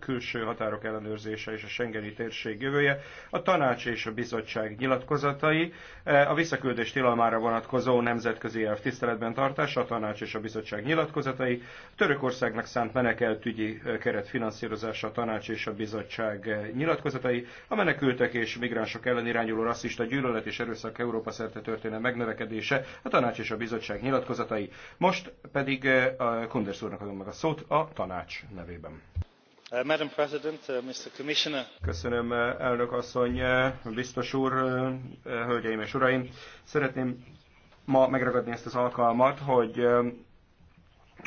külső határok ellenőrzése és a Schengeni térség jövője, a tanács és a bizottság nyilatkozatai, e, a visszaküldés tilalmára vonatkozó nemzetközi elv tiszteletben tartása, a tanács és a bizottság nyilatkozatai, Törökországnak szánt menekeltügyi e, keret finanszírozása, a tanács és a bizottság e, nyilatkozatai, a menekültek és migránsok ellen irányuló rasszista gyűlölet és erőszak Európa szerte történő megnövekedése, a tanács és a bizottság nyilatkozatai. Most pedig a Kunders úrnak adom meg a szót a tanács nevében. Uh, uh, Köszönöm, uh, elnök asszony, biztos úr, hölgyeim és uraim! Szeretném ma megragadni ezt az alkalmat, hogy um,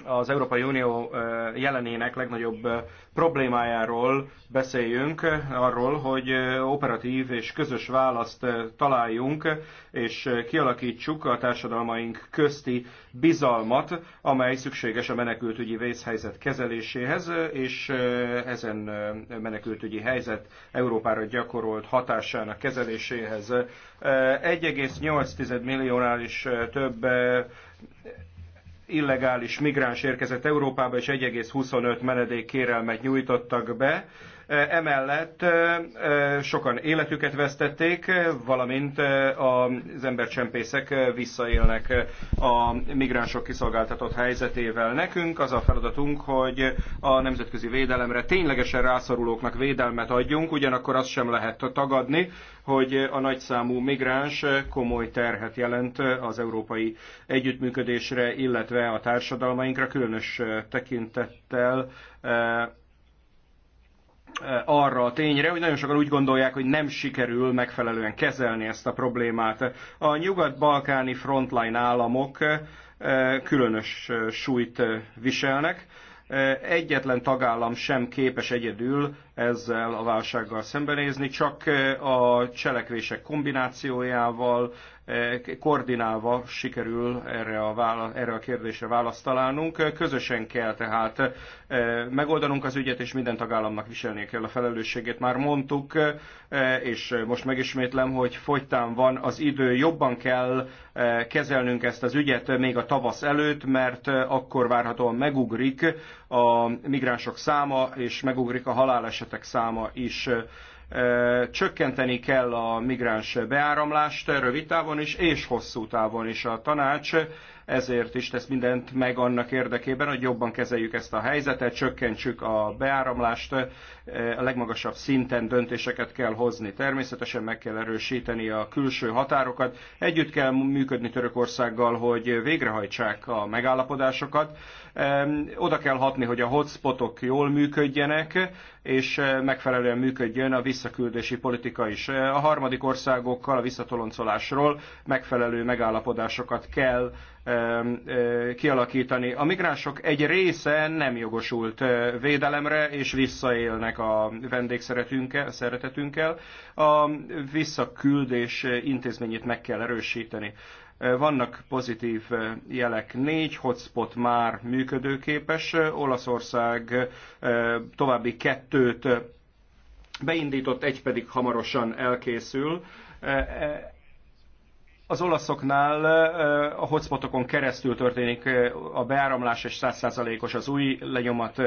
az Európai Unió jelenének legnagyobb problémájáról beszéljünk, arról, hogy operatív és közös választ találjunk, és kialakítsuk a társadalmaink közti bizalmat, amely szükséges a menekültügyi vészhelyzet kezeléséhez, és ezen menekültügyi helyzet Európára gyakorolt hatásának kezeléséhez. 1,8 milliónál is több illegális migráns érkezett Európába, és 1,25 menedék kérelmet nyújtottak be. Eh, emellett eh, eh, sokan életüket vesztették, valamint az embercsempészek visszaélnek a migránsok kiszolgáltatott helyzetével. Nekünk az a feladatunk, hogy a nemzetközi védelemre ténylegesen rászorulóknak védelmet adjunk, ugyanakkor azt sem lehet tagadni, hogy a nagyszámú migráns komoly terhet jelent az európai együttműködésre, illetve a társadalmainkra, különös tekintettel Eh, arra a tényre, hogy nagyon sokan úgy gondolják, hogy nem sikerül megfelelően kezelni ezt a problémát. A nyugat-balkáni frontline államok eh, különös eh, súlyt viselnek. Egyetlen tagállam sem képes egyedül ezzel a válsággal szembenézni, csak a cselekvések kombinációjával, koordinálva sikerül erre a, vála, erre a kérdésre választ találnunk. Közösen kell tehát eh, megoldanunk az ügyet, és minden tagállamnak viselnie kell a felelősségét. Már mondtuk, eh, és most megismétlem, hogy folytán van az idő, jobban kell eh, kezelnünk ezt az ügyet még a tavasz előtt, mert akkor várhatóan megugrik a migránsok száma, és megugrik a halálesetek száma is. Csökkenteni kell a migráns beáramlást rövid távon is és hosszú távon is. A tanács ezért is tesz mindent meg annak érdekében, hogy jobban kezeljük ezt a helyzetet, csökkentsük a beáramlást, a legmagasabb szinten döntéseket kell hozni. Természetesen meg kell erősíteni a külső határokat, együtt kell működni Törökországgal, hogy végrehajtsák a megállapodásokat. Oda kell hatni, hogy a hotspotok jól működjenek, és eh, megfelelően működjön a visszaküldési politika is. Eh, a harmadik országokkal a visszatoloncolásról megfelelő megállapodásokat kell eh, kialakítani. A migránsok egy része nem jogosult védelemre, és visszaélnek ennek a vendégszeretetünkkel. A visszaküldés intézményét meg kell erősíteni. Vannak pozitív jelek. Négy hotspot már működőképes. Olaszország eh, további kettőt beindított, egy pedig hamarosan elkészül eh, eh, az olaszoknál a hotspotokon keresztül történik a beáramlás, és 100%-os az új lenyomat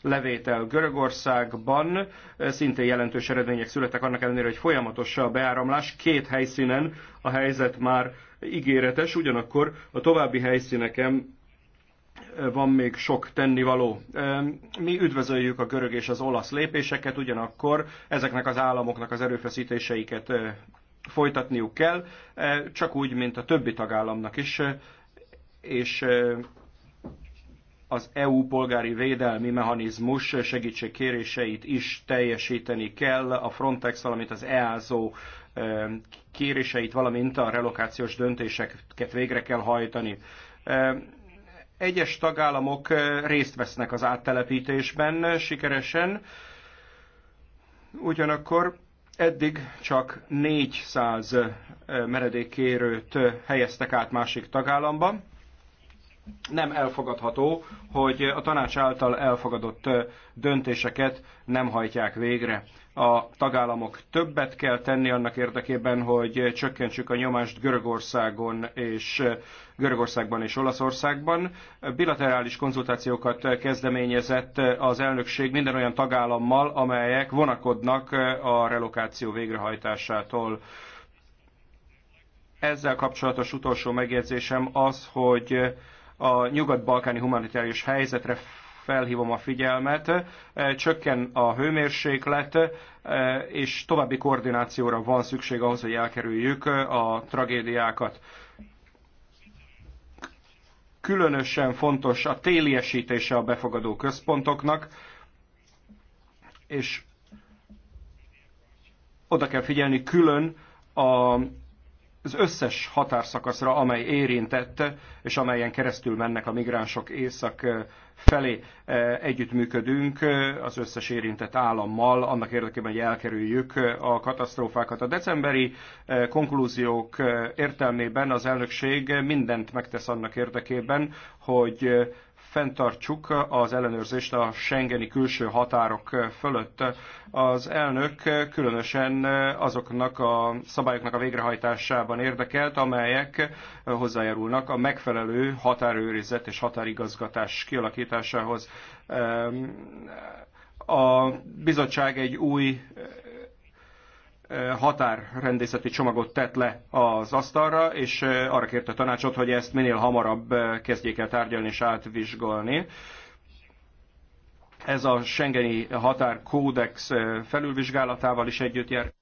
levétel Görögországban. Szintén jelentős eredmények születtek annak ellenére, hogy folyamatos a beáramlás. Két helyszínen a helyzet már ígéretes, ugyanakkor a további helyszíneken van még sok tennivaló. Mi üdvözöljük a görög és az olasz lépéseket, ugyanakkor ezeknek az államoknak az erőfeszítéseiket folytatniuk kell, e, csak úgy, mint a többi tagállamnak is, e, és e, az EU polgári védelmi mechanizmus segítségkéréseit is teljesíteni kell, a Frontex, valamint az EASO kéréseit, valamint a relokációs döntéseket végre kell hajtani. Egyes tagállamok részt vesznek az áttelepítésben sikeresen, ugyanakkor Eddig csak 400 meredékkérőt helyeztek át másik tagállamba. Nem elfogadható, hogy a tanács által elfogadott döntéseket nem hajtják végre a tagállamok többet kell tenni annak érdekében, hogy csökkentsük a nyomást Görögországon és Görögországban és Olaszországban. Bilaterális konzultációkat kezdeményezett az elnökség minden olyan tagállammal, amelyek vonakodnak a relokáció végrehajtásától. Ezzel kapcsolatos utolsó megjegyzésem az, hogy a nyugat-balkáni humanitárius helyzetre felhívom a figyelmet, e, csökken a hőmérséklet, e, és további koordinációra van szükség ahhoz, hogy elkerüljük e, a tragédiákat. Különösen fontos a téliesítése a befogadó központoknak, és oda kell figyelni külön a az összes határszakaszra, amely érintett, és amelyen keresztül mennek a migránsok észak eh, felé eh, együttműködünk eh, az összes érintett állammal, annak érdekében, hogy elkerüljük a katasztrófákat. A decemberi konklúziók értelmében az elnökség mindent megtesz annak érdekében, hogy fenntartsuk az ellenőrzést a Schengeni külső határok fölött. Az elnök különösen azoknak a szabályoknak a végrehajtásában érdekelt, amelyek hozzájárulnak a megfelelő határőrizet és határigazgatás kialakításához. A bizottság egy új határrendészeti csomagot tett le az asztalra, és arra kérte a tanácsot, hogy ezt minél hamarabb kezdjék el tárgyalni és átvizsgálni. Ez a Schengeni határkódex felülvizsgálatával is együtt jár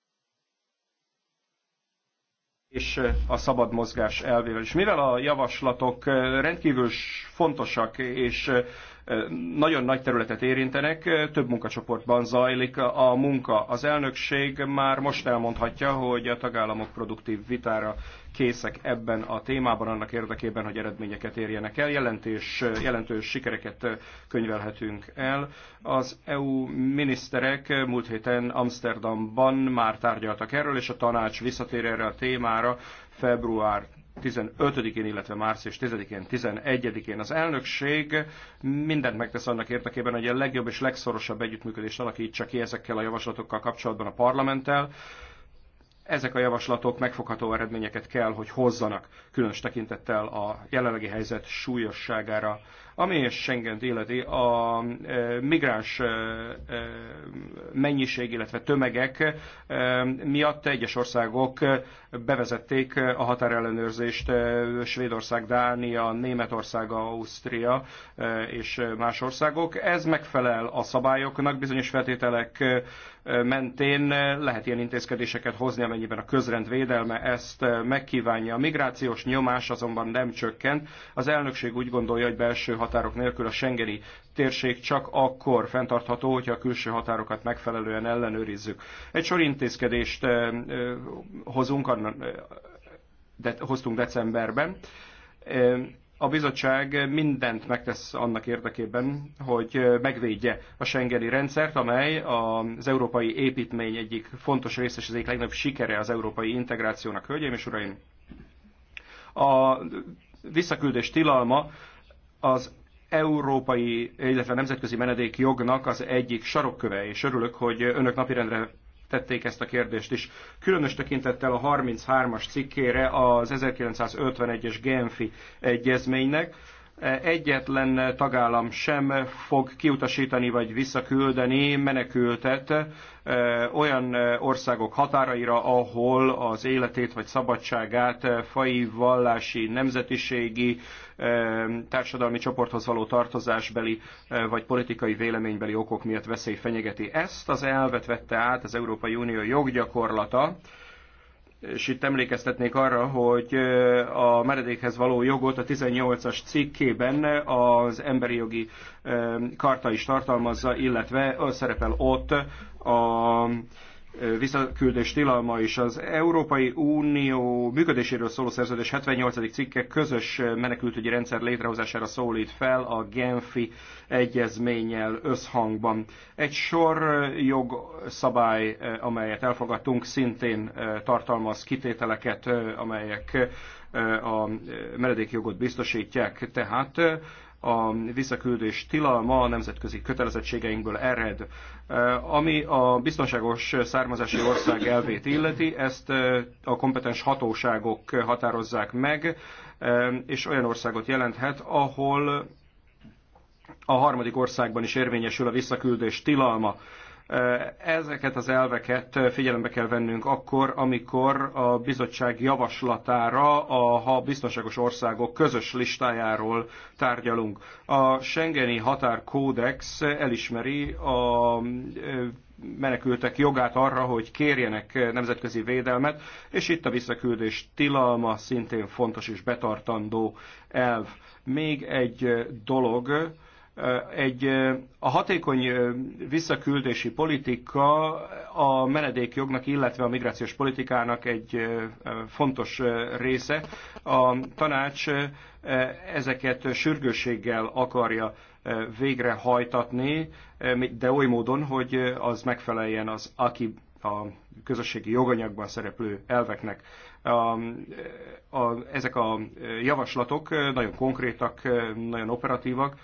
és a szabad mozgás elvével. És mivel a javaslatok rendkívül fontosak és nagyon nagy területet érintenek, több munkacsoportban zajlik a munka. Az elnökség már most elmondhatja, hogy a tagállamok produktív vitára készek ebben a témában, annak érdekében, hogy eredményeket érjenek el. Jelentés, jelentős sikereket könyvelhetünk el. Az EU miniszterek múlt héten Amsterdamban már tárgyaltak erről, és a tanács visszatér erre a témára február 15-én, illetve március 10-én, 11-én. Az elnökség mindent megtesz annak érdekében, hogy a legjobb és legszorosabb együttműködést alakítsa ki ezekkel a javaslatokkal kapcsolatban a parlamenttel. Ezek a javaslatok megfogható eredményeket kell, hogy hozzanak, különös tekintettel a jelenlegi helyzet súlyosságára. Ami schengen életi a e, migráns e, e, mennyiség, illetve tömegek miatt egyes országok bevezették a határellenőrzést Svédország, Dánia, Németország, Ausztria és más országok. Ez megfelel a szabályoknak, bizonyos feltételek mentén eh, lehet ilyen intézkedéseket hozni, amennyiben a közrend védelme ezt eh, megkívánja. A migrációs nyomás azonban nem csökkent. Az elnökség úgy gondolja, hogy belső határok nélkül a Schengeni térség csak akkor fenntartható, hogyha a külső határokat megfelelően ellenőrizzük. Egy sor intézkedést eh, hozunk, de hoztunk decemberben a bizottság mindent megtesz annak érdekében, hogy megvédje a Schengeni rendszert, amely az európai építmény egyik fontos része és az egyik legnagyobb sikere az európai integrációnak. Hölgyeim és uraim, a visszaküldés tilalma az európai, illetve nemzetközi menedék jognak az egyik sarokköve, és örülök, hogy önök napirendre tették ezt a kérdést is. Különös tekintettel a 33-as cikkére az 1951-es Genfi egyezménynek, egyetlen tagállam sem fog kiutasítani vagy visszaküldeni menekültet eh, olyan eh, országok határaira, ahol az életét vagy szabadságát eh, fai, vallási, nemzetiségi, társadalmi csoporthoz való tartozásbeli vagy politikai véleménybeli okok miatt veszély fenyegeti. Ezt az elvet vette át az Európai Unió joggyakorlata, és itt emlékeztetnék arra, hogy a meredékhez való jogot a 18-as cikkében az emberi jogi karta is tartalmazza, illetve szerepel ott a visszaküldés tilalma is az Európai Unió működéséről szóló szerződés 78. cikke közös menekültügyi rendszer létrehozására szólít fel a Genfi egyezménnyel összhangban. Egy sor jogszabály, amelyet elfogadtunk, szintén eh, tartalmaz kitételeket, eh, amelyek eh, a meredékjogot biztosítják. Tehát a visszaküldés tilalma a nemzetközi kötelezettségeinkből ered. Eh, ami a biztonságos származási ország elvét illeti, ezt eh, a kompetens hatóságok határozzák meg, eh, és olyan országot jelenthet, ahol a harmadik országban is érvényesül a visszaküldés tilalma. Ezeket az elveket figyelembe kell vennünk akkor, amikor a bizottság javaslatára a ha biztonságos országok közös listájáról tárgyalunk. A Schengeni határkódex elismeri a menekültek jogát arra, hogy kérjenek nemzetközi védelmet, és itt a visszaküldés tilalma szintén fontos és betartandó elv. Még egy dolog, egy, a hatékony visszaküldési politika a menedékjognak, illetve a migrációs politikának egy fontos része. A tanács ezeket sürgősséggel akarja végrehajtatni, de oly módon, hogy az megfeleljen az aki a közösségi joganyagban szereplő elveknek. A, a, ezek a javaslatok nagyon konkrétak, nagyon operatívak,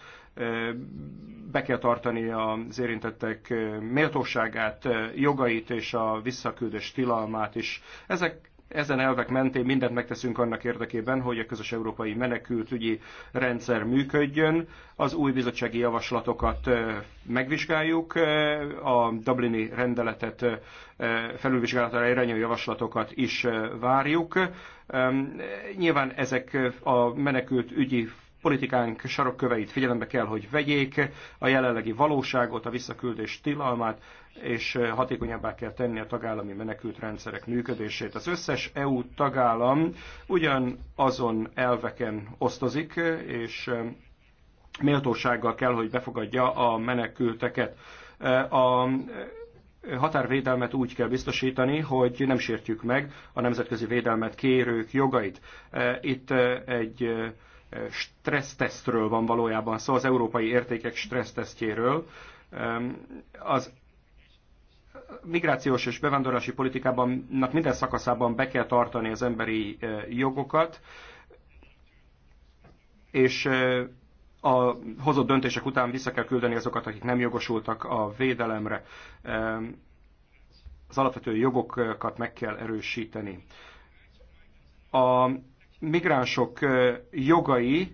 be kell tartani az érintettek méltóságát, jogait és a visszaküldés tilalmát is. Ezek ezen elvek mentén mindent megteszünk annak érdekében, hogy a közös európai menekültügyi rendszer működjön. Az új bizottsági javaslatokat megvizsgáljuk, a Dublini rendeletet felülvizsgálatára irányuló javaslatokat is várjuk. Nyilván ezek a menekült ügyi politikánk sarokköveit figyelembe kell, hogy vegyék, a jelenlegi valóságot, a visszaküldés tilalmát, és eh, hatékonyabbá kell tenni a tagállami menekült rendszerek működését. Az összes EU tagállam ugyan azon elveken osztozik, eh, és eh, méltósággal kell, hogy befogadja a menekülteket. A határvédelmet úgy kell biztosítani, hogy nem sértjük meg a nemzetközi védelmet kérők jogait. Itt egy stressztesztről van valójában szó, szóval az európai értékek stressztesztjéről. Az migrációs és bevándorlási politikában minden szakaszában be kell tartani az emberi e, jogokat, és e, a hozott döntések után vissza kell küldeni azokat, akik nem jogosultak a védelemre. Az alapvető jogokat meg kell erősíteni. A migránsok jogai,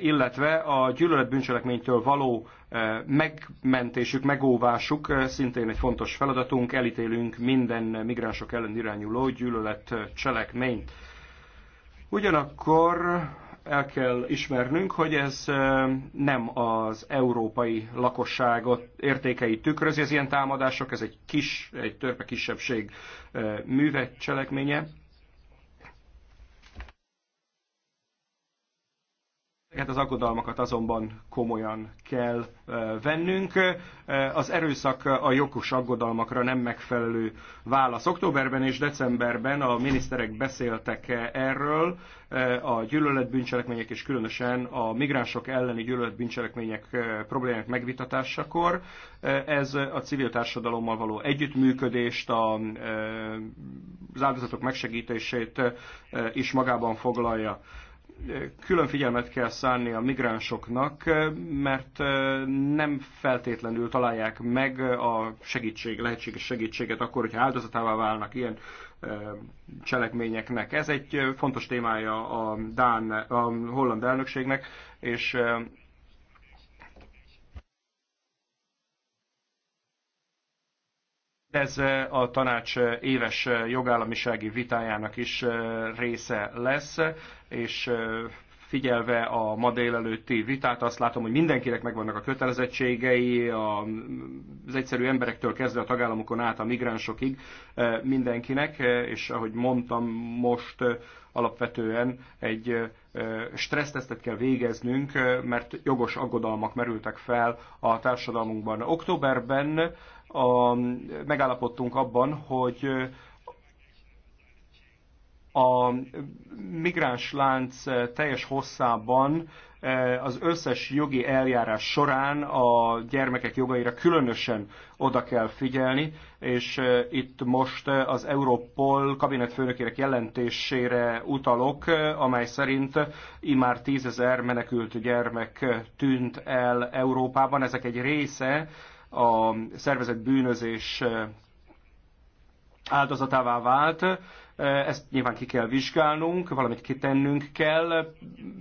illetve a gyűlöletbűncselekménytől való megmentésük, megóvásuk szintén egy fontos feladatunk. Elítélünk minden migránsok ellen irányuló gyűlöletcselekményt. Ugyanakkor el kell ismernünk, hogy ez nem az európai lakosságot értékei tükrözi, ez ilyen támadások, ez egy kis, egy törpe kisebbség művek cselekménye, Ezeket az aggodalmakat azonban komolyan kell vennünk. Az erőszak a jogos aggodalmakra nem megfelelő válasz. Októberben és decemberben a miniszterek beszéltek -e erről, a gyűlöletbűncselekmények és különösen a migránsok elleni gyűlöletbűncselekmények problémák megvitatásakor. Ez a civil társadalommal való együttműködést, az áldozatok megsegítését is magában foglalja külön figyelmet kell szánni a migránsoknak, mert nem feltétlenül találják meg a segítség, lehetséges segítséget akkor, hogyha áldozatává válnak ilyen cselekményeknek. Ez egy fontos témája a Dán, a holland elnökségnek, és Ez eh, a tanács eh, éves eh, jogállamisági vitájának is része lesz, és figyelve a ma délelőtti vitát, azt látom, hogy mindenkinek megvannak a kötelezettségei, az egyszerű emberektől kezdve a tagállamokon át a migránsokig mindenkinek, és ahogy mondtam, most alapvetően egy stressztesztet kell végeznünk, mert jogos aggodalmak merültek fel a társadalmunkban. Októberben a, megállapodtunk abban, hogy a migráns lánc teljes hosszában e, az összes jogi eljárás során a gyermekek jogaira különösen oda kell figyelni, és e, itt most az Europol kabinetfőnökének jelentésére utalok, e, amely szerint immár tízezer menekült gyermek tűnt el Európában. Ezek egy része a szervezett bűnözés eh, áldozatává vált. Eh, ezt nyilván ki kell vizsgálnunk, valamit kitennünk kell,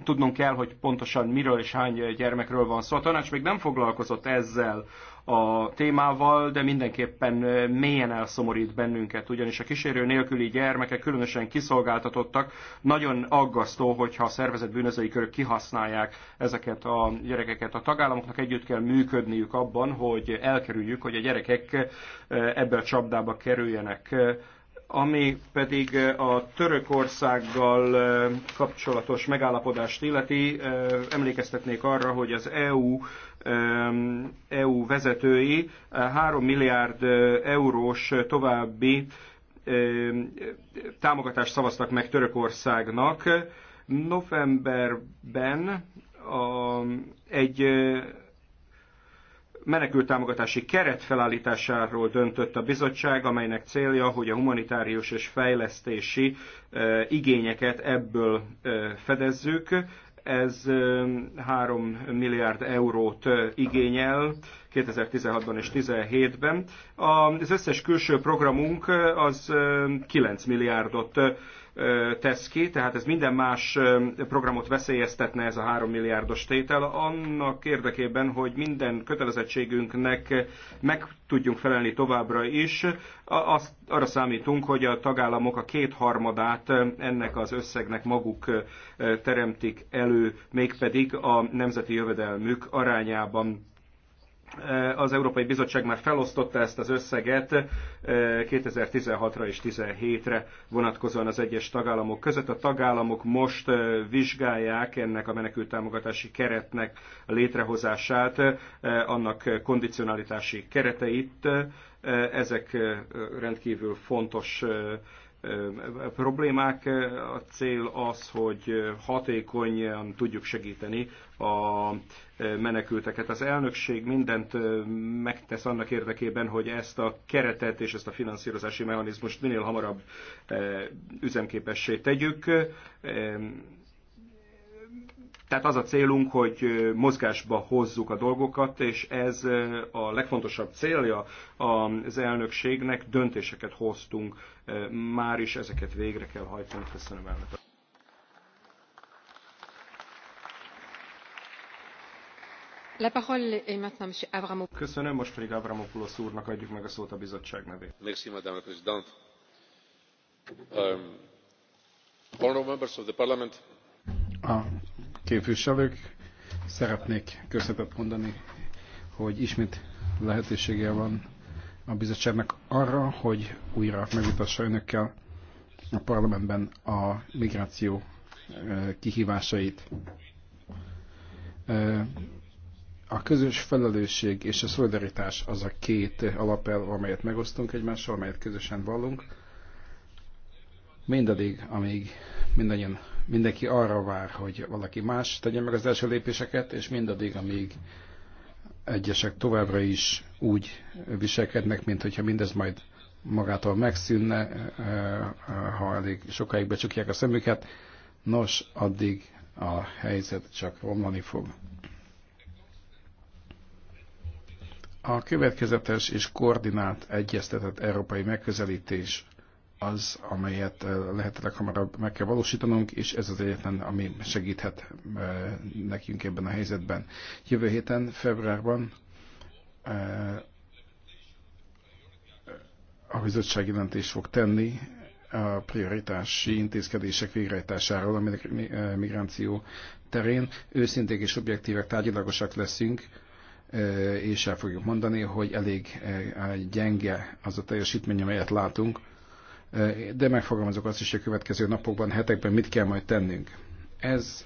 tudnunk kell, hogy pontosan miről és hány gyermekről van szó. A tanács még nem foglalkozott ezzel a témával, de mindenképpen mélyen elszomorít bennünket, ugyanis a kísérő nélküli gyermekek, különösen kiszolgáltatottak, nagyon aggasztó, hogyha a szervezet bűnözői körök kihasználják ezeket a gyerekeket. A tagállamoknak együtt kell működniük abban, hogy elkerüljük, hogy a gyerekek ebből a csapdába kerüljenek ami pedig a Törökországgal kapcsolatos megállapodást illeti, emlékeztetnék arra, hogy az EU EU e vezetői 3 eh, milliárd eh, eurós további támogatást szavaztak meg Törökországnak. Novemberben a, egy eh, menekült támogatási keret felállításáról döntött a bizottság, amelynek célja, hogy a humanitárius és fejlesztési igényeket ebből fedezzük. Ez 3 milliárd eurót igényel 2016-ban és 2017-ben. Az összes külső programunk az 9 milliárdot tesz ki, tehát ez minden más programot veszélyeztetne ez a 3 milliárdos tétel, annak érdekében, hogy minden kötelezettségünknek meg tudjunk felelni továbbra is. Azt, arra számítunk, hogy a tagállamok a kétharmadát ennek az összegnek maguk teremtik elő, mégpedig a nemzeti jövedelmük arányában. Eh, az Európai Bizottság már felosztotta ezt az összeget 2016-ra eh, és 2017-re vonatkozóan az egyes tagállamok között. A tagállamok most eh, vizsgálják ennek a menekültámogatási keretnek a létrehozását, annak kondicionalitási kereteit. Ezek rendkívül fontos problémák. A cél az, hogy hatékonyan tudjuk segíteni a menekülteket. Az elnökség mindent megtesz annak érdekében, hogy ezt a keretet és ezt a finanszírozási mechanizmust minél hamarabb üzemképessé tegyük tehát az a célunk, hogy mozgásba hozzuk a dolgokat, és ez a legfontosabb célja az elnökségnek. Döntéseket hoztunk már is, ezeket végre kell hajtani. Köszönöm elnök. La parole est maintenant Monsieur Avramopoulos. Köszönöm, most pedig Avramopoulos úrnak adjuk meg a szót a bizottság nevé. Merci, Madame la Présidente. Um, honorable members of the Parliament képviselők, szeretnék köszönetet mondani, hogy ismét lehetősége van a bizottságnak arra, hogy újra megvitassa önökkel a parlamentben a migráció kihívásait. A közös felelősség és a szolidaritás az a két alapelv, amelyet megosztunk egymással, amelyet közösen vallunk mindaddig, amíg mindannyian, mindenki arra vár, hogy valaki más tegye meg az első lépéseket, és mindaddig, amíg egyesek továbbra is úgy viselkednek, mint hogyha mindez majd magától megszűnne, eh, eh, ha elég sokáig becsukják a szemüket, nos, addig a helyzet csak romlani fog. A következetes és koordinált egyeztetett európai megközelítés az, amelyet lehetőleg hamarabb meg kell valósítanunk, és ez az egyetlen, ami segíthet nekünk ebben a helyzetben. Jövő héten, februárban a bizottság jelentést fog tenni a prioritási intézkedések végrehajtásáról a migráció terén. Őszinték és objektívek tárgyalagosak leszünk, és el fogjuk mondani, hogy elég gyenge az a teljesítmény, amelyet látunk de megfogalmazok azt is, hogy a következő napokban, hetekben mit kell majd tennünk. Ez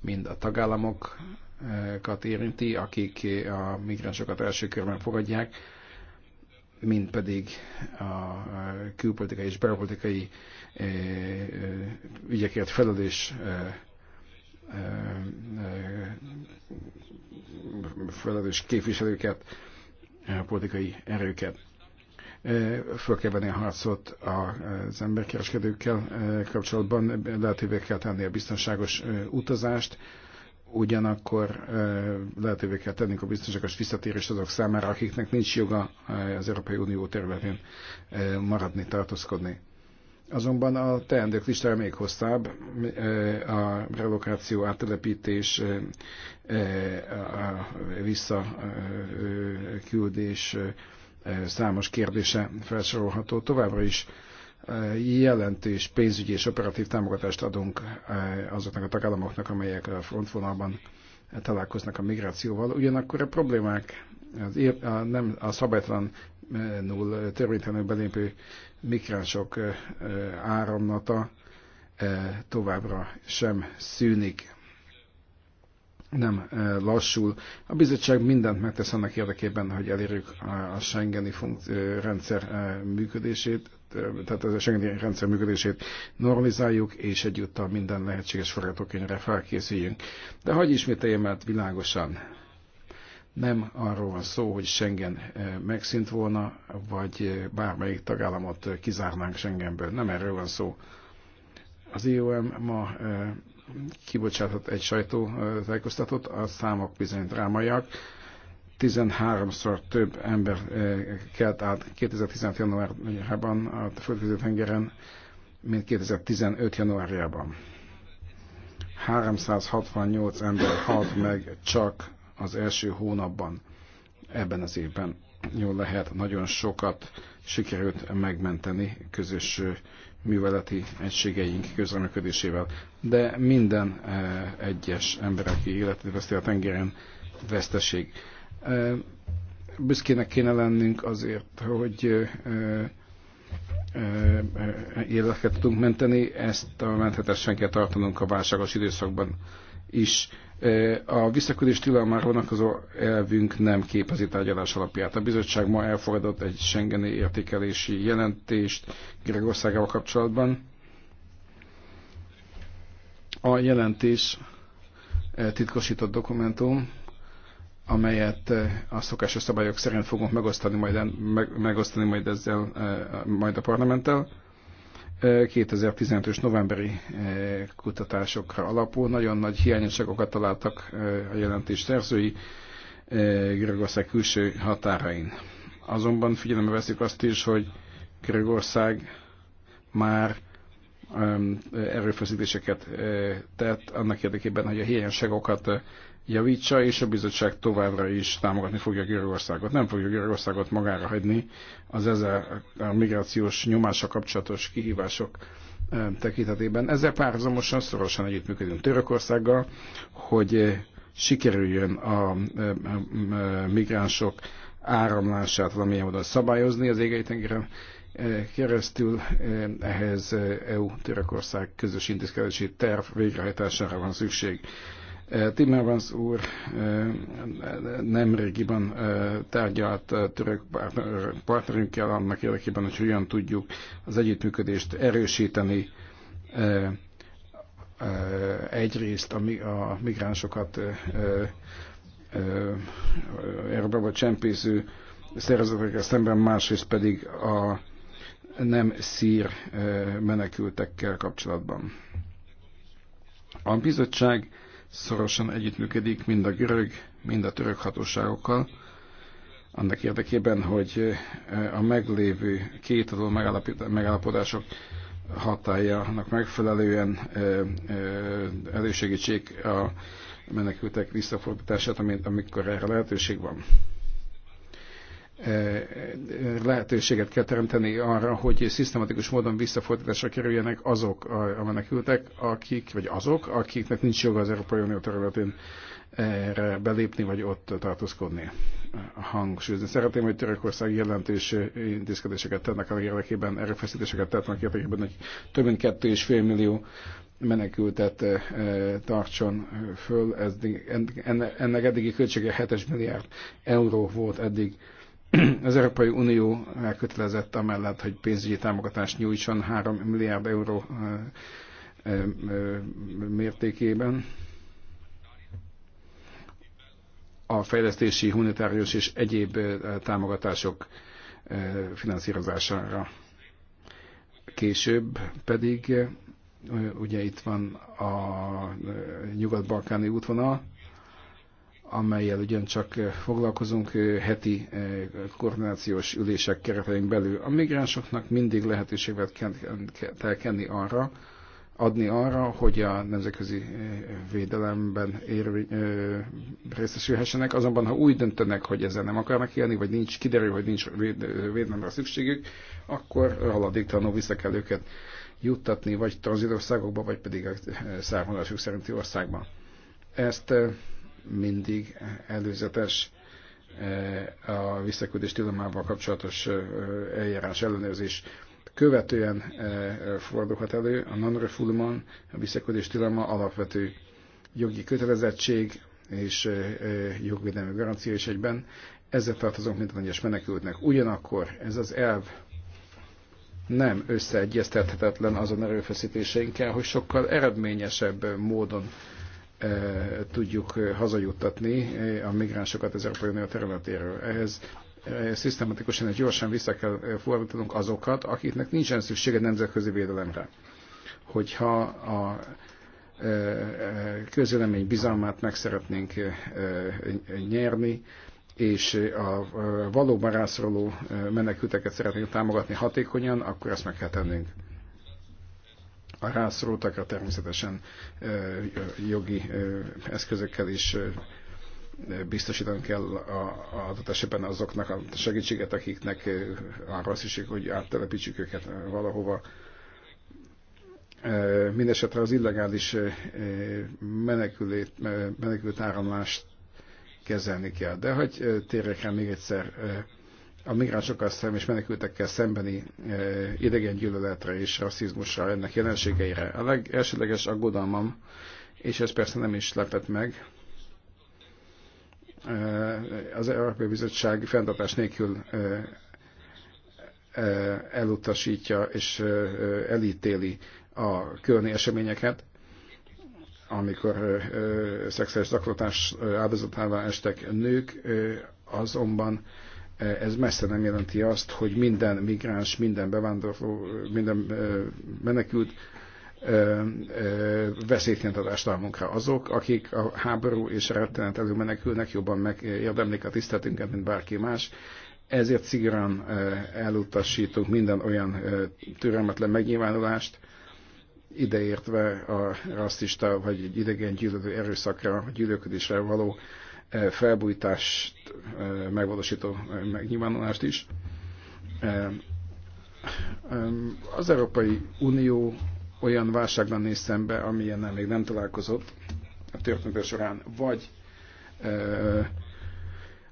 mind a tagállamokat érinti, akik a migránsokat első körben fogadják, mind pedig a külpolitikai és belpolitikai e, e, ügyekért felelős e, felelős képviselőket, politikai erőket föl kell venni a harcot az emberkereskedőkkel kapcsolatban, lehetővé kell tenni a biztonságos utazást, ugyanakkor lehetővé kell tenni a biztonságos visszatérést azok számára, akiknek nincs joga az Európai Unió területén maradni, tartózkodni. Azonban a teendők listára még hosszabb, a relokáció, áttelepítés, a visszaküldés, számos kérdése felsorolható. Továbbra is jelentős pénzügyi és operatív támogatást adunk azoknak a tagállamoknak, amelyek a frontvonalban találkoznak a migrációval. Ugyanakkor a problémák az, a, nem a szabálytalanul törvénytelenül belépő migránsok áramlata továbbra sem szűnik nem lassul. A bizottság mindent megtesz annak érdekében, hogy elérjük a Schengeni rendszer működését, tehát a Schengeni rendszer működését normalizáljuk, és egyúttal minden lehetséges forgatókönyvre felkészüljünk. De hagyj ismételjem mert világosan. Nem arról van szó, hogy Schengen megszűnt volna, vagy bármelyik tagállamot kizárnánk Schengenből. Nem erről van szó. Az IOM ma kibocsátott egy tájékoztatót, a számok bizony drámaiak. 13-szor több ember kelt át 2016. januárjában a földközi tengeren, mint 2015. januárjában. 368 ember halt meg csak az első hónapban ebben az évben. Jól lehet, nagyon sokat sikerült megmenteni közös műveleti egységeink közreműködésével. De minden eh, egyes ember, aki életet veszti a tengeren, veszteség. Eh, büszkének kéne lennünk azért, hogy eh, életeket tudunk menteni, ezt a menthetessen kell tartanunk a válságos időszakban is. A visszaküldés tilalmára vonatkozó elvünk nem képezi tárgyalás alapját. A bizottság ma elfogadott egy Schengeni értékelési jelentést Görögországával kapcsolatban. A jelentés titkosított dokumentum, amelyet a szokásos szabályok szerint fogunk megosztani majd, meg, megosztani majd ezzel, majd a parlamenttel 2015-ös novemberi kutatásokra alapul. Nagyon nagy hiányosságokat találtak a jelentés szerzői Görögország külső határain. Azonban figyelembe veszik azt is, hogy Görögország már erőfeszítéseket tett annak érdekében, hogy a hiányosságokat javítsa, és a bizottság továbbra is támogatni fogja Görögországot. Nem fogja Görögországot magára hagyni az ezzel a migrációs nyomása kapcsolatos kihívások tekintetében. Ezzel párhuzamosan szorosan együttműködünk Törökországgal, hogy sikerüljön a migránsok áramlását valamilyen módon szabályozni az égei tengeren keresztül. Ehhez EU-Törökország közös intézkedési terv végrehajtására van szükség. Timmermans úr nemrégiben tárgyalt török partnerünkkel annak érdekében, hogy hogyan tudjuk az együttműködést erősíteni egyrészt a, a migránsokat Európába csempésző szervezetekkel szemben, másrészt pedig a nem szír menekültekkel kapcsolatban. A bizottság szorosan együttműködik mind a görög, mind a török hatóságokkal, annak érdekében, hogy e, a meglévő két adó megállapodások hatájának megfelelően e, e, elősegítsék a menekültek visszafordítását, amikor erre lehetőség van. Eh, lehetőséget kell teremteni arra, hogy szisztematikus módon visszafordításra kerüljenek azok a menekültek, akik, vagy azok, akiknek nincs joga az Európai Unió területén erre belépni, vagy ott tartózkodni. Hangsúlyozni szeretném, hogy Törökország jelentős intézkedéseket tennek a érdekében, erőfeszítéseket tettnek, érdekében, hogy több mint 2,5 millió menekültet eh, tartson föl. Ez, ennek eddigi költsége 7 milliárd euró volt eddig Az Európai Unió elkötelezett amellett, hogy pénzügyi támogatást nyújtson 3 milliárd euró mértékében a fejlesztési, humanitárius és egyéb támogatások finanszírozására. Később pedig ugye itt van a nyugat-balkáni útvonal, amelyel ugyancsak eh, foglalkozunk eh, heti eh, koordinációs ülések keretein belül. A migránsoknak mindig lehetőséget kell kenni arra, adni arra, hogy a nemzetközi védelemben érvény, ö, részesülhessenek. Azonban, ha úgy döntenek, hogy ezzel nem akarnak élni, vagy nincs, kiderül, hogy nincs véd, védelemre szükségük, akkor haladéktalanul vissza kell őket juttatni, vagy tranzitországokba, vagy pedig a származásuk szerinti országba. Ezt mindig előzetes eh, a visszaküldés tilalmával kapcsolatos eh, eljárás ellenőrzés követően eh, fordulhat elő a non-refoulement, a visszaküldés tilalma alapvető jogi kötelezettség és jogvédelmi garancia is egyben. Ezzel tartozunk minden egyes menekültnek. Ugyanakkor ez az elv nem összeegyeztethetetlen azon erőfeszítéseinkkel, hogy sokkal eredményesebb módon tudjuk hazajuttatni a migránsokat az Európai Unió területéről. Ehhez szisztematikusan és gyorsan vissza kell fordítanunk azokat, akiknek nincsen szüksége nemzetközi védelemre. Hogyha a közélemény bizalmát meg szeretnénk nyerni, és a valóban rászoruló menekülteket szeretnénk támogatni hatékonyan, akkor ezt meg kell tennünk. A rászorultakra természetesen jogi eszközökkel is biztosítani kell a, adott esetben azoknak a segítséget, akiknek arra szükség, hogy áttelepítsük őket valahova. Mindenesetre az illegális menekülét, menekült áramlást kezelni kell. De hogy térjek még egyszer a migránsokkal szem és menekültekkel szembeni e, idegen gyűlöletre és rasszizmusra, ennek jelenségeire. A legelsőleges aggodalmam, és ez persze nem is lepett meg, e, az Európai Bizottság fenntartás nélkül e, elutasítja és elítéli a kölni eseményeket, amikor szexuális zaklatás áldozatává estek nők, azonban ez messze nem jelenti azt, hogy minden migráns, minden bevándorló, minden menekült veszélyt jelent számunkra. Azok, akik a háború és a rettenet elő menekülnek, jobban megérdemlik a tiszteletünket, mint bárki más. Ezért szigorúan elutasítunk minden olyan türelmetlen megnyilvánulást, ideértve a rasszista vagy idegen gyűlölő erőszakra, gyűlöködésre való felbújtást megvalósító megnyilvánulást is. Az Európai Unió olyan válságban néz szembe, amilyennel még nem találkozott a története során, vagy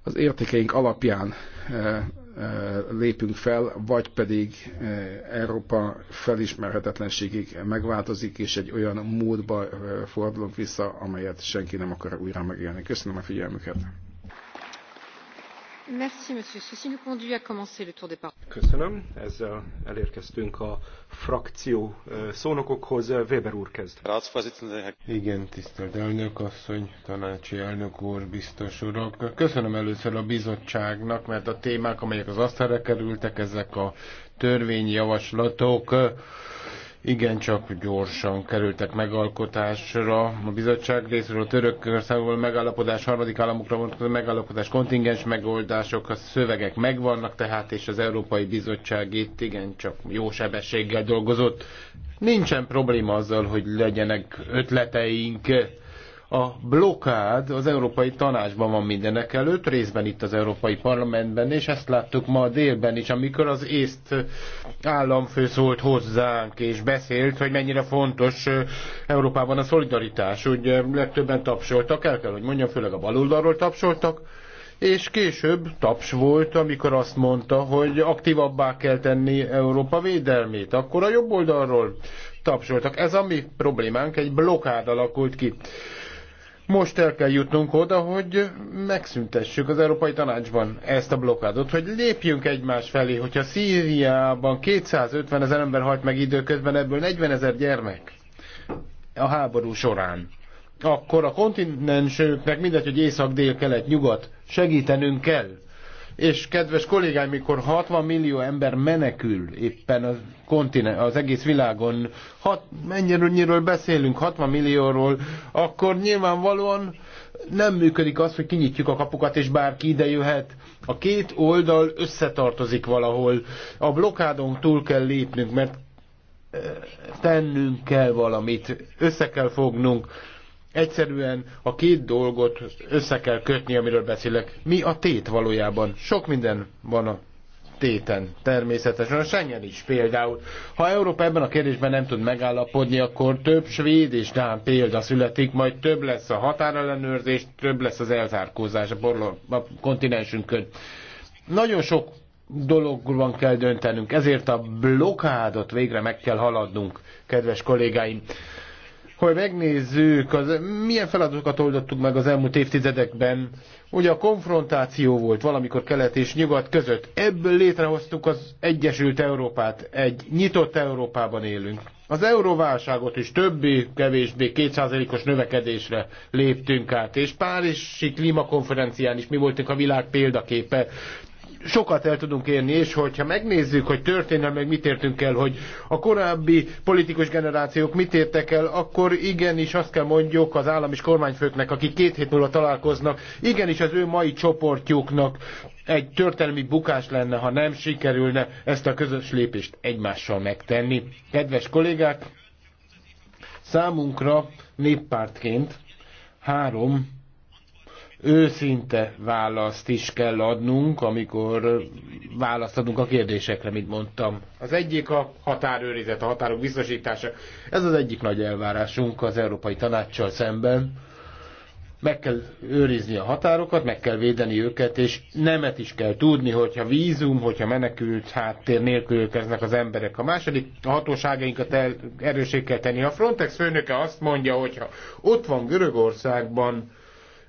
az értékeink alapján lépünk fel, vagy pedig Európa felismerhetetlenségig megváltozik, és egy olyan módba fordulunk vissza, amelyet senki nem akar újra megélni. Köszönöm a figyelmüket! Köszönöm. Ezzel elérkeztünk a frakció szónokokhoz. Weber úr kezd. Igen, tisztelt elnök asszony, tanácsi elnök úr, biztos urak. Köszönöm először a bizottságnak, mert a témák, amelyek az asztalra kerültek, ezek a törvényjavaslatok, igencsak gyorsan kerültek megalkotásra. A bizottság részéről a török megállapodás, harmadik államokra vonatkozó megállapodás, kontingens megoldások, a szövegek megvannak tehát, és az Európai Bizottság itt igencsak jó sebességgel dolgozott. Nincsen probléma azzal, hogy legyenek ötleteink, a blokád az Európai Tanácsban van mindenek előtt, részben itt az Európai Parlamentben, és ezt láttuk ma a délben is, amikor az észt államfő szólt hozzánk, és beszélt, hogy mennyire fontos Európában a szolidaritás. Ugye legtöbben tapsoltak, el kell, hogy mondjam, főleg a baloldalról tapsoltak, és később taps volt, amikor azt mondta, hogy aktívabbá kell tenni Európa védelmét. Akkor a jobb oldalról tapsoltak. Ez a mi problémánk, egy blokád alakult ki. Most el kell jutnunk oda, hogy megszüntessük az Európai Tanácsban ezt a blokádot, hogy lépjünk egymás felé, hogyha Szíriában 250 ezer ember halt meg időközben, ebből 40 ezer gyermek a háború során akkor a kontinensőknek mindegy, hogy észak, dél, kelet, nyugat, segítenünk kell. És kedves kollégáim, mikor 60 millió ember menekül éppen az, kontinen, az egész világon, hat, mennyiről beszélünk, 60 millióról, akkor nyilvánvalóan nem működik az, hogy kinyitjuk a kapukat, és bárki ide jöhet. A két oldal összetartozik valahol. A blokádon túl kell lépnünk, mert eh, tennünk kell valamit, össze kell fognunk Egyszerűen a két dolgot össze kell kötni, amiről beszélek. Mi a tét valójában? Sok minden van a téten, természetesen. A Schengen is például. Ha Európa ebben a kérdésben nem tud megállapodni, akkor több svéd és dán példa születik, majd több lesz a határellenőrzés, több lesz az elzárkózás a, borló, a kontinensünkön. Nagyon sok dologban kell döntenünk, ezért a blokádot végre meg kell haladnunk, kedves kollégáim hogy megnézzük, az, milyen feladatokat oldottuk meg az elmúlt évtizedekben. Ugye a konfrontáció volt valamikor kelet és nyugat között. Ebből létrehoztuk az Egyesült Európát. Egy nyitott Európában élünk. Az euróválságot is többi, kevésbé 200 os növekedésre léptünk át, és Párizsi klímakonferencián is mi voltunk a világ példaképe sokat el tudunk érni, és hogyha megnézzük, hogy történelmileg mit értünk el, hogy a korábbi politikus generációk mit értek el, akkor igenis azt kell mondjuk az állam és kormányfőknek, akik két hét múlva találkoznak, igenis az ő mai csoportjuknak egy történelmi bukás lenne, ha nem sikerülne ezt a közös lépést egymással megtenni. Kedves kollégák, számunkra néppártként három őszinte választ is kell adnunk, amikor választ adunk a kérdésekre, mint mondtam. Az egyik a határőrizet, a határok biztosítása. Ez az egyik nagy elvárásunk az Európai Tanácssal szemben. Meg kell őrizni a határokat, meg kell védeni őket, és nemet is kell tudni, hogyha vízum, hogyha menekült háttér nélkül érkeznek az emberek. A második a hatóságainkat el, erőség kell tenni. A Frontex főnöke azt mondja, hogyha ott van Görögországban,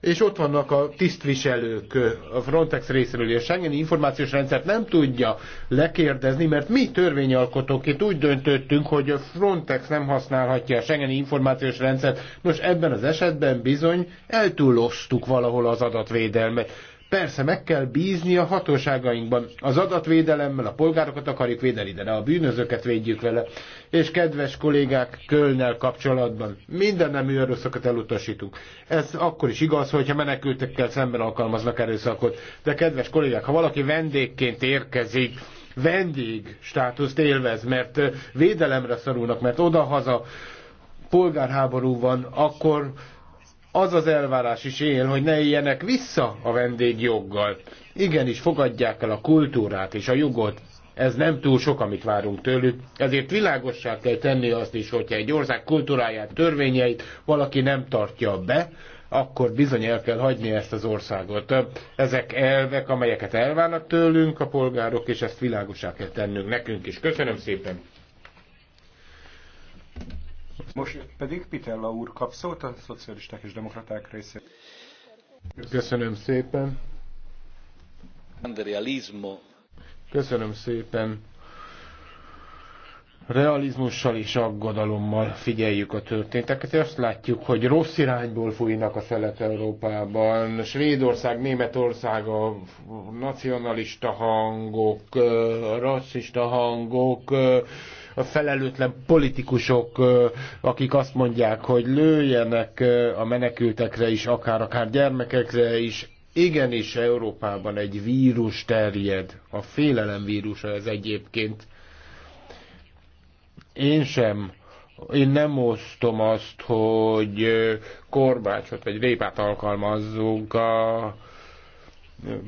és ott vannak a tisztviselők a Frontex részéről, és a Schengeni információs rendszert nem tudja lekérdezni, mert mi törvényalkotóként úgy döntöttünk, hogy a Frontex nem használhatja a Schengeni információs rendszert. Nos, ebben az esetben bizony eltúloztuk valahol az adatvédelmet. Persze meg kell bízni a hatóságainkban. Az adatvédelemmel a polgárokat akarjuk védeni, de ne a bűnözőket védjük vele. És kedves kollégák, Kölnel kapcsolatban minden nemű erőszakot elutasítunk. Ez akkor is igaz, hogyha menekültekkel szemben alkalmaznak erőszakot. De kedves kollégák, ha valaki vendégként érkezik, vendég státuszt élvez, mert védelemre szorulnak, mert oda haza polgárháború van, akkor az az elvárás is él, hogy ne éljenek vissza a vendégjoggal. Igenis, fogadják el a kultúrát és a jogot. Ez nem túl sok, amit várunk tőlük. Ezért világossá kell tenni azt is, hogyha egy ország kultúráját, törvényeit valaki nem tartja be, akkor bizony el kell hagyni ezt az országot. Ezek elvek, amelyeket elvárnak tőlünk a polgárok, és ezt világosá kell tennünk nekünk is. Köszönöm szépen! Most pedig Pitella úr kap szót a szocialisták és demokraták részéről. Köszönöm szépen. Köszönöm szépen. Realizmussal és aggodalommal figyeljük a történteket, azt látjuk, hogy rossz irányból fújnak a szelet Európában. Svédország, Németország a nacionalista hangok, rasszista hangok, a felelőtlen politikusok, akik azt mondják, hogy lőjenek a menekültekre is, akár-akár gyermekekre is, igenis Európában egy vírus terjed, a félelem vírusa ez egyébként. Én sem én nem osztom azt, hogy korbácsot vagy répát alkalmazzunk a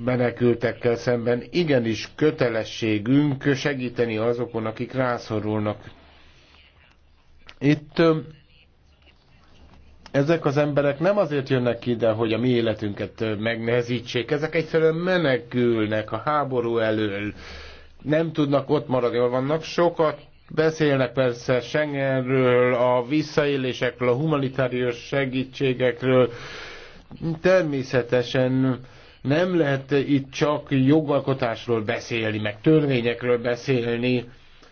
menekültekkel szemben igenis kötelességünk segíteni azokon, akik rászorulnak. Itt ezek az emberek nem azért jönnek ide, hogy a mi életünket megnehezítsék, ezek egyszerűen menekülnek a háború elől, nem tudnak ott maradni, ahol vannak, sokat beszélnek persze Schengenről, a visszaélésekről, a humanitárius segítségekről, természetesen nem lehet itt csak jogalkotásról beszélni, meg törvényekről beszélni,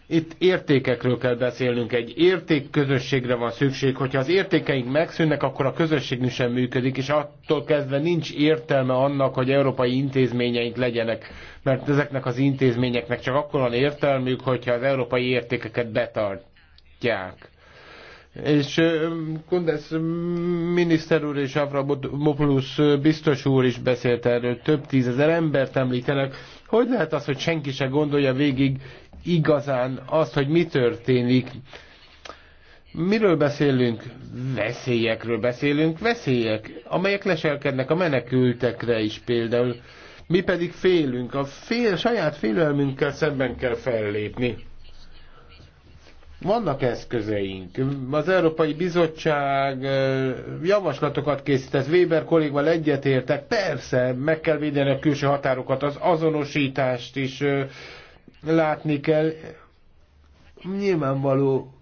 itt értékekről kell beszélnünk, egy értékközösségre van szükség, hogyha az értékeink megszűnnek, akkor a közösségünk sem működik, és attól kezdve nincs értelme annak, hogy európai intézményeink legyenek, mert ezeknek az intézményeknek csak akkor van értelmük, hogyha az európai értékeket betartják és Kundesz miniszter úr és Avramopoulos biztos úr is beszélt erről, több tízezer embert említenek. Hogy lehet az, hogy senki se gondolja végig igazán azt, hogy mi történik? Miről beszélünk? Veszélyekről beszélünk, veszélyek, amelyek leselkednek a menekültekre is például. Mi pedig félünk, a fél, saját félelmünkkel szemben kell fellépni vannak eszközeink. Az Európai Bizottság javaslatokat készített, Weber kollégval egyetértek. Persze, meg kell védeni a külső határokat, az azonosítást is látni kell. Nyilvánvaló,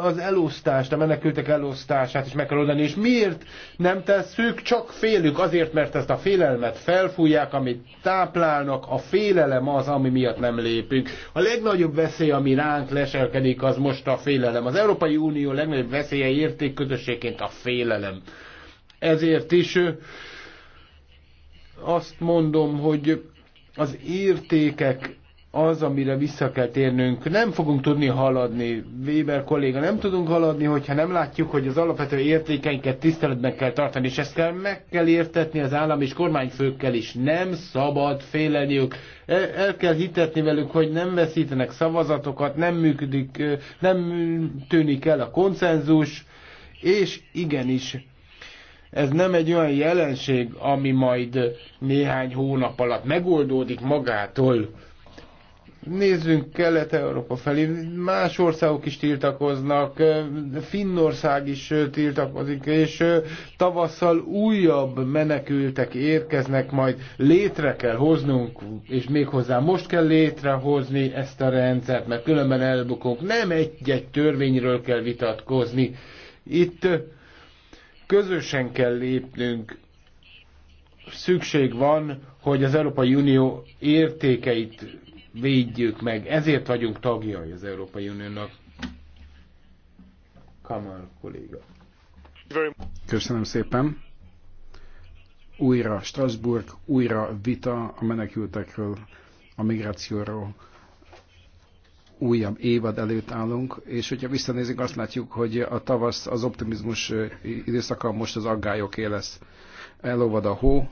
az elosztást, a menekültek elosztását is meg kell oldani, és miért nem tesszük, csak félük, azért, mert ezt a félelmet felfújják, amit táplálnak, a félelem az, ami miatt nem lépünk. A legnagyobb veszély, ami ránk leselkedik, az most a félelem. Az Európai Unió legnagyobb veszélye közösségként a félelem. Ezért is azt mondom, hogy az értékek az, amire vissza kell térnünk. Nem fogunk tudni haladni, Weber kolléga, nem tudunk haladni, hogyha nem látjuk, hogy az alapvető értékeinket tiszteletben kell tartani, és ezt kell, meg kell értetni az állam és kormányfőkkel is. Nem szabad félelniük. El, el kell hitetni velük, hogy nem veszítenek szavazatokat, nem működik, nem tűnik el a konszenzus, és igenis ez nem egy olyan jelenség, ami majd néhány hónap alatt megoldódik magától Nézzünk Kelet-Európa felé, más országok is tiltakoznak, Finnország is tiltakozik, és tavasszal újabb menekültek érkeznek, majd létre kell hoznunk, és méghozzá most kell létrehozni ezt a rendszert, mert különben elbukunk. Nem egy-egy törvényről kell vitatkozni. Itt közösen kell lépnünk, szükség van, hogy az Európai Unió értékeit védjük meg. Ezért vagyunk tagjai az Európai Uniónak. Kamal kolléga. Köszönöm szépen. Újra Strasbourg, újra vita a menekültekről, a migrációról. Újabb évad előtt állunk, és hogyha visszanézünk, azt látjuk, hogy a tavasz az optimizmus időszaka most az aggályok lesz. Elolvad a hó,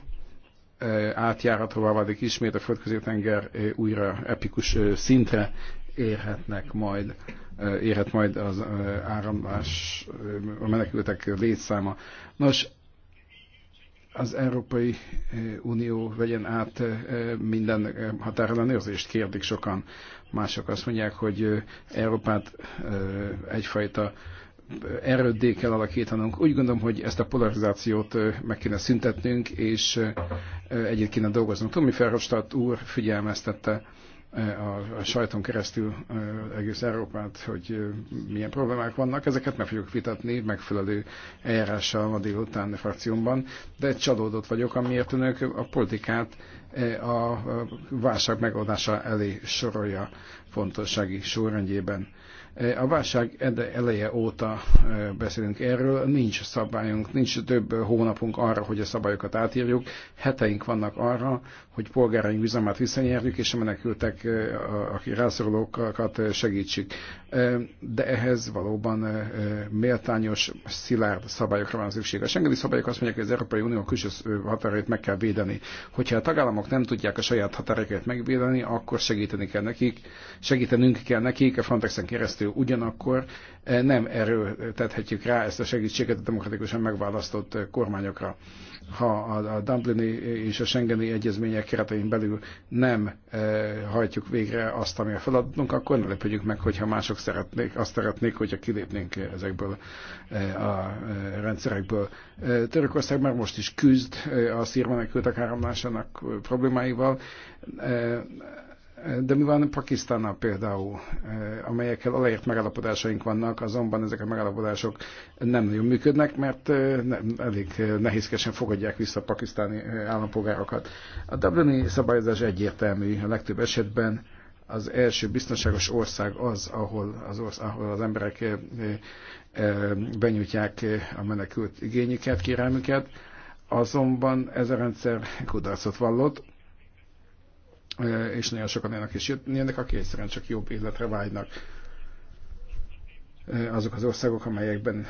átjárhatóvá válik ismét, a földközi tenger újra epikus szintre érhetnek majd, érhet majd az áramlás, a menekültek létszáma. Nos, az Európai Unió vegyen át minden határellenőrzést, kérdik sokan. Mások azt mondják, hogy Európát egyfajta erőddé kell alakítanunk. Úgy gondolom, hogy ezt a polarizációt meg kéne szüntetnünk, és egyet kéne dolgoznunk. Tomi Ferrostadt úr figyelmeztette a, sajton keresztül egész Európát, hogy milyen problémák vannak. Ezeket meg fogjuk vitatni megfelelő eljárással a délután a frakciómban, de csalódott vagyok, amiért önök a politikát a válság megoldása elé sorolja fontossági sorrendjében a válság eleje óta beszélünk erről, nincs szabályunk, nincs több hónapunk arra, hogy a szabályokat átírjuk, heteink vannak arra, hogy polgáraink bizalmát visszanyerjük, és a menekültek, a rászorulókat segítsük. De ehhez valóban méltányos, szilárd szabályokra van szükség. A Schengeni szabályok azt mondják, hogy az Európai Unió külső határait meg kell védeni. Hogyha a tagállamok nem tudják a saját határaikat megvédeni, akkor segíteni kell nekik, segítenünk kell nekik a Frontexen keresztül keresztül. Ugyanakkor eh, nem erőltethetjük rá ezt a segítséget a demokratikusan megválasztott eh, kormányokra. Ha a Dublini és a Schengeni egyezmények keretein belül nem eh, hajtjuk végre azt, ami a feladatunk, akkor ne lepődjük meg, hogyha mások szeretnék, azt szeretnék, hogyha kilépnénk ezekből a rendszerekből. Törökország már most is küzd a szírmenekültek áramlásának problémáival de mi van Pakisztánnal például, eh, amelyekkel aláért megállapodásaink vannak, azonban ezek a megállapodások nem nagyon működnek, mert eh, nem, elég eh, nehézkesen fogadják vissza a pakisztáni állampolgárokat. A Dublini szabályozás egyértelmű a legtöbb esetben. Az első biztonságos ország az, ahol az, orsz, ahol az emberek benyújtják a menekült igényüket, kérelmüket, azonban ez a rendszer kudarcot vallott, és nagyon sokan ennek is jönnek, aki egyszerűen csak jobb életre vágynak. Azok az országok, amelyekben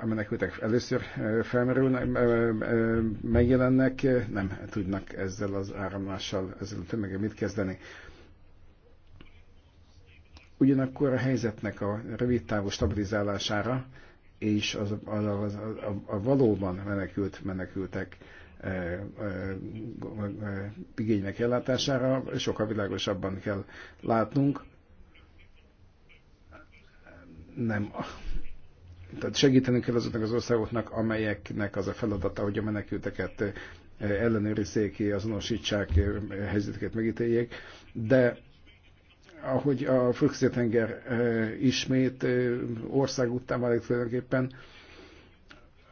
a menekültek először felmerülnek, megjelennek, nem tudnak ezzel az áramlással, ezzel a tömeggel mit kezdeni. Ugyanakkor a helyzetnek a rövid távú stabilizálására és az, az, az, a, a, a valóban menekült menekültek igények ellátására sokkal világosabban kell látnunk. Nem. Tehát segíteni kell azoknak az országoknak, amelyeknek az a feladata, hogy a menekülteket ellenőrizzék, azonosítsák, helyzeteket megítéljék, de ahogy a Fölkszé-tenger ismét ország után válik tulajdonképpen,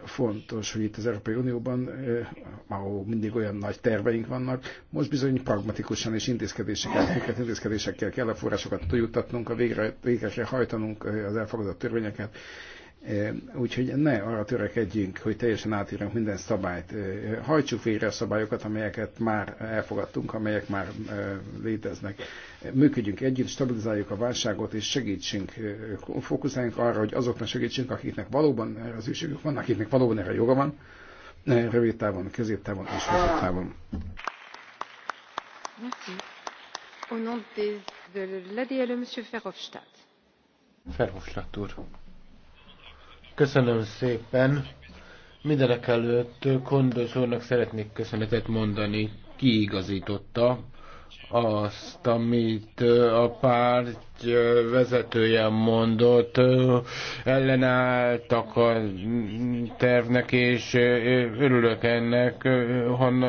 fontos, hogy itt az Európai Unióban, eh, ahol mindig olyan nagy terveink vannak, most bizony pragmatikusan és intézkedésekkel, konkrét intézkedésekkel kell a forrásokat juttatnunk, a végre, végre hajtanunk eh, az elfogadott törvényeket, Úgyhogy ne arra törekedjünk, hogy teljesen átírunk minden szabályt. Hajtsuk végre a szabályokat, amelyeket már elfogadtunk, amelyek már léteznek. Működjünk együtt, stabilizáljuk a válságot, és segítsünk, fókuszáljunk arra, hogy azoknak segítsünk, akiknek valóban erre az ügységük van, akiknek valóban erre joga van, rövid távon, középtávon és hosszú távon. Köszönöm. Köszönöm. Köszönöm. Köszönöm. Köszönöm. Köszönöm. Köszönöm. úr. Köszönöm szépen. Mindenek előtt Kondos úrnak szeretnék köszönetet mondani. Kiigazította azt, amit a párt vezetője mondott, ellenálltak a tervnek, és örülök ennek,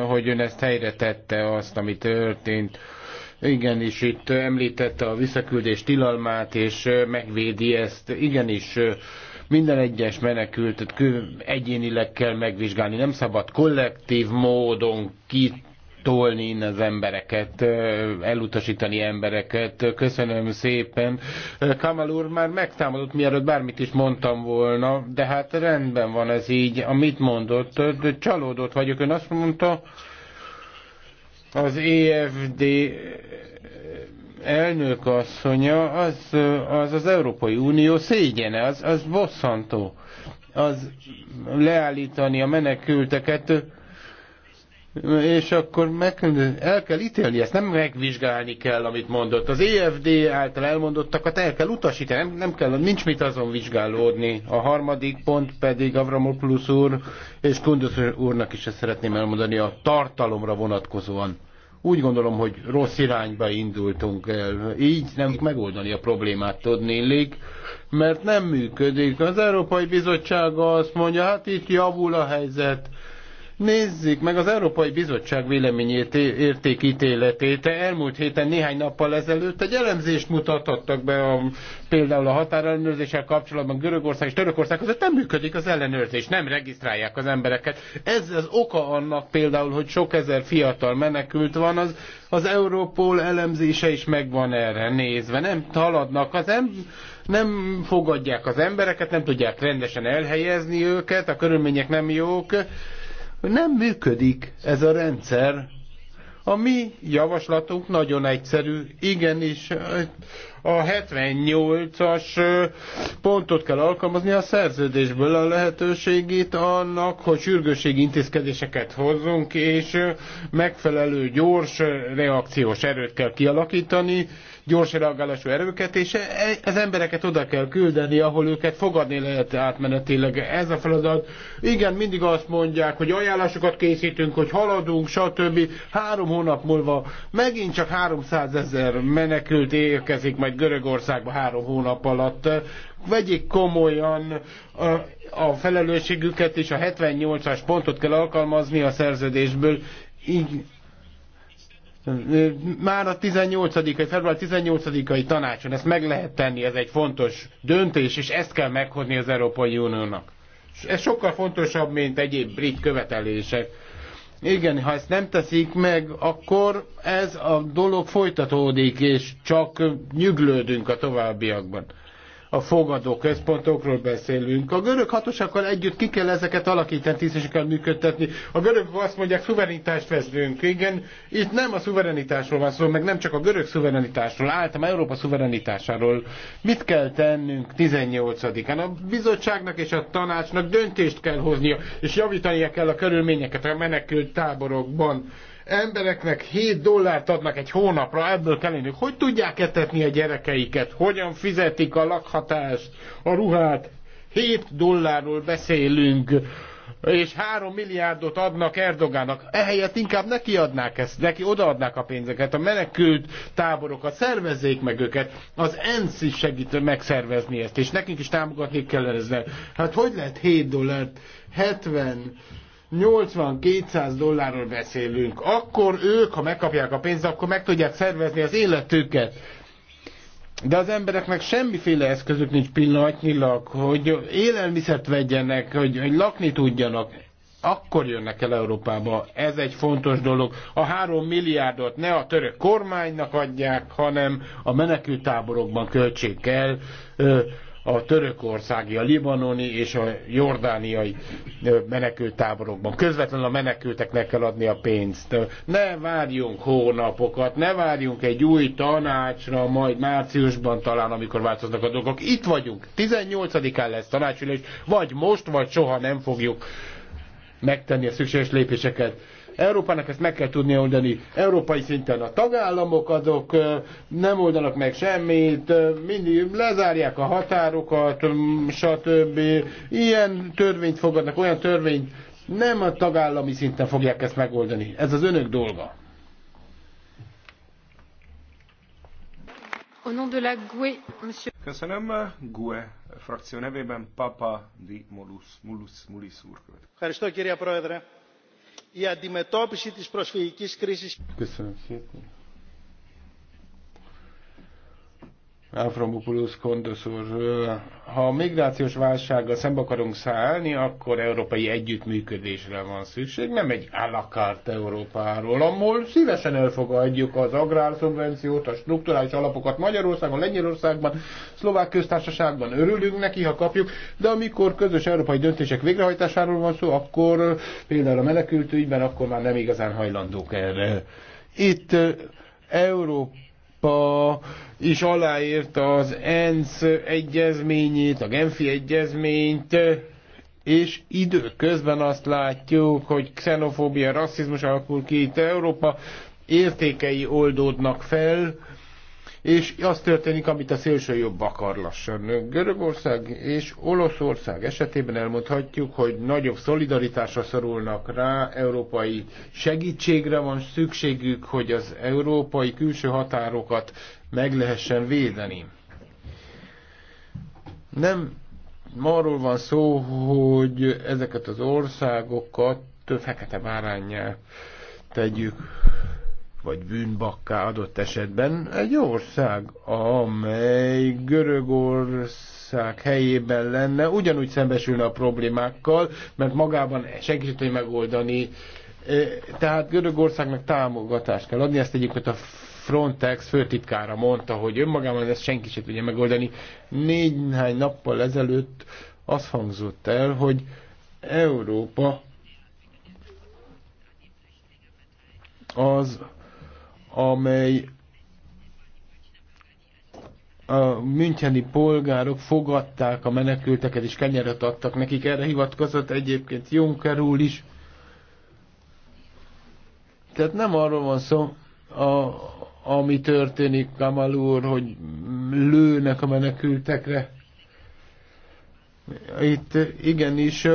hogy ön ezt helyre tette azt, ami történt. Igenis, itt említette a visszaküldés tilalmát, és megvédi ezt. Igenis, minden egyes menekültet egyénileg kell megvizsgálni, nem szabad kollektív módon kit tolni innen az embereket, elutasítani embereket. Köszönöm szépen. Kamal úr már megtámadott, mielőtt bármit is mondtam volna, de hát rendben van ez így. Amit mondott, de csalódott vagyok. Ön azt mondta, az EFD elnök asszonya, az az, az Európai Unió szégyene, az, az bosszantó. Az leállítani a menekülteket, és akkor meg, el kell ítélni ezt, nem megvizsgálni kell, amit mondott. Az EFD által elmondottakat el kell utasítani, nem, nem kell, nincs mit azon vizsgálódni. A harmadik pont pedig Avramopoulos úr és Kundus úrnak is ezt szeretném elmondani a tartalomra vonatkozóan. Úgy gondolom, hogy rossz irányba indultunk el. Így nem megoldani a problémát tudni illik, mert nem működik. Az Európai Bizottság azt mondja, hát itt javul a helyzet, Nézzük meg az Európai Bizottság véleményét, értékítéletét. Elmúlt héten néhány nappal ezelőtt egy elemzést mutathattak be a, például a határellenőrzéssel kapcsolatban Görögország és Törökország között nem működik az ellenőrzés, nem regisztrálják az embereket. Ez az oka annak például, hogy sok ezer fiatal menekült van, az, az Európol elemzése is megvan erre nézve. Nem haladnak az em nem fogadják az embereket, nem tudják rendesen elhelyezni őket, a körülmények nem jók, hogy nem működik ez a rendszer. A mi javaslatunk nagyon egyszerű, igenis a 78-as pontot kell alkalmazni a szerződésből a lehetőségét annak, hogy sürgőségi intézkedéseket hozzunk, és megfelelő gyors reakciós erőt kell kialakítani, gyors reagálású erőket, és ez embereket oda kell küldeni, ahol őket fogadni lehet átmenetileg. Ez a feladat. Igen, mindig azt mondják, hogy ajánlásokat készítünk, hogy haladunk, stb. Három hónap múlva megint csak 300 ezer menekült érkezik majd Görögországba három hónap alatt. Vegyék komolyan a felelősségüket, és a 78-as pontot kell alkalmazni a szerződésből. Így már a 18 február 18-ai tanácson ezt meg lehet tenni, ez egy fontos döntés, és ezt kell meghozni az Európai Uniónak. Ez sokkal fontosabb, mint egyéb brit követelések. Igen, ha ezt nem teszik meg, akkor ez a dolog folytatódik, és csak nyüglődünk a továbbiakban a fogadó központokról beszélünk. A görög hatóságokkal együtt ki kell ezeket alakítani, tisztességgel működtetni. A görög azt mondják, szuverenitást veszünk. Igen, itt nem a szuverenitásról van szó, meg nem csak a görög szuverenitásról, általában Európa szuverenitásáról. Mit kell tennünk 18-án? A bizottságnak és a tanácsnak döntést kell hoznia, és javítania kell a körülményeket a menekült táborokban embereknek 7 dollárt adnak egy hónapra, ebből kell élniük. Hogy tudják etetni a gyerekeiket? Hogyan fizetik a lakhatást, a ruhát? 7 dollárról beszélünk és három milliárdot adnak Erdogának. Ehelyett inkább neki adnák ezt, neki odaadnák a pénzeket, a menekült táborokat, szervezzék meg őket. Az ENSZ is segít megszervezni ezt, és nekünk is támogatni kellene ezzel. Hát hogy lehet 7 dollárt, 70 80-200 dollárról beszélünk. Akkor ők, ha megkapják a pénzt, akkor meg tudják szervezni az életüket. De az embereknek semmiféle eszközük nincs pillanatnyilag, hogy élelmiszert vegyenek, hogy, hogy lakni tudjanak. Akkor jönnek el Európába. Ez egy fontos dolog. A három milliárdot ne a török kormánynak adják, hanem a menekültáborokban költsék el. Ö, a törökországi, a libanoni és a jordániai menekültáborokban. Közvetlenül a menekülteknek kell adni a pénzt. Ne várjunk hónapokat, ne várjunk egy új tanácsra, majd márciusban talán, amikor változnak a dolgok. Itt vagyunk, 18-án lesz tanácsülés, vagy most, vagy soha nem fogjuk megtenni a szükséges lépéseket Európának ezt meg kell tudni oldani. Európai szinten a tagállamok azok nem oldanak meg semmit, mindig lezárják a határokat, stb. Ilyen törvényt fogadnak, olyan törvényt, nem a tagállami szinten fogják ezt megoldani. Ez az önök dolga. Köszönöm. GUE frakció nevében Papa di Mulus, Mulus, Mulis úr a η αντιμετώπιση της προσφυγικής κρίσης. Afromopoulos Kondos úr, ha a migrációs válsággal szembe akarunk szállni, akkor európai együttműködésre van szükség, nem egy alakárt Európáról, ahol szívesen elfogadjuk az agrárszubvenciót, a strukturális alapokat Magyarországon, Lengyelországban, Szlovák köztársaságban, örülünk neki, ha kapjuk, de amikor közös európai döntések végrehajtásáról van szó, akkor például a menekült ügyben, akkor már nem igazán hajlandók erre. Itt Európa is aláírta az ENSZ egyezményét, a Genfi egyezményt, és időközben azt látjuk, hogy xenofóbia, rasszizmus alakul ki itt Európa, értékei oldódnak fel, és az történik, amit a szélső jobb akar lassan. Görögország és Olaszország esetében elmondhatjuk, hogy nagyobb szolidaritásra szorulnak rá, európai segítségre van szükségük, hogy az európai külső határokat meg lehessen védeni. Nem arról van szó, hogy ezeket az országokat több fekete bárányjá tegyük, vagy bűnbakká adott esetben. Egy ország, amely Görögország helyében lenne, ugyanúgy szembesülne a problémákkal, mert magában segíteni megoldani. E, tehát Görögországnak támogatást kell adni, ezt egyébként a Frontex főtitkára mondta, hogy önmagában ezt senki sem tudja megoldani. Néhány nappal ezelőtt az hangzott el, hogy Európa az, amely a müncheni polgárok fogadták a menekülteket és kenyeret adtak nekik. Erre hivatkozott egyébként Juncker úr is. Tehát nem arról van szó, a, ami történik, Kamal úr, hogy lőnek a menekültekre. Itt igenis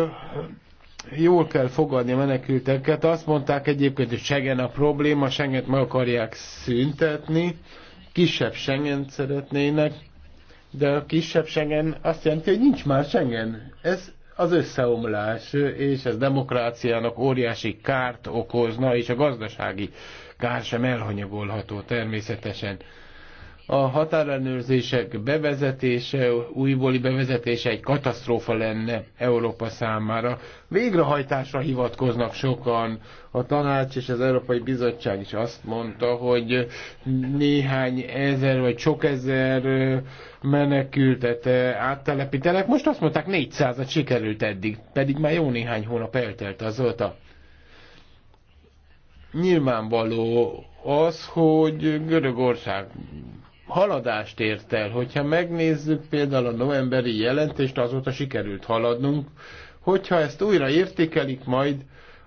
jól kell fogadni a menekülteket. Azt mondták egyébként, hogy Schengen a probléma, Schengent meg akarják szüntetni, kisebb sengen szeretnének, de a kisebb Schengen azt jelenti, hogy nincs már Schengen. Ez az összeomlás, és ez demokráciának óriási kárt okozna, és a gazdasági kár sem elhanyagolható természetesen. A határellenőrzések bevezetése, újbóli bevezetése egy katasztrófa lenne Európa számára. Végrehajtásra hivatkoznak sokan. A tanács és az Európai Bizottság is azt mondta, hogy néhány ezer vagy sok ezer menekültet áttelepítenek. Most azt mondták, 400-at sikerült eddig, pedig már jó néhány hónap eltelt azóta nyilvánvaló az, hogy Görögország haladást ért el. Hogyha megnézzük például a novemberi jelentést, azóta sikerült haladnunk, hogyha ezt újra értékelik majd,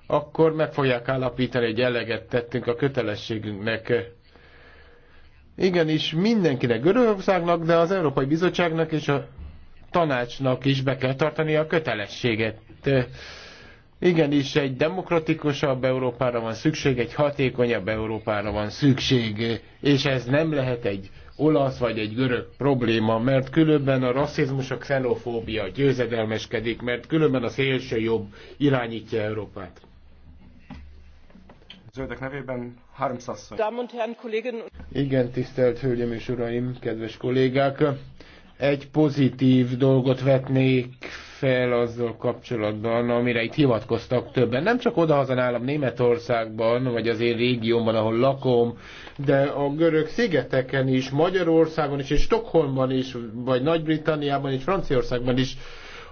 akkor meg fogják állapítani, hogy eleget tettünk a kötelességünknek. Igenis, mindenkinek, Görögországnak, de az Európai Bizottságnak és a tanácsnak is be kell tartani a kötelességet. Igenis, egy demokratikusabb Európára van szükség, egy hatékonyabb Európára van szükség, és ez nem lehet egy olasz vagy egy görög probléma, mert különben a rasszizmus, a xenofóbia győzedelmeskedik, mert különben a szélső jobb irányítja Európát. Zöldek nevében Harms asszony. Igen, tisztelt Hölgyeim és Uraim, kedves kollégák! egy pozitív dolgot vetnék fel azzal kapcsolatban, amire itt hivatkoztak többen. Nem csak odahaza nálam Németországban, vagy az én régiómban, ahol lakom, de a görög szigeteken is, Magyarországon is, és Stockholmban is, vagy Nagy-Britanniában és Franciaországban is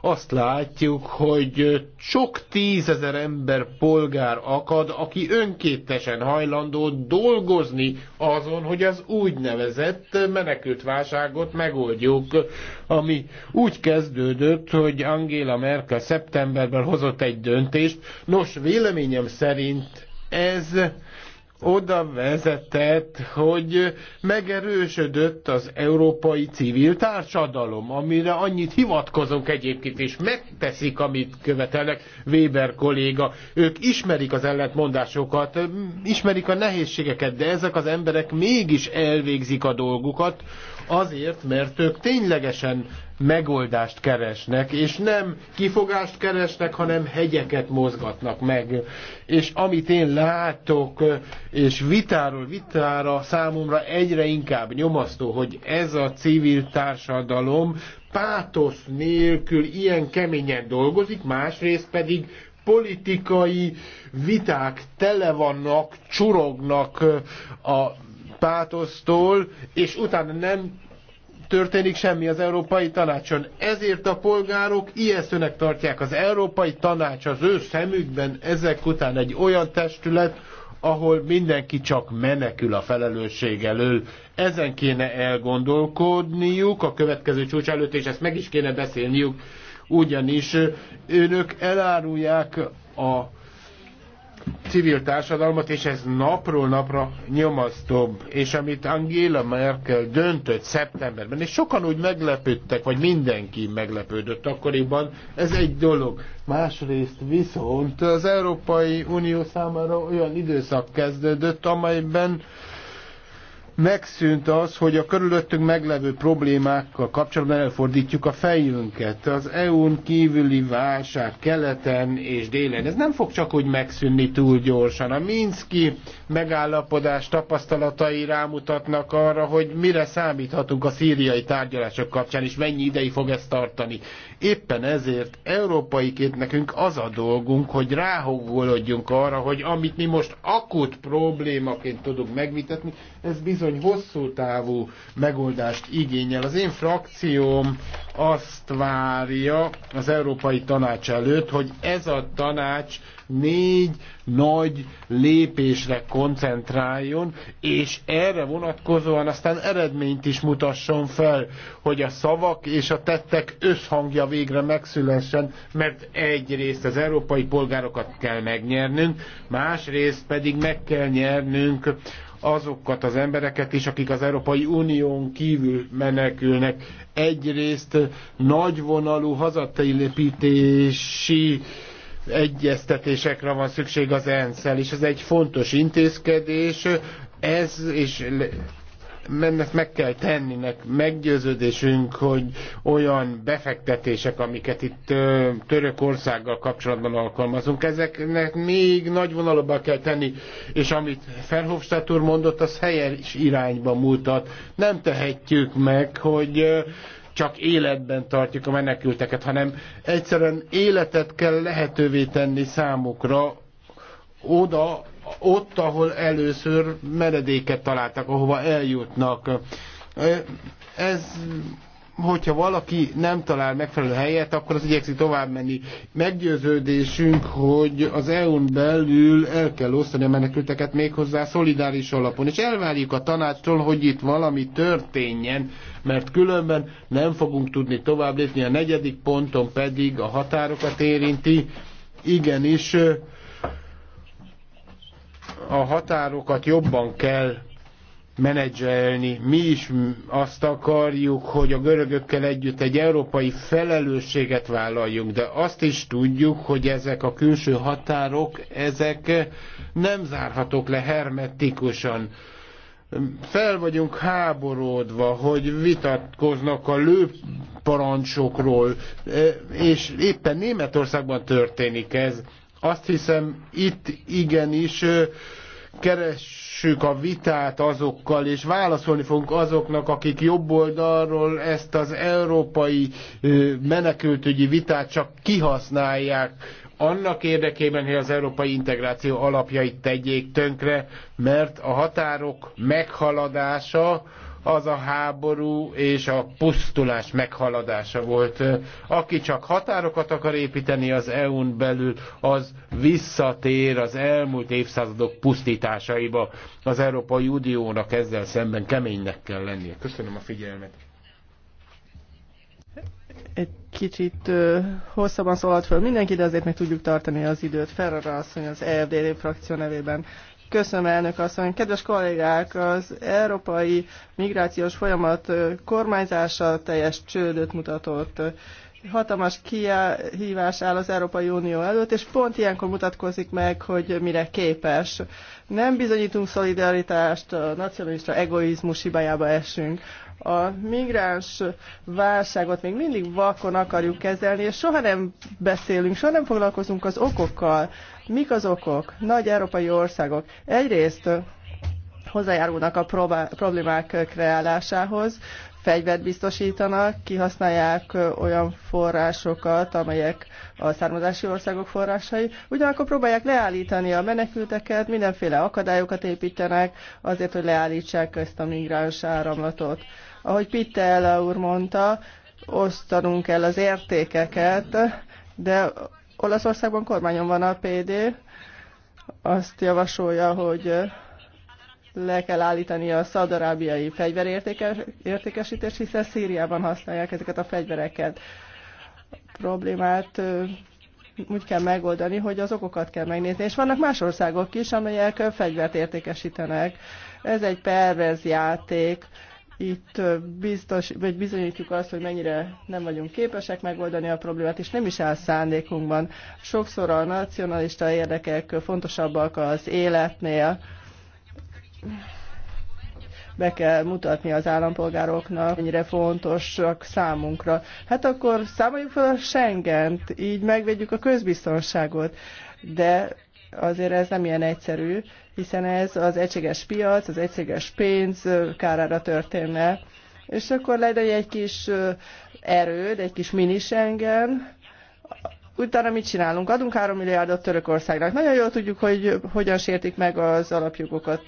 azt látjuk, hogy sok tízezer ember polgár akad, aki önkéntesen hajlandó dolgozni azon, hogy az úgynevezett menekült válságot megoldjuk, ami úgy kezdődött, hogy Angela Merkel szeptemberben hozott egy döntést. Nos, véleményem szerint ez oda vezetett, hogy megerősödött az európai civil társadalom, amire annyit hivatkozunk egyébként, és megteszik, amit követelnek Weber kolléga. Ők ismerik az ellentmondásokat, ismerik a nehézségeket, de ezek az emberek mégis elvégzik a dolgukat, Azért, mert ők ténylegesen megoldást keresnek, és nem kifogást keresnek, hanem hegyeket mozgatnak meg. És amit én látok, és vitáról vitára számomra egyre inkább nyomasztó, hogy ez a civil társadalom pátosz nélkül ilyen keményen dolgozik, másrészt pedig politikai viták tele vannak, csurognak a pátosztól, és utána nem történik semmi az Európai Tanácson. Ezért a polgárok ijesztőnek tartják az Európai Tanács az ő szemükben ezek után egy olyan testület, ahol mindenki csak menekül a felelősség elől. Ezen kéne elgondolkodniuk a következő csúcs előtt, és ezt meg is kéne beszélniük, ugyanis önök elárulják a civil társadalmat, és ez napról napra nyomasztóbb. És amit Angela Merkel döntött szeptemberben, és sokan úgy meglepődtek, vagy mindenki meglepődött akkoriban, ez egy dolog. Másrészt viszont az Európai Unió számára olyan időszak kezdődött, amelyben megszűnt az, hogy a körülöttünk meglevő problémákkal kapcsolatban elfordítjuk a fejünket. Az EU-n kívüli válság keleten és délen, ez nem fog csak úgy megszűnni túl gyorsan. A Minszki megállapodás tapasztalatai rámutatnak arra, hogy mire számíthatunk a szíriai tárgyalások kapcsán, és mennyi ideig fog ez tartani. Éppen ezért európaiként nekünk az a dolgunk, hogy ráhogolodjunk arra, hogy amit mi most akut problémaként tudunk megvitetni, ez bizony hosszú távú megoldást igényel. Az én frakcióm azt várja az Európai Tanács előtt, hogy ez a tanács négy nagy lépésre koncentráljon, és erre vonatkozóan aztán eredményt is mutasson fel, hogy a szavak és a tettek összhangja végre megszülessen, mert egyrészt az európai polgárokat kell megnyernünk, másrészt pedig meg kell nyernünk azokat az embereket is, akik az Európai Unión kívül menekülnek. Egyrészt nagyvonalú hazatelepítési egyeztetésekre van szükség az ENSZ-el, és ez egy fontos intézkedés, ez és mennek meg kell tenninek. Meggyőződésünk, hogy olyan befektetések, amiket itt Törökországgal kapcsolatban alkalmazunk, ezeknek még nagy vonalba kell tenni, és amit Ferhofstadt úr mondott, az helyes irányba mutat. Nem tehetjük meg, hogy csak életben tartjuk a menekülteket, hanem egyszerűen életet kell lehetővé tenni számukra oda, ott, ahol először meredéket találtak, ahova eljutnak. Ez hogyha valaki nem talál megfelelő helyet, akkor az igyekszik tovább menni. Meggyőződésünk, hogy az EU-n belül el kell osztani a menekülteket méghozzá szolidáris alapon, és elvárjuk a tanácstól, hogy itt valami történjen, mert különben nem fogunk tudni tovább lépni. A negyedik ponton pedig a határokat érinti. Igenis, a határokat jobban kell menedzselni. Mi is azt akarjuk, hogy a görögökkel együtt egy európai felelősséget vállaljunk, de azt is tudjuk, hogy ezek a külső határok, ezek nem zárhatók le hermetikusan. Fel vagyunk háborodva, hogy vitatkoznak a lőparancsokról, e, és éppen Németországban történik ez. Azt hiszem, itt igenis e, keressük a vitát azokkal, és válaszolni fogunk azoknak, akik jobb oldalról ezt az európai menekültügyi vitát csak kihasználják annak érdekében, hogy az európai integráció alapjait tegyék tönkre, mert a határok meghaladása az a háború és a pusztulás meghaladása volt. Aki csak határokat akar építeni az EU-n belül, az visszatér az elmúlt évszázadok pusztításaiba. Az Európai Uniónak ezzel szemben keménynek kell lennie. Köszönöm a figyelmet. Egy kicsit ö, hosszabban szólalt föl mindenki, de azért meg tudjuk tartani az időt. Ferrara asszony az EFDD frakció nevében. Köszönöm, elnök asszony. Kedves kollégák, az európai migrációs folyamat kormányzása teljes csődöt mutatott. Hatalmas kihívás áll az Európai Unió előtt, és pont ilyenkor mutatkozik meg, hogy mire képes. Nem bizonyítunk szolidaritást, a nacionalista egoizmus hibájába esünk a migráns válságot még mindig vakon akarjuk kezelni, és soha nem beszélünk, soha nem foglalkozunk az okokkal. Mik az okok? Nagy európai országok. Egyrészt hozzájárulnak a problémák kreálásához, fegyvert biztosítanak, kihasználják olyan forrásokat, amelyek a származási országok forrásai. Ugyanakkor próbálják leállítani a menekülteket, mindenféle akadályokat építenek azért, hogy leállítsák ezt a migráns áramlatot. Ahogy Pitella úr mondta, osztanunk kell az értékeket, de Olaszországban kormányon van a PD, azt javasolja, hogy le kell állítani a szadarábiai fegyverértékesítést, hiszen Szíriában használják ezeket a fegyvereket. Problémát úgy kell megoldani, hogy az okokat kell megnézni. És vannak más országok is, amelyek fegyvert értékesítenek. Ez egy perverz játék itt biztos, vagy bizonyítjuk azt, hogy mennyire nem vagyunk képesek megoldani a problémát, és nem is áll szándékunkban. Sokszor a nacionalista érdekek fontosabbak az életnél. Be kell mutatni az állampolgároknak, mennyire fontosak számunkra. Hát akkor számoljuk fel a Schengent, így megvédjük a közbiztonságot. De azért ez nem ilyen egyszerű, hiszen ez az egységes piac, az egységes pénz kárára történne. És akkor legyen egy kis erőd, egy kis mini Schengen, utána mit csinálunk? Adunk 3 milliárdot Törökországnak. Nagyon jól tudjuk, hogy hogyan sértik meg az alapjogokat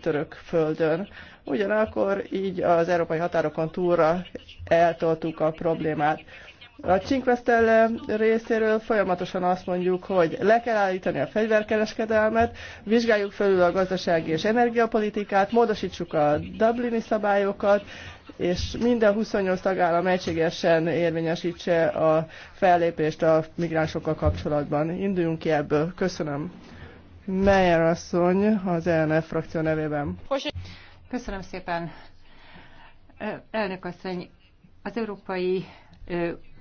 török földön. Ugyanakkor így az európai határokon túlra eltoltuk a problémát. A Csinkvesztelle részéről folyamatosan azt mondjuk, hogy le kell állítani a fegyverkereskedelmet, vizsgáljuk felül a gazdasági és energiapolitikát, módosítsuk a Dublini szabályokat, és minden 28 tagállam egységesen érvényesítse a fellépést a migránsokkal kapcsolatban. Induljunk ki ebből. Köszönöm. Meyer asszony az ELNF frakció nevében. Köszönöm szépen. Elnök asszony, az Európai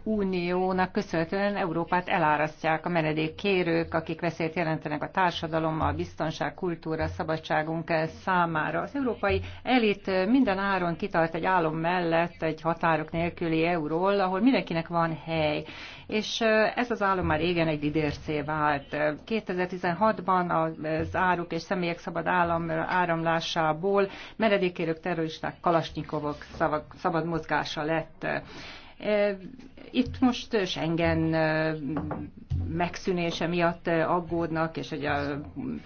Uniónak köszönhetően Európát elárasztják a menedékkérők, akik veszélyt jelentenek a társadalommal, a biztonság, kultúra, szabadságunk számára. Az európai elit minden áron kitart egy álom mellett egy határok nélküli euról, ahol mindenkinek van hely. És eh, ez az álom már régen egy lidércé vált. 2016-ban az áruk és személyek szabad állam, áramlásából menedékkérők terroristák kalasnyikovok szabad mozgása lett Eh, itt most Schengen eh, megszűnése miatt eh, aggódnak, és hogy a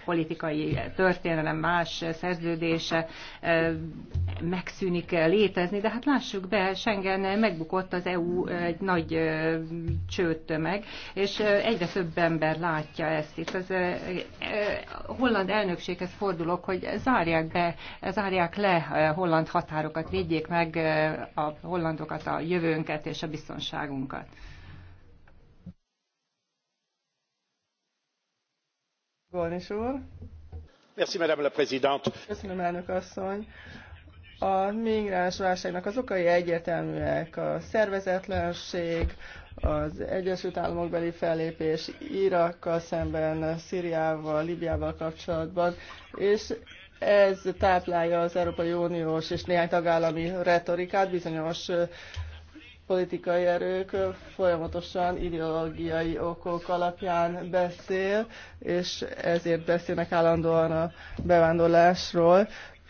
politikai történelem más szerződése megszűnik létezni, de hát lássuk be, Schengen megbukott az EU egy nagy csőttömeg, és egyre több ember látja ezt. Itt az holland elnökséghez fordulok, hogy zárják be, zárják le holland határokat, védjék meg a hollandokat, a jövőnket, és a biztonságunkat. Golnis úr. Merci, Madame la Présidente. Köszönöm, elnök asszony. A migráns válságnak az okai egyértelműek. A szervezetlenség, az Egyesült Államok beli fellépés Irakkal szemben, Szíriával, Libiával kapcsolatban, és ez táplálja az Európai Uniós és néhány tagállami retorikát, bizonyos politikai erők folyamatosan ideológiai okok alapján beszél, és ezért beszélnek állandóan a bevándorlásról.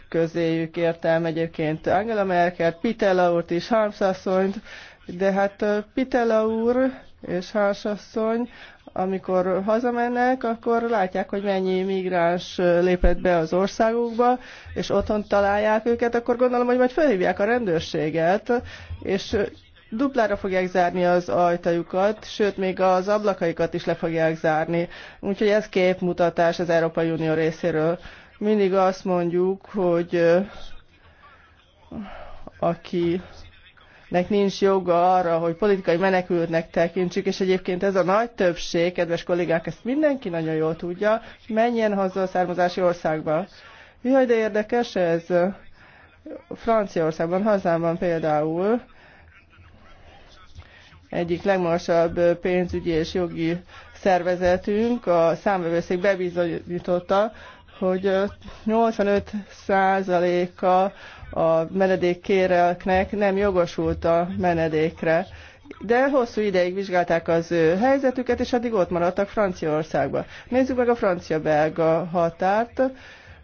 Közéjük értem egyébként Angela Merkel, Pitella úrt is, Harmsasszonyt, de hát Pitella úr és Harmsasszony, amikor hazamennek, akkor látják, hogy mennyi migráns lépett be az országukba, és otthon találják őket, akkor gondolom, hogy majd felhívják a rendőrséget, és duplára fogják zárni az ajtajukat, sőt, még az ablakaikat is le fogják zárni. Úgyhogy ez képmutatás az Európai Unió részéről. Mindig azt mondjuk, hogy aki nek nincs joga arra, hogy politikai menekültnek tekintsük, és egyébként ez a nagy többség, kedves kollégák, ezt mindenki nagyon jól tudja, menjen haza a származási országba. Jaj, de érdekes ez. Franciaországban, hazámban például egyik legmagasabb pénzügyi és jogi szervezetünk, a számvevőszék bebizonyította, hogy 85%-a a menedékkérelknek nem jogosult a menedékre. De hosszú ideig vizsgálták az ő helyzetüket, és addig ott maradtak Franciaországban. Nézzük meg a francia-belga határt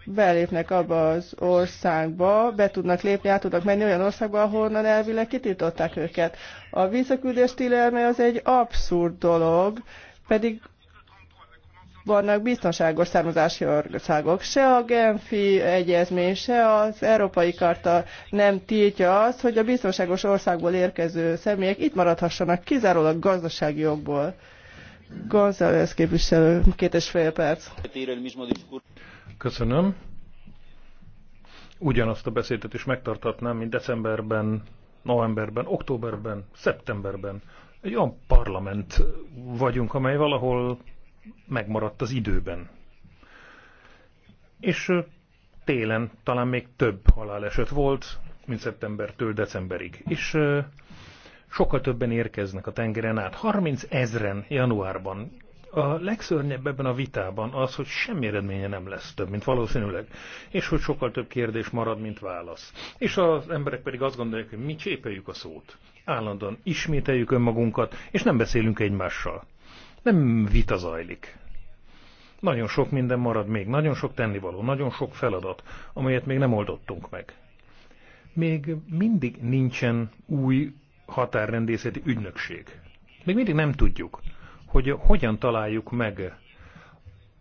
belépnek abba az országba, be tudnak lépni, át tudnak menni olyan országba, ahonnan elvileg kitiltották őket. A visszaküldés tilelme az egy abszurd dolog, pedig vannak biztonságos származási országok. Se a Genfi egyezmény, se az Európai Karta nem tiltja azt, hogy a biztonságos országból érkező személyek itt maradhassanak kizárólag gazdasági jogból. González képviselő, két és fél perc. Köszönöm. Ugyanazt a beszédet is megtartatnám, mint decemberben, novemberben, októberben, szeptemberben. Egy olyan parlament vagyunk, amely valahol megmaradt az időben. És télen talán még több haláleset volt, mint szeptembertől decemberig. És sokkal többen érkeznek a tengeren át. 30 ezren januárban a legszörnyebb ebben a vitában az, hogy semmi eredménye nem lesz több, mint valószínűleg, és hogy sokkal több kérdés marad, mint válasz. És az emberek pedig azt gondolják, hogy mi csépeljük a szót. Állandóan ismételjük önmagunkat, és nem beszélünk egymással. Nem vita zajlik. Nagyon sok minden marad még, nagyon sok tennivaló, nagyon sok feladat, amelyet még nem oldottunk meg. Még mindig nincsen új határrendészeti ügynökség. Még mindig nem tudjuk, hogy hogyan találjuk meg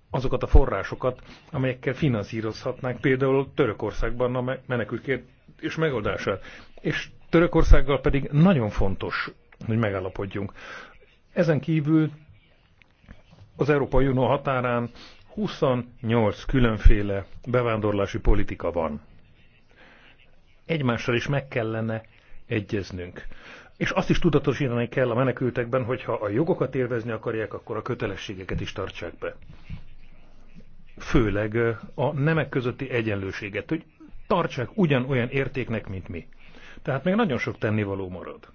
azokat a forrásokat, amelyekkel finanszírozhatnánk például Törökországban a menekültként és megoldását. És Törökországgal pedig nagyon fontos, hogy megállapodjunk. Ezen kívül az Európai Unió határán 28 különféle bevándorlási politika van. Egymással is meg kellene egyeznünk. És azt is tudatosítani kell a menekültekben, hogyha a jogokat élvezni akarják, akkor a kötelességeket is tartsák be. Főleg a nemek közötti egyenlőséget, hogy tartsák ugyanolyan értéknek, mint mi. Tehát még nagyon sok tennivaló marad.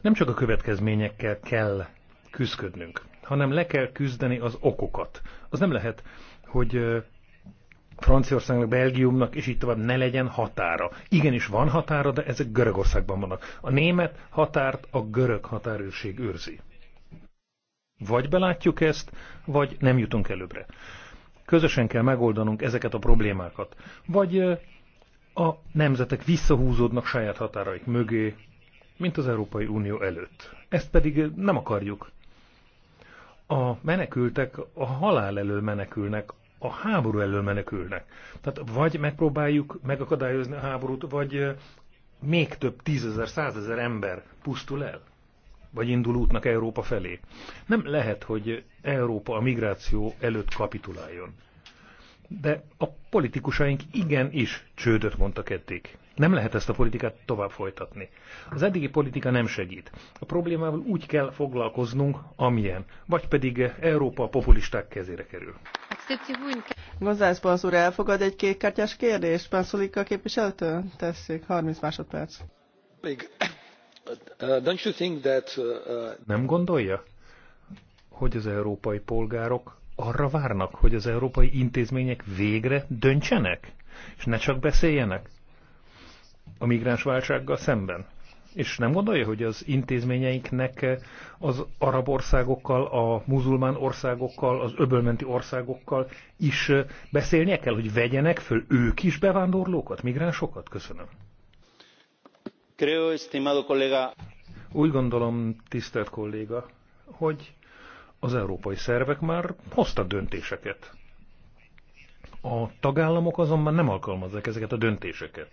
Nem csak a következményekkel kell küzdködnünk, hanem le kell küzdeni az okokat. Az nem lehet, hogy Franciaországnak, Belgiumnak, és így tovább ne legyen határa. Igenis van határa, de ezek Görögországban vannak. A német határt a görög határőrség őrzi. Vagy belátjuk ezt, vagy nem jutunk előbbre. Közösen kell megoldanunk ezeket a problémákat. Vagy a nemzetek visszahúzódnak saját határaik mögé, mint az Európai Unió előtt. Ezt pedig nem akarjuk. A menekültek a halál elől menekülnek, a háború elől menekülnek. Tehát vagy megpróbáljuk megakadályozni a háborút, vagy még több tízezer, százezer ember pusztul el, vagy indul útnak Európa felé. Nem lehet, hogy Európa a migráció előtt kapituláljon de a politikusaink igen is csődöt mondtak eddig. Nem lehet ezt a politikát tovább folytatni. Az eddigi politika nem segít. A problémával úgy kell foglalkoznunk, amilyen, vagy pedig Európa a populisták kezére kerül. González Pansz elfogad egy kékkártyás kérdést. Panszulik a képviselőtől? Tesszük. 30 másodperc. Uh, uh, nem gondolja, hogy az európai polgárok arra várnak, hogy az európai intézmények végre döntsenek, és ne csak beszéljenek a migráns válsággal szemben. És nem gondolja, hogy az intézményeinknek az arab országokkal, a muzulmán országokkal, az öbölmenti országokkal is beszélnie kell, hogy vegyenek föl ők is bevándorlókat, migránsokat? Köszönöm. Creo, estimado kollega. Úgy gondolom, tisztelt kolléga, hogy az európai szervek már hozta döntéseket. A tagállamok azonban nem alkalmazzák ezeket a döntéseket.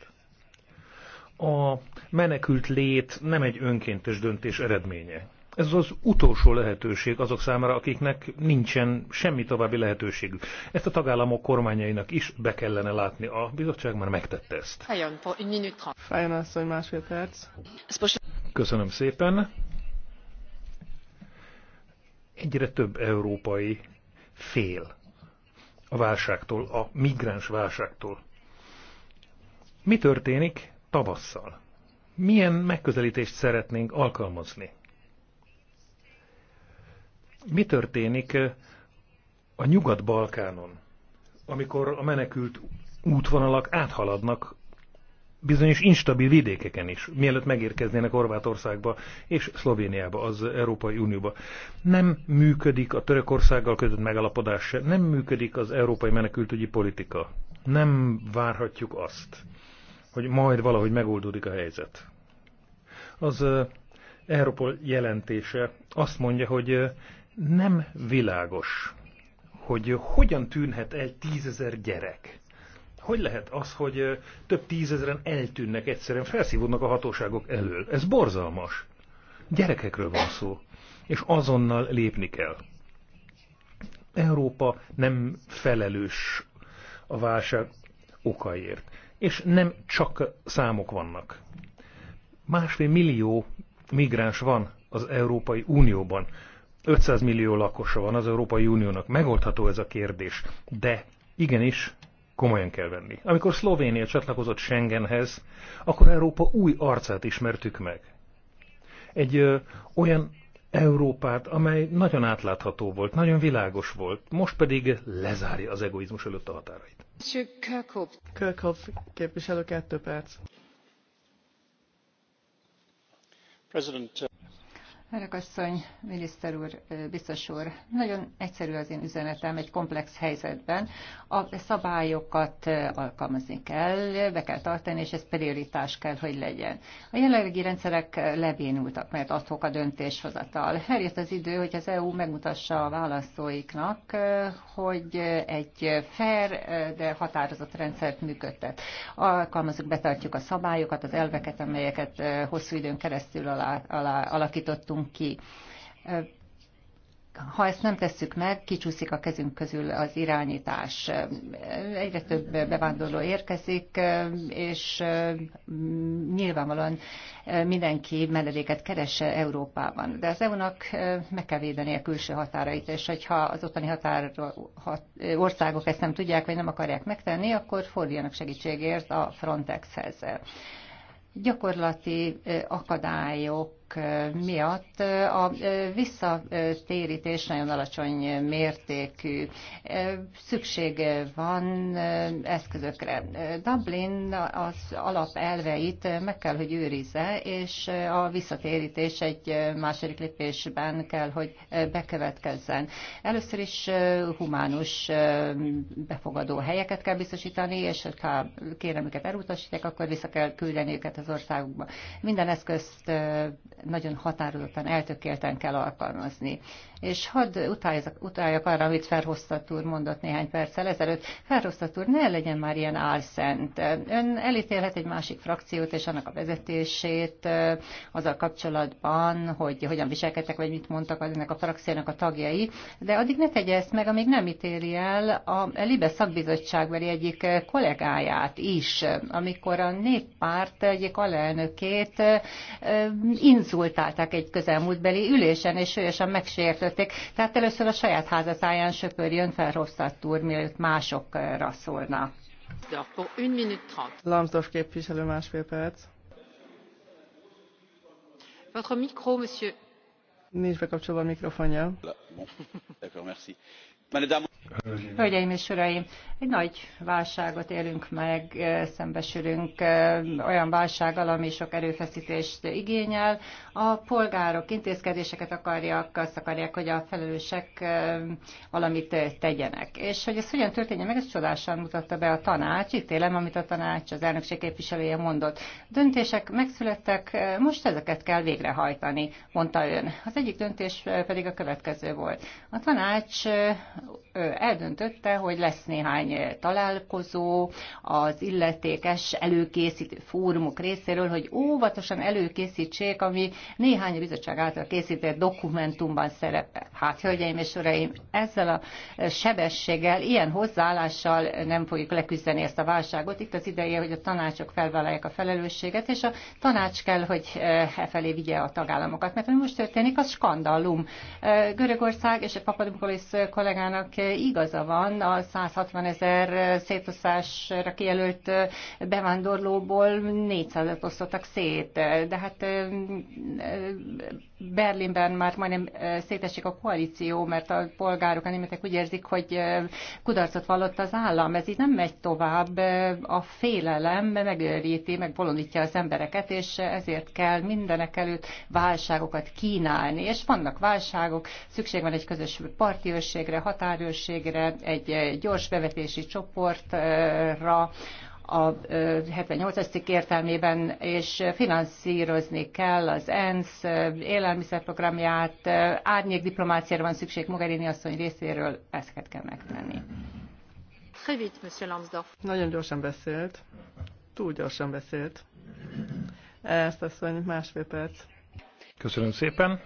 A menekült lét nem egy önkéntes döntés eredménye. Ez az utolsó lehetőség azok számára, akiknek nincsen semmi további lehetőségük. Ezt a tagállamok kormányainak is be kellene látni. A bizottság már megtette ezt. Fájjon asszony másfél perc. Köszönöm szépen egyre több európai fél a válságtól, a migráns válságtól. Mi történik tavasszal? Milyen megközelítést szeretnénk alkalmazni? Mi történik eh, a Nyugat-Balkánon, amikor a menekült útvonalak áthaladnak bizonyos instabil vidékeken is, mielőtt megérkeznének Horvátországba és Szlovéniába, az Európai Unióba. Nem működik a Törökországgal kötött megalapodás se, nem működik az európai menekültügyi politika. Nem várhatjuk azt, hogy majd valahogy megoldódik a helyzet. Az európol jelentése azt mondja, hogy nem világos, hogy hogyan tűnhet el tízezer gyerek hogy lehet az, hogy több tízezeren eltűnnek egyszerűen, felszívódnak a hatóságok elől? Ez borzalmas. Gyerekekről van szó, és azonnal lépni kell. Európa nem felelős a válság okaért, és nem csak számok vannak. Másfél millió migráns van az Európai Unióban. 500 millió lakosa van az Európai Uniónak. Megoldható ez a kérdés, de igenis komolyan kell venni. Amikor Szlovénia csatlakozott Schengenhez, akkor Európa új arcát ismertük meg. Egy ö, olyan Európát, amely nagyon átlátható volt, nagyon világos volt, most pedig lezárja az egoizmus előtt a határait. Kölkhoff. Kölkhoff képviselő, kettő perc. President. Uh, Örök asszony, miniszter úr, biztos úr, nagyon egyszerű az én üzenetem egy komplex helyzetben. A szabályokat alkalmazni kell, be kell tartani, és ez prioritás kell, hogy legyen. A jelenlegi rendszerek lebénultak, mert adhok a döntéshozatal. Eljött az idő, hogy az EU megmutassa a választóiknak, hogy egy fair, de határozott rendszert működtet. Alkalmazunk, betartjuk a szabályokat, az elveket, amelyeket hosszú időn keresztül alá, alá, alakítottunk adunk ki. Ha ezt nem tesszük meg, kicsúszik a kezünk közül az irányítás. Egyre több bevándorló érkezik, és nyilvánvalóan mindenki menedéket keresse Európában. De az EU-nak meg kell védeni a külső határait, és hogyha az ottani határ, hat, országok ezt nem tudják, vagy nem akarják megtenni, akkor forduljanak segítségért a Frontexhez gyakorlati akadályok miatt a visszatérítés nagyon alacsony mértékű. Szükség van eszközökre. Dublin az alapelveit meg kell, hogy őrizze, és a visszatérítés egy második lépésben kell, hogy bekövetkezzen. Először is humánus befogadó helyeket kell biztosítani, és ha kérem őket elutasítják, akkor vissza kell küldeni őket az országukba. Minden eszközt nagyon határozottan, eltökélten kell alkalmazni és hadd utáljak, utáljak arra, amit Ferhosztat úr mondott néhány perccel ezelőtt. Ferhosztat úr, ne legyen már ilyen álszent. Ön elítélhet egy másik frakciót és annak a vezetését azzal kapcsolatban, hogy hogyan viselkedtek, vagy mit mondtak az ennek a frakciónak a tagjai, de addig ne tegye ezt meg, amíg nem ítéli el a Libe szakbizottságbeli egyik kollégáját is, amikor a néppárt egyik alelnökét inzultálták egy közelmúltbeli ülésen, és súlyosan megsértő söpörték. Tehát először a saját házatáján söpörjön fel Rosszat úr, mielőtt másokra szólna. Lambsdorff képviselő másfél perc. Votre micro, monsieur. Nincs bekapcsolva a mikrofonja. D'accord, merci. Hölgyeim és Uraim, egy nagy válságot élünk meg, szembesülünk olyan válsággal, ami sok erőfeszítést igényel. A polgárok intézkedéseket akarják, azt akarják, hogy a felelősek valamit tegyenek. És hogy ez hogyan történjen meg, ez csodásan mutatta be a tanács. élem, amit a tanács, az elnökség képviselője mondott. Döntések megszülettek, most ezeket kell végrehajtani, mondta ön. Az egyik döntés pedig a következő volt. A tanács eldöntötte, hogy lesz néhány találkozó az illetékes előkészítő fórumok részéről, hogy óvatosan előkészítsék, ami néhány bizottság által készített dokumentumban szerepel. Hát, hölgyeim és uraim, ezzel a sebességgel, ilyen hozzáállással nem fogjuk leküzdeni ezt a válságot. Itt az ideje, hogy a tanácsok felvállalják a felelősséget, és a tanács kell, hogy e felé vigye a tagállamokat. Mert ami most történik, az skandalum. Görögország és a Papadopoulos kollégám kollégának igaza van, a 160 ezer szétosztásra kijelölt bevándorlóból 400-et osztottak szét, de hát Berlinben már majdnem szétesik a koalíció, mert a polgárok, a németek úgy érzik, hogy kudarcot vallott az állam. Ez így nem megy tovább. A félelem megőríti, meg bolondítja az embereket, és ezért kell mindenek előtt válságokat kínálni. És vannak válságok, szükség van egy közös partiőrségre, határőrségre, egy gyors bevetési csoportra, a 78-as cikk értelmében, és finanszírozni kell az ENSZ élelmiszerprogramját, árnyék diplomáciára van szükség Mogherini asszony részéről, ezeket kell megtenni. Nagyon gyorsan beszélt. Túl gyorsan beszélt. Ezt asszony másfél perc. Köszönöm szépen.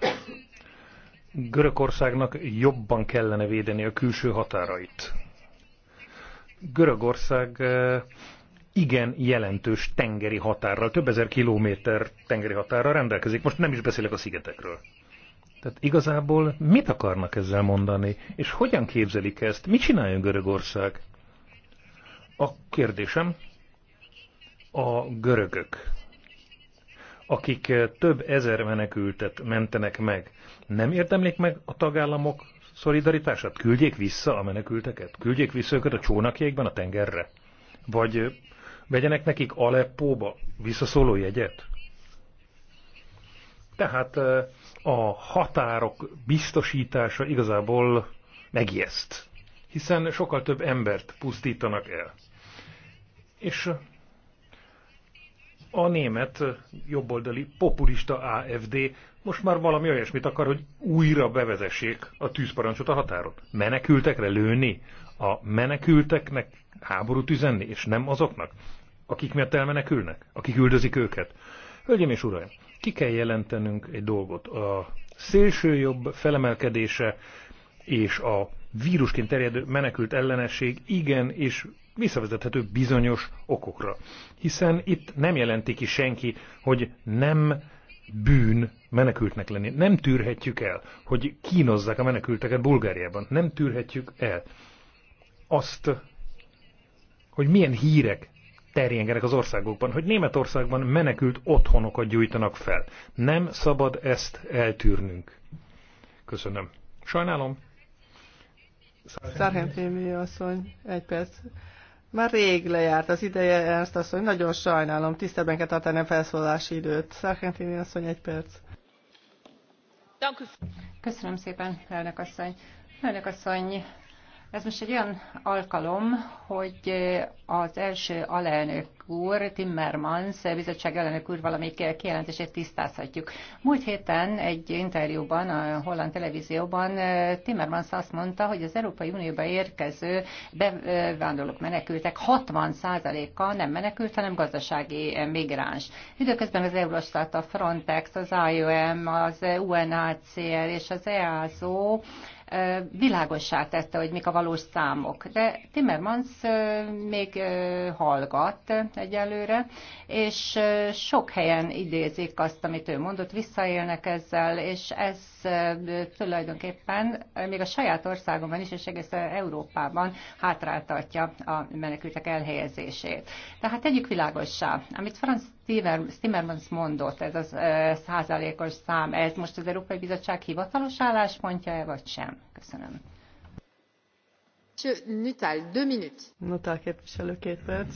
Görögországnak jobban kellene védeni a külső határait. Görögország igen jelentős tengeri határral, több ezer kilométer tengeri határral rendelkezik. Most nem is beszélek a szigetekről. Tehát igazából mit akarnak ezzel mondani, és hogyan képzelik ezt? Mit csináljon Görögország? A kérdésem a görögök, akik több ezer menekültet mentenek meg, nem érdemlik meg a tagállamok szolidaritását? Küldjék vissza a menekülteket? Küldjék vissza őket a csónakjékben a tengerre? Vagy Vegyenek nekik Aleppóba visszaszóló jegyet? Tehát eh, a határok biztosítása igazából megijeszt, hiszen sokkal több embert pusztítanak el. És eh, a német jobboldali populista AFD most már valami olyasmit akar, hogy újra bevezessék a tűzparancsot a határon. Menekültekre lőni? A menekülteknek háborút üzenni, és nem azoknak, akik miatt elmenekülnek, akik üldözik őket. Hölgyeim és uraim, ki kell jelentenünk egy dolgot. A szélső jobb felemelkedése és a vírusként terjedő menekült ellenesség igen és visszavezethető bizonyos okokra. Hiszen itt nem jelenti ki senki, hogy nem bűn menekültnek lenni. Nem tűrhetjük el, hogy kínozzák a menekülteket Bulgáriában. Nem tűrhetjük el azt, hogy milyen hírek terjengenek az országokban, hogy Németországban menekült otthonokat gyújtanak fel. Nem szabad ezt eltűrnünk. Köszönöm. Sajnálom. Szárhentnémi asszony, egy perc. Már rég lejárt az ideje, Ernst asszony, nagyon sajnálom, tisztebben kell tartani a felszólási időt. Szárhentnémi asszony, egy perc. Köszönöm szépen, elnök asszony. Elnök asszony, ez most egy olyan alkalom, hogy az első alelnök úr, Timmermans, bizottság elnök úr valamelyik kijelentését tisztázhatjuk. Múlt héten egy interjúban a holland televízióban Timmermans azt mondta, hogy az Európai Unióba érkező bevándorlók menekültek 60%-a nem menekült, hanem gazdasági migráns. Időközben az Eurostat, a Frontex, az IOM, az UNHCR és az EASO világossá tette, hogy mik a valós számok. De Timmermans még hallgat egyelőre, és sok helyen idézik azt, amit ő mondott, visszaélnek ezzel, és ez tulajdonképpen még a saját országomban is, és egész Európában hátráltatja a menekültek elhelyezését. Tehát tegyük világossá, amit Franz Timmermans mondott, ez az százalékos szám, ez most az Európai Bizottság hivatalos álláspontja-e, vagy sem? Köszönöm. Nutal, deux minutes. Nuttall képviselő, két perc.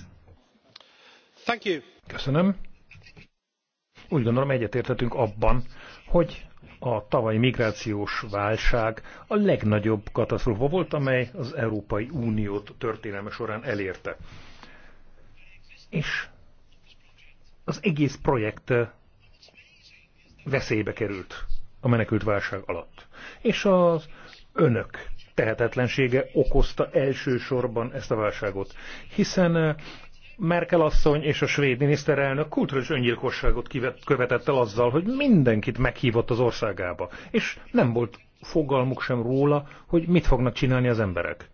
Thank you. Köszönöm. Úgy gondolom egyetértetünk abban, hogy a tavalyi migrációs válság a legnagyobb katasztrófa volt, amely az Európai Uniót történelme során elérte. És az egész projekt veszélybe került a menekült válság alatt. És az önök tehetetlensége okozta elsősorban ezt a válságot, hiszen Merkel asszony és a svéd miniszterelnök kulturális öngyilkosságot követett el azzal, hogy mindenkit meghívott az országába, és nem volt fogalmuk sem róla, hogy mit fognak csinálni az emberek.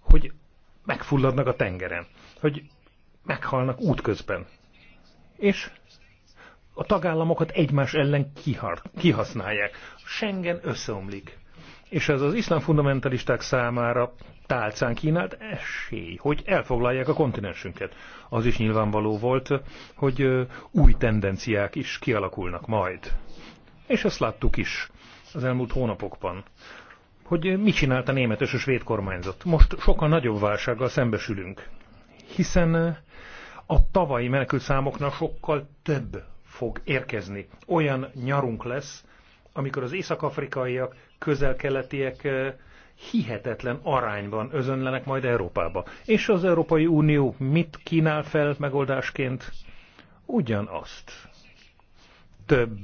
Hogy megfulladnak a tengeren, hogy meghalnak útközben. És a tagállamokat egymás ellen kihar, kihasználják. Schengen összeomlik és ez az iszlám fundamentalisták számára tálcán kínált esély, hogy elfoglalják a kontinensünket. Az is nyilvánvaló volt, hogy új tendenciák is kialakulnak majd. És ezt láttuk is az elmúlt hónapokban, hogy mit csinált a német és a svéd kormányzat. Most sokkal nagyobb válsággal szembesülünk, hiszen a tavalyi menekült számoknál sokkal több fog érkezni. Olyan nyarunk lesz, amikor az észak-afrikaiak közel-keletiek hihetetlen arányban özönlenek majd Európába. És az Európai Unió mit kínál fel megoldásként? Ugyanazt. Több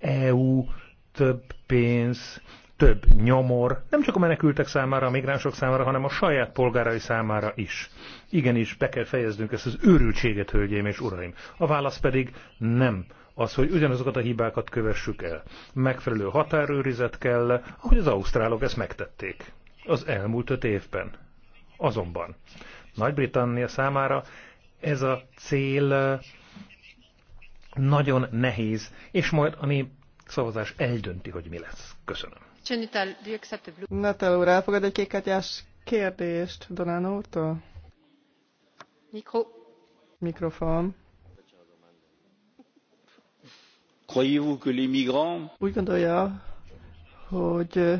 EU, több pénz, több nyomor, nem csak a menekültek számára, a migránsok számára, hanem a saját polgárai számára is. Igenis, be kell fejeznünk ezt az őrültséget, hölgyeim és uraim. A válasz pedig nem az, hogy ugyanazokat a hibákat kövessük el. Megfelelő határőrizet kell, ahogy az ausztrálok ezt megtették az elmúlt öt évben. Azonban Nagy-Britannia számára ez a cél eh, nagyon nehéz, és majd a nép szavazás eldönti, hogy mi lesz. Köszönöm. Natal úr, elfogad egy kékkártyás kérdést Donán úrtól? Mikro. Mikrofon. Úgy gondolja, hogy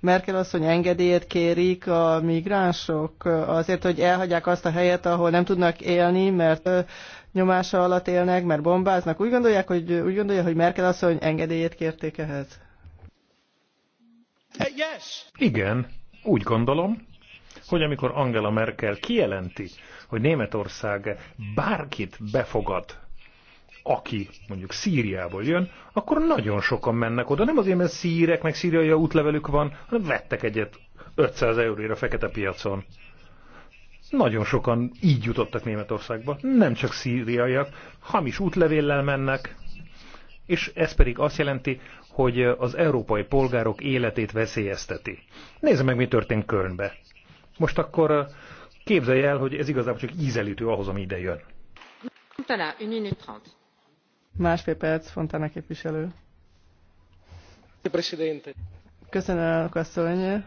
Merkel asszony engedélyét kérik a migránsok azért, hogy elhagyják azt a helyet, ahol nem tudnak élni, mert nyomása alatt élnek, mert bombáznak. Úgy gondolják, hogy, úgy gondolja, hogy Merkel asszony engedélyét kérték ehhez? Yes. Igen, úgy gondolom, hogy amikor Angela Merkel kijelenti, hogy Németország bárkit befogad, aki mondjuk Szíriából jön, akkor nagyon sokan mennek oda. Nem azért, mert szírek, meg szíriai útlevelük van, hanem vettek egyet 500 euróra a fekete piacon. Nagyon sokan így jutottak Németországba. Nem csak szíriaiak, hamis útlevéllel mennek, és ez pedig azt jelenti, hogy az európai polgárok életét veszélyezteti. Nézze meg, mi történt Kölnbe. Most akkor uh, képzelj el, hogy ez igazából csak ízelítő ahhoz, ami ide jön. Másfél perc, Fontana képviselő. Köszönöm, elnök asszony.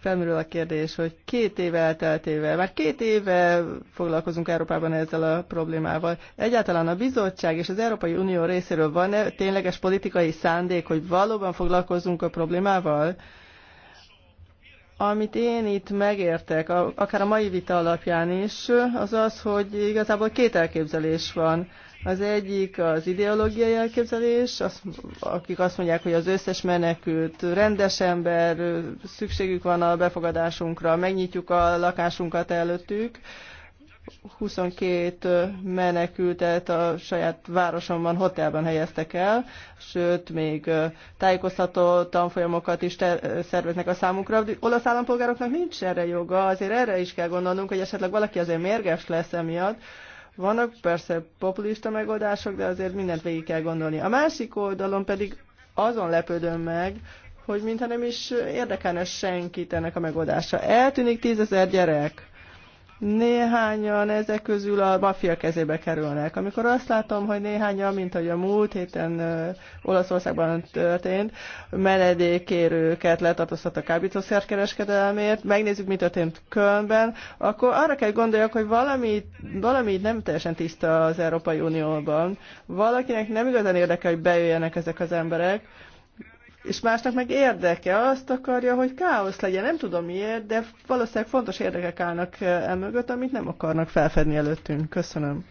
Felmerül a kérdés, hogy két éve elteltével, már két éve foglalkozunk Európában ezzel a problémával. Egyáltalán a bizottság és az Európai Unió részéről van-e tényleges politikai szándék, hogy valóban foglalkozzunk a problémával? amit én itt megértek, akár a mai vita alapján is, az az, hogy igazából két elképzelés van. Az egyik az ideológiai elképzelés, az, akik azt mondják, hogy az összes menekült rendes ember, szükségük van a befogadásunkra, megnyitjuk a lakásunkat előttük. 22 menekültet a saját városomban, hotelben helyeztek el, sőt, még tájékoztató tanfolyamokat is szerveznek a számukra. De olasz állampolgároknak nincs erre joga, azért erre is kell gondolnunk, hogy esetleg valaki azért mérges lesz emiatt, vannak persze populista megoldások, de azért mindent végig kell gondolni. A másik oldalon pedig azon lepődöm meg, hogy mintha nem is érdekelne senkit ennek a megoldása. Eltűnik tízezer gyerek néhányan ezek közül a maffia kezébe kerülnek. Amikor azt látom, hogy néhányan, mint ahogy a múlt héten Olaszországban történt, menedékérőket letartóztat a kábítószerkereskedelmért, megnézzük, mi történt Kölnben, akkor arra kell gondoljak, hogy valami, valami nem teljesen tiszta az Európai Unióban. Valakinek nem igazán érdekel, hogy bejöjjenek ezek az emberek, és másnak meg érdeke, azt akarja, hogy káosz legyen. Nem tudom miért, de valószínűleg fontos érdekek állnak emögött, eh, e amit nem akarnak felfedni előttünk. Köszönöm.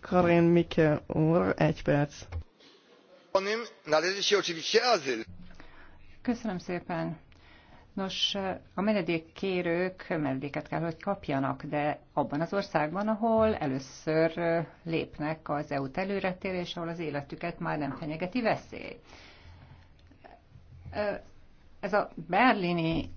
Karin Mike úr, egy perc. Köszönöm szépen. Nos, a menedékkérők menedéket kell, hogy kapjanak, de abban az országban, ahol először lépnek az EU területére, és ahol az életüket már nem fenyegeti veszély. Ez a berlini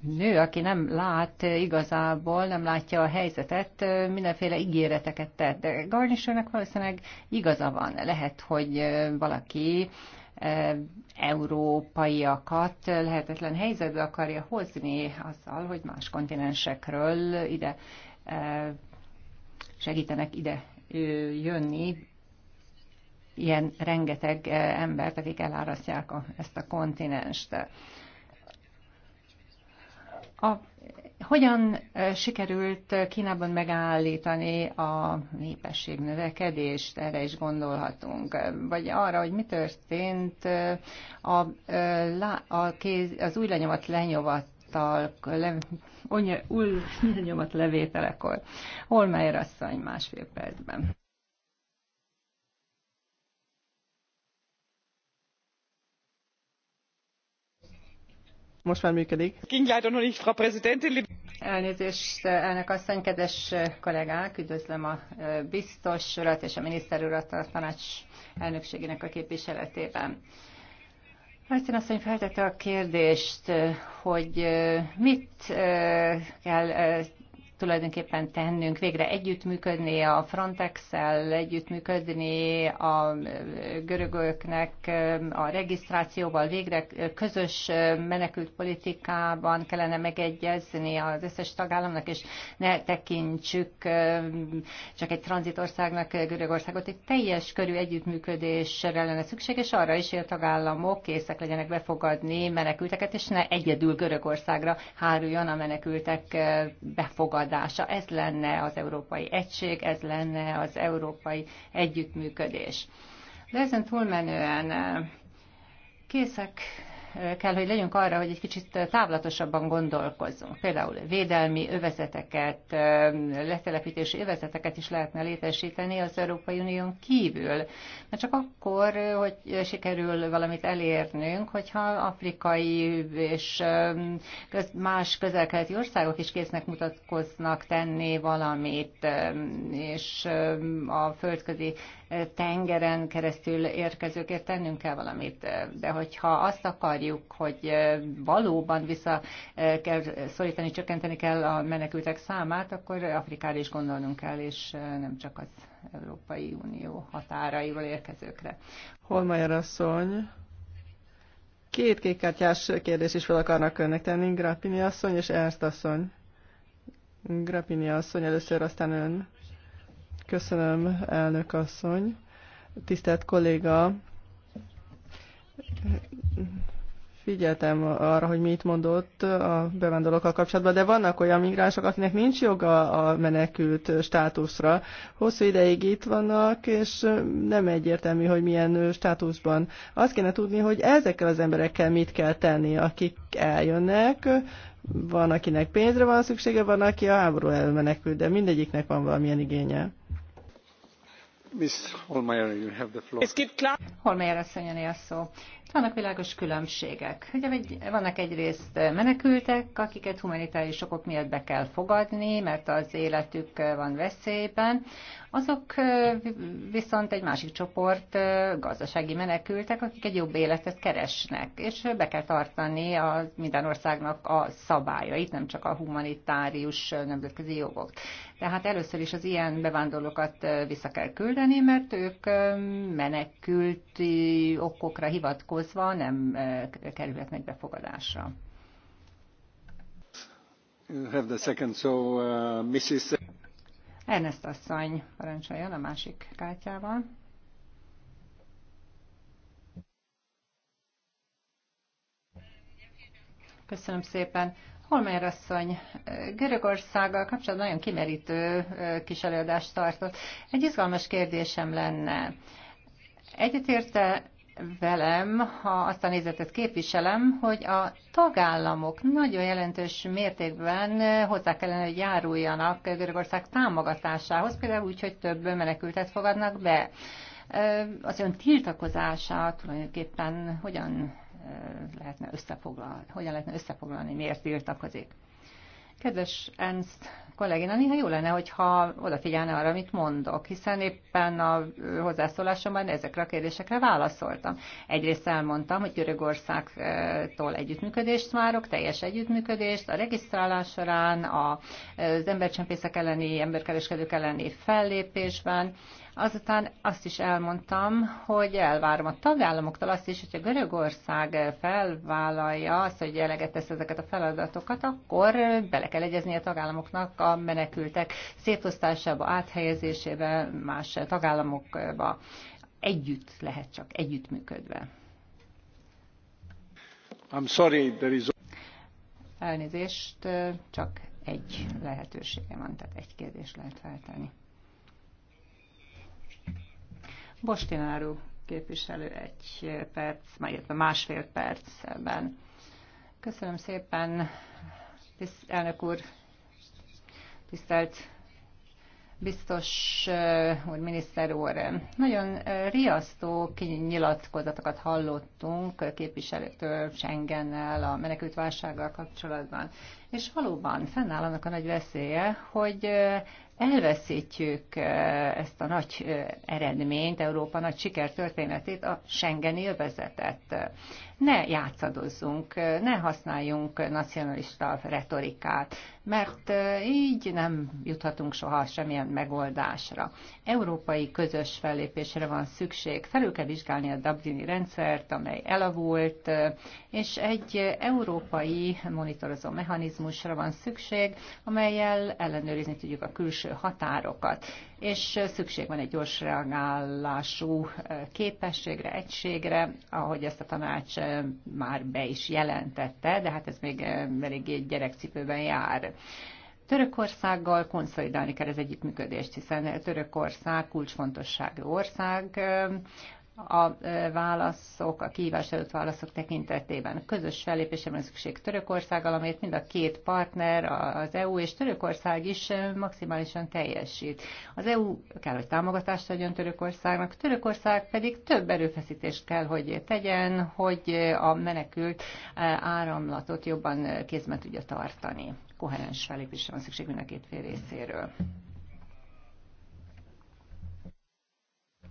nő, aki nem lát igazából, nem látja a helyzetet, mindenféle ígéreteket tett. De Garnisőnek valószínűleg igaza van. Lehet, hogy valaki európaiakat lehetetlen helyzetbe akarja hozni azzal, hogy más kontinensekről ide segítenek ide jönni ilyen rengeteg embert, akik elárasztják a, ezt a kontinenst. A hogyan sikerült Kínában megállítani a népesség növekedést? Erre is gondolhatunk. Vagy arra, hogy mi történt a, a kéz, az új lenyomat lenyovat le, ony, új lenyomat levételekor. Holmeyer asszony másfél percben. Most már működik. Elnézést, elnök asszony, kedves kollégák, üdvözlöm a biztos urat és a miniszter urat a tanács elnökségének a képviseletében. Martin asszony feltette a kérdést, hogy mit kell tulajdonképpen tennünk, végre együttműködni a Frontex-el, együttműködni a görögöknek a regisztrációval, végre közös menekült politikában kellene megegyezni az összes tagállamnak, és ne tekintsük csak egy tranzitországnak Görögországot. Egy teljes körű együttműködésre lenne szükség, és arra is, hogy a tagállamok készek legyenek befogadni menekülteket, és ne egyedül Görögországra háruljon a menekültek befogadása megoldása. Ez lenne az európai egység, ez lenne az európai együttműködés. De ezen túlmenően eh, készek kell, hogy legyünk arra, hogy egy kicsit távlatosabban gondolkozzunk. Például védelmi övezeteket, letelepítési övezeteket is lehetne létesíteni az Európai Unión kívül. Mert csak akkor, hogy sikerül valamit elérnünk, hogyha afrikai és más közelkeleti országok is késznek mutatkoznak tenni valamit, és a földközi tengeren keresztül érkezőkért tennünk kell valamit. De hogyha azt akarjuk, hogy valóban vissza kell szorítani, csökkenteni kell a menekültek számát, akkor Afrikára is gondolnunk kell, és nem csak az Európai Unió határaival érkezőkre. Holmajer asszony, két kékkártyás kérdés is fel akarnak önnek tenni, Grappini asszony és Ernst asszony. Grappini asszony először, aztán ön. Köszönöm, elnök asszony. Tisztelt kolléga, figyeltem arra, hogy mit mondott a bevándorlókkal kapcsolatban, de vannak olyan migránsok, akinek nincs joga a menekült státuszra. Hosszú ideig itt vannak, és nem egyértelmű, hogy milyen státuszban. Azt kéne tudni, hogy ezekkel az emberekkel mit kell tenni, akik eljönnek, van, akinek pénzre van szüksége, van, aki a háború elmenekült, de mindegyiknek van valamilyen igénye es gibt klar holmeyer asszony öné a szó. Vannak világos különbségek. Ugye vannak egyrészt menekültek, akiket humanitárius okok miatt be kell fogadni, mert az életük van veszélyben. Azok viszont egy másik csoport gazdasági menekültek, akik egy jobb életet keresnek, és be kell tartani a minden országnak a szabályait, nem csak a humanitárius nemzetközi jogok. Tehát először is az ilyen bevándorlókat vissza kell küldeni, mert ők menekült okokra hivatkoznak, hozva nem e, meg befogadásra. Have the second, so, uh, Mrs. Ernest asszony parancsoljon a másik kártyával. Köszönöm szépen. Holmeyer asszony, e, Görögországgal kapcsolatban nagyon kimerítő e, kis előadást tartott. Egy izgalmas kérdésem lenne. Egyetérte velem, ha azt a nézetet képviselem, hogy a tagállamok nagyon jelentős mértékben hozzá kellene, hogy járuljanak Görögország támogatásához, például úgy, hogy több menekültet fogadnak be. Az ön tiltakozása tulajdonképpen hogyan lehetne összefoglalni, hogyan lehetne összefoglalni, miért tiltakozik? Kedves Ernst kollégina, néha jó lenne, hogyha odafigyelne arra, amit mondok, hiszen éppen a hozzászólásomban ezekre a kérdésekre válaszoltam. Egyrészt elmondtam, hogy Görögországtól együttműködést várok, teljes együttműködést a regisztrálás során, az embercsempészek elleni, emberkereskedők elleni fellépésben, Azután azt is elmondtam, hogy elvárom a tagállamoktól azt is, hogyha Görögország felvállalja azt, hogy eleget tesz ezeket a feladatokat, akkor bele kell egyezni a tagállamoknak a menekültek szétosztásába, áthelyezésébe, más tagállamokba. Együtt lehet csak, együttműködve. I'm sorry, there is... Elnézést, csak egy lehetősége van, tehát egy kérdés lehet feltenni. Bostináru képviselő egy perc, illetve másfél percben. Köszönöm szépen, tiszt, elnök úr, tisztelt biztos eh, úr, miniszter úr. Nagyon eh, riasztó kinyilatkozatokat hallottunk képviselőktől Schengennel, a menekültválsággal kapcsolatban. És valóban fennáll annak a nagy veszélye, hogy elveszítjük ezt a nagy eredményt, Európa nagy sikertörténetét, a Schengen élvezetet. Ne játszadozzunk, ne használjunk nacionalista retorikát, mert így nem juthatunk soha semmilyen megoldásra. Európai közös fellépésre van szükség. Felül kell vizsgálni a Dublini rendszert, amely elavult, és egy európai monitorozó mechanizmus mechanizmusra van szükség, amelyel ellenőrizni tudjuk a külső határokat, és szükség van egy gyors reagálású eh, képességre, egységre, ahogy ezt a tanács eh, már be is jelentette, de hát ez még eh, eléggé gyerekcipőben jár. Törökországgal konszolidálni kell az együttműködést, hiszen Törökország kulcsfontosságú ország, a válaszok, a kihívás előtt válaszok tekintetében. Közös fellépésre van szükség Törökországgal, amelyet mind a két partner, az EU és Törökország is maximálisan teljesít. Az EU kell, hogy támogatást adjon Törökországnak, Törökország pedig több erőfeszítést kell, hogy tegyen, hogy a menekült áramlatot jobban kézben tudja tartani. Koherens fellépésre van szükség mind a két fél részéről.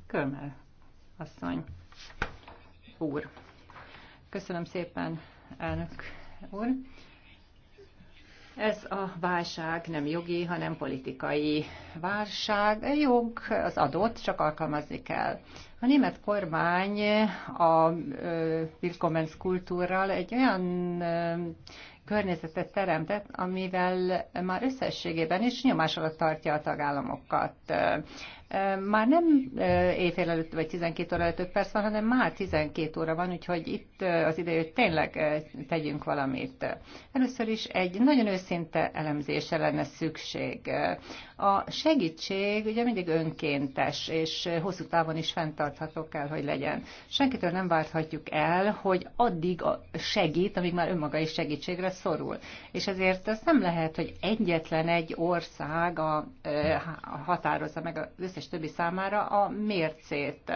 Körmel asszony. Úr. Köszönöm szépen, elnök úr. Ez a válság nem jogi, hanem politikai válság. jog az adott, csak alkalmazni kell. A német kormány a Willkommens kultúrral egy olyan környezetet teremtett, amivel már összességében is nyomás alatt tartja a tagállamokat már nem éjfél előtt vagy 12 óra előtt 5 perc van, hanem már 12 óra van, úgyhogy itt az idő, hogy tényleg tegyünk valamit. Először is egy nagyon őszinte elemzése lenne szükség. A segítség ugye mindig önkéntes, és hosszú távon is fenntartható kell, hogy legyen. Senkitől nem várhatjuk el, hogy addig segít, amíg már önmaga is segítségre szorul. És ezért ez nem lehet, hogy egyetlen egy ország a, a határozza meg az összes többi számára a mércét.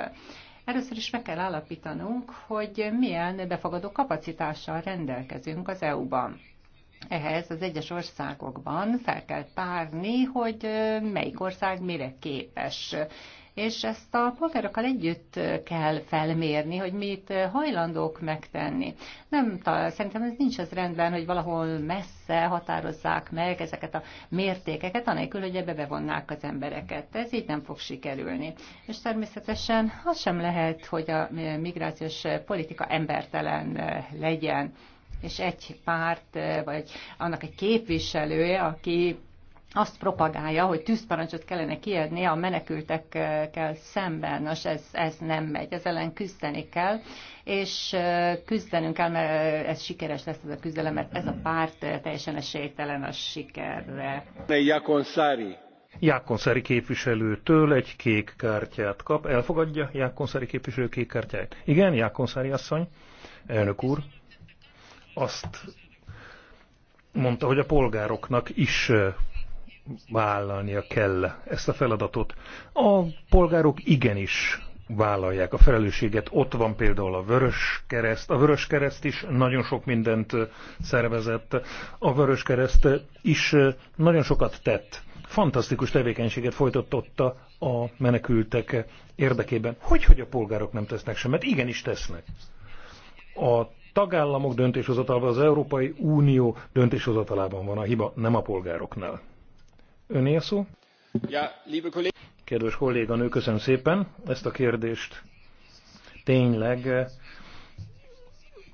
Először is meg kell állapítanunk, hogy milyen befogadó kapacitással rendelkezünk az EU-ban. Ehhez az egyes országokban fel kell párni, hogy melyik ország mire képes, és ezt a polgárokkal együtt kell felmérni, hogy mit hajlandók megtenni. Nem, szerintem ez nincs az rendben, hogy valahol messze határozzák meg ezeket a mértékeket, anélkül, hogy ebbe bevonnák az embereket. Ez így nem fog sikerülni. És természetesen az sem lehet, hogy a migrációs politika embertelen legyen és egy párt, vagy annak egy képviselője, aki azt propagálja, hogy tűzparancsot kellene kiadni a menekültekkel szemben. Nos, ez, ez nem megy, ez ellen küzdeni kell, és küzdenünk kell, mert ez sikeres lesz ez a küzdelem, mert ez a párt teljesen esélytelen a sikerre. Jákonszári. Jákonszári képviselőtől egy kék kártyát kap. Elfogadja Jákonszári képviselő kék kártyáját? Igen, Jákonszári asszony. Elnök úr, azt mondta, hogy a polgároknak is vállalnia kell ezt a feladatot. A polgárok igenis vállalják a felelősséget. Ott van például a Vörös Kereszt. A Vörös Kereszt is nagyon sok mindent szervezett. A Vörös Kereszt is nagyon sokat tett. Fantasztikus tevékenységet folytatotta a menekültek érdekében. Hogy, hogy a polgárok nem tesznek semmit? Igenis tesznek. A tagállamok döntéshozatalban, az Európai Unió döntéshozatalában van a hiba, nem a polgároknál. Kedves kolléganő, köszönöm szépen ezt a kérdést. Tényleg eh,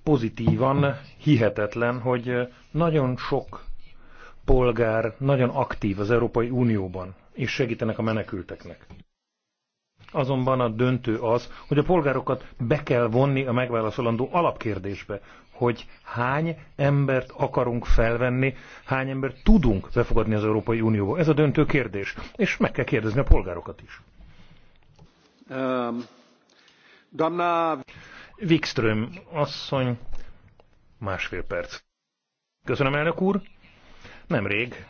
pozitívan hihetetlen, hogy eh, nagyon sok polgár nagyon aktív az Európai Unióban, és segítenek a menekülteknek. Azonban a döntő az, hogy a polgárokat be kell vonni a megválaszolandó alapkérdésbe, hogy hány embert akarunk felvenni, hány embert tudunk befogadni az Európai Unióba. Ez a döntő kérdés, és meg kell kérdezni a polgárokat is. Um, Damna... Wikström asszony, másfél perc. Köszönöm, elnök úr. Nemrég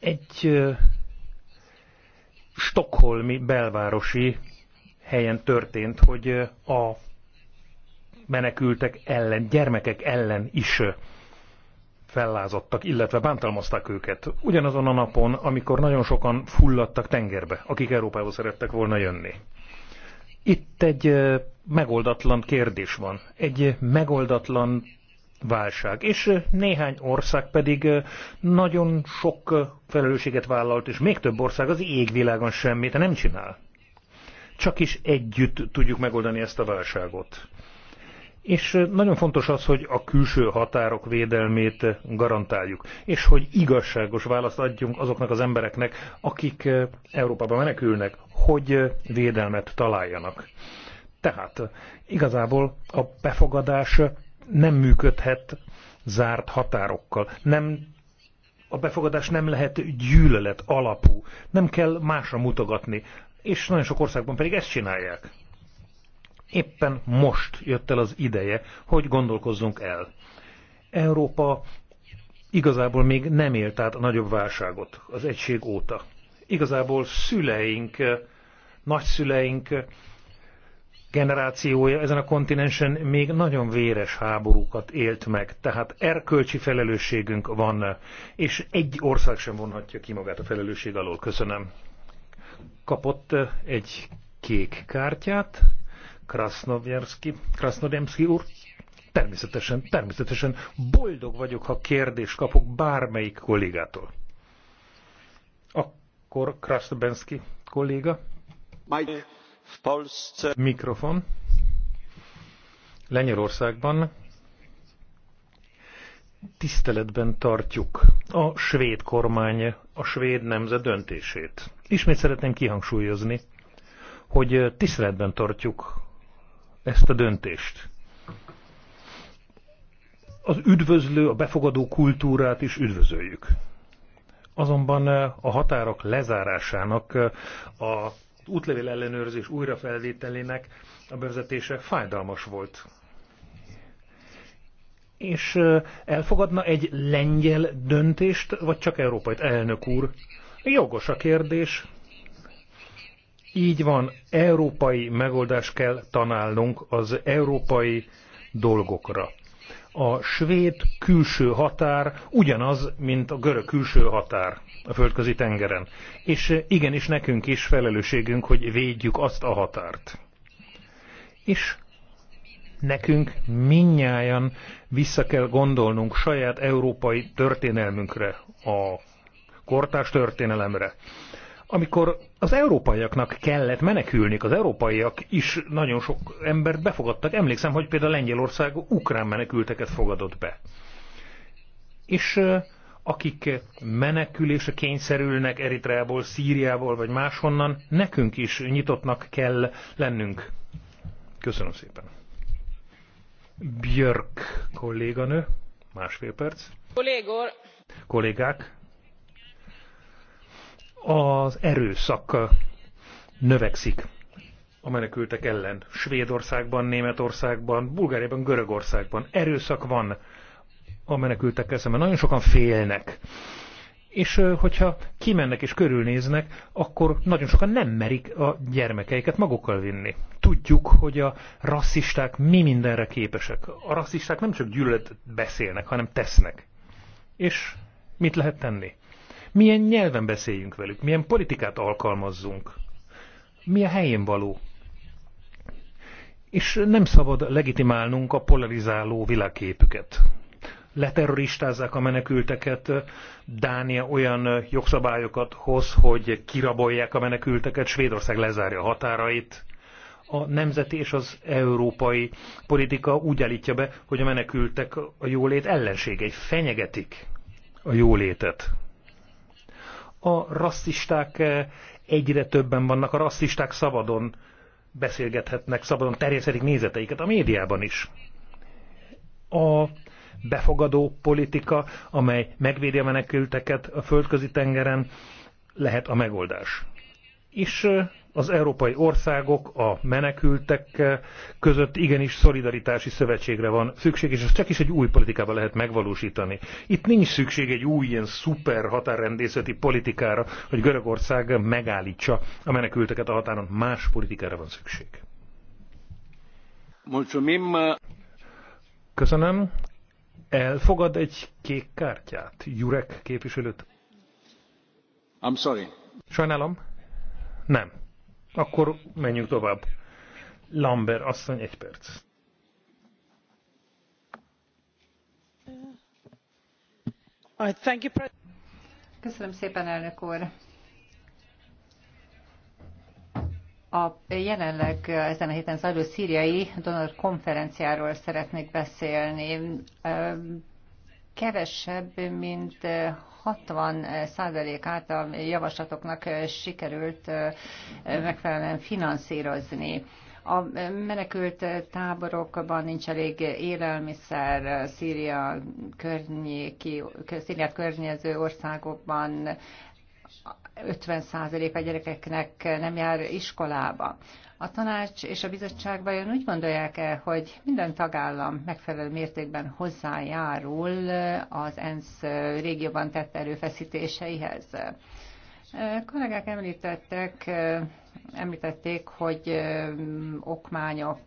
egy stokholmi belvárosi helyen történt, hogy a menekültek ellen, gyermekek ellen is fellázadtak, illetve bántalmazták őket. Ugyanazon a napon, amikor nagyon sokan fulladtak tengerbe, akik Európába szerettek volna jönni. Itt egy megoldatlan kérdés van, egy megoldatlan válság, és néhány ország pedig nagyon sok felelősséget vállalt, és még több ország az égvilágon semmit nem csinál. Csak is együtt tudjuk megoldani ezt a válságot. És nagyon fontos az, hogy a külső határok védelmét garantáljuk, és hogy igazságos választ adjunk azoknak az embereknek, akik Európába menekülnek, hogy védelmet találjanak. Tehát igazából a befogadás nem működhet zárt határokkal. Nem, a befogadás nem lehet gyűlölet alapú. Nem kell másra mutogatni. És nagyon sok országban pedig ezt csinálják éppen most jött el az ideje, hogy gondolkozzunk el. Európa igazából még nem élt át a nagyobb válságot az egység óta. Igazából szüleink, nagyszüleink generációja ezen a kontinensen még nagyon véres háborúkat élt meg, tehát erkölcsi felelősségünk van, és egy ország sem vonhatja ki magát a felelősség alól. Köszönöm. Kapott egy kék kártyát. Krasznodemszki, Krasznodemszki úr. Természetesen, természetesen boldog vagyok, ha kérdést kapok bármelyik kollégától. Akkor Krasznodemszki kolléga. Mikrofon. Lengyelországban tiszteletben tartjuk a svéd kormány, a svéd nemzet döntését. Ismét szeretném kihangsúlyozni, hogy tiszteletben tartjuk ezt a döntést. Az üdvözlő, a befogadó kultúrát is üdvözöljük. Azonban eh, a határok lezárásának, eh, a útlevél ellenőrzés újrafelvételének a bevezetése fájdalmas volt. És eh, elfogadna egy lengyel döntést, vagy csak európai elnök úr? Jogos a kérdés, így van, európai megoldást kell tanálnunk az európai dolgokra. A svéd külső határ ugyanaz, mint a görög külső határ a földközi tengeren. És igenis nekünk is felelősségünk, hogy védjük azt a határt. És nekünk minnyáján vissza kell gondolnunk saját európai történelmünkre, a kortárs történelemre amikor az európaiaknak kellett menekülni, az európaiak is nagyon sok embert befogadtak. Emlékszem, hogy például Lengyelország ukrán menekülteket fogadott be. És akik menekülésre kényszerülnek Eritreából, Szíriából vagy máshonnan, nekünk is nyitottnak kell lennünk. Köszönöm szépen. Björk kolléganő, másfél perc. Kollégor. Kollégák az erőszak növekszik a menekültek ellen. Svédországban, Németországban, Bulgáriában, Görögországban erőszak van a menekültek szemben. Nagyon sokan félnek. És hogyha kimennek és körülnéznek, akkor nagyon sokan nem merik a gyermekeiket magukkal vinni. Tudjuk, hogy a rasszisták mi mindenre képesek. A rasszisták nem csak gyűlölet beszélnek, hanem tesznek. És mit lehet tenni? milyen nyelven beszéljünk velük, milyen politikát alkalmazzunk, mi a helyén való. És nem szabad legitimálnunk a polarizáló világképüket. Leterroristázzák a menekülteket, Dánia olyan jogszabályokat hoz, hogy kirabolják a menekülteket, Svédország lezárja a határait, a nemzeti és az európai politika úgy állítja be, hogy a menekültek a jólét ellenségei fenyegetik a jólétet a rasszisták eh, egyre többen vannak, a rasszisták szabadon beszélgethetnek, szabadon terjeszedik nézeteiket a médiában is. A befogadó politika, amely megvédi a menekülteket a földközi tengeren, lehet a megoldás. És eh, az európai országok a menekültek között igenis szolidaritási szövetségre van szükség, és ezt csak is egy új politikával lehet megvalósítani. Itt nincs szükség egy új ilyen szuper határrendészeti politikára, hogy Görögország megállítsa a menekülteket a határon. Más politikára van szükség. Köszönöm. Elfogad egy kék kártyát, Jurek képviselőt? I'm sorry. Sajnálom. Nem. Akkor menjünk tovább. Lambert asszony, egy perc. Köszönöm szépen, elnök úr. A jelenleg ezen a héten zajló szíriai donor konferenciáról szeretnék beszélni kevesebb, mint 60 százalék a javaslatoknak sikerült megfelelően finanszírozni. A menekült táborokban nincs elég élelmiszer, Szíria környéki, Szíriát környező országokban 50% a gyerekeknek nem jár iskolába. A tanács és a bizottság vajon úgy gondolják-e, hogy minden tagállam megfelelő mértékben hozzájárul az ENSZ régióban tett erőfeszítéseihez? Kollégák említettek, említették, hogy okmányok,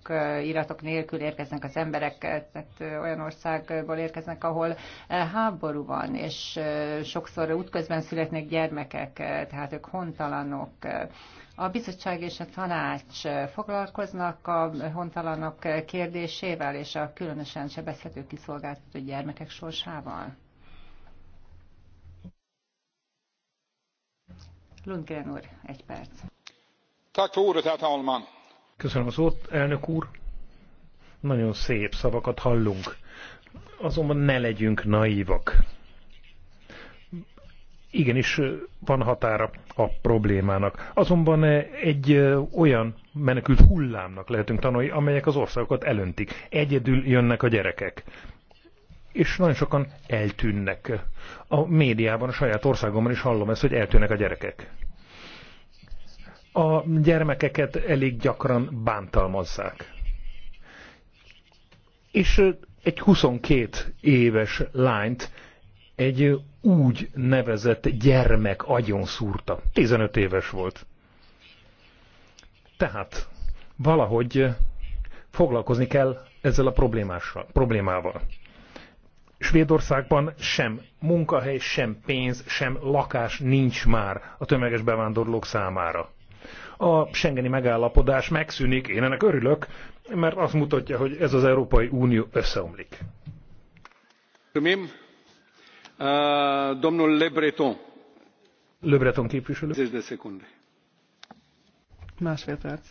iratok nélkül érkeznek az emberek, tehát olyan országból érkeznek, ahol háború van, és sokszor útközben születnek gyermekek, tehát ők hontalanok. A bizottság és a tanács foglalkoznak a hontalanok kérdésével és a különösen sebezhető kiszolgáltató gyermekek sorsával? Lundgren úr, egy perc. Köszönöm a ott, elnök úr. Nagyon szép szavakat hallunk. Azonban ne legyünk naívak igenis van határa a problémának. Azonban egy olyan menekült hullámnak lehetünk tanulni, amelyek az országokat elöntik. Egyedül jönnek a gyerekek. És nagyon sokan eltűnnek. A médiában, a saját országomban is hallom ezt, hogy eltűnnek a gyerekek. A gyermekeket elég gyakran bántalmazzák. És egy 22 éves lányt egy úgy nevezett gyermek agyon szúrta. 15 éves volt. Tehát valahogy foglalkozni kell ezzel a problémával. Svédországban sem munkahely, sem pénz, sem lakás nincs már a tömeges bevándorlók számára. A Schengeni megállapodás megszűnik, én ennek örülök, mert azt mutatja, hogy ez az Európai Unió összeomlik. Köszönöm. Uh, Le Breton. Le Breton képviselő. Másfél perc.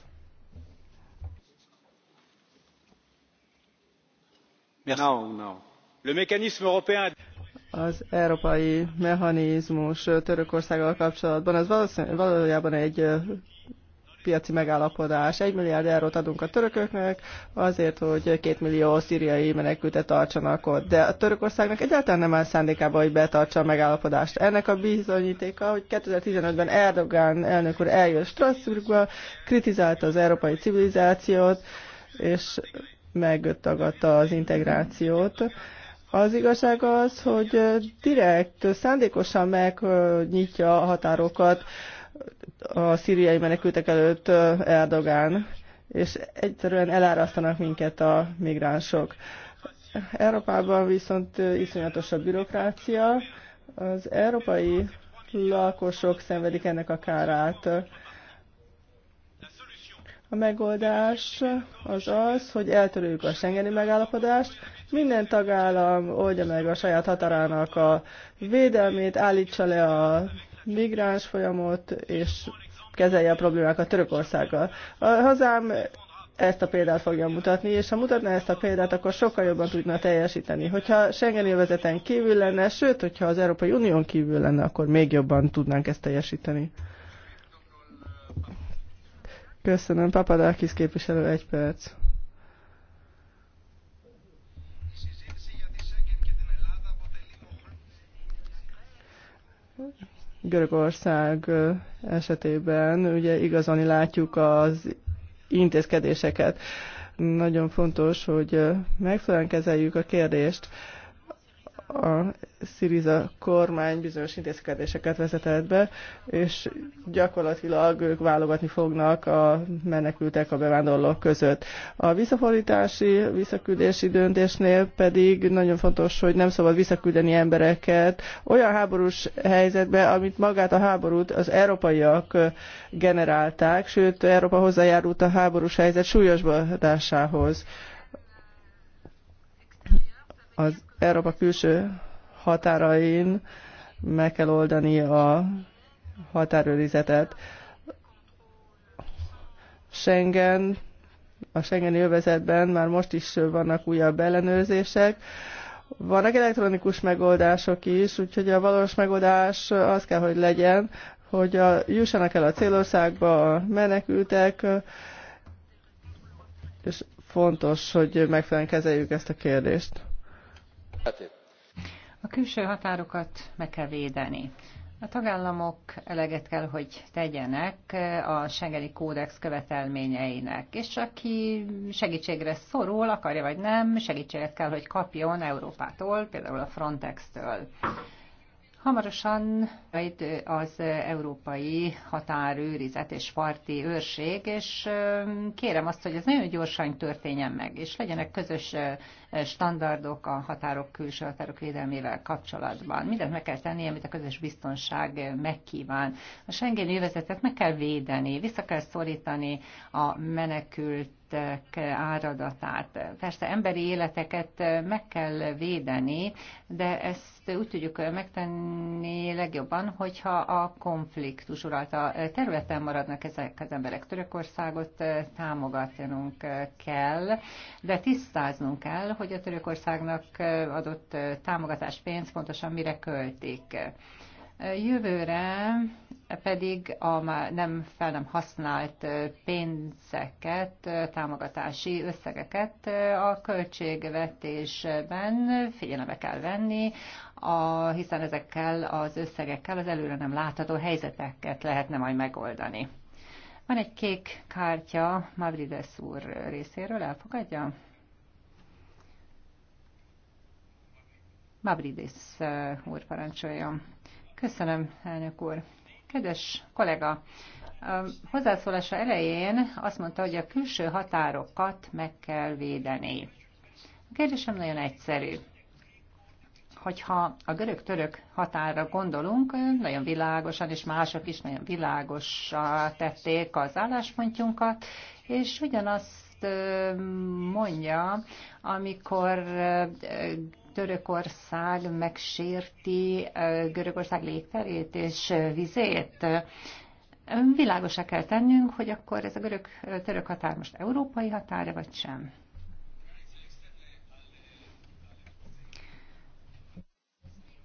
az európai mechanizmus Törökországgal kapcsolatban, az valójában egy piaci megállapodás. Egy milliárd eurót adunk a törököknek azért, hogy két millió szíriai menekültet tartsanak ott. De a Törökországnak egyáltalán nem áll szándékába, hogy betartsa a megállapodást. Ennek a bizonyítéka, hogy 2015-ben Erdogán elnök úr eljött Strasbourgba, kritizálta az európai civilizációt, és megtagadta az integrációt. Az igazság az, hogy direkt, szándékosan megnyitja a határokat a szíriai menekültek előtt Erdogán, és egyszerűen elárasztanak minket a migránsok. Európában viszont iszonyatos a bürokrácia, az európai lakosok szenvedik ennek a kárát. A megoldás az az, hogy eltörőjük a Schengeni megállapodást, minden tagállam oldja meg a saját határának a védelmét, állítsa le a migráns folyamot, és kezelje a problémákat Törökországgal. A hazám ezt a példát fogja mutatni, és ha mutatná ezt a példát, akkor sokkal jobban tudna teljesíteni. Hogyha Schengen élvezeten kívül lenne, sőt, hogyha az Európai Unión kívül lenne, akkor még jobban tudnánk ezt teljesíteni. Köszönöm, Papadakis képviselő, egy perc. Görögország esetében ugye igazani látjuk az intézkedéseket. Nagyon fontos, hogy megfelelően kezeljük a kérdést a Syriza kormány bizonyos intézkedéseket vezetett be, és gyakorlatilag ők válogatni fognak a menekültek a bevándorlók között. A visszafordítási, visszaküldési döntésnél pedig nagyon fontos, hogy nem szabad visszaküldeni embereket olyan háborús helyzetbe, amit magát a háborút az európaiak generálták, sőt Európa hozzájárult a háborús helyzet súlyosbatásához. Az Európa külső határain meg kell oldani a határőrizetet. Schengen, a Schengeni övezetben már most is vannak újabb ellenőrzések, vannak elektronikus megoldások is, úgyhogy a valós megoldás az kell, hogy legyen, hogy a, jussanak el a célországba a menekültek, és fontos, hogy megfelelően kezeljük ezt a kérdést. A külső határokat meg kell védeni. A tagállamok eleget kell, hogy tegyenek a Schengeni kódex követelményeinek, és aki segítségre szorul, akarja vagy nem, segítséget kell, hogy kapjon Európától, például a Frontex-től. Hamarosan itt az európai határőrizet és parti őrség, és kérem azt, hogy ez nagyon gyorsan történjen meg, és legyenek közös standardok a határok, külső határok védelmével kapcsolatban. Mindent meg kell tenni, amit a közös biztonság megkíván. A Schengen övezetet meg kell védeni, vissza kell szorítani a menekült életek áradatát. Persze emberi életeket meg kell védeni, de ezt úgy tudjuk megtenni legjobban, hogyha a konfliktus uralta területen maradnak ezek az emberek. Törökországot támogatnunk kell, de tisztáznunk kell, hogy a Törökországnak adott támogatás pénz pontosan mire költik. Jövőre pedig a már nem fel nem használt pénzeket, támogatási összegeket a költségvetésben figyelembe kell venni, a, hiszen ezekkel az összegekkel az előre nem látható helyzeteket lehetne majd megoldani. Van egy kék kártya Mavrides úr részéről, elfogadja? Mavridis úr parancsoljon. Köszönöm, elnök úr. Kedves kollega, a hozzászólása elején azt mondta, hogy a külső határokat meg kell védeni. A kérdésem nagyon egyszerű. Hogyha a görög-török határra gondolunk, nagyon világosan, és mások is nagyon világosan tették az álláspontjunkat, és ugyanazt mondja, amikor Törökország megsérti Görögország légterét és vizét. Világosá kell tennünk, hogy akkor ez a görög török határ most európai határa, vagy sem.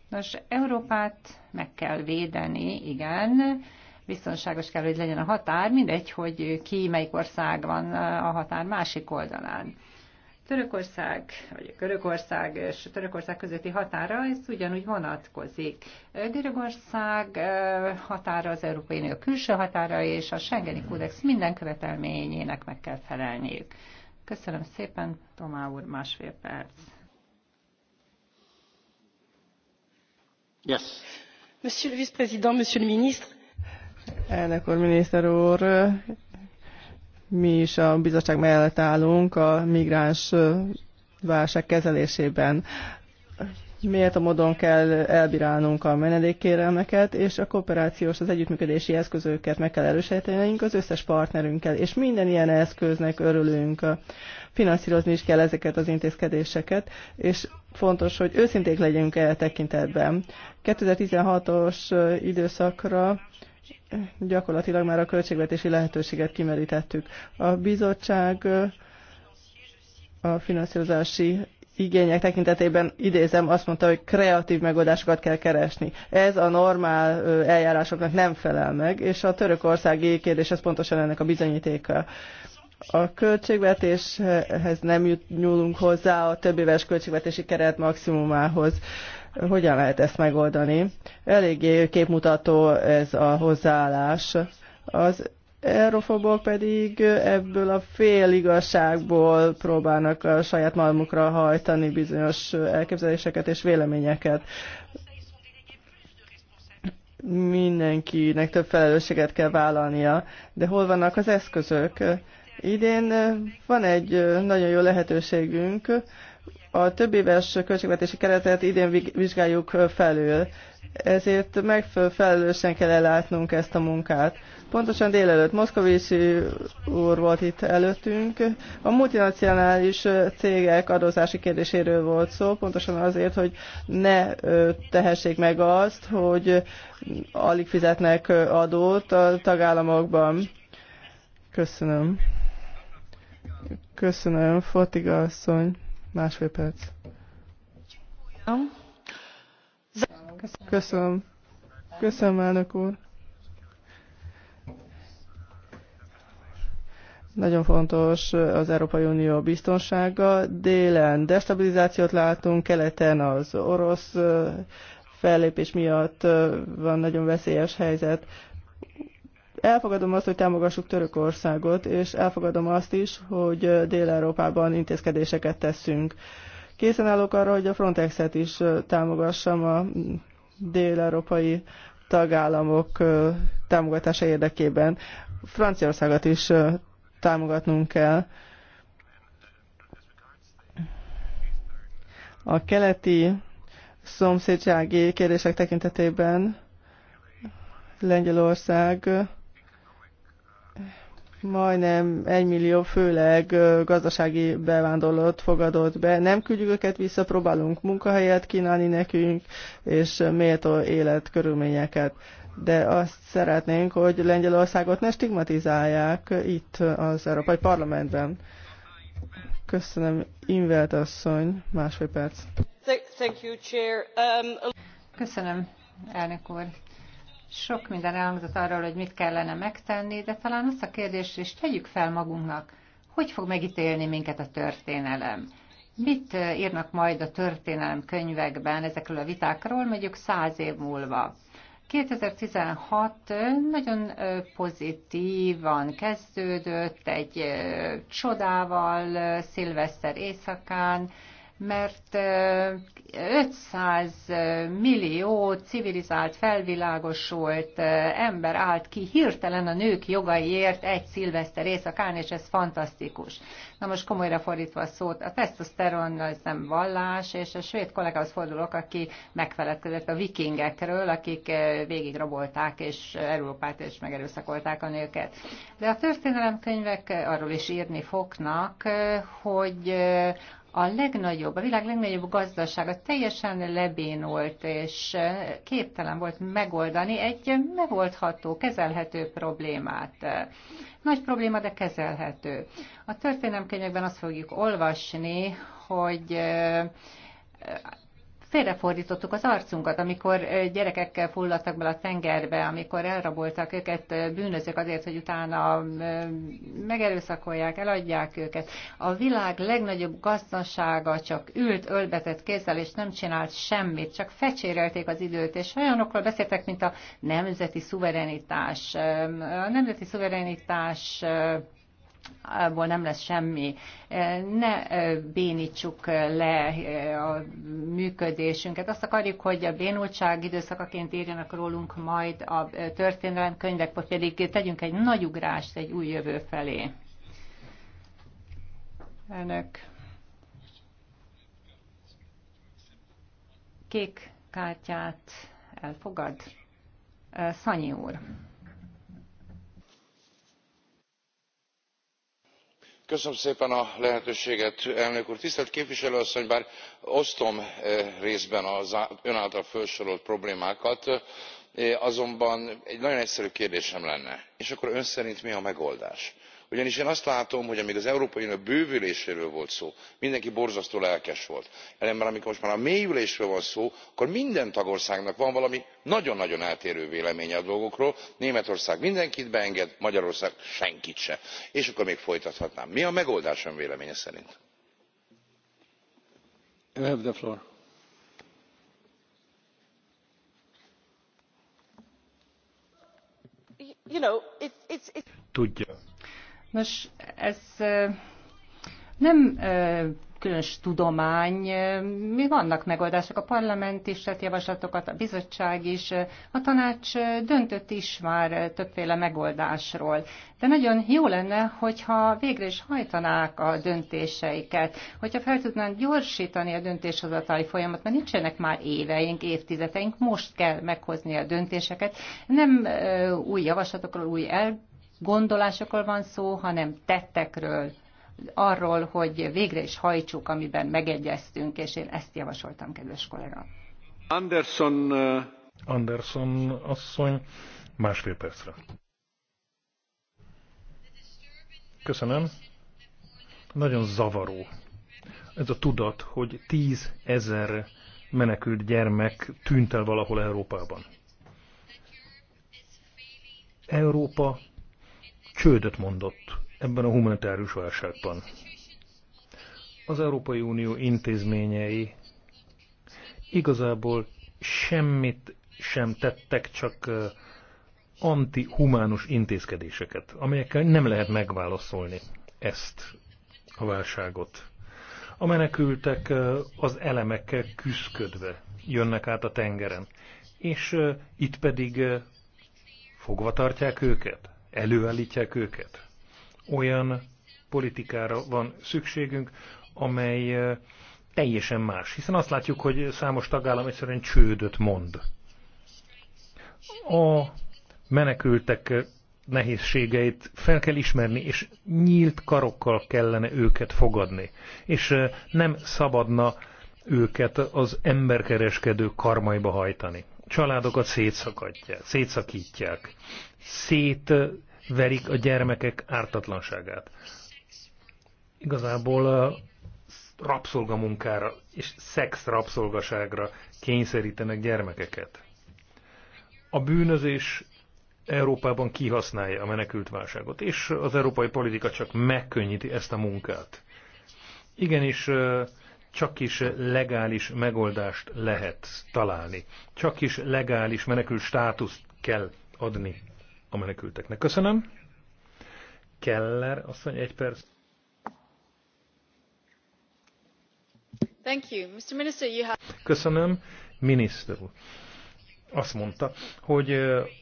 Nos, Európát meg kell védeni, igen, biztonságos kell, hogy legyen a határ, mindegy, hogy ki melyik ország van a határ másik oldalán. Törökország, vagy Görögország és Törökország közötti határa, ez ugyanúgy vonatkozik. Görögország határa az Európai Unió külső határa, és a Schengeni Kódex minden követelményének meg kell felelniük. Köszönöm szépen, Tomá úr, másfél perc. Yes. Monsieur le vice-président, monsieur le ministre. Elnök úr, miniszter úr, mi is a bizottság mellett állunk a migráns válság kezelésében. Miért a módon kell elbírálnunk a menedékkérelmeket, és a kooperációs, az együttműködési eszközöket meg kell erősítenünk az összes partnerünkkel, és minden ilyen eszköznek örülünk. Finanszírozni is kell ezeket az intézkedéseket, és fontos, hogy őszinték legyünk e tekintetben. 2016-os időszakra gyakorlatilag már a költségvetési lehetőséget kimerítettük. A bizottság a finanszírozási igények tekintetében idézem, azt mondta, hogy kreatív megoldásokat kell keresni. Ez a normál eljárásoknak nem felel meg, és a törökországi kérdés ez pontosan ennek a bizonyítéka. A költségvetéshez nem nyúlunk hozzá a többéves költségvetési keret maximumához. Hogyan lehet ezt megoldani? Eléggé képmutató ez a hozzáállás. Az eurofobok pedig ebből a fél igazságból próbálnak a saját malmukra hajtani bizonyos elképzeléseket és véleményeket. Mindenkinek több felelősséget kell vállalnia, de hol vannak az eszközök? Idén van egy nagyon jó lehetőségünk, a több éves költségvetési keretet idén vizsgáljuk felül, ezért megfelelősen kell ellátnunk ezt a munkát. Pontosan délelőtt Moszkovicsi úr volt itt előttünk. A multinacionális cégek adózási kérdéséről volt szó, pontosan azért, hogy ne tehessék meg azt, hogy alig fizetnek adót a tagállamokban. Köszönöm. Köszönöm, Fotiga asszony. Másfél perc. Köszönöm. Köszönöm, elnök úr. Nagyon fontos az Európai Unió biztonsága. Délen destabilizációt látunk, keleten az orosz fellépés miatt van nagyon veszélyes helyzet. Elfogadom azt, hogy támogassuk Törökországot, és elfogadom azt is, hogy Dél-Európában intézkedéseket teszünk. Készen állok arra, hogy a Frontexet is támogassam a dél-európai tagállamok támogatása érdekében. Franciaországot is támogatnunk kell. A keleti szomszédsági kérdések tekintetében Lengyelország majdnem egy millió főleg gazdasági bevándorlót fogadott be. Nem küldjük őket vissza, próbálunk munkahelyet kínálni nekünk, és méltó életkörülményeket. De azt szeretnénk, hogy Lengyelországot ne stigmatizálják itt az Európai Parlamentben. Köszönöm, Invelt asszony, másfél perc. Um, Köszönöm, elnök úr. Sok minden elhangzott arról, hogy mit kellene megtenni, de talán azt a kérdést is tegyük fel magunknak, hogy fog megítélni minket a történelem. Mit eh, írnak majd a történelem könyvekben ezekről a vitákról, mondjuk száz év múlva? 2016 eh, nagyon eh, pozitívan kezdődött, egy csodával, szilveszter éjszakán, mert 500 millió civilizált, felvilágosult ember állt ki hirtelen a nők jogaiért egy szilveszter éjszakán, és ez fantasztikus. Na most komolyra fordítva a szót, a tesztoszteron az nem vallás, és a svéd kollégához fordulok, aki megfeledkezett a vikingekről, akik végigrabolták és Európát és megerőszakolták a nőket. De a történelemkönyvek arról is írni fognak, hogy a legnagyobb, a világ legnagyobb gazdasága teljesen lebénult és eh, képtelen volt megoldani egy megoldható, kezelhető problémát. Nagy probléma, de kezelhető. A történelmkönyvekben azt fogjuk olvasni, hogy eh, félrefordítottuk az arcunkat, amikor gyerekekkel fulladtak bele a tengerbe, amikor elraboltak őket bűnözők azért, hogy utána megerőszakolják, eladják őket. A világ legnagyobb gazdasága csak ült, ölbetett kézzel, és nem csinált semmit, csak fecsérelték az időt, és olyanokról beszéltek, mint a nemzeti szuverenitás. A nemzeti szuverenitás abból nem lesz semmi. Ne bénítsuk le a működésünket. Azt akarjuk, hogy a bénultság időszakaként írjanak rólunk majd a történelemkönyvek, vagy pedig tegyünk egy nagy ugrást egy új jövő felé. Önök. Kék kártyát elfogad? Szanyi úr. tisztelt képviselő asszony bár osztom eh, részben az ön által felsorolt problémákat eh, azonban egy nagyon egyszerű kérdésem lenne és akkor ön szerint mi a megoldás? ugyanis én azt látom hogy amg az európai unió bővüléséről volt szó mindenki borzasztó lelkes volt ellenben amikor most már a mélyülésről van szó akkor minden tagországnak van valami nagyon nagyon eltérő véleménye a dolgokról németország mindenkit beenged magyarország senkit sem és akkor még folytathatnám. mi a megoldás ön véleménye szerint? tudja Nos, ez nem különös tudomány. Mi vannak megoldások? A parlament is tett javaslatokat, a bizottság is, a tanács döntött is már többféle megoldásról. De nagyon jó lenne, hogyha végre is hajtanák a döntéseiket, hogyha fel tudnánk gyorsítani a döntéshozatali folyamat, mert nincsenek már éveink, évtizedeink, most kell meghozni a döntéseket. Nem új javaslatokról, új el gondolásokról van szó, hanem tettekről, arról, hogy végre is hajtsuk, amiben megegyeztünk, és én ezt javasoltam, kedves kollega. Anderson, Anderson asszony, másfél percre. Köszönöm. Nagyon zavaró. Ez a tudat, hogy tíz ezer menekült gyermek tűnt el valahol Európában. Európa csődöt mondott ebben a humanitárius válságban. Az Európai Unió intézményei igazából semmit sem tettek, csak antihumánus intézkedéseket, amelyekkel nem lehet megválaszolni ezt a válságot. A menekültek az elemekkel küszködve jönnek át a tengeren, és itt pedig fogva tartják őket előállítják őket. Olyan politikára van szükségünk, amely eh, teljesen más, hiszen azt látjuk, hogy számos tagállam egyszerűen csődöt mond. A menekültek eh, nehézségeit fel kell ismerni, és nyílt karokkal kellene őket fogadni. És eh, nem szabadna őket az emberkereskedő karmaiba hajtani. Családokat szétszakadják, szétszakítják, szétverik a gyermekek ártatlanságát. Igazából uh, rabszolgamunkára és szex rabszolgaságra kényszerítenek gyermekeket. A bűnözés Európában kihasználja a menekült válságot, és az európai politika csak megkönnyíti ezt a munkát. Igenis, uh, csak is legális megoldást lehet találni. Csak is legális menekült státuszt kell adni a menekülteknek. Köszönöm. Keller, mondja, egy perc. Thank you. Mr. Minister, you have... Köszönöm. Miniszter úr azt mondta, hogy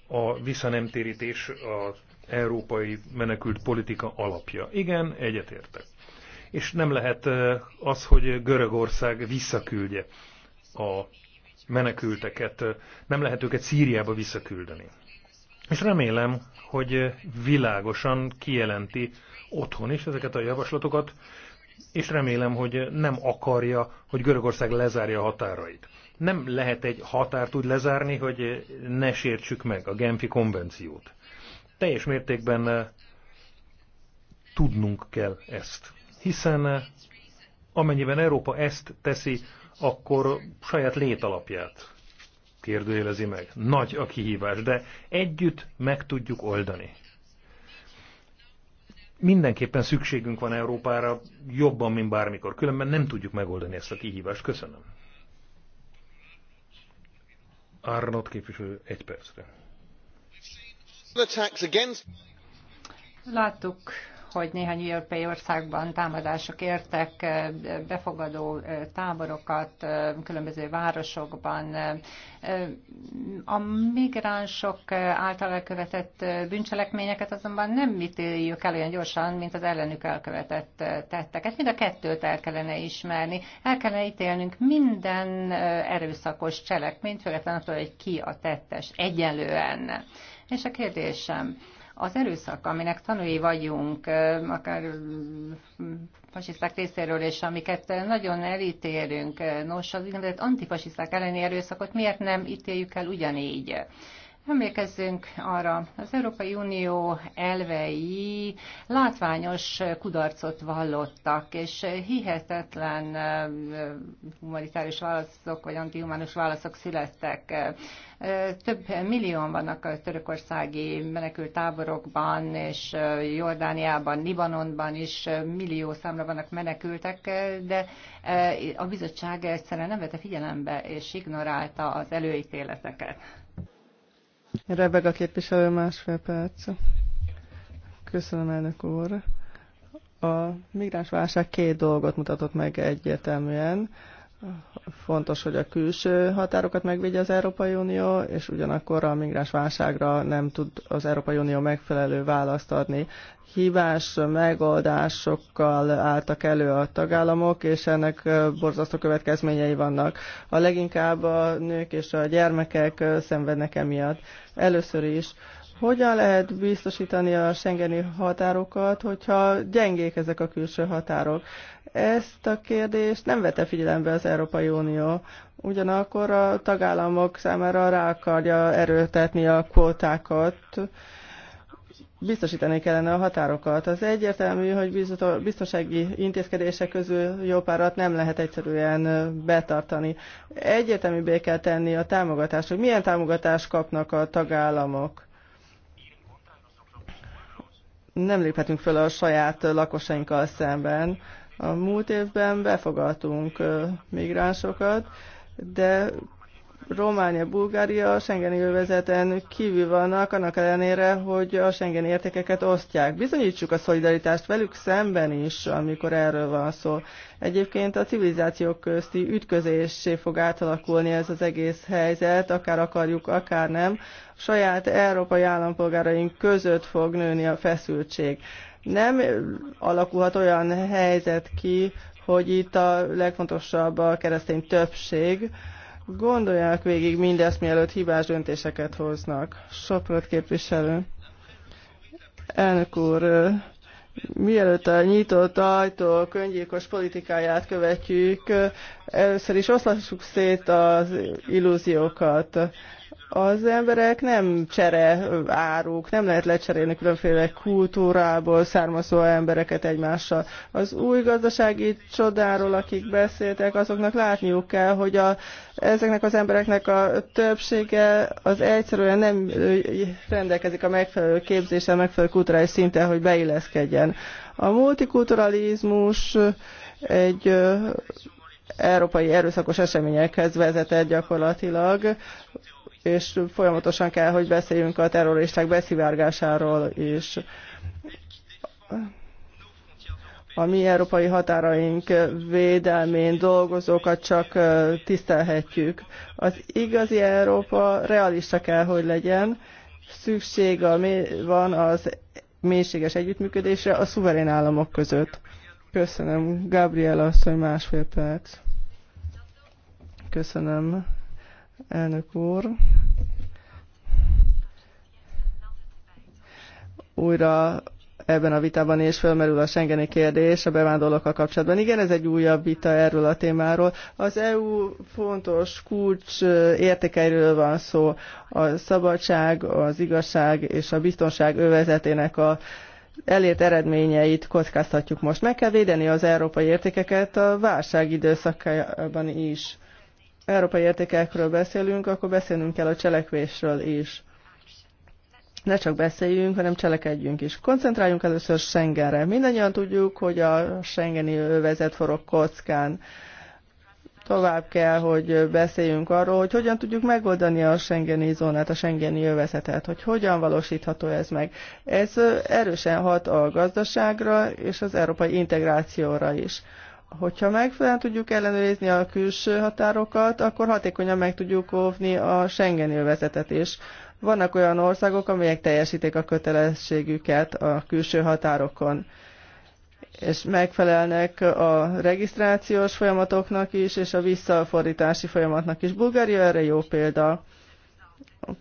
a visszanemtérítés az európai menekült politika alapja. Igen, egyetértek. És nem lehet az, hogy Görögország visszaküldje a menekülteket, nem lehet őket Szíriába visszaküldeni. És remélem, hogy világosan kijelenti otthon is ezeket a javaslatokat, és remélem, hogy nem akarja, hogy Görögország lezárja a határait. Nem lehet egy határt úgy lezárni, hogy ne sértsük meg a Genfi konvenciót. Teljes mértékben tudnunk kell ezt. Hiszen amennyiben Európa ezt teszi, akkor saját létalapját kérdőjelezi meg. Nagy a kihívás, de együtt meg tudjuk oldani. Mindenképpen szükségünk van Európára jobban, mint bármikor, különben nem tudjuk megoldani ezt a kihívást. Köszönöm. Arnott képviselő, egy percre. Láttuk hogy néhány európai országban támadások értek befogadó táborokat különböző városokban. A migránsok által elkövetett bűncselekményeket azonban nem ítéljük el olyan gyorsan, mint az ellenük elkövetett tetteket. Mind a kettőt el kellene ismerni. El kellene ítélnünk minden erőszakos cselekményt, főleg attól, hogy ki a tettes egyenlően. És a kérdésem, az erőszak, aminek tanúi vagyunk, akár fasiszták részéről, és amiket nagyon elítélünk, nos, az antifasiszták elleni erőszakot miért nem ítéljük el ugyanígy? Emlékezzünk arra, az Európai Unió elvei látványos kudarcot vallottak, és hihetetlen humanitárius válaszok, vagy antihumánus válaszok születtek. Több millióan vannak a törökországi menekült táborokban, és Jordániában, Libanonban is millió számra vannak menekültek, de a bizottság egyszerűen nem vette figyelembe, és ignorálta az előítéleteket a képviselő másfél perc. Köszönöm, elnök úr. A migránsválság két dolgot mutatott meg egyértelműen. Fontos, hogy a külső határokat megvédje az Európai Unió, és ugyanakkor a migráns válságra nem tud az Európai Unió megfelelő választ adni. Hibás megoldásokkal álltak elő a tagállamok, és ennek borzasztó következményei vannak. A leginkább a nők és a gyermekek szenvednek emiatt. Először is hogyan lehet biztosítani a Schengeni határokat, hogyha gyengék ezek a külső határok? Ezt a kérdést nem vette figyelembe az Európai Unió. Ugyanakkor a tagállamok számára rá akarja erőltetni a kvótákat, biztosítani kellene a határokat. Az egyértelmű, hogy biztonsági intézkedések közül jó párat nem lehet egyszerűen betartani. Egyértelműbbé kell tenni a támogatást, hogy milyen támogatást kapnak a tagállamok. Nem léphetünk föl a saját lakosainkkal szemben. A múlt évben befogadtunk migránsokat, de Románia, Bulgária a Schengeni övezeten kívül vannak, annak ellenére, hogy a Schengeni értékeket osztják. Bizonyítsuk a szolidaritást velük szemben is, amikor erről van szó. Egyébként a civilizációk közti ütközésé fog átalakulni ez az egész helyzet, akár akarjuk, akár nem. saját európai állampolgáraink között fog nőni a feszültség nem alakulhat olyan helyzet ki, hogy itt a legfontosabb a keresztény többség. Gondolják végig mindezt, mielőtt hibás döntéseket hoznak. Soprot képviselő. Elnök úr, mielőtt a nyitott ajtó öngyilkos politikáját követjük, először is oszlassuk szét az illúziókat az emberek nem csere áruk, nem lehet lecserélni különféle kultúrából származó embereket egymással. Az új gazdasági csodáról, akik beszéltek, azoknak látniuk kell, hogy a, ezeknek az embereknek a többsége az egyszerűen nem rendelkezik a megfelelő képzéssel, megfelelő kulturális szinten, hogy beilleszkedjen. A multikulturalizmus egy európai erőszakos eseményekhez vezetett gyakorlatilag és folyamatosan kell, hogy beszéljünk a terroristák beszivárgásáról és A mi európai határaink védelmén dolgozókat csak tisztelhetjük. Az igazi Európa realista kell, hogy legyen. Szükség van az mélységes együttműködésre a szuverén államok között. Köszönöm, Gabriela asszony, másfél perc. Köszönöm, elnök úr. Újra ebben a vitában is felmerül a Schengeni kérdés a bevándorlókkal kapcsolatban. Igen, ez egy újabb vita erről a témáról. Az EU fontos kulcs értékeiről van szó. A szabadság, az igazság és a biztonság övezetének a elért eredményeit kockáztatjuk most. Meg kell védeni az európai értékeket a válság időszakában is európai értékekről beszélünk, akkor beszélnünk kell a cselekvésről is. Ne csak beszéljünk, hanem cselekedjünk is. Koncentráljunk először Schengenre. Mindannyian tudjuk, hogy a Schengeni övezet forog kockán. Tovább kell, hogy beszéljünk arról, hogy hogyan tudjuk megoldani a Schengeni zónát, a Schengeni övezetet, hogy hogyan valósítható ez meg. Ez erősen hat a gazdaságra és az európai integrációra is Hogyha megfelelően tudjuk ellenőrizni a külső határokat, akkor hatékonyan meg tudjuk óvni a Schengen övezetet is. Vannak olyan országok, amelyek teljesítik a kötelességüket a külső határokon és megfelelnek a regisztrációs folyamatoknak is, és a visszafordítási folyamatnak is. Bulgária erre jó példa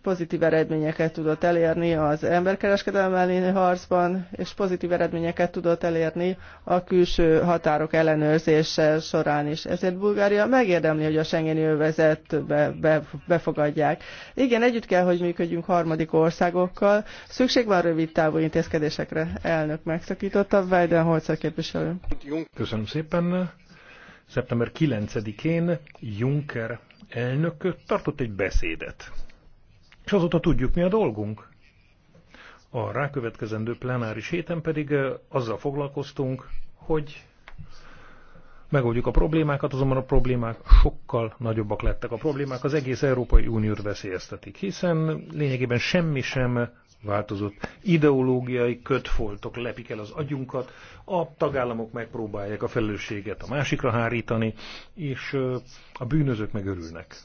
pozitív eredményeket tudott elérni az emberkereskedelem elleni harcban, és pozitív eredményeket tudott elérni a külső határok ellenőrzése során is. Ezért Bulgária megérdemli, hogy a Schengeni övezetbe be, befogadják. Igen, együtt kell, hogy működjünk harmadik országokkal. Szükség van rövid távú intézkedésekre. Elnök megszakította, Holzer képviselő. Köszönöm szépen. Szeptember 9-én Juncker elnök tartott egy beszédet és azóta tudjuk, mi a dolgunk. A rákövetkezendő plenáris héten pedig azzal foglalkoztunk, hogy megoldjuk a problémákat, azonban a problémák sokkal nagyobbak lettek. A problémák az egész Európai Uniót veszélyeztetik, hiszen lényegében semmi sem változott. Ideológiai kötfoltok lepik el az agyunkat, a tagállamok megpróbálják a felelősséget a másikra hárítani, és a bűnözők megörülnek.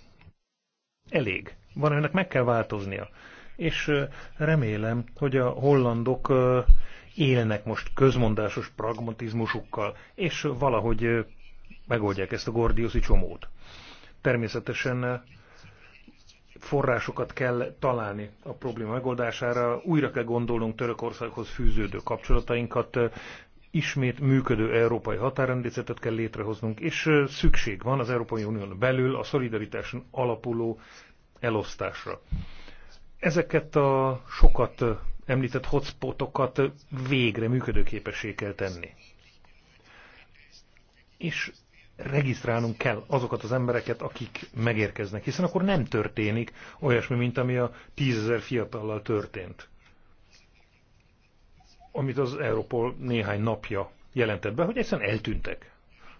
Elég van, ennek meg kell változnia. És remélem, hogy a hollandok élnek most közmondásos pragmatizmusukkal, és valahogy megoldják ezt a gordiuszi csomót. Természetesen forrásokat kell találni a probléma megoldására, újra kell gondolnunk Törökországhoz fűződő kapcsolatainkat, ismét működő európai határrendészetet kell létrehoznunk, és szükség van az Európai Unión belül a szolidaritáson alapuló elosztásra. Ezeket a sokat említett hotspotokat végre működőképessé kell tenni. És regisztrálnunk kell azokat az embereket, akik megérkeznek, hiszen akkor nem történik olyasmi, mint ami a tízezer fiatallal történt. Amit az Európol néhány napja jelentett be, hogy egyszerűen eltűntek.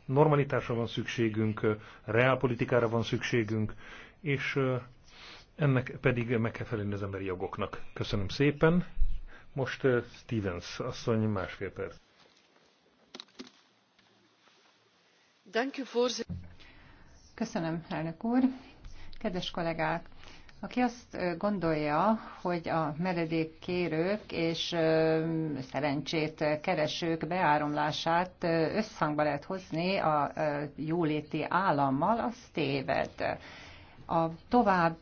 Normalitásra van szükségünk, reálpolitikára van szükségünk, és ennek pedig meg kell felelni az emberi jogoknak. Köszönöm szépen. Most eh, Stevens asszony másfél perc. Köszönöm, elnök úr. Kedves kollégák, aki azt eh, gondolja, hogy a meredékkérők és eh, szerencsét keresők beáramlását összhangba lehet hozni a jóléti állammal, az téved a tovább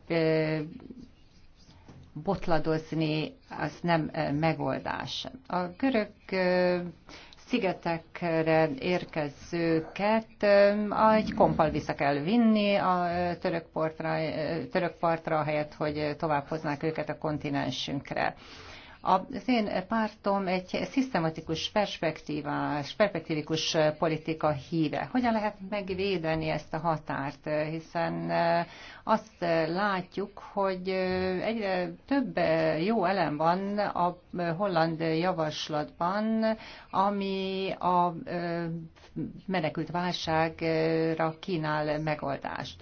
botladozni, az nem megoldás. A görög szigetekre érkezőket egy kompal vissza kell vinni a török partra, török partra, helyett, hogy tovább hoznák őket a kontinensünkre. Az én pártom egy szisztematikus perspektívás, perspektívikus politika híve. Hogyan lehet megvédeni ezt a határt? Hiszen eh, azt látjuk, hogy eh, egyre több eh, jó elem van a holland javaslatban, ami a menekült válságra kínál megoldást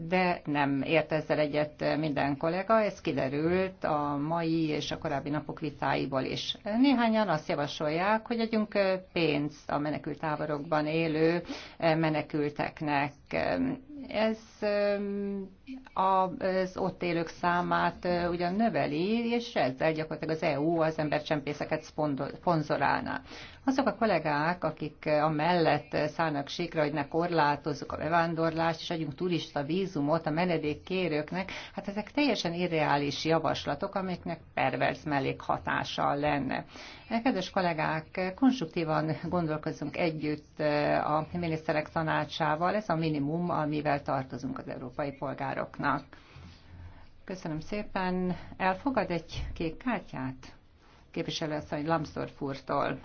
de nem ért ezzel egyet minden kollega, ez kiderült a mai és a korábbi napok vitáiból is. Néhányan azt javasolják, hogy adjunk pénzt a menekültáborokban élő menekülteknek. Ez az ott élők számát ugyan növeli, és ezzel gyakorlatilag az EU az embercsempészeket szponzorálná. Azok a kollégák, akik a mellett szállnak sikra, hogy ne korlátozzuk a bevándorlást, és adjunk turista vízumot a menedékkérőknek, hát ezek teljesen irreális javaslatok, amiknek pervers mellékhatása lenne. Kedves kollégák, konstruktívan gondolkozzunk együtt a miniszterek tanácsával, ez a minimum, amivel tartozunk az európai polgároknak. Köszönöm szépen. Elfogad egy kék kártyát? asszony Lamsdorf úrtól.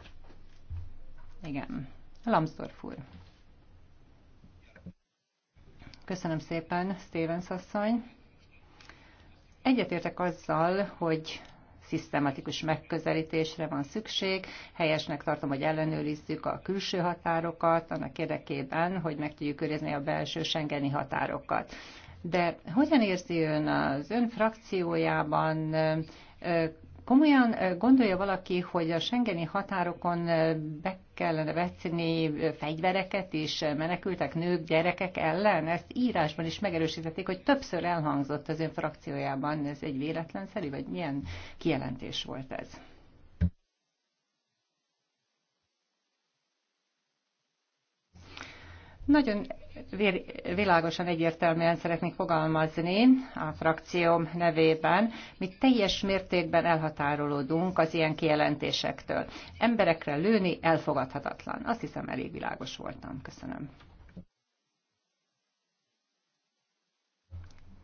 Igen. Lamszorfúr. Köszönöm szépen, Stevens asszony. Egyetértek azzal, hogy szisztematikus megközelítésre van szükség. Helyesnek tartom, hogy ellenőrizzük a külső határokat, annak érdekében, hogy meg tudjuk őrizni a belső sengeni határokat. De hogyan érzi ön az ön frakciójában komolyan gondolja valaki, hogy a sengeni határokon be kellene vetni fegyvereket is menekültek nők, gyerekek ellen? Ezt írásban is megerősítették, hogy többször elhangzott az ön frakciójában. Ez egy véletlenszerű, vagy milyen kijelentés volt ez? Nagyon világosan egyértelműen szeretnék fogalmazni a frakcióm nevében, mi teljes mértékben elhatárolódunk az ilyen kijelentésektől. Emberekre lőni elfogadhatatlan. Azt hiszem elég világos voltam. Köszönöm.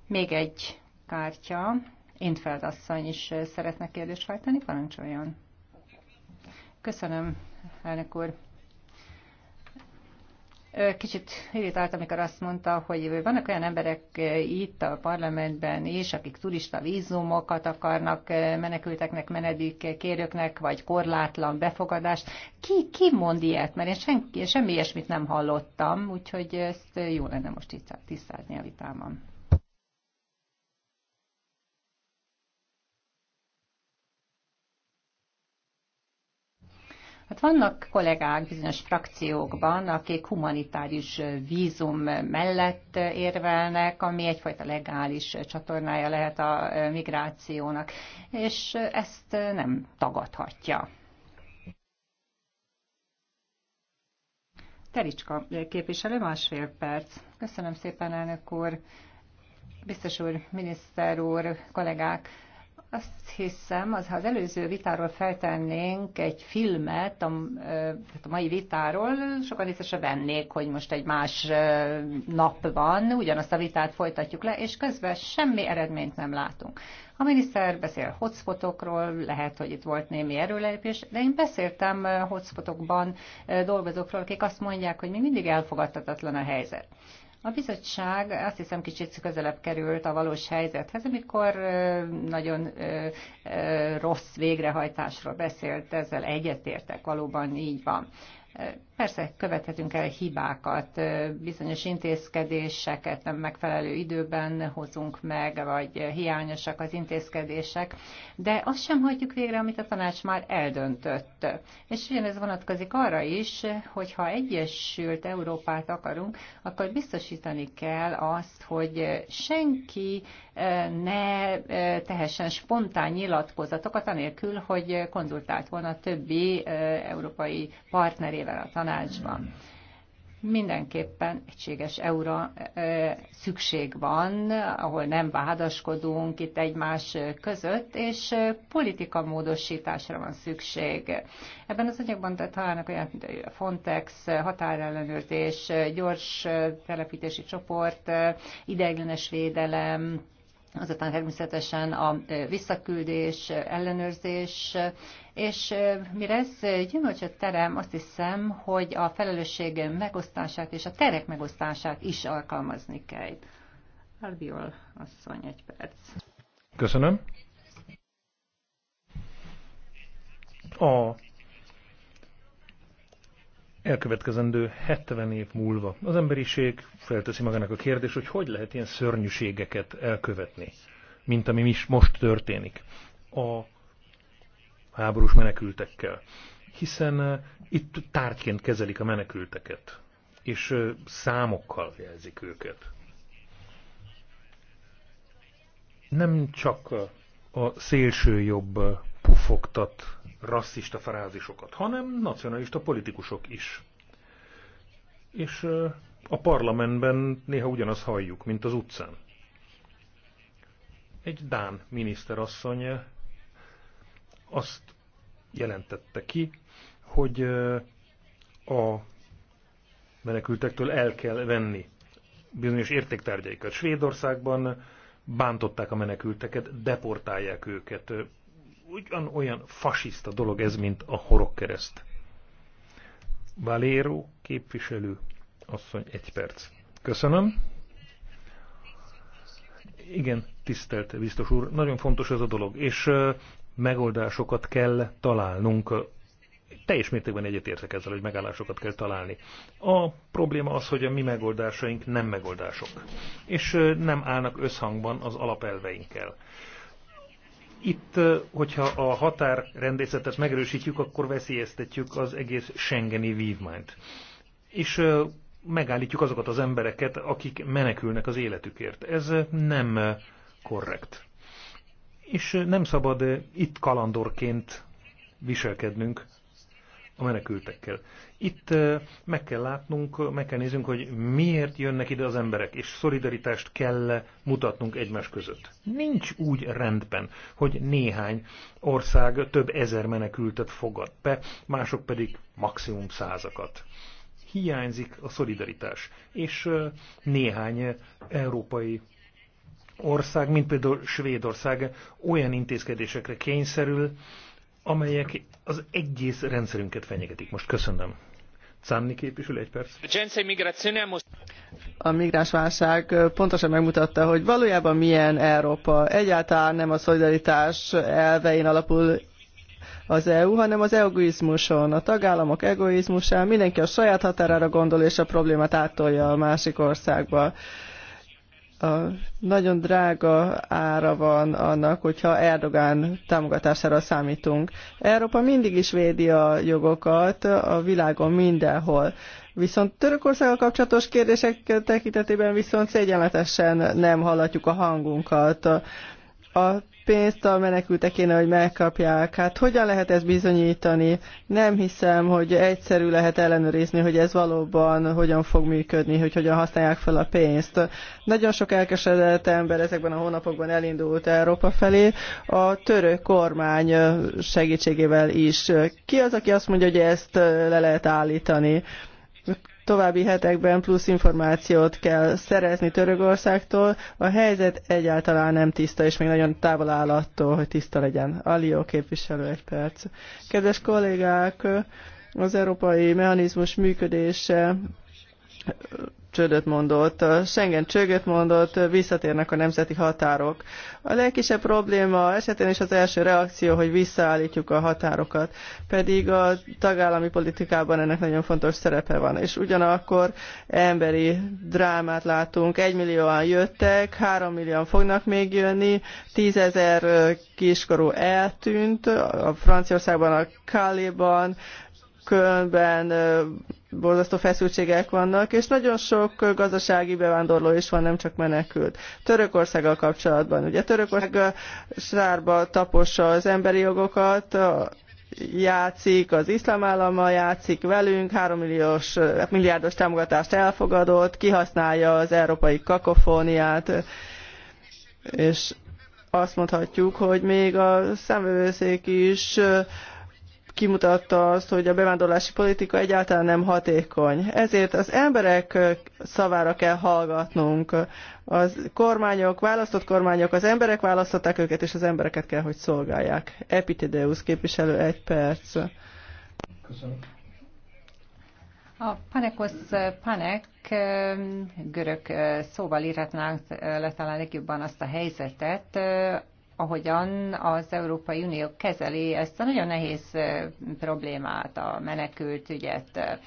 Még egy kártya. Intfeld asszony is szeretne kérdést fajtani. parancsoljon. Köszönöm, elnök úr. Kicsit irritált, amikor azt mondta, hogy vannak olyan emberek itt a parlamentben is, akik turista vízumokat akarnak menekülteknek, menedékkérőknek, vagy korlátlan befogadást. Ki, ki mond ilyet? Mert én senki, semmi ilyesmit nem hallottam, úgyhogy ezt jó lenne most tisztázni a vitában. Hát vannak kollégák bizonyos frakciókban, akik humanitárius vízum mellett érvelnek, ami egyfajta legális csatornája lehet a migrációnak, és ezt nem tagadhatja. Tericska képviselő, másfél perc. Köszönöm szépen, elnök úr, biztos úr, miniszter úr, kollégák. Azt hiszem, az, ha az előző vitáról feltennénk egy filmet, a, hát a mai vitáról, sokan is se vennék, hogy most egy más nap van, ugyanazt a vitát folytatjuk le, és közben semmi eredményt nem látunk. A miniszter beszél hotspotokról, lehet, hogy itt volt némi erőlépés, de én beszéltem hotspotokban dolgozókról, akik azt mondják, hogy még mindig elfogadhatatlan a helyzet. A bizottság azt hiszem kicsit közelebb került a valós helyzethez, amikor nagyon rossz végrehajtásról beszélt, ezzel egyetértek, valóban így van Persze követhetünk el hibákat, bizonyos intézkedéseket nem megfelelő időben hozunk meg, vagy hiányosak az intézkedések, de azt sem hagyjuk végre, amit a tanács már eldöntött. És ugyanez vonatkozik arra is, hogy ha egyesült Európát akarunk, akkor biztosítani kell azt, hogy senki ne tehessen spontán nyilatkozatokat, anélkül, hogy konzultált volna a többi európai partnerével a tanács tanácsban. Mindenképpen egységes euró szükség van, ahol nem vádaskodunk itt egymás között, és politika módosításra van szükség. Ebben az anyagban találnak olyan Fontex, határellenőrzés, gyors telepítési csoport, ideiglenes védelem, azután természetesen a visszaküldés, ellenőrzés, és mire ez gyümölcsöt terem, azt hiszem, hogy a felelősség megosztását és a terek megosztását is alkalmazni kell. Albiol asszony, egy perc. Köszönöm. A elkövetkezendő 70 év múlva az emberiség felteszi magának a kérdés, hogy hogy lehet ilyen szörnyűségeket elkövetni, mint ami is most történik. A háborús menekültekkel, hiszen itt tárgyként kezelik a menekülteket, és számokkal jelzik őket. Nem csak a szélső jobb pufogtat rasszista frázisokat, hanem nacionalista politikusok is. És a parlamentben néha ugyanaz halljuk, mint az utcán. Egy Dán miniszterasszony azt jelentette ki, hogy a menekültektől el kell venni bizonyos értéktárgyaikat. Svédországban bántották a menekülteket, deportálják őket. Ugyan olyan fasiszta dolog ez, mint a horogkereszt. Valéro képviselő, asszony, egy perc. Köszönöm. Igen, tisztelt biztos úr, nagyon fontos ez a dolog, és megoldásokat kell találnunk. Teljes mértékben egyetértek ezzel, hogy megállásokat kell találni. A probléma az, hogy a mi megoldásaink nem megoldások, és nem állnak összhangban az alapelveinkkel. Itt, hogyha a határrendészetet megerősítjük, akkor veszélyeztetjük az egész Schengeni vívmányt. És megállítjuk azokat az embereket, akik menekülnek az életükért. Ez nem korrekt és nem szabad itt kalandorként viselkednünk a menekültekkel. Itt meg kell látnunk, meg kell néznünk, hogy miért jönnek ide az emberek, és szolidaritást kell mutatnunk egymás között. Nincs úgy rendben, hogy néhány ország több ezer menekültet fogad be, mások pedig maximum százakat. Hiányzik a szolidaritás, és néhány európai ország, mint például Svédország olyan intézkedésekre kényszerül, amelyek az egész rendszerünket fenyegetik. Most köszönöm. Czanni képviselő, egy perc. A migránsválság pontosan megmutatta, hogy valójában milyen Európa. Egyáltalán nem a szolidaritás elvein alapul az EU, hanem az egoizmuson, a tagállamok egoizmusán, mindenki a saját határára gondol, és a problémát átolja a másik országba a nagyon drága ára van annak, hogyha Erdogán támogatására számítunk. Európa mindig is védi a jogokat a világon mindenhol. Viszont Törökországgal kapcsolatos kérdések tekintetében viszont szégyenletesen nem hallatjuk a hangunkat. A pénzt a menekültek kéne, hogy megkapják. Hát hogyan lehet ezt bizonyítani? Nem hiszem, hogy egyszerű lehet ellenőrizni, hogy ez valóban hogyan fog működni, hogy hogyan használják fel a pénzt. Nagyon sok elkeseredett ember ezekben a hónapokban elindult Európa felé, a török kormány segítségével is. Ki az, aki azt mondja, hogy ezt le lehet állítani? további hetekben plusz információt kell szerezni Törökországtól. A helyzet egyáltalán nem tiszta, és még nagyon távol áll attól, hogy tiszta legyen. Alió képviselő, egy perc. Kedves kollégák, az európai mechanizmus működése csődöt mondott. Schengen csődöt mondott, visszatérnek a nemzeti határok. A legkisebb probléma esetén is az első reakció, hogy visszaállítjuk a határokat. Pedig a tagállami politikában ennek nagyon fontos szerepe van. És ugyanakkor emberi drámát látunk. Egymillióan jöttek, hárommillióan fognak még jönni, tízezer kiskorú eltűnt, a Franciaországban, a Káléban, Kölnben borzasztó feszültségek vannak, és nagyon sok gazdasági bevándorló is van, nem csak menekült. Törökországgal kapcsolatban. Ugye Törökország sárba tapossa az emberi jogokat, játszik, az iszlám állammal játszik velünk, 3 milliós, hát milliárdos támogatást elfogadott, kihasználja az európai kakofóniát, és azt mondhatjuk, hogy még a szemvőszék is kimutatta azt, hogy a bevándorlási politika egyáltalán nem hatékony. Ezért az emberek szavára kell hallgatnunk. Az kormányok, választott kormányok, az emberek választották őket, és az embereket kell, hogy szolgálják. Epitideus képviselő, egy perc. Köszönöm. A Panekos Panek görög szóval írhatnánk le talán legjobban azt a helyzetet, ahogyan az Európai Unió kezeli ezt a nagyon nehéz problémát, a menekült ügyet.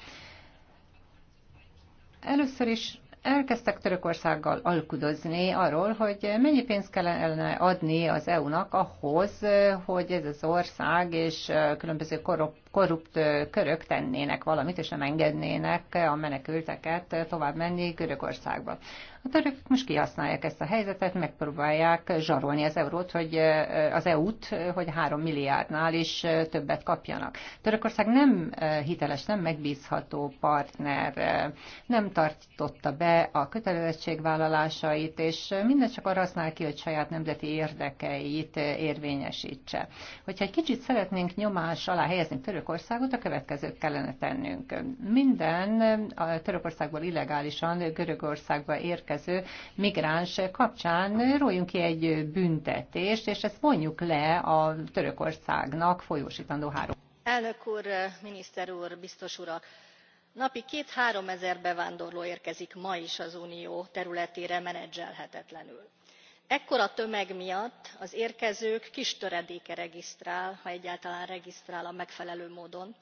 Először is elkezdtek Törökországgal alkudozni arról, hogy mennyi pénzt kellene adni az EU-nak ahhoz, hogy ez az ország és különböző korrupt, korrupt körök tennének valamit, és nem engednének a menekülteket tovább menni Görögországba. A törökök most kihasználják ezt a helyzetet, megpróbálják zsarolni az eurót, hogy az EU-t, hogy három milliárdnál is többet kapjanak. Törökország nem hiteles, nem megbízható partner, nem tartotta be a kötelezettségvállalásait, és mindent csak arra használ ki, hogy saját nemzeti érdekeit érvényesítse. Hogyha egy kicsit szeretnénk nyomás alá helyezni Törökországot, a következőt kellene tennünk. Minden a Törökországból illegálisan Görögországba érkezik, érkező migráns kapcsán rójunk ki egy büntetést, és ezt vonjuk le a Törökországnak folyósítandó három. Elnök úr, miniszter úr, biztos urak! napi két három ezer bevándorló érkezik ma is az unió területére menedzselhetetlenül. ekkora tömeg miatt az érkezők kis töredéke regisztrál ha egyáltalán regisztrál a megfelelő módon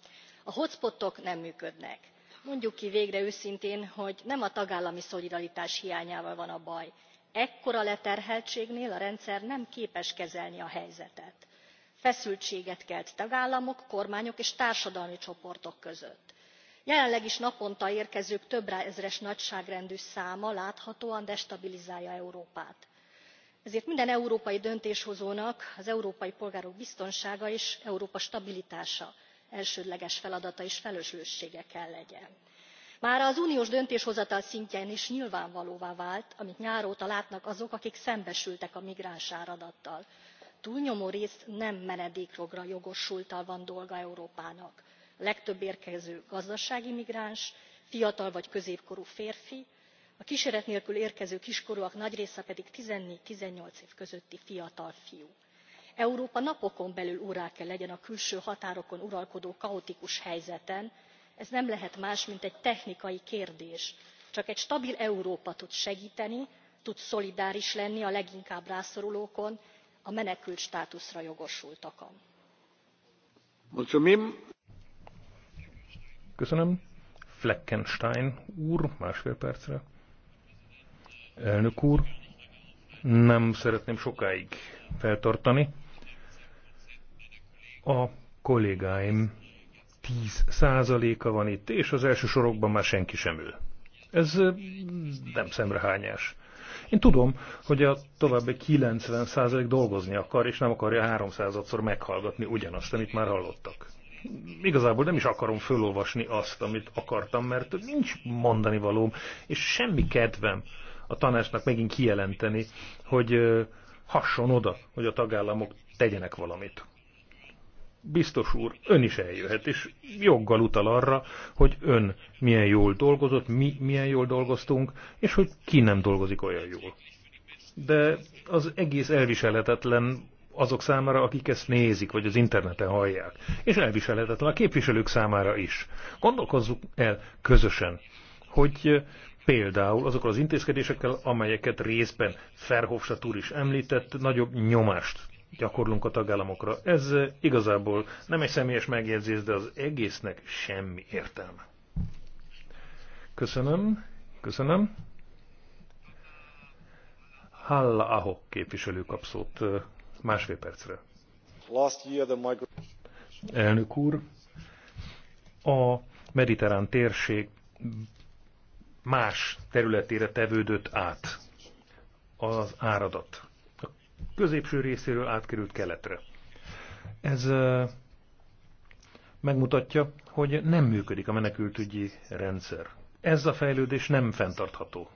a hotspotok nem működnek mondjuk ki végre őszintén hogy nem a tagállami szolidaritás hiányával van a baj ekkora leterheltségnél a rendszer nem képes kezelni a helyzetet. feszültséget kelt tagállamok kormányok és társadalmi csoportok között. jelenleg is naponta érkezők több ezres nagyságrendű száma láthatóan destabilizálja európát ezért minden európai döntéshozónak az európai polgárok biztonsága és európa stabilitása elsődleges feladata és felelőssége kell legyen. mára az uniós döntéshozatal szintjén is nyilvánvalóvá vált amit nyár óta látnak azok akik szembesültek a migránsáradattal túlnyomó részt nem menedékjogra jogosulttal van dolga európának a legtöbb érkező gazdasági migráns fiatal vagy középkorú férfi a kséret nélkül érkező kiskorúak nagy része pedig fourteen eighteen év közötti fiatal fiú európa napokon belül úrrá kell legyen a külső határokon uralkodó kaotikus helyzeten ez nem lehet más mint egy technikai kérdés csak egy stabil európa tud segteni tud szolidáris lenni a leginkább rászorulókon a menekültstátuszra jogosultakon. Köszönöm. Fleckenstein úr, másfél percre. nem szeretném sokáig a kollégáim 10%-a van itt, és az első sorokban már senki sem ül. Ez nem szemrehányás. Én tudom, hogy a további 90% dolgozni akar, és nem akarja 300-szor meghallgatni ugyanazt, amit már hallottak. Igazából nem is akarom fölolvasni azt, amit akartam, mert nincs mondani valóm, és semmi kedvem a tanácsnak megint kijelenteni, hogy hasson oda, hogy a tagállamok tegyenek valamit biztos úr, ön is eljöhet, és joggal utal arra, hogy ön milyen jól dolgozott, mi milyen jól dolgoztunk, és hogy ki nem dolgozik olyan jól. De az egész elviselhetetlen azok számára, akik ezt nézik, vagy az interneten hallják. És elviselhetetlen a képviselők számára is. Gondolkozzuk el közösen, hogy például azok az intézkedésekkel, amelyeket részben Ferhofstadt úr is említett, nagyobb nyomást gyakorlunk a tagállamokra. Ez eh, igazából nem egy személyes megjegyzés, de az egésznek semmi értelme. Köszönöm, köszönöm. Halla Aho képviselő kap szót eh, másfél percre. Elnök úr, a mediterrán térség más területére tevődött át az áradat középső részéről átkerült keletre. Ez megmutatja, hogy nem működik a menekültügyi rendszer. Ez a fejlődés nem fenntartható.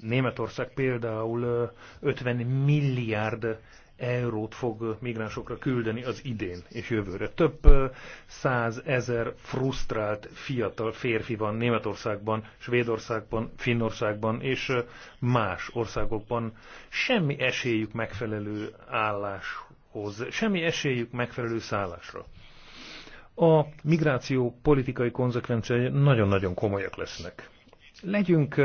Németország például 50 milliárd eurót fog migránsokra küldeni az idén és jövőre. Több százezer frusztrált fiatal férfi van Németországban, Svédországban, Finnországban és más országokban. Semmi esélyük megfelelő álláshoz, semmi esélyük megfelelő szállásra. A migráció politikai konzekvenciái nagyon-nagyon komolyak lesznek. Legyünk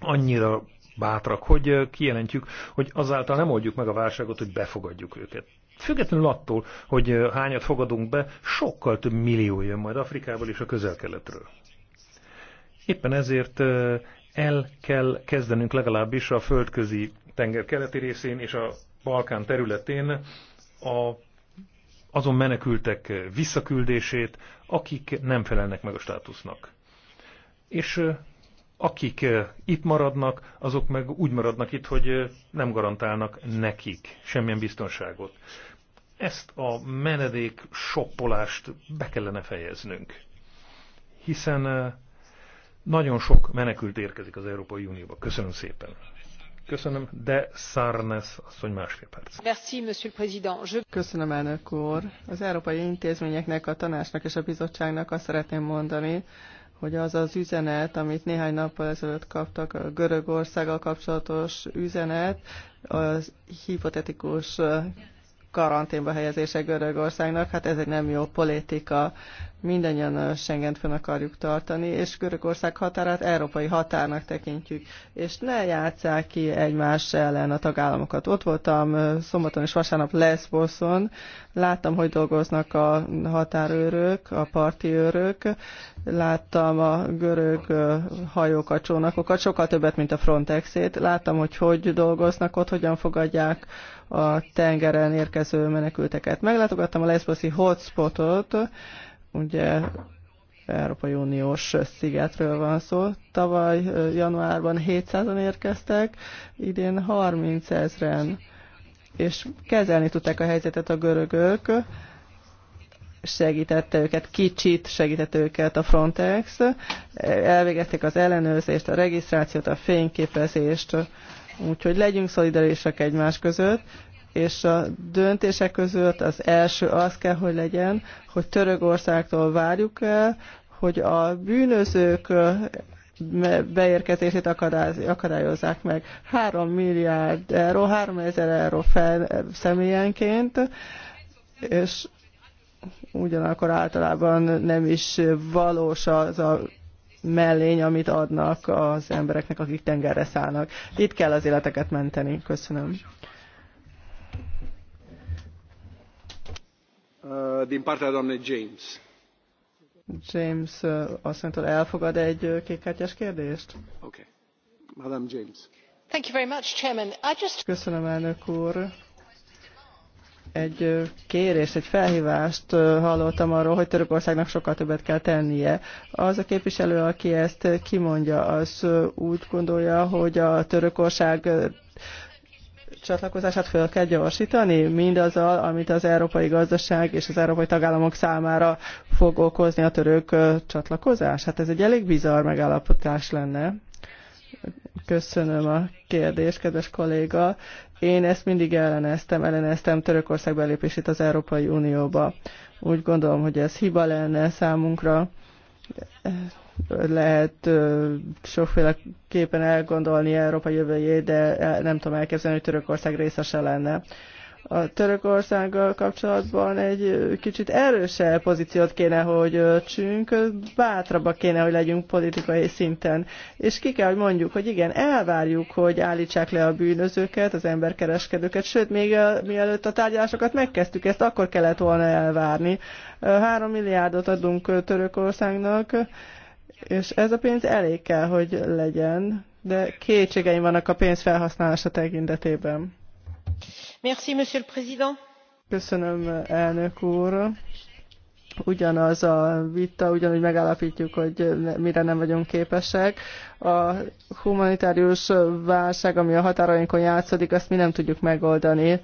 annyira bátrak, hogy kijelentjük, hogy azáltal nem oldjuk meg a válságot, hogy befogadjuk őket. Függetlenül attól, hogy hányat fogadunk be, sokkal több millió jön majd Afrikából és a közel-keletről. Éppen ezért el kell kezdenünk legalábbis a földközi tenger keleti részén és a Balkán területén a, azon menekültek visszaküldését, akik nem felelnek meg a státusznak. És akik itt maradnak, azok meg úgy maradnak itt, hogy nem garantálnak nekik semmilyen biztonságot. Ezt a menedék soppolást be kellene fejeznünk, hiszen nagyon sok menekült érkezik az Európai Unióba. Köszönöm szépen! Köszönöm, de Sarnes asszony másfél perc. Merci, monsieur le président. Je... Köszönöm, elnök úr. Az európai intézményeknek, a tanácsnak és a bizottságnak azt szeretném mondani, hogy az az üzenet, amit néhány nappal ezelőtt kaptak, a Görögországgal kapcsolatos üzenet, az hipotetikus karanténba helyezése Görögországnak, hát ez egy nem jó politika. Mindannyian schengen fön akarjuk tartani, és Görögország határát európai határnak tekintjük. És ne játsszák ki egymás ellen a tagállamokat. Ott voltam szombaton és vasárnap Lesboson, láttam, hogy dolgoznak a határőrök, a parti őrök, láttam a görög hajókat, csónakokat, sokkal többet, mint a Frontexét, láttam, hogy hogy dolgoznak ott, hogyan fogadják a tengeren érkező menekülteket. Meglátogattam a Lesboszi hotspotot, ugye Európai Uniós szigetről van szó. Tavaly januárban 700-an érkeztek, idén 30 ezeren, és kezelni tudták a helyzetet a görögök, segítette őket, kicsit segítette őket a Frontex, elvégezték az ellenőrzést, a regisztrációt, a fényképezést, Úgyhogy legyünk szolidarisak egymás között, és a döntések között az első az kell, hogy legyen, hogy Törökországtól várjuk el, hogy a bűnözők beérkezését akadályozzák meg. 3 milliárd euró, 3 ezer euró fel személyenként, és ugyanakkor általában nem is valós az a mellény, amit adnak az embereknek, akik tengerre szállnak. Itt kell az életeket menteni. Köszönöm. Uh, din partea doamnei James. James uh, azt mondta, elfogad egy uh, kékkártyás kérdést? Okay. Madame James. Thank you very much, Chairman. I just... Köszönöm, elnök úr egy kérést, egy felhívást hallottam arról, hogy Törökországnak sokkal többet kell tennie. Az a képviselő, aki ezt kimondja, az úgy gondolja, hogy a Törökország csatlakozását fel kell gyorsítani, mindazzal, amit az európai gazdaság és az európai tagállamok számára fog okozni a török csatlakozás? Hát ez egy elég bizarr megállapotás lenne. Köszönöm a kérdést, kedves kolléga. Én ezt mindig elleneztem, elleneztem Törökország belépését az Európai Unióba. Úgy gondolom, hogy ez hiba lenne számunkra. Lehet sokféleképpen elgondolni Európa jövőjét, de nem tudom elképzelni, hogy Törökország részese lenne a Törökországgal kapcsolatban egy kicsit erősebb pozíciót kéne, hogy csünk, bátrabbak kéne, hogy legyünk politikai szinten. És ki kell, hogy mondjuk, hogy igen, elvárjuk, hogy állítsák le a bűnözőket, az emberkereskedőket, sőt, még a, mielőtt a tárgyalásokat megkezdtük, ezt akkor kellett volna elvárni. Három milliárdot adunk Törökországnak, és ez a pénz elég kell, hogy legyen, de kétségeim vannak a pénz felhasználása tekintetében monsieur le président. Köszönöm, elnök úr. Ugyanaz a vita, ugyanúgy megállapítjuk, hogy mire nem vagyunk képesek. A humanitárius válság, ami a határainkon játszódik, azt mi nem tudjuk megoldani.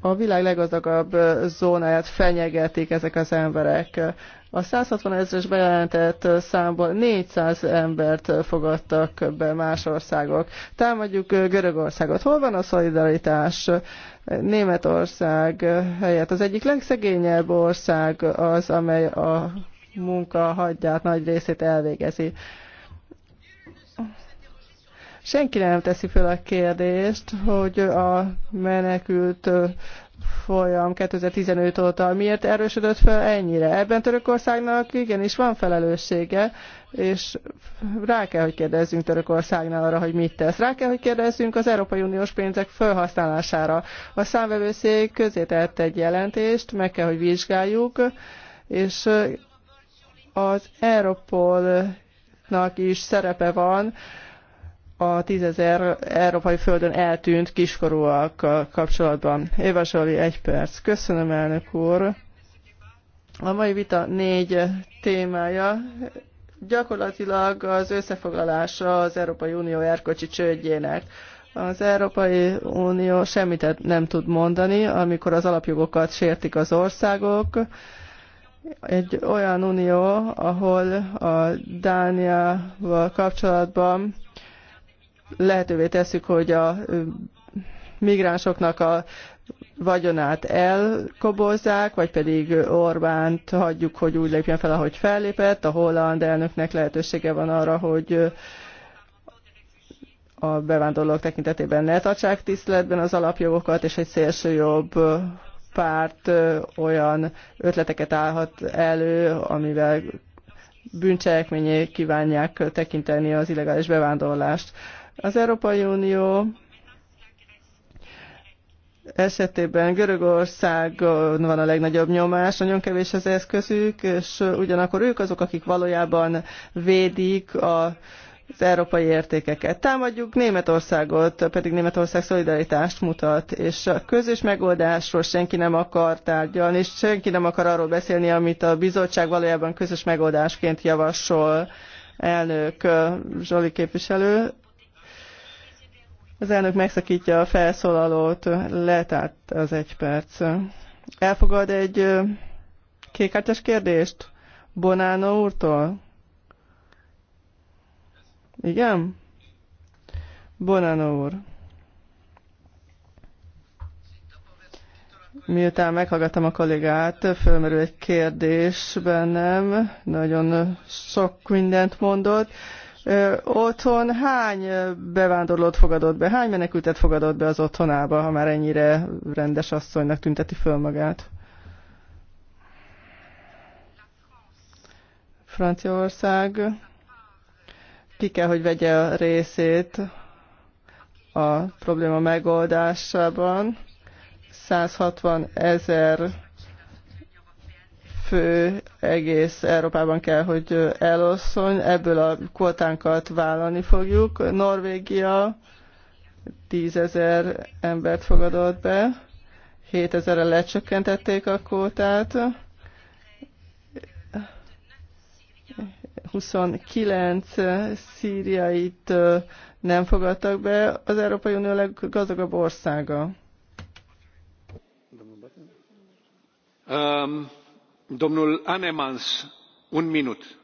A világ leggazdagabb zónáját fenyegetik ezek az emberek a 160 ezres bejelentett számból 400 embert fogadtak be más országok. Támadjuk Görögországot. Hol van a szolidaritás? Németország helyett az egyik legszegényebb ország az, amely a munka hagyját nagy részét elvégezi. Senki nem teszi fel a kérdést, hogy a menekült folyam 2015 óta miért erősödött fel ennyire? Ebben Törökországnak igenis van felelőssége, és rá kell, hogy kérdezzünk Törökországnál arra, hogy mit tesz. Rá kell, hogy kérdezzünk az Európai Uniós pénzek felhasználására. A számvevőszék közé tett egy jelentést, meg kell, hogy vizsgáljuk, és az Europolnak is szerepe van, a tízezer európai földön eltűnt kiskorúakkal kapcsolatban. Éva Zsoli, egy perc. Köszönöm, elnök úr. A mai vita négy témája gyakorlatilag az összefoglalása az Európai Unió erkölcsi csődjének. Az Európai Unió semmit nem tud mondani, amikor az alapjogokat sértik az országok. Egy olyan unió, ahol a Dániával kapcsolatban lehetővé tesszük, hogy a migránsoknak a vagyonát elkobozzák, vagy pedig Orbánt hagyjuk, hogy úgy lépjen fel, ahogy fellépett. A holland elnöknek lehetősége van arra, hogy a bevándorlók tekintetében ne tartsák tiszteletben az alapjogokat, és egy szélső jobb párt olyan ötleteket állhat elő, amivel bűncselekményé kívánják tekinteni az illegális bevándorlást. Az Európai Unió esetében Görögországon van a legnagyobb nyomás, nagyon kevés az eszközük, és ugyanakkor ők azok, akik valójában védik a az európai értékeket. Támadjuk Németországot, pedig Németország szolidaritást mutat, és a közös megoldásról senki nem akar tárgyalni, és senki nem akar arról beszélni, amit a bizottság valójában közös megoldásként javasol elnök Zsoli képviselő. Az elnök megszakítja a felszólalót, letárt az egy perc. Elfogad egy kékkártyás kérdést Bonano úrtól? Igen? Bonano úr. Miután meghallgattam a kollégát, fölmerül egy kérdés bennem, nagyon sok mindent mondott. Otthon hány bevándorlót fogadott be, hány menekültet fogadott be az otthonába, ha már ennyire rendes asszonynak tünteti föl magát? Franciaország ki kell, hogy vegye a részét a probléma megoldásában. 160 ezer fő egész Európában kell, hogy eloszon. Ebből a kvotánkat vállalni fogjuk. Norvégia tízezer embert fogadott be, 7000-re lecsökkentették a kvótát. 29 szíriait nem fogadtak be, az Európai Unió leggazdagabb országa. Um, Domnul Anemans, un minut.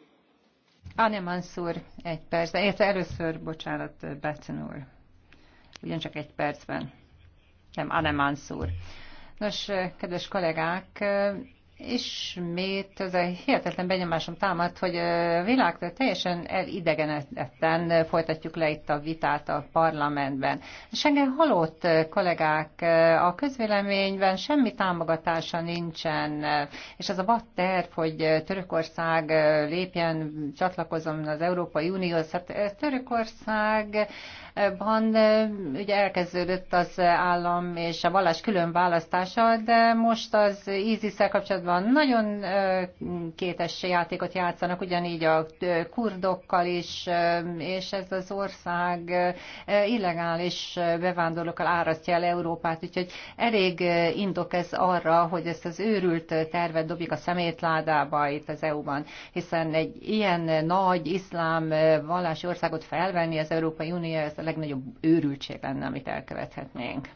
Anemans úr, egy perc. Érte először, bocsánat, Betten úr. Ugyancsak egy percben. Nem, Anemans úr. Nos, kedves kollégák, ismét ez a hihetetlen benyomásom támad, hogy a világ teljesen elidegenedetten folytatjuk le itt a vitát a parlamentben. Schengen halott kollégák, a közvéleményben semmi támogatása nincsen, és az a vad terv, hogy Törökország lépjen, csatlakozom az Európai Unióhoz, hát Törökország Ban eh, ugye elkezdődött az állam és a vallás külön választása, de most az isis kapcsolatban nagyon eh, kétes játékot játszanak, ugyanígy a eh, kurdokkal is, és ez az ország illegális bevándorlókkal árasztja el Európát, úgyhogy elég indok ez arra, hogy ezt az őrült tervet dobjuk a szemétládába itt az EU-ban, hiszen egy ilyen nagy iszlám vallási országot felvenni az Európai Unió, ez a legnagyobb őrültség lenne, amit elkövethetnénk.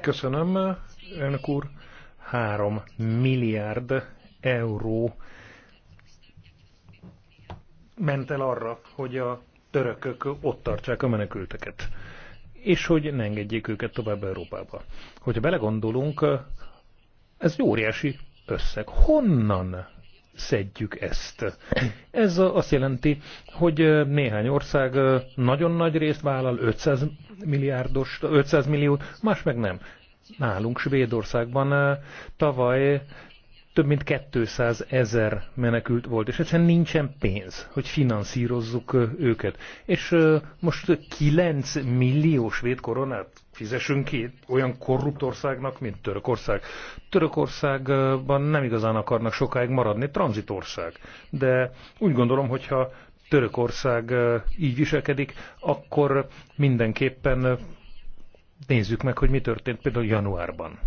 Köszönöm, elnök úr. 3 milliárd euró ment el arra, hogy a törökök ott tartsák a menekülteket, és hogy ne engedjék őket tovább Európába. Hogyha belegondolunk, ez óriási összeg. Honnan szedjük ezt? Ez azt jelenti, hogy néhány ország nagyon nagy részt vállal, 500, milliárdos, 500 millió, más meg nem. Nálunk Svédországban eh, tavaly több mint 200 ezer menekült volt, és egyszerűen nincsen pénz, hogy finanszírozzuk őket. És most 9 millió svéd koronát fizessünk ki olyan korrupt országnak, mint Törökország. Törökországban nem igazán akarnak sokáig maradni, tranzitország. De úgy gondolom, hogyha Törökország így viselkedik, akkor mindenképpen nézzük meg, hogy mi történt például januárban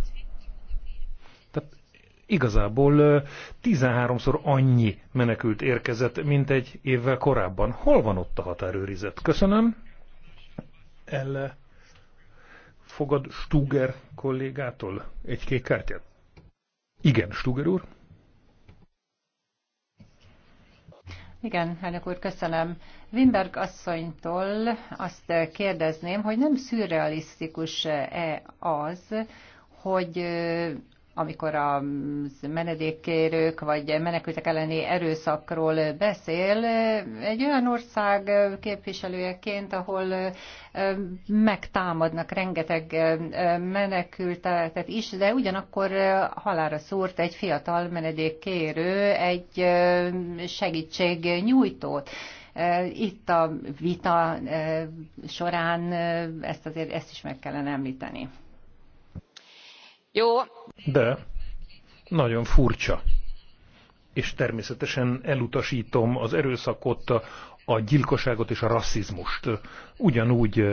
igazából 13-szor annyi menekült érkezett, mint egy évvel korábban. Hol van ott a határőrizet? Köszönöm. Elle fogad Stuger kollégától egy kék kártyát? Igen, Stuger úr. Igen, elnök úr, köszönöm. Wimberg asszonytól azt kérdezném, hogy nem szürrealisztikus-e az, hogy amikor a menedékkérők vagy menekültek elleni erőszakról beszél, egy olyan ország képviselőjeként, ahol megtámadnak rengeteg menekültet is, de ugyanakkor halára szúrt egy fiatal menedékkérő, egy segítségnyújtót. Itt a vita során ezt azért ezt is meg kellene említeni. Jó. De nagyon furcsa. És természetesen elutasítom az erőszakot, a gyilkosságot és a rasszizmust. Ugyanúgy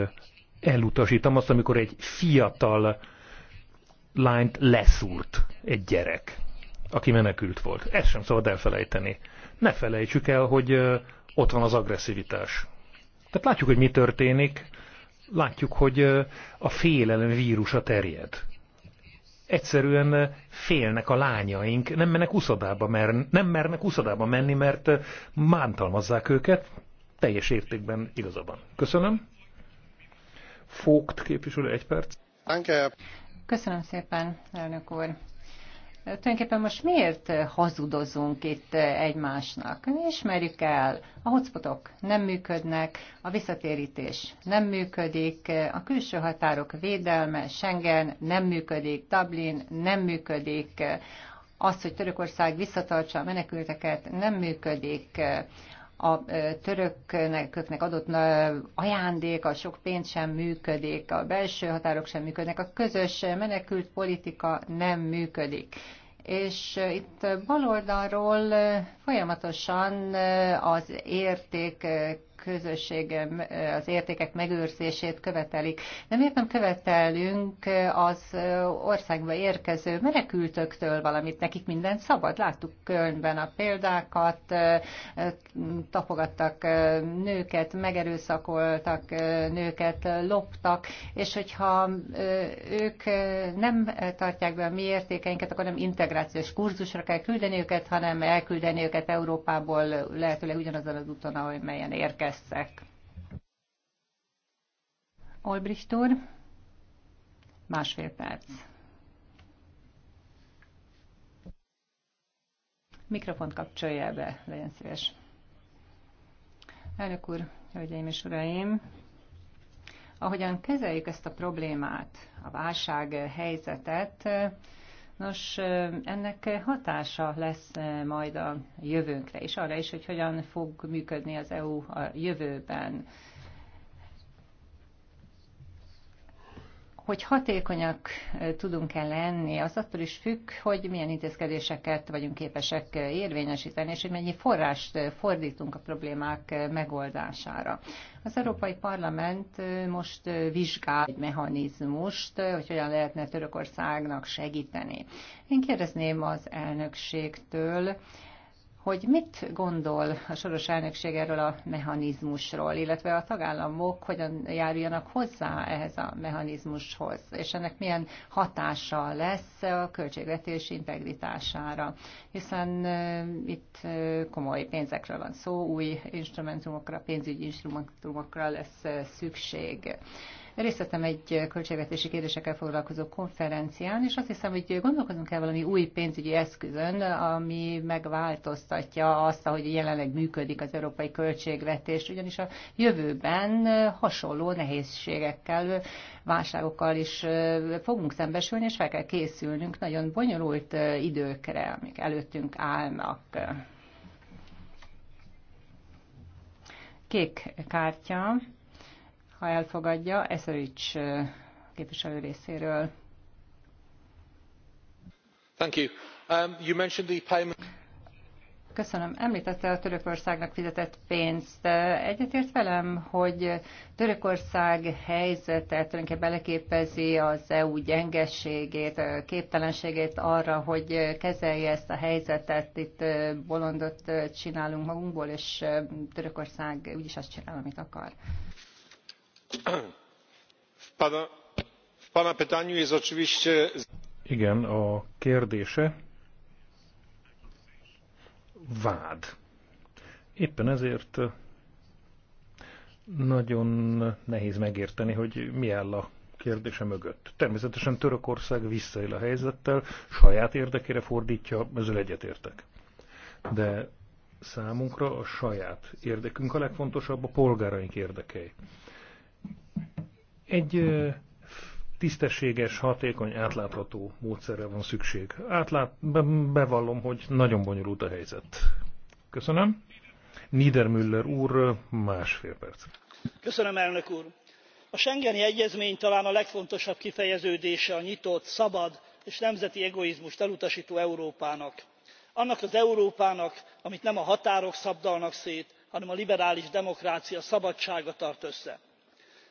elutasítom azt, amikor egy fiatal lányt leszúrt egy gyerek, aki menekült volt. Ezt sem szabad elfelejteni. Ne felejtsük el, hogy ott van az agresszivitás. Tehát látjuk, hogy mi történik, látjuk, hogy a félelem vírusa terjed egyszerűen eh, félnek a lányaink, nem mennek uszodába, mert nem mernek uszodába menni, mert eh, mántalmazzák őket. Teljes értékben igazabban. Köszönöm. Fogt képviselő, egy perc. Köszönöm szépen, elnök úr tulajdonképpen most miért hazudozunk itt egymásnak? Ismerjük el, a hotspotok nem működnek, a visszatérítés nem működik, a külső határok védelme, Schengen nem működik, Dublin nem működik, az, hogy Törökország visszatartsa a menekülteket, nem működik a törököknek adott ajándék, a sok pénz sem működik, a belső határok sem működnek, a közös menekült politika nem működik és itt baloldalról folyamatosan az érték közösség az értékek megőrzését követelik. De miért nem követelünk az országba érkező menekültöktől valamit? Nekik minden szabad. Láttuk Kölnben a példákat, tapogattak nőket, megerőszakoltak nőket, loptak, és hogyha ők nem tartják be a mi értékeinket, akkor nem integrációs kurzusra kell küldeni őket, hanem elküldeni őket Európából lehetőleg ugyanazon az úton, ahol melyen érkeztek leszek. Olbricht úr, másfél perc. Mikrofont kapcsolja be, legyen szíves. Elnök úr, hölgyeim és uraim, ahogyan kezeljük ezt a problémát, a válság helyzetet, Nos, ennek hatása lesz majd a jövőnkre, és arra is, hogy hogyan fog működni az EU a jövőben. hogy hatékonyak tudunk-e lenni, az attól is függ, hogy milyen intézkedéseket vagyunk képesek érvényesíteni, és hogy mennyi forrást fordítunk a problémák megoldására. Az Európai Parlament most vizsgál egy mechanizmust, hogy hogyan lehetne Törökországnak segíteni. Én kérdezném az elnökségtől, hogy mit gondol a soros elnökség erről a mechanizmusról, illetve a tagállamok hogyan járuljanak hozzá ehhez a mechanizmushoz, és ennek milyen hatása lesz a költségvetés integritására, hiszen itt komoly pénzekről van szó, új instrumentumokra, pénzügyi instrumentumokra lesz szükség. Részt vettem egy költségvetési kérdésekkel foglalkozó konferencián, és azt hiszem, hogy gondolkozunk el valami új pénzügyi eszközön, ami megváltoztatja azt, ahogy jelenleg működik az európai költségvetés, ugyanis a jövőben hasonló nehézségekkel, válságokkal is fogunk szembesülni, és fel kell készülnünk nagyon bonyolult időkre, amik előttünk állnak. Kék kártya ha elfogadja, Eszerics képviselő részéről. Thank you. Um, you mentioned the payment... Köszönöm. Említette a Törökországnak fizetett pénzt. Egyetért velem, hogy Törökország helyzete tulajdonképpen beleképezi az EU gyengességét, képtelenségét arra, hogy kezelje ezt a helyzetet. Itt bolondot csinálunk magunkból, és Törökország úgyis azt csinál, amit akar. Igen, a kérdése vád. Éppen ezért eh, nagyon nehéz megérteni, hogy mi áll a kérdése mögött. Természetesen Törökország visszaél a helyzettel, saját érdekére fordítja, ezzel egyetértek. De számunkra a saját érdekünk a legfontosabb, a polgáraink érdekei. Egy tisztességes, hatékony, átlátható módszerre van szükség. Átlát, be, bevallom, hogy nagyon bonyolult a helyzet. Köszönöm. Niedermüller úr, másfél perc. Köszönöm, elnök úr. A Schengeni Egyezmény talán a legfontosabb kifejeződése a nyitott, szabad és nemzeti egoizmust elutasító Európának. Annak az Európának, amit nem a határok szabdalnak szét, hanem a liberális demokrácia szabadsága tart össze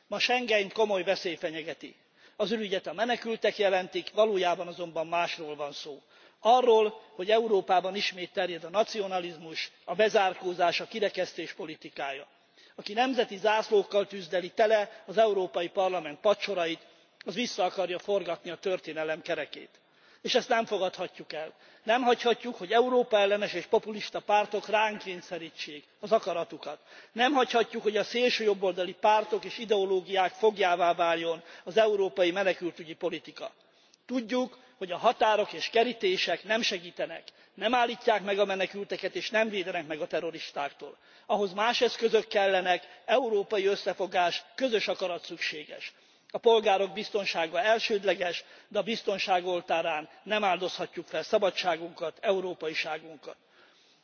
ma schengent komoly veszély fenyegeti. az ürügyet a menekültek jelentik valójában azonban másról van szó arról hogy európában ismét terjed a nacionalizmus a bezárkózás a kirekesztés politikája. aki nemzeti zászlókkal tűzdeli tele az európai parlament padsorait az vissza akarja forgatni a történelem kerekét és ezt nem fogadhatjuk el. nem hagyhatjuk hogy európa ellenes és populista pártok ránk kényszertsék az akaratukat. nem hagyhatjuk hogy a szélsőjobboldali pártok és ideológiák foglyává váljon az európai menekültügyi politika. tudjuk hogy a határok és kertések nem segtenek nem álltják meg a menekülteket és nem védenek meg a terroristáktól. ahhoz más eszközök kellenek európai összefogás közös akarat szükséges a polgárok biztonsága elsődleges de a biztonság oltárán nem áldozhatjuk fel szabadságunkat európaiságunkat.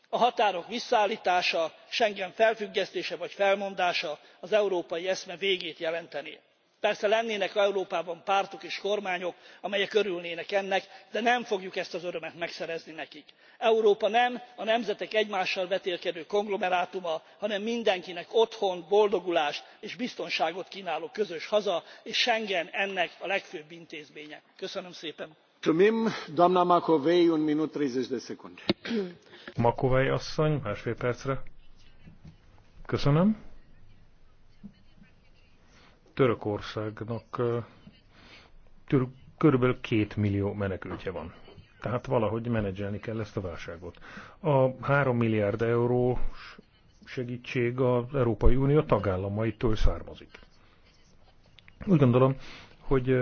a határok visszaálltása schengen felfüggesztése vagy felmondása az európai eszme végét jelentené persze lennének európában pártok és kormányok amelyek örülnének ennek de nem fogjuk ezt az örömet megszerezni nekik. európa nem a nemzetek egymással vetélkedő konglomerátuma hanem mindenkinek otthont boldogulást és biztonságot knáló közös haza és schengen ennek a legfőbb intézménye. köszönöm szépen! asszony percre. köszönöm. Törökországnak körülbelül két millió menekültje van. Tehát valahogy menedzselni kell ezt a válságot. A 3 milliárd euró segítség az Európai Unió tagállamaitól származik. Úgy gondolom, hogy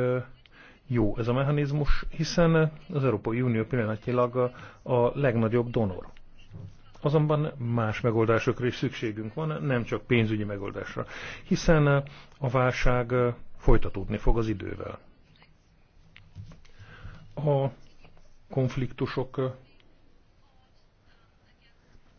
jó ez a mechanizmus, hiszen az Európai Unió pillanatnyilag a legnagyobb donor. Azonban más megoldásokra is szükségünk van, nem csak pénzügyi megoldásra, hiszen a válság folytatódni fog az idővel. A konfliktusok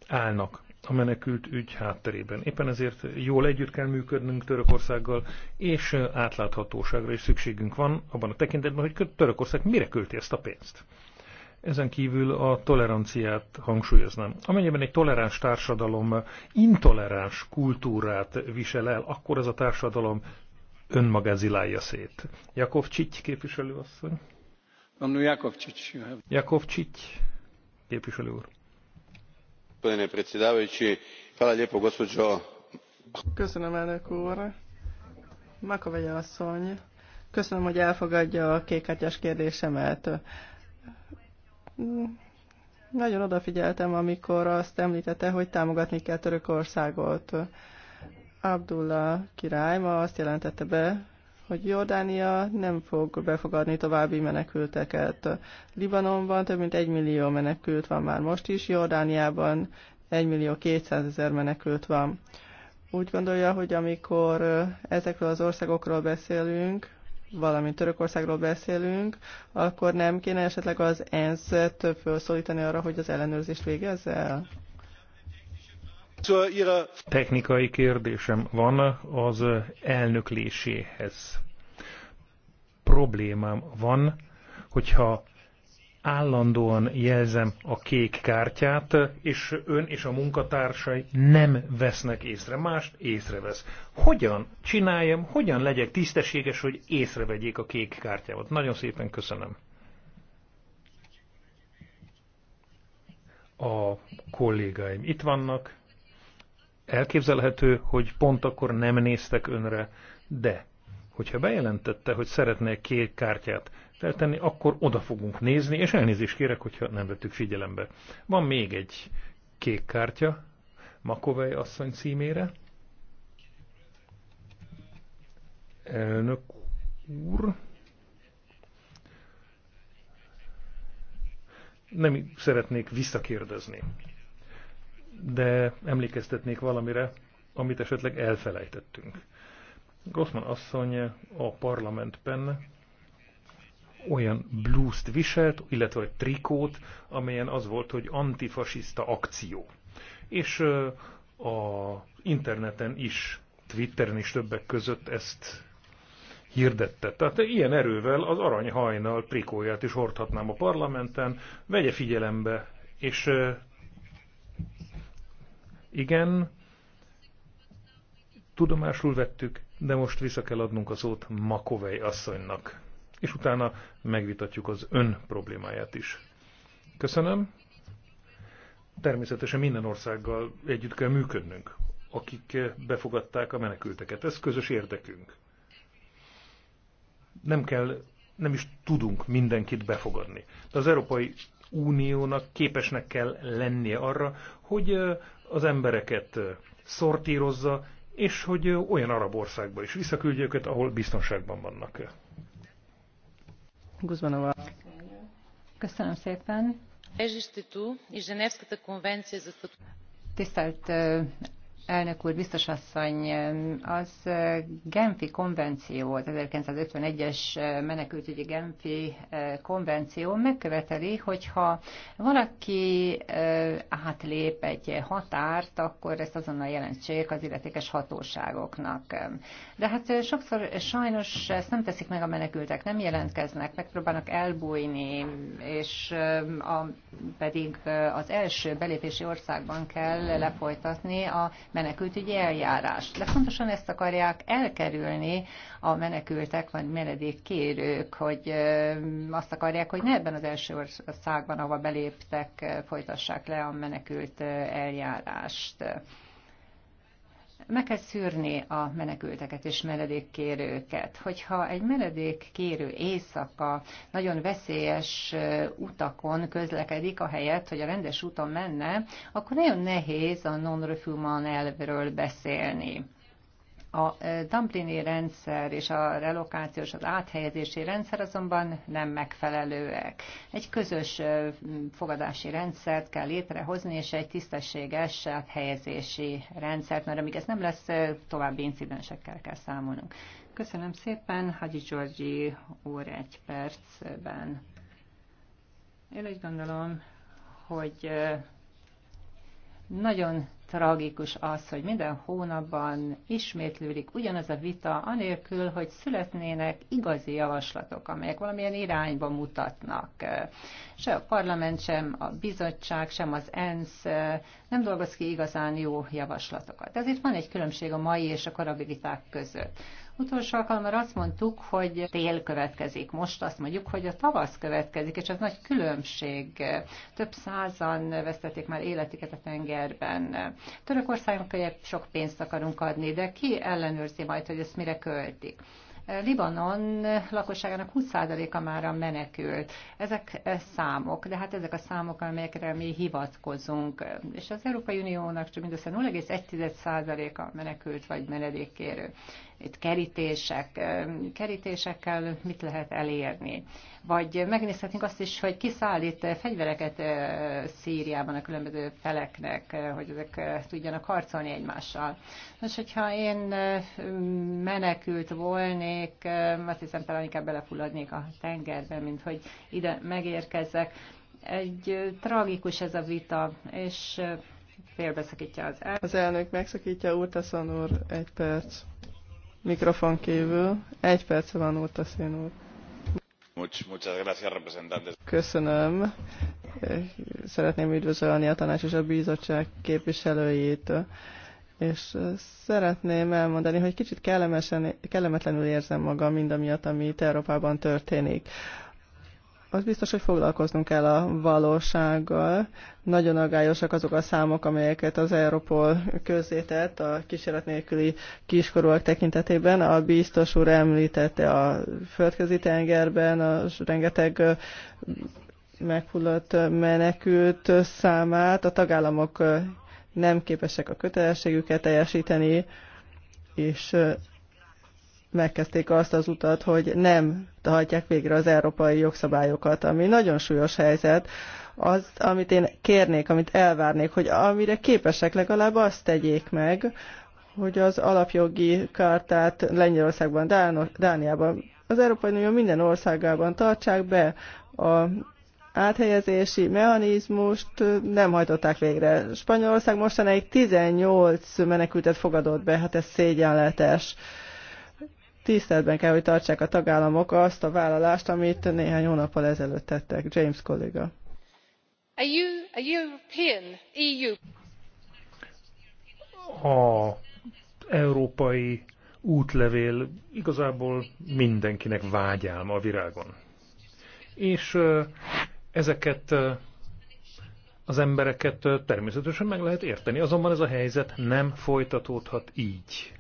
állnak a menekült ügy hátterében. Éppen ezért jól együtt kell működnünk Törökországgal, és átláthatóságra is szükségünk van abban a tekintetben, hogy Törökország mire költi ezt a pénzt. Ezen kívül a toleranciát hangsúlyoznám. Amennyiben egy toleráns társadalom intoleráns kultúrát visel el, akkor ez a társadalom önmagázilálja szét. Jakov Csics képviselőasszony. Annu Jakov Csics. Jakov Csics képviselő úr. Köszönöm, elnök úr. Makovegye asszony, köszönöm, hogy elfogadja a kékkártyás kérdésemet nagyon odafigyeltem, amikor azt említette, hogy támogatni kell Törökországot. Abdullah király ma azt jelentette be, hogy Jordánia nem fog befogadni további menekülteket. Libanonban több mint egy millió menekült van már most is, Jordániában egy millió 200 ezer menekült van. Úgy gondolja, hogy amikor eh, ezekről az országokról beszélünk, valamint Törökországról beszélünk, akkor nem kéne esetleg az ENSZ-et felszólítani arra, hogy az ellenőrzést végezze el? Technikai kérdésem van az elnökléséhez. Problémám van, hogyha állandóan jelzem a kék kártyát, és ön és a munkatársai nem vesznek észre, mást észrevesz. Hogyan csináljam, hogyan legyek tisztességes, hogy észrevegyék a kék kártyámat? Nagyon szépen köszönöm. A kollégáim itt vannak. Elképzelhető, hogy pont akkor nem néztek önre, de hogyha bejelentette, hogy szeretne kék kártyát, feltenni, akkor oda fogunk nézni, és elnézést kérek, hogyha nem vettük figyelembe. Van még egy kék kártya Makovej asszony címére. Elnök úr. Nem szeretnék visszakérdezni, de emlékeztetnék valamire, amit esetleg elfelejtettünk. Grossman asszony a parlamentben olyan blúzt viselt, illetve egy trikót, amelyen az volt, hogy antifasiszta akció. És a interneten is, Twitteren is többek között ezt hirdette. Tehát ilyen erővel az aranyhajnal trikóját is hordhatnám a parlamenten, vegye figyelembe, és igen, tudomásul vettük, de most vissza kell adnunk a szót Makovej asszonynak és utána megvitatjuk az ön problémáját is. Köszönöm. Természetesen minden országgal együtt kell működnünk, akik befogadták a menekülteket. Ez közös érdekünk. Nem kell, nem is tudunk mindenkit befogadni. De az Európai Uniónak képesnek kell lennie arra, hogy az embereket szortírozza, és hogy olyan arab országba is visszaküldje őket, ahol biztonságban vannak. Köszönöm szépen. Tisztelt Elnök úr, biztos asszony, az Genfi konvenció, az 1951-es menekültügyi Genfi eh, konvenció megköveteli, hogyha valaki eh, átlép egy határt, akkor ezt azonnal jelentsék az illetékes hatóságoknak. De hát eh, sokszor sajnos ezt nem teszik meg a menekültek, nem jelentkeznek, megpróbálnak elbújni, és a, pedig az első belépési országban kell lefolytatni a menekültügyi eljárást. De pontosan ezt akarják elkerülni a menekültek vagy kérők, hogy azt akarják, hogy ne ebben az első országban, ahova beléptek, folytassák le a menekült eljárást. Meg kell szűrni a menekülteket és menedékkérőket. Hogyha egy menedékkérő éjszaka nagyon veszélyes utakon közlekedik, a helyet, hogy a rendes úton menne, akkor nagyon nehéz a non refuman elvről beszélni. A e, Dublini rendszer és a relokációs, az áthelyezési rendszer azonban nem megfelelőek. Egy közös e, fogadási rendszert kell létrehozni, és egy tisztességes áthelyezési rendszert, mert amíg ez nem lesz, e, további incidensekkel kell számolnunk. Köszönöm szépen, Hagyi Georgi úr egy percben. Én úgy gondolom, hogy nagyon tragikus az, hogy minden hónapban ismétlődik ugyanaz a vita, anélkül, hogy születnének igazi javaslatok, amelyek valamilyen irányba mutatnak. Se a parlament, sem a bizottság, sem az ENSZ eh, nem dolgoz ki igazán jó javaslatokat. Ezért van egy különbség a mai és a korabiliták között. Utolsó alkalommal azt mondtuk, hogy tél következik. Most azt mondjuk, hogy a tavasz következik, és ez nagy különbség. Több százan vesztették már életüket a tengerben. Törökországon sok pénzt akarunk adni, de ki ellenőrzi majd, hogy ezt mire költik? Libanon lakosságának 20%-a már a menekült. Ezek e, számok, de hát ezek a számok, amelyekre mi hivatkozunk. És az Európai Uniónak csak mindössze 0,1%-a menekült vagy menedékkérő. Itt kerítések, e, kerítésekkel mit lehet elérni? Vagy megnézhetünk azt is, hogy kiszállít fegyvereket e, Szíriában a különböző feleknek, hogy ezek tudjanak harcolni egymással. Most, hogyha én menekült volnék, lennék, azt hiszem talán inkább belefulladnék a tengerbe, mint hogy ide megérkezzek. Egy tragikus ez a vita, és félbeszakítja az elnök. Az elnök megszakítja, Urtaszon úr, egy perc. Mikrofon kívül. Egy perc van, Urtaszén úr. Köszönöm. Szeretném üdvözölni a tanács és a bizottság képviselőjét és szeretném elmondani, hogy kicsit kellemesen, kellemetlenül érzem magam mindamiatt, ami itt Európában történik. Az biztos, hogy foglalkoznunk kell a valósággal. Nagyon agályosak azok a számok, amelyeket az Európol közzétett a kísérlet nélküli kiskorúak tekintetében. A biztos úr említette a földközi tengerben a rengeteg meghullott menekült számát. A tagállamok nem képesek a kötelességüket teljesíteni, és megkezdték azt az utat, hogy nem hajtják végre az európai jogszabályokat, ami nagyon súlyos helyzet. Az, amit én kérnék, amit elvárnék, hogy amire képesek, legalább azt tegyék meg, hogy az alapjogi kártát Lengyelországban, Dániában, az Európai Unió minden országában tartsák be a áthelyezési mechanizmust nem hajtották végre. Spanyolország mostanáig 18 menekültet fogadott be, hát ez szégyenletes. Tiszteletben kell, hogy tartsák a tagállamok azt a vállalást, amit néhány hónappal ezelőtt tettek. James kolléga. A, a European EU. A európai útlevél igazából mindenkinek vágyálma a virágon. És Ezeket az embereket természetesen meg lehet érteni, azonban ez a helyzet nem folytatódhat így.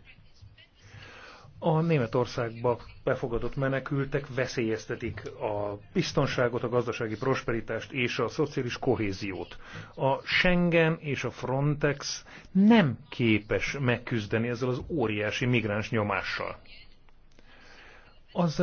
A Németországba befogadott menekültek veszélyeztetik a biztonságot, a gazdasági prosperitást és a szociális kohéziót. A Schengen és a Frontex nem képes megküzdeni ezzel az óriási migráns nyomással. Az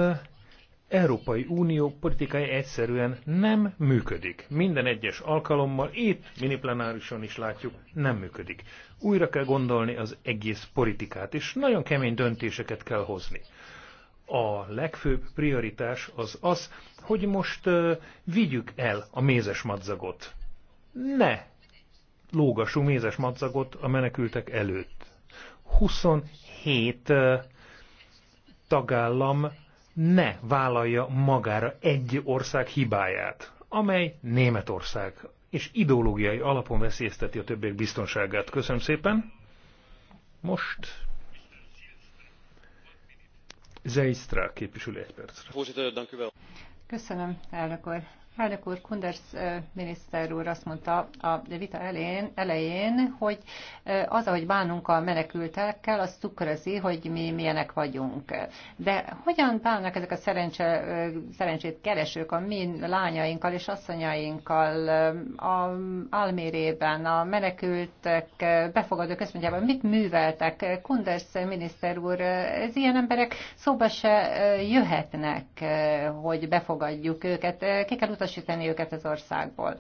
Európai Unió politikai egyszerűen nem működik. Minden egyes alkalommal, itt miniplenárison is látjuk, nem működik. Újra kell gondolni az egész politikát, és nagyon kemény döntéseket kell hozni. A legfőbb prioritás az az, hogy most uh, vigyük el a mézes madzagot. Ne lógassunk mézes madzagot a menekültek előtt. 27 uh, tagállam ne vállalja magára egy ország hibáját, amely Németország, és ideológiai alapon veszélyezteti a többiek biztonságát. Köszönöm szépen. Most Zeistra képviselő egy percre. Köszönöm, elnök úr. Elnök úr, Kunders miniszter úr azt mondta a vita elén, elején, hogy az, ahogy bánunk a menekültekkel, az tükrözi, hogy mi milyenek vagyunk. De hogyan bánnak ezek a szerencse, szerencsét keresők a mi lányainkkal és asszonyainkkal a Almérében, a menekültek befogadó központjában? Mit műveltek? Kunders miniszter úr, ez ilyen emberek szóba se jöhetnek, hogy befogadjuk őket. Ki kell utasítani őket az országból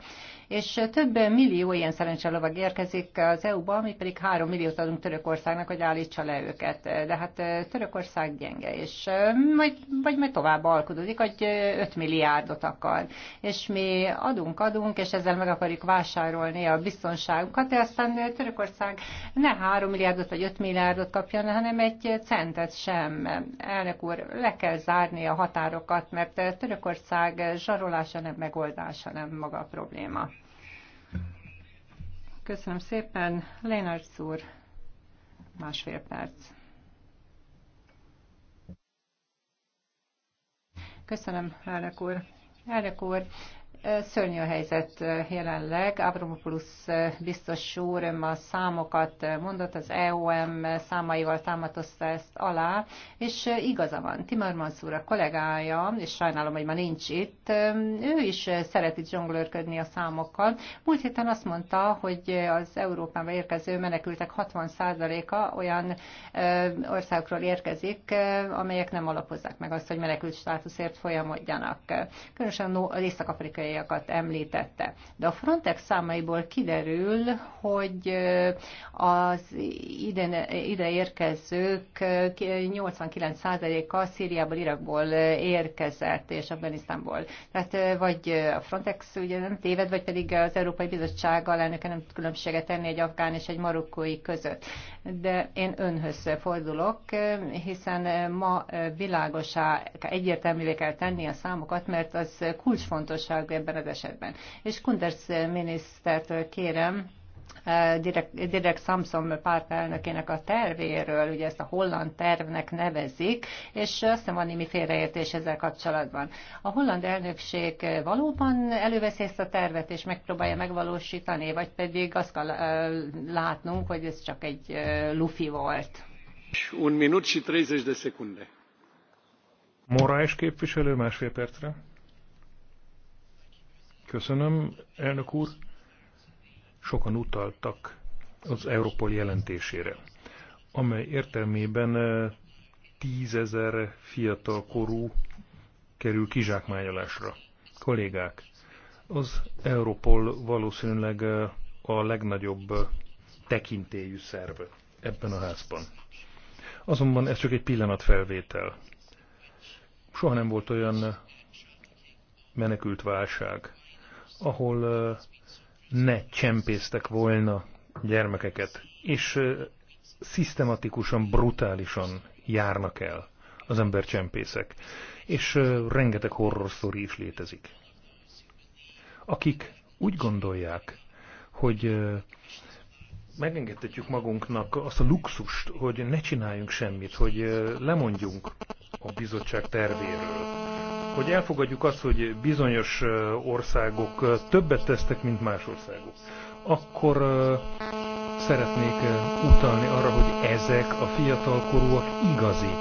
és több millió ilyen szerencselovag érkezik az EU-ba, mi pedig három milliót adunk Törökországnak, hogy állítsa le őket. De hát Törökország gyenge, és majd, vagy majd tovább alkudozik, hogy 5 milliárdot akar. És mi adunk, adunk, és ezzel meg akarjuk vásárolni a biztonságunkat, de aztán Törökország ne 3 milliárdot vagy 5 milliárdot kapjon, hanem egy centet sem. Elnök úr, le kell zárni a határokat, mert Törökország zsarolása nem megoldása, nem maga a probléma. Köszönöm szépen. Lénárc úr, másfél perc. Köszönöm, elnök úr. Elnök úr, Szörnyű a helyzet jelenleg. Abramopoulos biztos úr a számokat mondott, az EOM számaival támatozta ezt alá, és igaza van. Timar Mansur a kollégája, és sajnálom, hogy ma nincs itt, ő is szereti zsonglőrködni a számokkal. Múlt héten azt mondta, hogy az Európába érkező menekültek 60%-a olyan országokról érkezik, amelyek nem alapozzák meg azt, hogy menekült státuszért folyamodjanak. Különösen észak-afrikai kínaiakat említette. De a Frontex számaiból kiderül, hogy az ide, ide érkezők 89%-a Szíriából, Irakból érkezett, és Afganisztánból. Tehát vagy a Frontex ugye nem téved, vagy pedig az Európai Bizottság alelnöke nem tud különbséget tenni egy afgán és egy marokkói között. De én önhöz fordulok, hiszen ma világosá, egyértelművé kell tenni a számokat, mert az kulcsfontosságú ebben az esetben. És Kunders minisztertől kérem, direkt, eh, direkt Samson pártelnökének a tervéről, ugye ezt a holland tervnek nevezik, és azt hiszem van némi félreértés ezzel kapcsolatban. A holland elnökség valóban előveszi ezt a tervet, és megpróbálja megvalósítani, vagy pedig azt kell eh, látnunk, hogy ez csak egy eh, lufi volt. Un minut și 30 de secunde. Moraes képviselő másfél percre. Köszönöm, elnök úr. Sokan utaltak az Európol jelentésére, amely értelmében eh, tízezer fiatal korú kerül kizsákmányolásra. Kollégák, az Európol valószínűleg eh, a legnagyobb eh, tekintélyű szerv ebben a házban. Azonban ez csak egy pillanatfelvétel. Soha nem volt olyan menekült válság, ahol ne csempésztek volna gyermekeket, és szisztematikusan, brutálisan járnak el az embercsempészek. És rengeteg horror sztori is létezik. Akik úgy gondolják, hogy megengedhetjük magunknak azt a luxust, hogy ne csináljunk semmit, hogy lemondjunk a bizottság tervéről, hogy elfogadjuk azt, hogy bizonyos országok többet tesztek, mint más országok, akkor szeretnék utalni arra, hogy ezek a fiatalkorúak igazi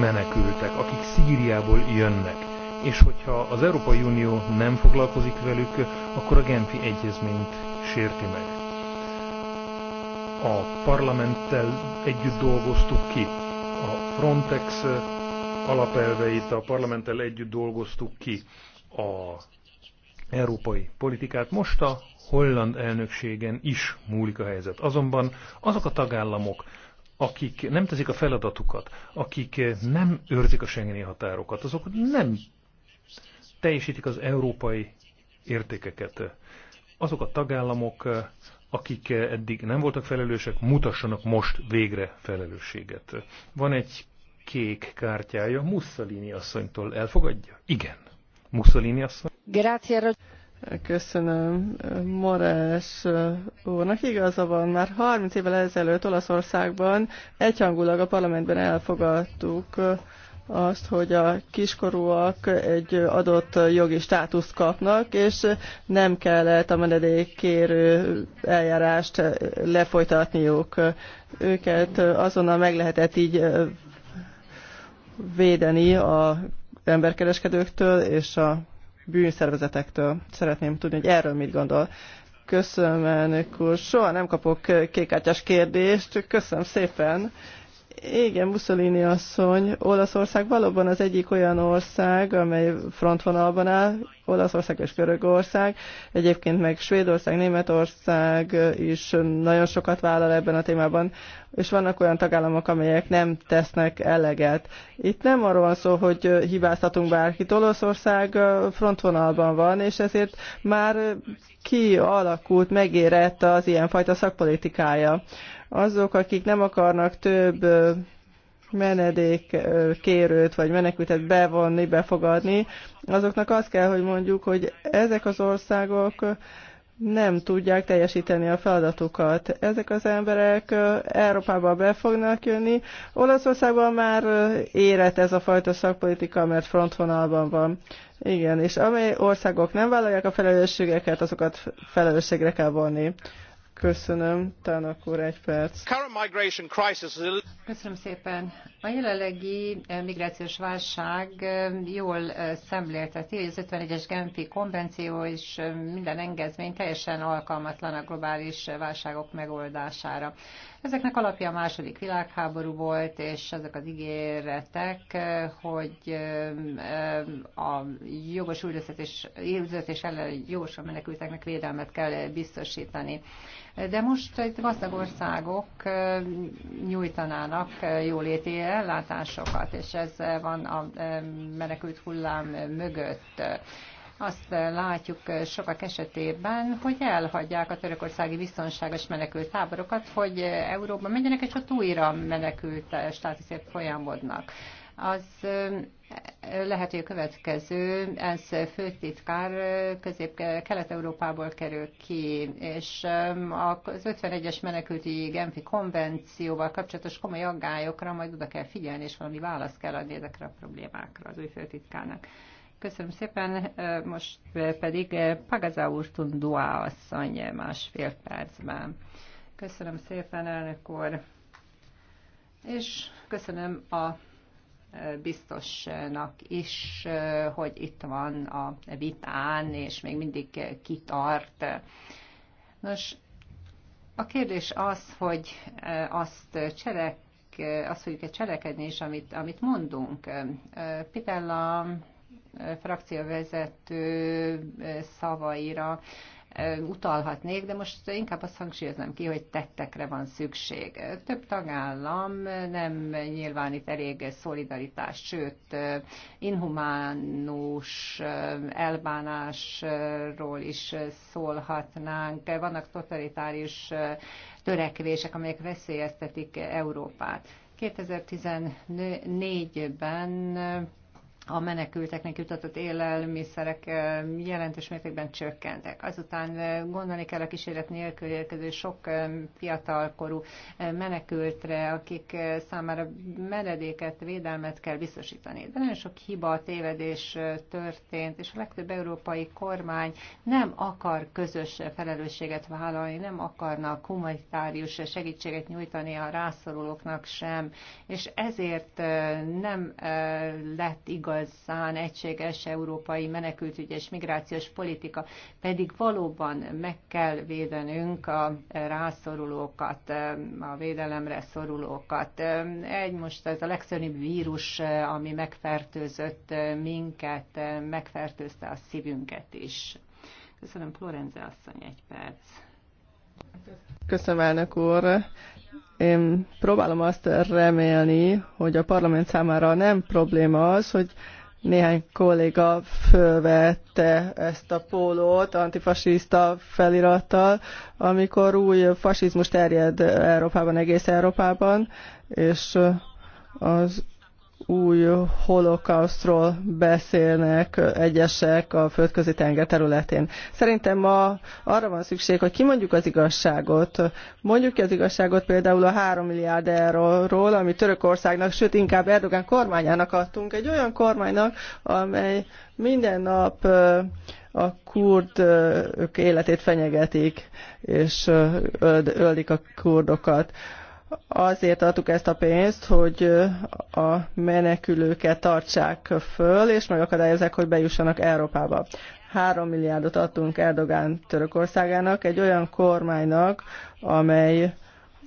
menekültek, akik Szíriából jönnek. És hogyha az Európai Unió nem foglalkozik velük, akkor a Genfi Egyezményt sérti meg. A parlamenttel együtt dolgoztuk ki a Frontex alapelveit a parlamenttel együtt dolgoztuk ki a európai politikát. Most a holland elnökségen is múlik a helyzet. Azonban azok a tagállamok, akik nem teszik a feladatukat, akik nem őrzik a Schengeni határokat, azok nem teljesítik az európai értékeket. Azok a tagállamok, akik eddig nem voltak felelősek, mutassanak most végre felelősséget. Van egy kék kártyája Mussolini asszonytól elfogadja? Igen. Mussolini asszony? Grazie, Köszönöm Morás eh, úrnak. Igaza van, már 30 évvel ezelőtt Olaszországban egyhangulag a parlamentben elfogadtuk eh, azt, hogy a kiskorúak egy adott jogi státuszt kapnak, és nem kellett a menedékkérő eljárást lefolytatniuk. Őket azonnal meg lehetett így eh, védeni az emberkereskedőktől és a bűnszervezetektől. Szeretném tudni, hogy erről mit gondol. Köszönöm, elnök úr. Soha nem kapok kékátyás kérdést. Köszönöm szépen. Igen, Mussolini asszony, Olaszország valóban az egyik olyan ország, amely frontvonalban áll, Olaszország és Görögország, egyébként meg Svédország, Németország is nagyon sokat vállal ebben a témában és vannak olyan tagállamok, amelyek nem tesznek eleget. Itt nem arról van szó, hogy hibáztatunk bárkit. Olaszország frontvonalban van, és ezért már kialakult, megérett az ilyenfajta szakpolitikája. Azok, akik nem akarnak több menedék kérőt vagy menekültet bevonni, befogadni, azoknak azt kell, hogy mondjuk, hogy ezek az országok nem tudják teljesíteni a feladatukat. Ezek az emberek Európába be fognak jönni. Olaszországban már érett ez a fajta szakpolitika, mert frontvonalban van. Igen, és amely országok nem vállalják a felelősségeket, azokat felelősségre kell vonni. Köszönöm, talán akkor egy perc. Köszönöm szépen. A jelenlegi eh, migrációs válság eh, jól eh, szemlélteti, hogy az 51-es Genfi konvenció és minden engedmény teljesen alkalmatlan a globális válságok megoldására. Ezeknek alapja a második világháború volt, és ezek az ígéretek, eh, hogy eh, eh, a jogos üldöztetés, és ellen jogosan menekülteknek védelmet kell biztosítani. De most itt gazdag országok nyújtanának jóléti ellátásokat, és ez van a menekült hullám mögött azt látjuk sokak esetében, hogy elhagyják a törökországi biztonságos menekült táborokat, hogy Európa menjenek, és ott újra menekült státuszért folyamodnak az lehet, hogy a következő ENSZ főtitkár közép-kelet-európából kerül ki, és az 51-es menekülti Genfi konvencióval kapcsolatos komoly aggályokra majd oda kell figyelni, és valami választ kell adni ezekre a problémákra az új főtitkárnak. Köszönöm szépen, most pedig Pagaza úr Tundua asszony másfél percben. Köszönöm szépen, elnök úr. És köszönöm a biztosnak is, hogy itt van a vitán, és még mindig kitart. Nos, a kérdés az, hogy azt cselek, azt fogjuk-e cselekedni és amit, amit mondunk. Pitella frakcióvezető szavaira utalhatnék, de most inkább azt hangsúlyoznám ki, hogy tettekre van szükség. Több tagállam nem nyilvánít elég szolidaritást, sőt, inhumánus elbánásról is szólhatnánk. Vannak totalitárius törekvések, amelyek veszélyeztetik Európát. 2014-ben a menekülteknek jutatott élelmiszerek jelentős mértékben csökkentek. Azután gondolni kell a kísérlet nélkül érkező sok fiatalkorú menekültre, akik számára menedéket, védelmet kell biztosítani. De nagyon sok hiba, tévedés történt, és a legtöbb európai kormány nem akar közös felelősséget vállalni, nem akarnak humanitárius segítséget nyújtani a rászorulóknak sem, és ezért nem lett igaz igazán egységes európai menekültügyi és migrációs politika, pedig valóban meg kell védenünk a rászorulókat, a védelemre szorulókat. Egy most ez a legszörnyűbb vírus, ami megfertőzött minket, megfertőzte a szívünket is. Köszönöm, Florence asszony, egy perc. Köszönöm, elnök úr. Én próbálom azt remélni, hogy a parlament számára nem probléma az, hogy néhány kolléga fölvette ezt a pólót antifasiszta felirattal, amikor új fasizmus terjed Európában, egész Európában, és az új holokausztról beszélnek egyesek a földközi tenger területén. Szerintem ma arra van szükség, hogy kimondjuk az igazságot. Mondjuk ki az igazságot például a 3 milliárd euróról, ami Törökországnak, sőt inkább Erdogán kormányának adtunk, egy olyan kormánynak, amely minden nap a kurdok életét fenyegetik, és öld, öldik a kurdokat. Azért adtuk ezt a pénzt, hogy a menekülőket tartsák föl, és megakadályozzák, hogy bejussanak Európába. Három milliárdot adtunk Erdogán Törökországának, egy olyan kormánynak, amely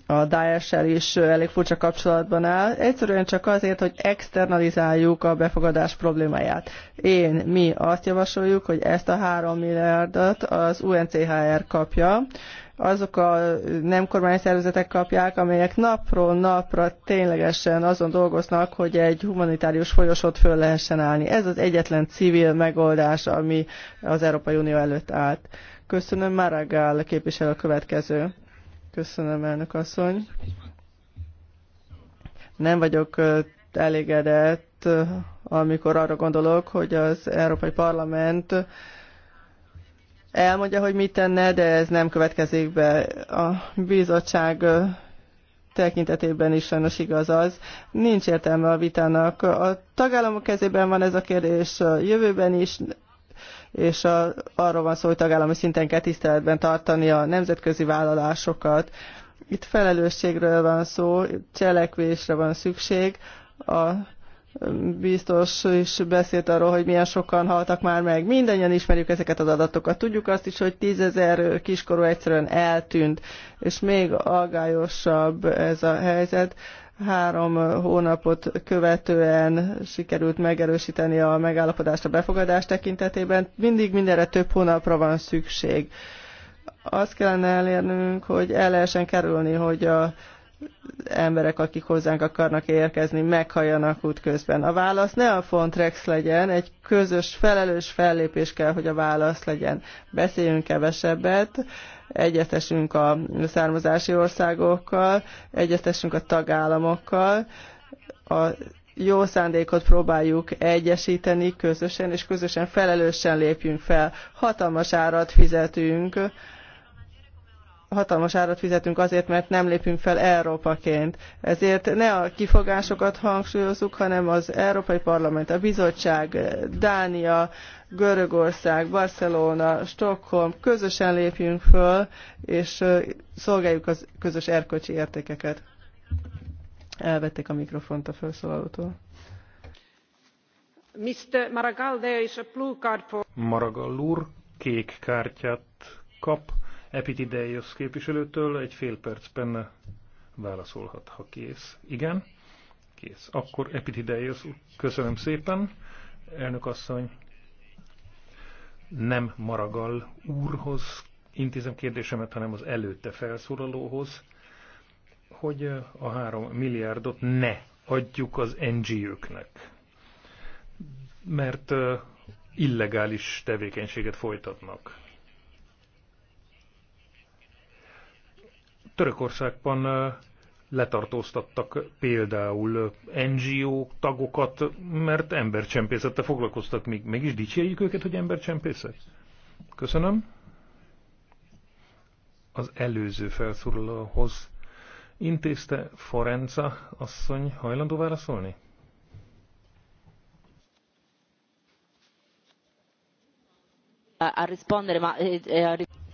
a Daesh-el is elég furcsa kapcsolatban áll, egyszerűen csak azért, hogy externalizáljuk a befogadás problémáját. Én, mi azt javasoljuk, hogy ezt a három milliárdot az UNCHR kapja, azok a nem kormány szervezetek kapják, amelyek napról napra ténylegesen azon dolgoznak, hogy egy humanitárius folyosót föl lehessen állni. Ez az egyetlen civil megoldás, ami az Európai Unió előtt állt. Köszönöm, Maragall képviselő a következő. Köszönöm, elnök asszony. Nem vagyok elégedett, amikor arra gondolok, hogy az Európai Parlament elmondja, hogy mit tenne, de ez nem következik be. A bizottság tekintetében is sajnos igaz az. Nincs értelme a vitának. A tagállamok kezében van ez a kérdés a jövőben is, és a, arról van szó, hogy tagállami szinten kell tiszteletben tartani a nemzetközi vállalásokat. Itt felelősségről van szó, cselekvésre van szükség. A biztos is beszélt arról, hogy milyen sokan haltak már meg. Mindennyian ismerjük ezeket az adatokat. Tudjuk azt is, hogy tízezer kiskorú egyszerűen eltűnt, és még aggályosabb ez a helyzet. Három hónapot követően sikerült megerősíteni a megállapodást a befogadás tekintetében. Mindig mindenre több hónapra van szükség. Azt kellene elérnünk, hogy el lehessen kerülni, hogy a emberek, akik hozzánk akarnak érkezni, meghalljanak útközben. A válasz ne a Fontrex legyen, egy közös, felelős fellépés kell, hogy a válasz legyen. Beszéljünk kevesebbet, egyeztessünk a származási országokkal, egyeztessünk a tagállamokkal, a jó szándékot próbáljuk egyesíteni közösen, és közösen felelősen lépjünk fel. Hatalmas árat fizetünk, hatalmas árat fizetünk azért, mert nem lépünk fel Európaként. Ezért ne a kifogásokat hangsúlyozzuk, hanem az Európai Parlament, a Bizottság, Dánia, Görögország, Barcelona, Stockholm, közösen lépjünk föl, és szolgáljuk az közös erkölcsi értékeket. Elvették a mikrofont a felszólalótól. Maragall úr kék kártyát kap. Epitideios képviselőtől egy fél benne válaszolhat, ha kész. Igen? Kész. Akkor Epitideios, köszönöm szépen, elnök asszony. Nem Maragall úrhoz intézem kérdésemet, hanem az előtte felszólalóhoz, hogy a három milliárdot ne adjuk az NGO-knek. Mert illegális tevékenységet folytatnak Törökországban letartóztattak például NGO tagokat, mert embercsempészettel foglalkoztak, még meg is dicsérjük őket, hogy embercsempészek. Köszönöm. Az előző felszólalóhoz intézte Forenza asszony hajlandó válaszolni? A, a rispondere, ma, eh, eh, a, a...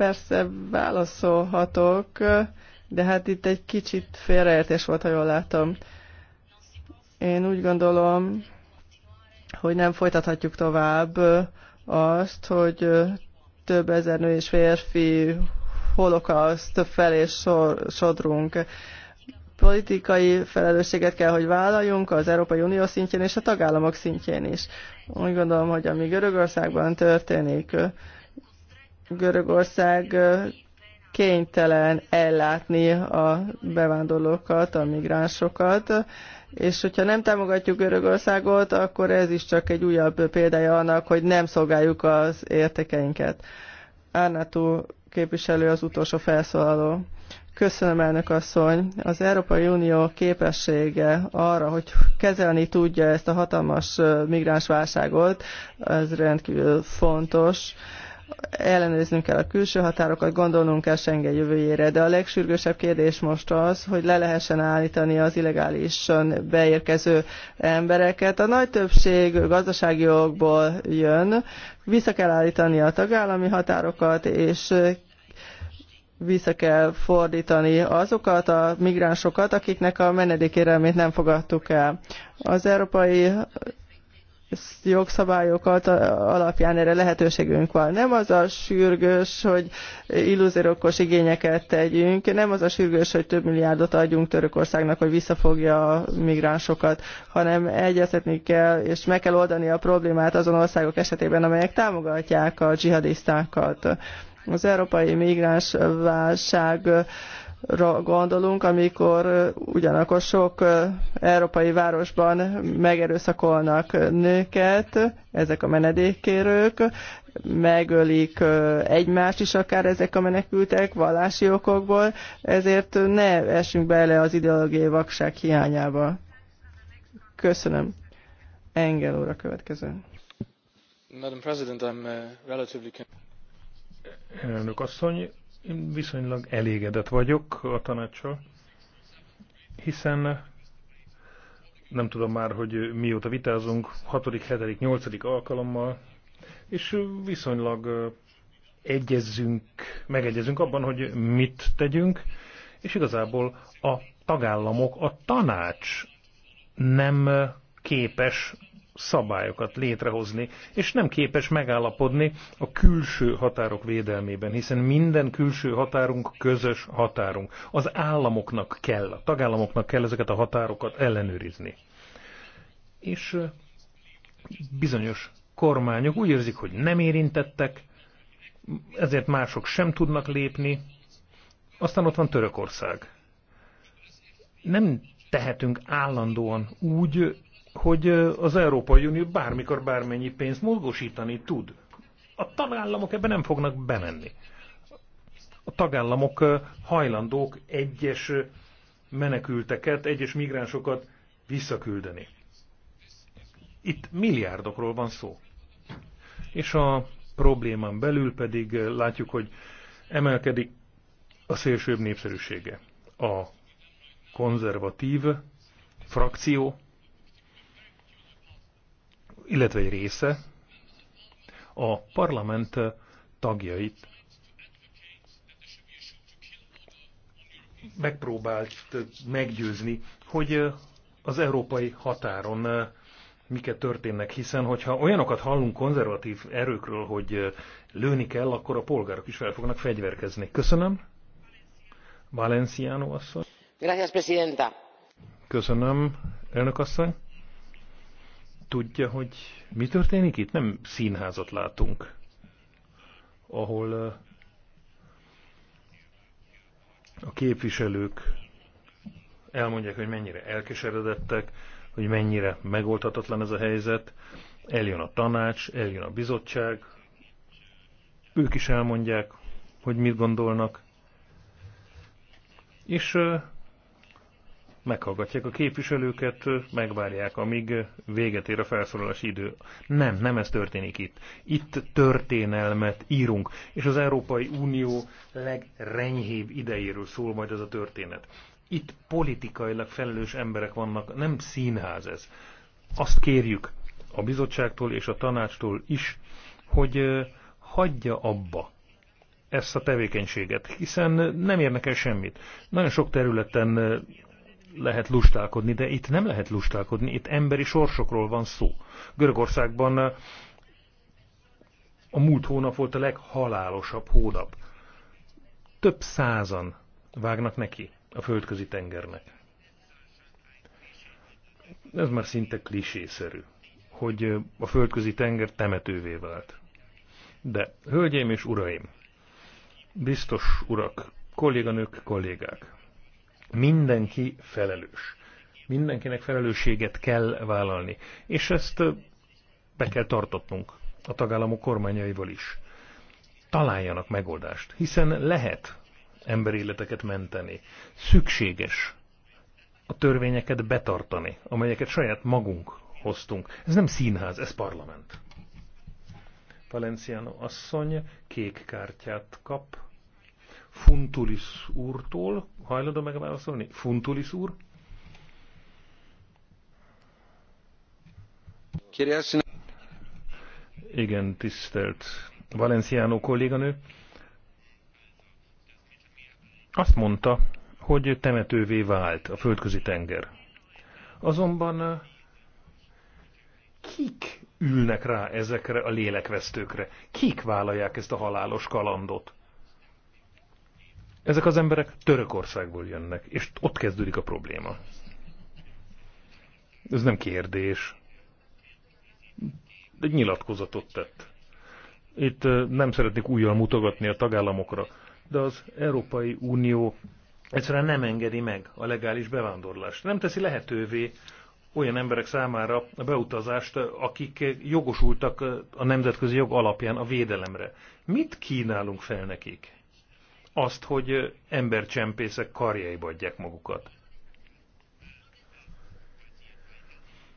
Persze válaszolhatok, de hát itt egy kicsit félreértés volt, ha jól látom. Én úgy gondolom, hogy nem folytathatjuk tovább azt, hogy több ezer nő és férfi holokauszt felé sor, sodrunk. Politikai felelősséget kell, hogy vállaljunk az Európai Unió szintjén és a tagállamok szintjén is. Úgy gondolom, hogy amíg Görögországban történik, Görögország kénytelen ellátni a bevándorlókat, a migránsokat, és hogyha nem támogatjuk Görögországot, akkor ez is csak egy újabb példája annak, hogy nem szolgáljuk az értékeinket. Árnátó képviselő az utolsó felszólaló. Köszönöm, elnök asszony. Az Európai Unió képessége arra, hogy kezelni tudja ezt a hatalmas migránsválságot, ez rendkívül fontos ellenőznünk kell a külső határokat, gondolnunk kell Schengen jövőjére, de a legsürgősebb kérdés most az, hogy le lehessen állítani az illegálisan beérkező embereket. A nagy többség gazdasági jogból jön, vissza kell állítani a tagállami határokat, és vissza kell fordítani azokat a migránsokat, akiknek a menedékérelmét nem fogadtuk el. Az európai jogszabályokat alapján erre lehetőségünk van. Nem az a sürgős, hogy illúziókos igényeket tegyünk, nem az a sürgős, hogy több milliárdot adjunk Törökországnak, hogy visszafogja a migránsokat, hanem egyeztetni kell, és meg kell oldani a problémát azon országok esetében, amelyek támogatják a dzsihadistákat. Az európai migráns válság gondolunk, amikor ugyanakkor sok európai városban megerőszakolnak nőket, ezek a menedékkérők, megölik egymást is akár ezek a menekültek vallási okokból, ezért ne esünk bele az ideológiai vakság hiányába. Köszönöm. Engel óra következő. Madam President, I'm uh, relatively... Elnök asszony, én viszonylag elégedett vagyok a tanácssal, hiszen nem tudom már, hogy mióta vitázunk, 6., 7., 8. alkalommal, és viszonylag egyezzünk, megegyezünk abban, hogy mit tegyünk, és igazából a tagállamok, a tanács nem képes szabályokat létrehozni, és nem képes megállapodni a külső határok védelmében, hiszen minden külső határunk közös határunk. Az államoknak kell, a tagállamoknak kell ezeket a határokat ellenőrizni. És bizonyos kormányok úgy érzik, hogy nem érintettek, ezért mások sem tudnak lépni. Aztán ott van Törökország. Nem tehetünk állandóan úgy hogy az Európai Unió bármikor bármennyi pénzt mozgósítani tud. A tagállamok ebben nem fognak bemenni. A tagállamok hajlandók egyes menekülteket, egyes migránsokat visszaküldeni. Itt milliárdokról van szó. És a problémán belül pedig látjuk, hogy emelkedik a szélsőbb népszerűsége. A konzervatív frakció illetve egy része a parlament tagjait megpróbált meggyőzni, hogy az európai határon miket történnek, hiszen hogyha olyanokat hallunk konzervatív erőkről, hogy lőni kell, akkor a polgárok is fel fognak fegyverkezni. Köszönöm. Valenciano asszony. Gracias, presidenta. Köszönöm, elnök asszony. Tudja, hogy mi történik itt? Nem színházat látunk, ahol eh, a képviselők elmondják, hogy mennyire elkeseredettek, hogy mennyire megoldhatatlan ez a helyzet. Eljön a tanács, eljön a bizottság, ők is elmondják, hogy mit gondolnak. És eh, meghallgatják a képviselőket, megvárják, amíg véget ér a felszólalási idő. Nem, nem ez történik itt. Itt történelmet írunk, és az Európai Unió legrenyhébb idejéről szól majd ez a történet. Itt politikailag felelős emberek vannak, nem színház ez. Azt kérjük a bizottságtól és a tanácstól is, hogy hagyja abba ezt a tevékenységet, hiszen nem érnek el semmit. Nagyon sok területen lehet lustálkodni, de itt nem lehet lustálkodni, itt emberi sorsokról van szó. Görögországban a múlt hónap volt a leghalálosabb hónap. Több százan vágnak neki a földközi tengernek. Ez már szinte klisészerű, hogy a földközi tenger temetővé vált. De, hölgyeim és uraim, biztos urak, kolléganők, kollégák, Mindenki felelős. Mindenkinek felelősséget kell vállalni. És ezt be kell tartatnunk a tagállamok kormányaival is. Találjanak megoldást, hiszen lehet emberi életeket menteni. Szükséges a törvényeket betartani, amelyeket saját magunk hoztunk. Ez nem színház, ez parlament. Valenciano asszony kék kártyát kap. Funtulis úrtól. Hajlandó megválaszolni? Funtulis úr? Igen, tisztelt Valenciano kolléganő. Azt mondta, hogy temetővé vált a földközi tenger. Azonban kik ülnek rá ezekre a lélekvesztőkre? Kik vállalják ezt a halálos kalandot? Ezek az emberek Törökországból jönnek, és ott kezdődik a probléma. Ez nem kérdés. Egy nyilatkozatot tett. Itt nem szeretnék újjal mutogatni a tagállamokra, de az Európai Unió egyszerűen nem engedi meg a legális bevándorlást. Nem teszi lehetővé olyan emberek számára a beutazást, akik jogosultak a nemzetközi jog alapján a védelemre. Mit kínálunk fel nekik? azt, hogy embercsempészek karjaiba adják magukat.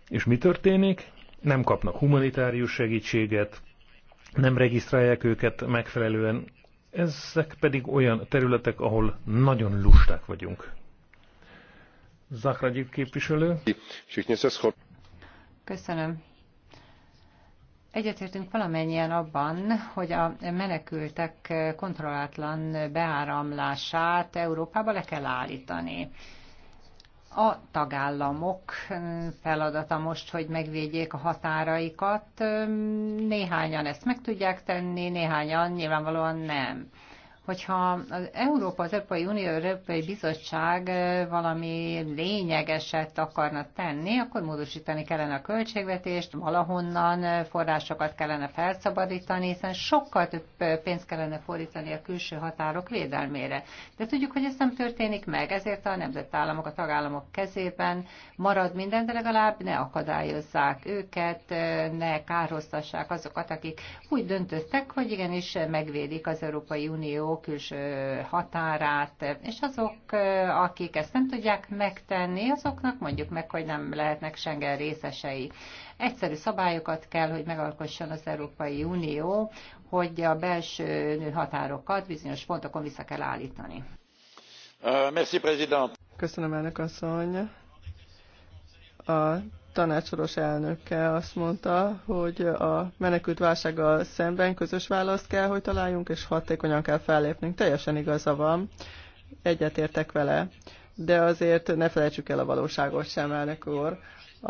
És mi történik? Nem kapnak humanitárius segítséget, nem regisztrálják őket megfelelően, ezek pedig olyan területek, ahol nagyon lusták vagyunk. Zahragyik képviselő. Köszönöm. Egyetértünk valamennyien abban, hogy a menekültek kontrollátlan beáramlását Európába le kell állítani. A tagállamok feladata most, hogy megvédjék a határaikat. Néhányan ezt meg tudják tenni, néhányan nyilvánvalóan nem hogyha az Európa, az Európai Unió, az Európai Bizottság valami lényegeset akarna tenni, akkor módosítani kellene a költségvetést, valahonnan forrásokat kellene felszabadítani, hiszen sokkal több pénzt kellene fordítani a külső határok védelmére. De tudjuk, hogy ez nem történik meg, ezért a nemzetállamok, a tagállamok kezében marad minden, de legalább ne akadályozzák őket, ne kárhoztassák azokat, akik úgy döntöttek, hogy igenis megvédik az Európai Unió Unió külső határát, és azok, akik ezt nem tudják megtenni, azoknak mondjuk meg, hogy nem lehetnek Schengen részesei. Egyszerű szabályokat kell, hogy megalkosson az Európai Unió, hogy a belső határokat bizonyos pontokon vissza kell állítani. Köszönöm, elnök asszony. A tanácsoros elnöke azt mondta, hogy a menekült válsággal szemben közös választ kell, hogy találjunk, és hatékonyan kell fellépnünk. Teljesen igaza van, egyetértek vele, de azért ne felejtsük el a valóságot sem, elnök úr.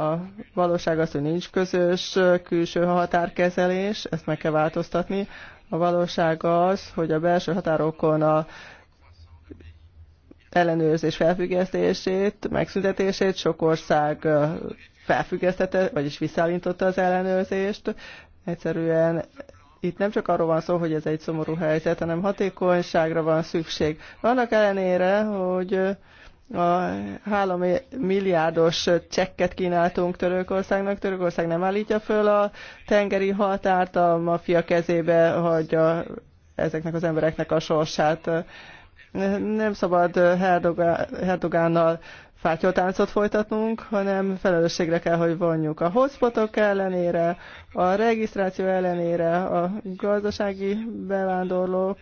A valóság az, hogy nincs közös külső határkezelés, ezt meg kell változtatni. A valóság az, hogy a belső határokon a ellenőrzés felfüggesztését, megszüntetését sok ország felfüggesztette, vagyis visszaállította az ellenőrzést. Egyszerűen itt nem csak arról van szó, hogy ez egy szomorú helyzet, hanem hatékonyságra van szükség. Annak ellenére, hogy a 3 milliárdos csekket kínáltunk Törökországnak. Törökország nem állítja föl a tengeri határt, a mafia kezébe hagyja ezeknek az embereknek a sorsát. Nem szabad Herdogánnal fátyoltáncot folytatnunk, hanem felelősségre kell, hogy vonjuk a hotspotok ellenére, a regisztráció ellenére, a gazdasági bevándorlók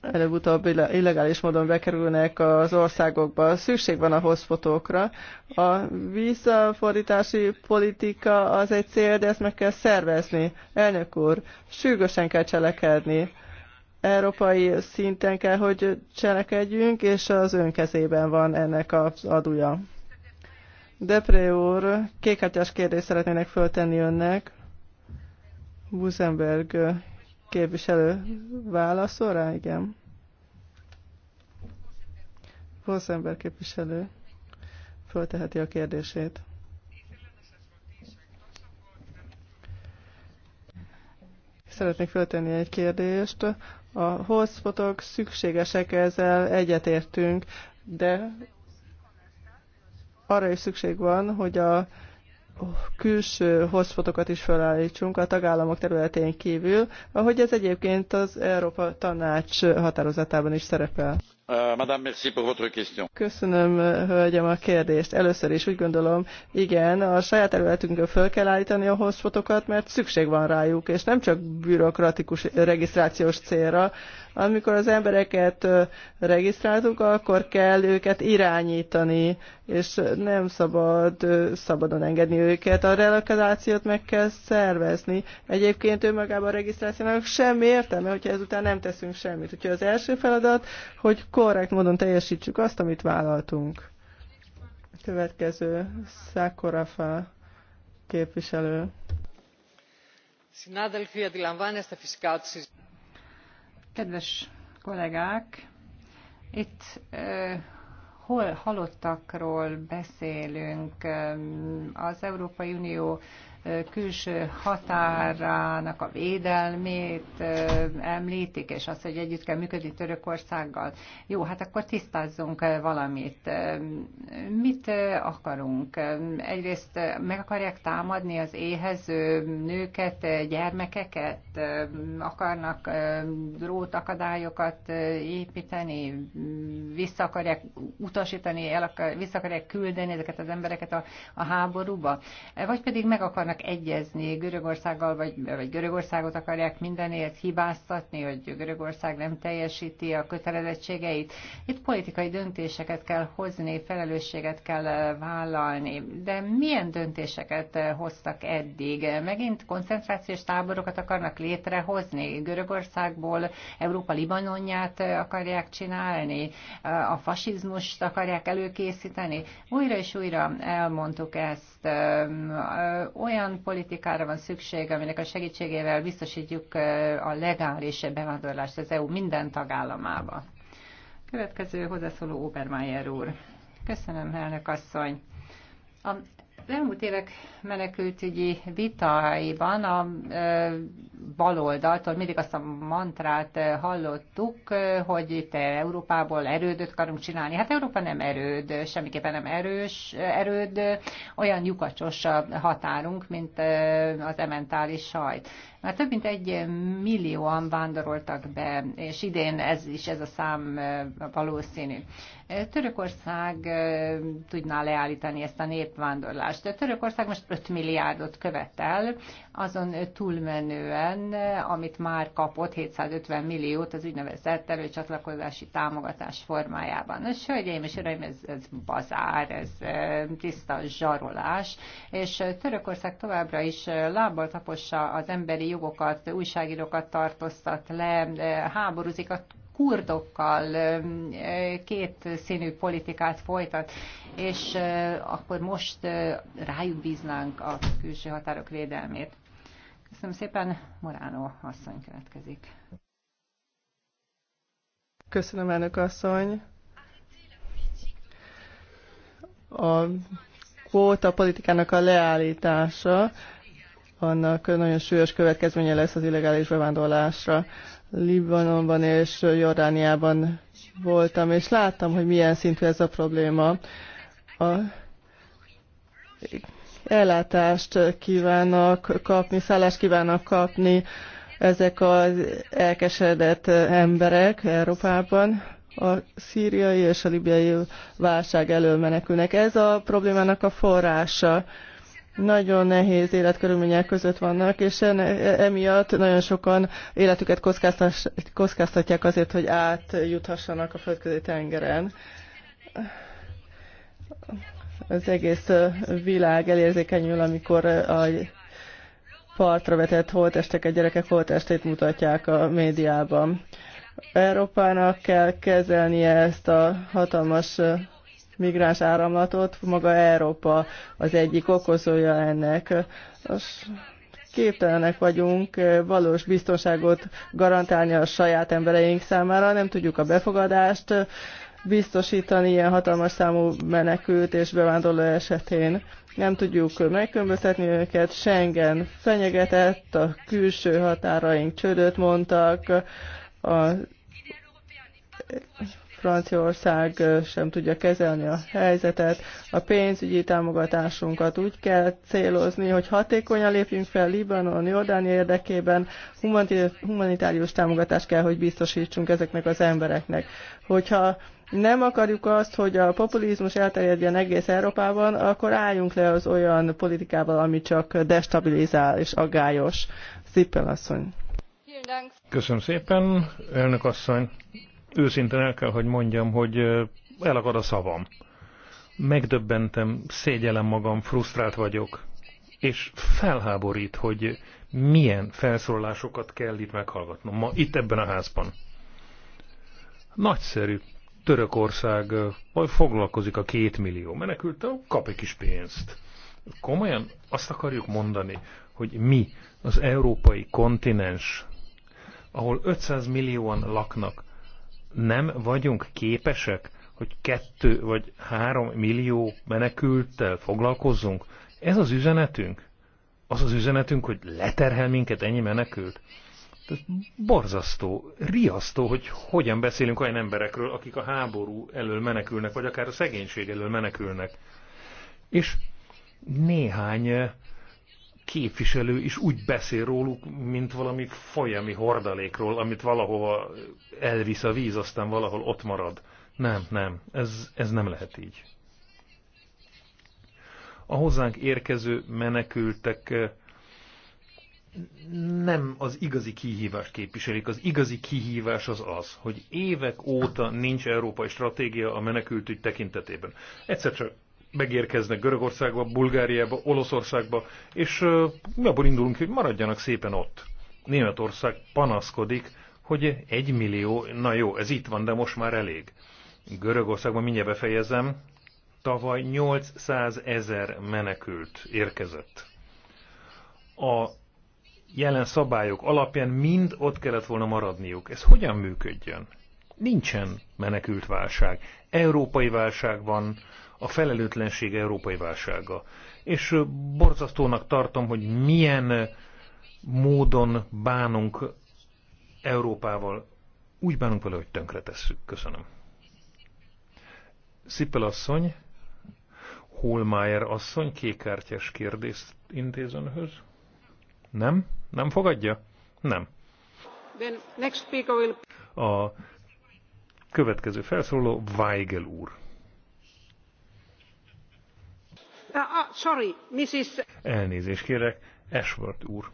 előbb-utóbb illegális módon bekerülnek az országokba. Szükség van a hotspotokra. A visszafordítási politika az egy cél, de ezt meg kell szervezni. Elnök úr, sürgősen kell cselekedni európai szinten kell, hogy cselekedjünk, és az kezében van ennek az adója. Depré úr, kékhártyás kérdést szeretnének föltenni önnek. Buzenberg képviselő válaszol rá? Igen. Buzenberg képviselő fölteheti a kérdését. Szeretnék föltenni egy kérdést. A hotspotok szükségesek, ezzel egyetértünk, de arra is szükség van, hogy a külső hotspotokat is felállítsunk a tagállamok területén kívül, ahogy ez egyébként az Európa Tanács határozatában is szerepel. Euh, Köszönöm, eh, hölgyem, a kérdést. Először is úgy gondolom, igen, a saját területünkön föl kell álltani a hotspotokat mert szükség van rájuk, és nem csak bürokratikus regisztrációs célra, amikor az embereket regisztráltuk, akkor kell őket irányítani, és nem szabad szabadon engedni őket. A relokalizációt meg kell szervezni. Egyébként önmagában a regisztrációnak semmi értelme, hogyha ezután nem teszünk semmit. Úgyhogy az első feladat, hogy korrekt módon teljesítsük azt, amit vállaltunk. Következő Szákorafa képviselő. Kedves kollégák, itt hol halottakról beszélünk, az Európai Unió külső határának a védelmét említik, és azt, hogy együtt kell működni Törökországgal. Jó, hát akkor tisztázzunk valamit. Mit akarunk? Egyrészt meg akarják támadni az éhező nőket, gyermekeket? Akarnak drótakadályokat építeni? Vissza akarják utasítani, el akar, vissza akarják küldeni ezeket az embereket a, a háborúba? Vagy pedig meg akarnak akarják egyezni Görögországgal, vagy, vagy Görögországot akarják mindenért hibáztatni, hogy Görögország nem teljesíti a kötelezettségeit. Itt politikai döntéseket kell hozni, felelősséget kell eh, vállalni. De milyen döntéseket eh, hoztak eddig? Megint koncentrációs táborokat akarnak létrehozni? Görögországból Európa Libanonját eh, akarják csinálni? A fasizmust akarják előkészíteni? Újra és újra elmondtuk ezt. Olyan olyan politikára van szükség, aminek a segítségével biztosítjuk a legális bevándorlást az EU minden tagállamába. Következő hozzászóló Obermeier úr. Köszönöm, elnök asszony. A elmúlt évek menekültügyi vitáiban a baloldaltól mindig azt a mantrát hallottuk, hogy itt Európából erődöt akarunk csinálni. Hát Európa nem erőd, semmiképpen nem erős erőd, olyan lyukacsos a határunk, mint az ementális sajt. Már több mint egy millióan vándoroltak be, és idén ez is ez a szám valószínű. Törökország tudná leállítani ezt a népvándorlást. Törökország most 5 milliárdot követel, azon túlmenően, amit már kapott 750 milliót az úgynevezett előcsatlakozási támogatás formájában. És hölgyeim és uraim, ez, ez bazár, ez tiszta zsarolás, és Törökország továbbra is lábbal tapossa az emberi jogokat, újságírókat tartoztat le, háborúzik a kurdokkal két színű politikát folytat, és akkor most rájuk bíznánk a külső határok védelmét. Köszönöm szépen, Moránó asszony következik. Köszönöm, elnök asszony. A kvóta politikának a leállítása, annak nagyon súlyos következménye lesz az illegális bevándorlásra. Libanonban és Jordániában voltam, és láttam, hogy milyen szintű ez a probléma. A ellátást kívánnak kapni, szállást kívánnak kapni ezek az elkeseredett emberek Európában. A szíriai és a libiai válság elől menekülnek. Ez a problémának a forrása nagyon nehéz életkörülmények között vannak, és e- emiatt nagyon sokan életüket kockáztatják azért, hogy átjuthassanak a földközi tengeren. Az egész világ elérzékenyül, amikor a partra vetett holtesteket, gyerekek holtestét mutatják a médiában. Európának kell kezelnie ezt a hatalmas migráns áramlatot, maga Európa az egyik okozója ennek. Az képtelenek vagyunk valós biztonságot garantálni a saját embereink számára, nem tudjuk a befogadást biztosítani ilyen hatalmas számú menekült és bevándorló esetén. Nem tudjuk megkülönböztetni őket, Schengen fenyegetett, a külső határaink csődöt mondtak, a Franciaország sem tudja kezelni a helyzetet. A pénzügyi támogatásunkat úgy kell célozni, hogy hatékonyan lépjünk fel Libanon, Jordánia érdekében, humanitárius támogatást kell, hogy biztosítsunk ezeknek az embereknek. Hogyha nem akarjuk azt, hogy a populizmus elterjedjen egész Európában, akkor álljunk le az olyan politikával, ami csak destabilizál és aggályos. Szippel asszony. Köszönöm szépen, elnök asszony. Őszintén el kell, hogy mondjam, hogy elakad a szavam. Megdöbbentem, szégyelem magam, frusztrált vagyok, és felháborít, hogy milyen felszólásokat kell itt meghallgatnom ma itt ebben a házban. Nagyszerű. Törökország majd foglalkozik a két millió menekültel, kap egy kis pénzt. Komolyan azt akarjuk mondani, hogy mi, az európai kontinens, ahol 500 millióan laknak, nem vagyunk képesek, hogy kettő vagy három millió menekülttel foglalkozzunk? Ez az üzenetünk? Az az üzenetünk, hogy leterhel minket ennyi menekült? Tehát borzasztó, riasztó, hogy hogyan beszélünk olyan emberekről, akik a háború elől menekülnek, vagy akár a szegénység elől menekülnek. És néhány képviselő is úgy beszél róluk, mint valami folyami hordalékról, amit valahova elvisz a víz, aztán valahol ott marad. Nem, nem, ez, ez nem lehet így. A hozzánk érkező menekültek eh, nem az igazi kihívást képviselik. Az igazi kihívás az az, hogy évek óta nincs európai stratégia a menekültügy tekintetében. Egyszer csak megérkeznek Görögországba, Bulgáriába, Olaszországba, és abból indulunk, hogy maradjanak szépen ott. Németország panaszkodik, hogy egy millió, na jó, ez itt van, de most már elég. Görögországban mindjárt befejezem, tavaly 800 ezer menekült érkezett. A jelen szabályok alapján mind ott kellett volna maradniuk. Ez hogyan működjön? Nincsen menekült válság. Európai válság van, a felelőtlenség európai válsága. És borzasztónak tartom, hogy milyen módon bánunk Európával. Úgy bánunk vele, hogy tönkretesszük. Köszönöm. Szippel asszony, Holmeier asszony kékártyás kérdést intéz önhöz. Nem? Nem fogadja? Nem. Then next speaker will... A következő felszóló Weigel úr. Uh, uh, sorry, Mrs. Elnézést kérek, Ashworth úr.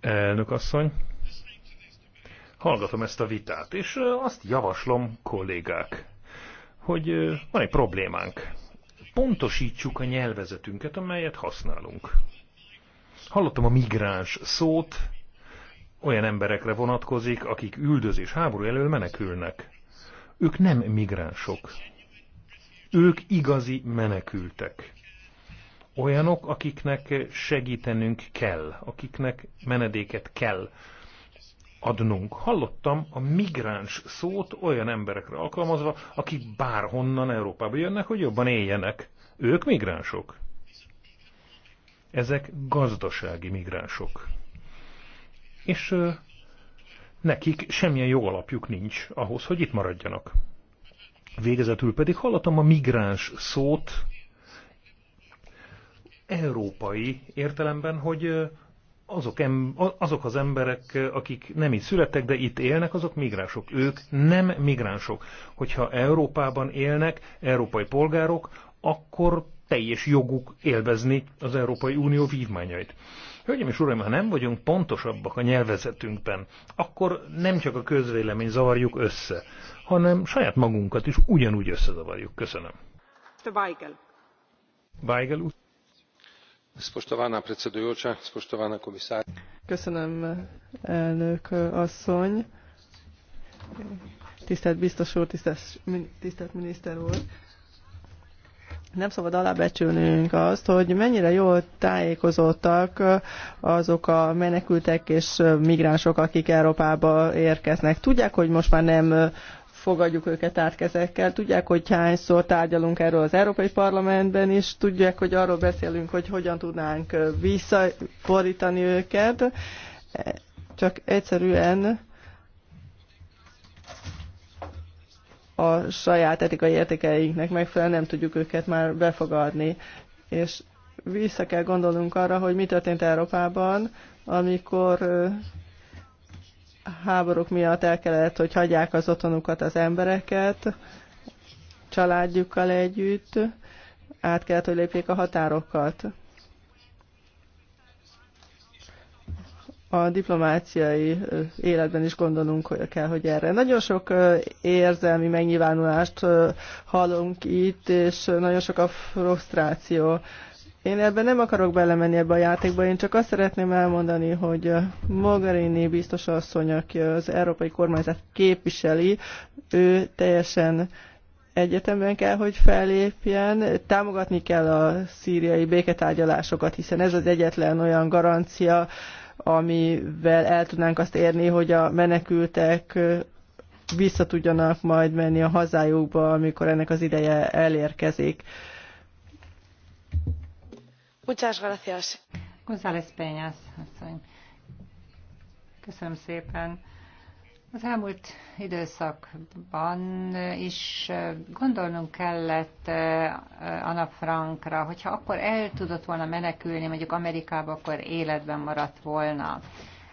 Elnök asszony, hallgatom ezt a vitát, és azt javaslom, kollégák, hogy van egy problémánk. Pontosítsuk a nyelvezetünket, amelyet használunk. Hallottam a migráns szót, olyan emberekre vonatkozik, akik üldözés háború elől menekülnek. Ők nem migránsok. Ők igazi menekültek. Olyanok, akiknek segítenünk kell, akiknek menedéket kell adnunk. Hallottam a migráns szót olyan emberekre alkalmazva, akik bárhonnan Európába jönnek, hogy jobban éljenek. Ők migránsok. Ezek gazdasági migránsok. És nekik semmilyen jogalapjuk nincs ahhoz, hogy itt maradjanak. Végezetül pedig hallottam a migráns szót európai értelemben, hogy azok, em, azok az emberek, akik nem itt születtek, de itt élnek, azok migránsok. Ők nem migránsok. Hogyha Európában élnek, európai polgárok, akkor teljes joguk élvezni az Európai Unió vívmányait. Hölgyeim és uraim, ha nem vagyunk pontosabbak a nyelvezetünkben, akkor nem csak a közvélemény zavarjuk össze, hanem saját magunkat is ugyanúgy összezavarjuk. Köszönöm. Weigel. Weigel úr. Spoštovana predsedujoča, spoštovana komisár. Köszönöm, elnök asszony. Tisztelt biztos úr, tisztelt, tisztelt miniszter úr nem szabad alábecsülnünk azt, hogy mennyire jól tájékozottak azok a menekültek és migránsok, akik Európába érkeznek. Tudják, hogy most már nem fogadjuk őket kezekkel. Tudják, hogy hányszor tárgyalunk erről az Európai Parlamentben is, tudják, hogy arról beszélünk, hogy hogyan tudnánk visszaforítani őket. E, csak egyszerűen a saját etikai értékeinknek megfelelően nem tudjuk őket már befogadni. És vissza kell gondolnunk arra, hogy mi történt Európában, amikor háborúk miatt el kellett, hogy hagyják az otthonukat az embereket, családjukkal együtt, át kellett, hogy lépjék a határokat. a diplomáciai életben is gondolunk, hogy kell, hogy erre. Nagyon sok érzelmi megnyilvánulást hallunk itt, és nagyon sok a frusztráció. Én ebben nem akarok belemenni ebbe a játékba, én csak azt szeretném elmondani, hogy Mogherini biztos asszony, aki az európai kormányzat képviseli, ő teljesen egyetemben kell, hogy fellépjen, támogatni kell a szíriai béketárgyalásokat, hiszen ez az egyetlen olyan garancia, amivel el tudnánk azt érni, hogy a menekültek vissza tudjanak majd menni a hazájukba, amikor ennek az ideje elérkezik. Köszönöm szépen. Az elmúlt időszakban is gondolnunk kellett eh, Anna Frankra, hogyha akkor el tudott volna menekülni, mondjuk Amerikába, akkor életben maradt volna,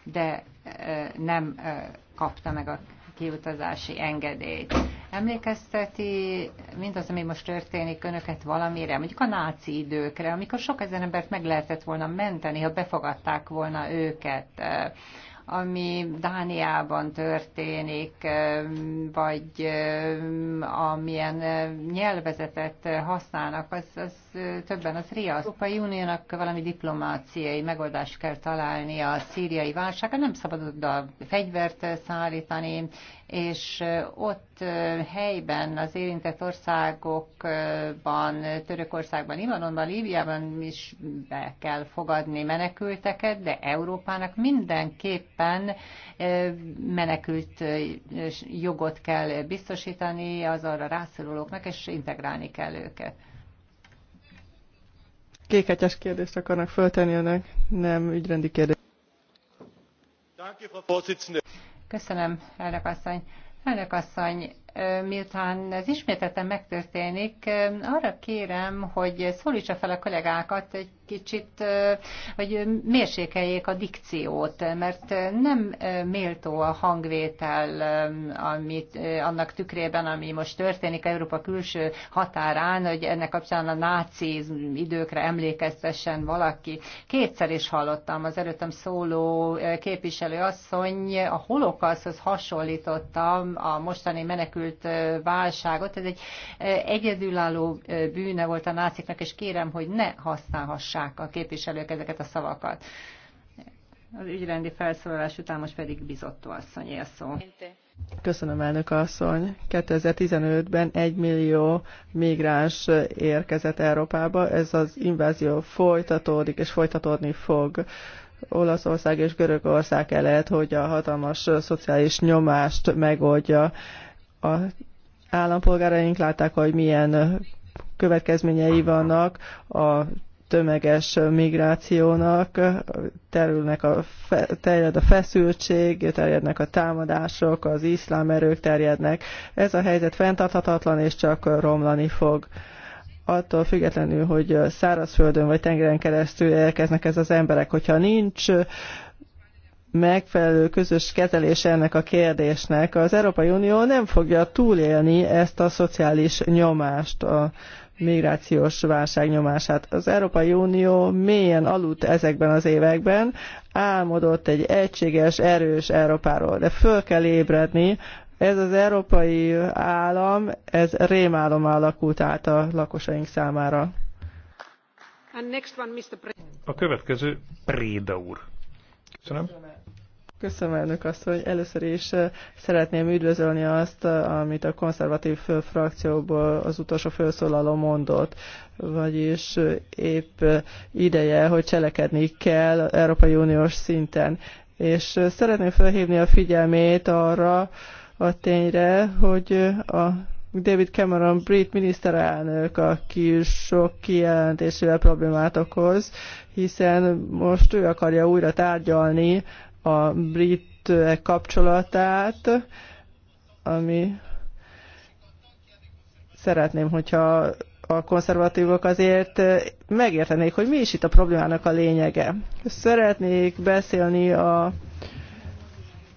de eh, nem eh, kapta meg a kiutazási engedélyt emlékezteti mindaz, ami most történik önöket valamire, mondjuk a náci időkre, amikor sok ezer embert meg lehetett volna menteni, ha befogadták volna őket eh, ami Dániában történik, eh, vagy eh, amilyen nyelvezetet használnak, az, az többen az RIA. Az Európai Uniónak valami diplomáciai megoldást kell találni a szíriai válságra. Nem szabad oda fegyvert szállítani, és ott helyben az érintett országokban, Törökországban, Imanonban, Líbiában is be kell fogadni menekülteket, de Európának mindenképpen menekült jogot kell biztosítani az arra rászorulóknak, és integrálni kell őket kékhetyes kérdést akarnak föltenni önök, nem ügyrendi kérdést. Köszönöm, elnök asszony. Elnök asszony, miután ez ismételten megtörténik, arra kérem, hogy szólítsa fel a kollégákat, hogy kicsit, hogy mérsékeljék a dikciót, mert nem méltó a hangvétel amit, annak tükrében, ami most történik Európa külső határán, hogy ennek kapcsán a náci időkre emlékeztessen valaki. Kétszer is hallottam az előttem szóló képviselő asszony, a holokaszhoz hasonlítottam a mostani menekült válságot. Ez egy egyedülálló bűne volt a náciknak, és kérem, hogy ne használhassák olvassák a képviselők ezeket a szavakat. Az ügyrendi felszólalás után most pedig bizottó asszony a szó. Köszönöm, elnök asszony. 2015-ben 1 millió migráns érkezett Európába. Ez az invázió folytatódik és folytatódni fog. Olaszország és Görögország elett, hogy a hatalmas szociális nyomást megoldja. A állampolgáraink látták, hogy milyen következményei vannak a tömeges migrációnak, terülnek a, terjed a feszültség, terjednek a támadások, az iszlám erők terjednek. Ez a helyzet fenntarthatatlan és csak romlani fog. Attól függetlenül, hogy szárazföldön vagy tengeren keresztül érkeznek ez az emberek, hogyha nincs megfelelő közös kezelés ennek a kérdésnek, az Európai Unió nem fogja túlélni ezt a szociális nyomást, a migrációs válság nyomását. Az Európai Unió mélyen aludt ezekben az években, álmodott egy egységes, erős Európáról, de föl kell ébredni, ez az európai állam, ez rémálom alakult át a lakosaink számára. A következő Préda úr. Köszönöm. Köszönöm, elnök asszony. Először is eh, szeretném üdvözölni azt, eh, amit a konzervatív frakcióból az utolsó felszólaló mondott, vagyis eh, épp ideje, hogy cselekedni kell Európai Uniós szinten. És szeretném felhívni a figyelmét arra a tényre, hogy a David Cameron brit miniszterelnök, aki sok kijelentésével problémát okoz, hiszen most ő akarja újra tárgyalni a brit kapcsolatát, ami szeretném, hogyha a konzervatívok azért megértenék, hogy mi is itt a problémának a lényege. Szeretnék beszélni a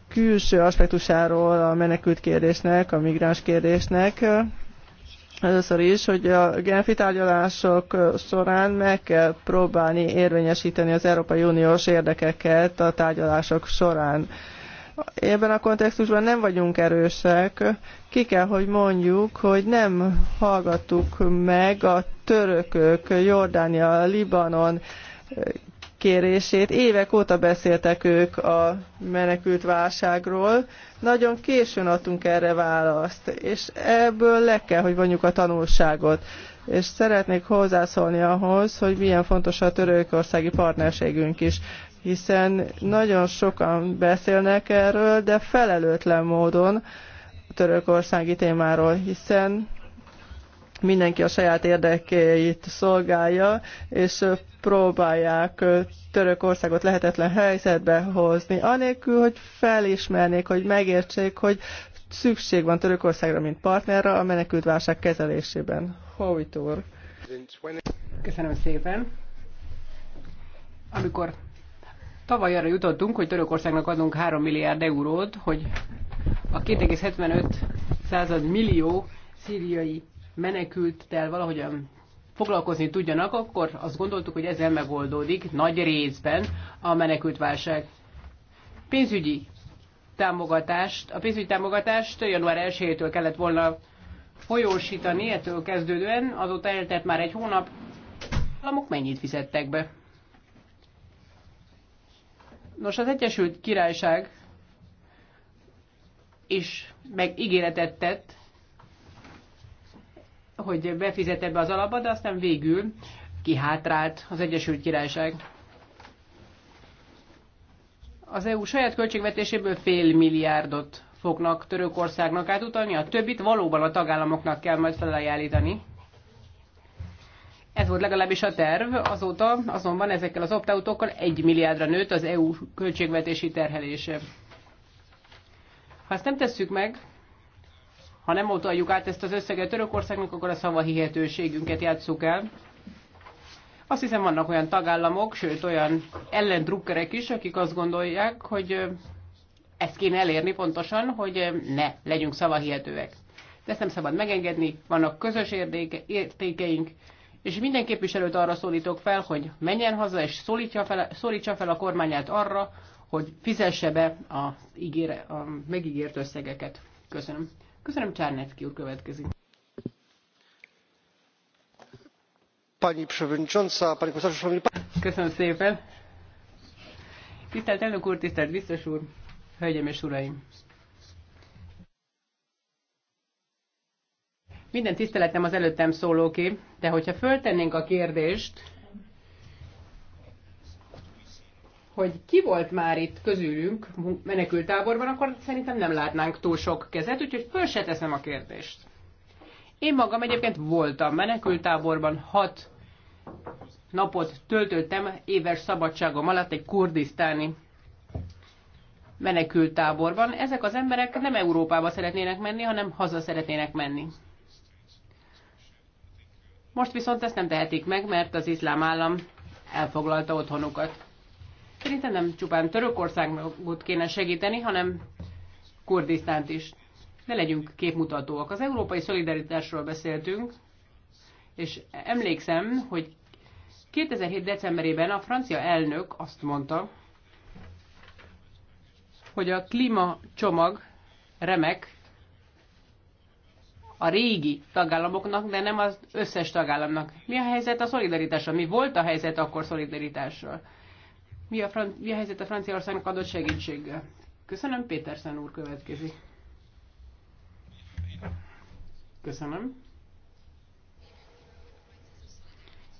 külső aspektusáról a menekült kérdésnek, a migráns kérdésnek, Először is, hogy a genfi tárgyalások során meg kell próbálni érvényesíteni az Európai Uniós érdekeket a tárgyalások során. Ebben a kontextusban nem vagyunk erősek. Ki kell, hogy mondjuk, hogy nem hallgattuk meg a törökök, Jordánia, Libanon kérését. Évek óta beszéltek ők a menekült válságról. Nagyon későn adtunk erre választ, és ebből le kell, hogy vonjuk a tanulságot. És szeretnék hozzászólni ahhoz, hogy milyen fontos a törökországi partnerségünk is hiszen nagyon sokan beszélnek erről, de felelőtlen módon a törökországi témáról, hiszen mindenki a saját érdekeit szolgálja, és próbálják Törökországot lehetetlen helyzetbe hozni, anélkül, hogy felismernék, hogy megértsék, hogy szükség van Törökországra, mint partnerre a menekültválság kezelésében. Hovit úr! Köszönöm szépen! Amikor tavaly arra jutottunk, hogy Törökországnak adunk 3 milliárd eurót, hogy a 2,75 század millió szíriai menekülttel valahogyan foglalkozni tudjanak, akkor azt gondoltuk, hogy ezzel megoldódik nagy részben a menekültválság. Pénzügyi támogatást, a pénzügyi támogatást január 1-től kellett volna folyósítani, ettől kezdődően, azóta eltelt már egy hónap, államok mennyit fizettek be? Nos, az Egyesült Királyság is megígéretet tett hogy befizet ebbe az alapba, de aztán végül kihátrált az Egyesült Királyság. Az EU saját költségvetéséből fél milliárdot fognak Törökországnak átutalni, a többit valóban a tagállamoknak kell majd felajánlítani. Ez volt legalábbis a terv, azóta azonban ezekkel az opt egy milliárdra nőtt az EU költségvetési terhelése. Ha ezt nem tesszük meg, ha nem utaljuk át ezt az összeget Törökországnak, akkor a szava hihetőségünket játsszuk el. Azt hiszem vannak olyan tagállamok, sőt olyan ellendrukkerek is, akik azt gondolják, hogy ezt kéne elérni pontosan, hogy ne legyünk szavahihetőek. De ezt nem szabad megengedni, vannak közös értéke, értékeink, és minden képviselőt arra szólítok fel, hogy menjen haza és szólítja fel, szólítsa fel a kormányát arra, hogy fizesse be a, ígére, a megígért összegeket. Köszönöm. Köszönöm, Csárnecki úr következik. Pani Przewodnicząca, Pani Komisarz, Köszönöm szépen. Tisztelt elnök úr, tisztelt biztos úr, hölgyeim és uraim! Minden tiszteletem az előttem szólóké, de hogyha föltennénk a kérdést, hogy ki volt már itt közülünk menekültáborban, akkor szerintem nem látnánk túl sok kezet, úgyhogy föl se teszem a kérdést. Én magam egyébként voltam menekültáborban, hat napot töltöttem éves szabadságom alatt egy kurdisztáni menekültáborban. Ezek az emberek nem Európába szeretnének menni, hanem haza szeretnének menni. Most viszont ezt nem tehetik meg, mert az iszlám állam elfoglalta otthonukat. Szerintem nem csupán Törökországot kéne segíteni, hanem Kurdisztánt is. Ne legyünk képmutatóak. Az európai szolidaritásról beszéltünk, és emlékszem, hogy 2007. decemberében a francia elnök azt mondta, hogy a klímacsomag remek a régi tagállamoknak, de nem az összes tagállamnak. Mi a helyzet a szolidaritásra? Mi volt a helyzet akkor szolidaritásról? mi a, fran- mi a helyzet a Franciaországnak adott segítséggel. Köszönöm, Péterszen úr következik. Köszönöm.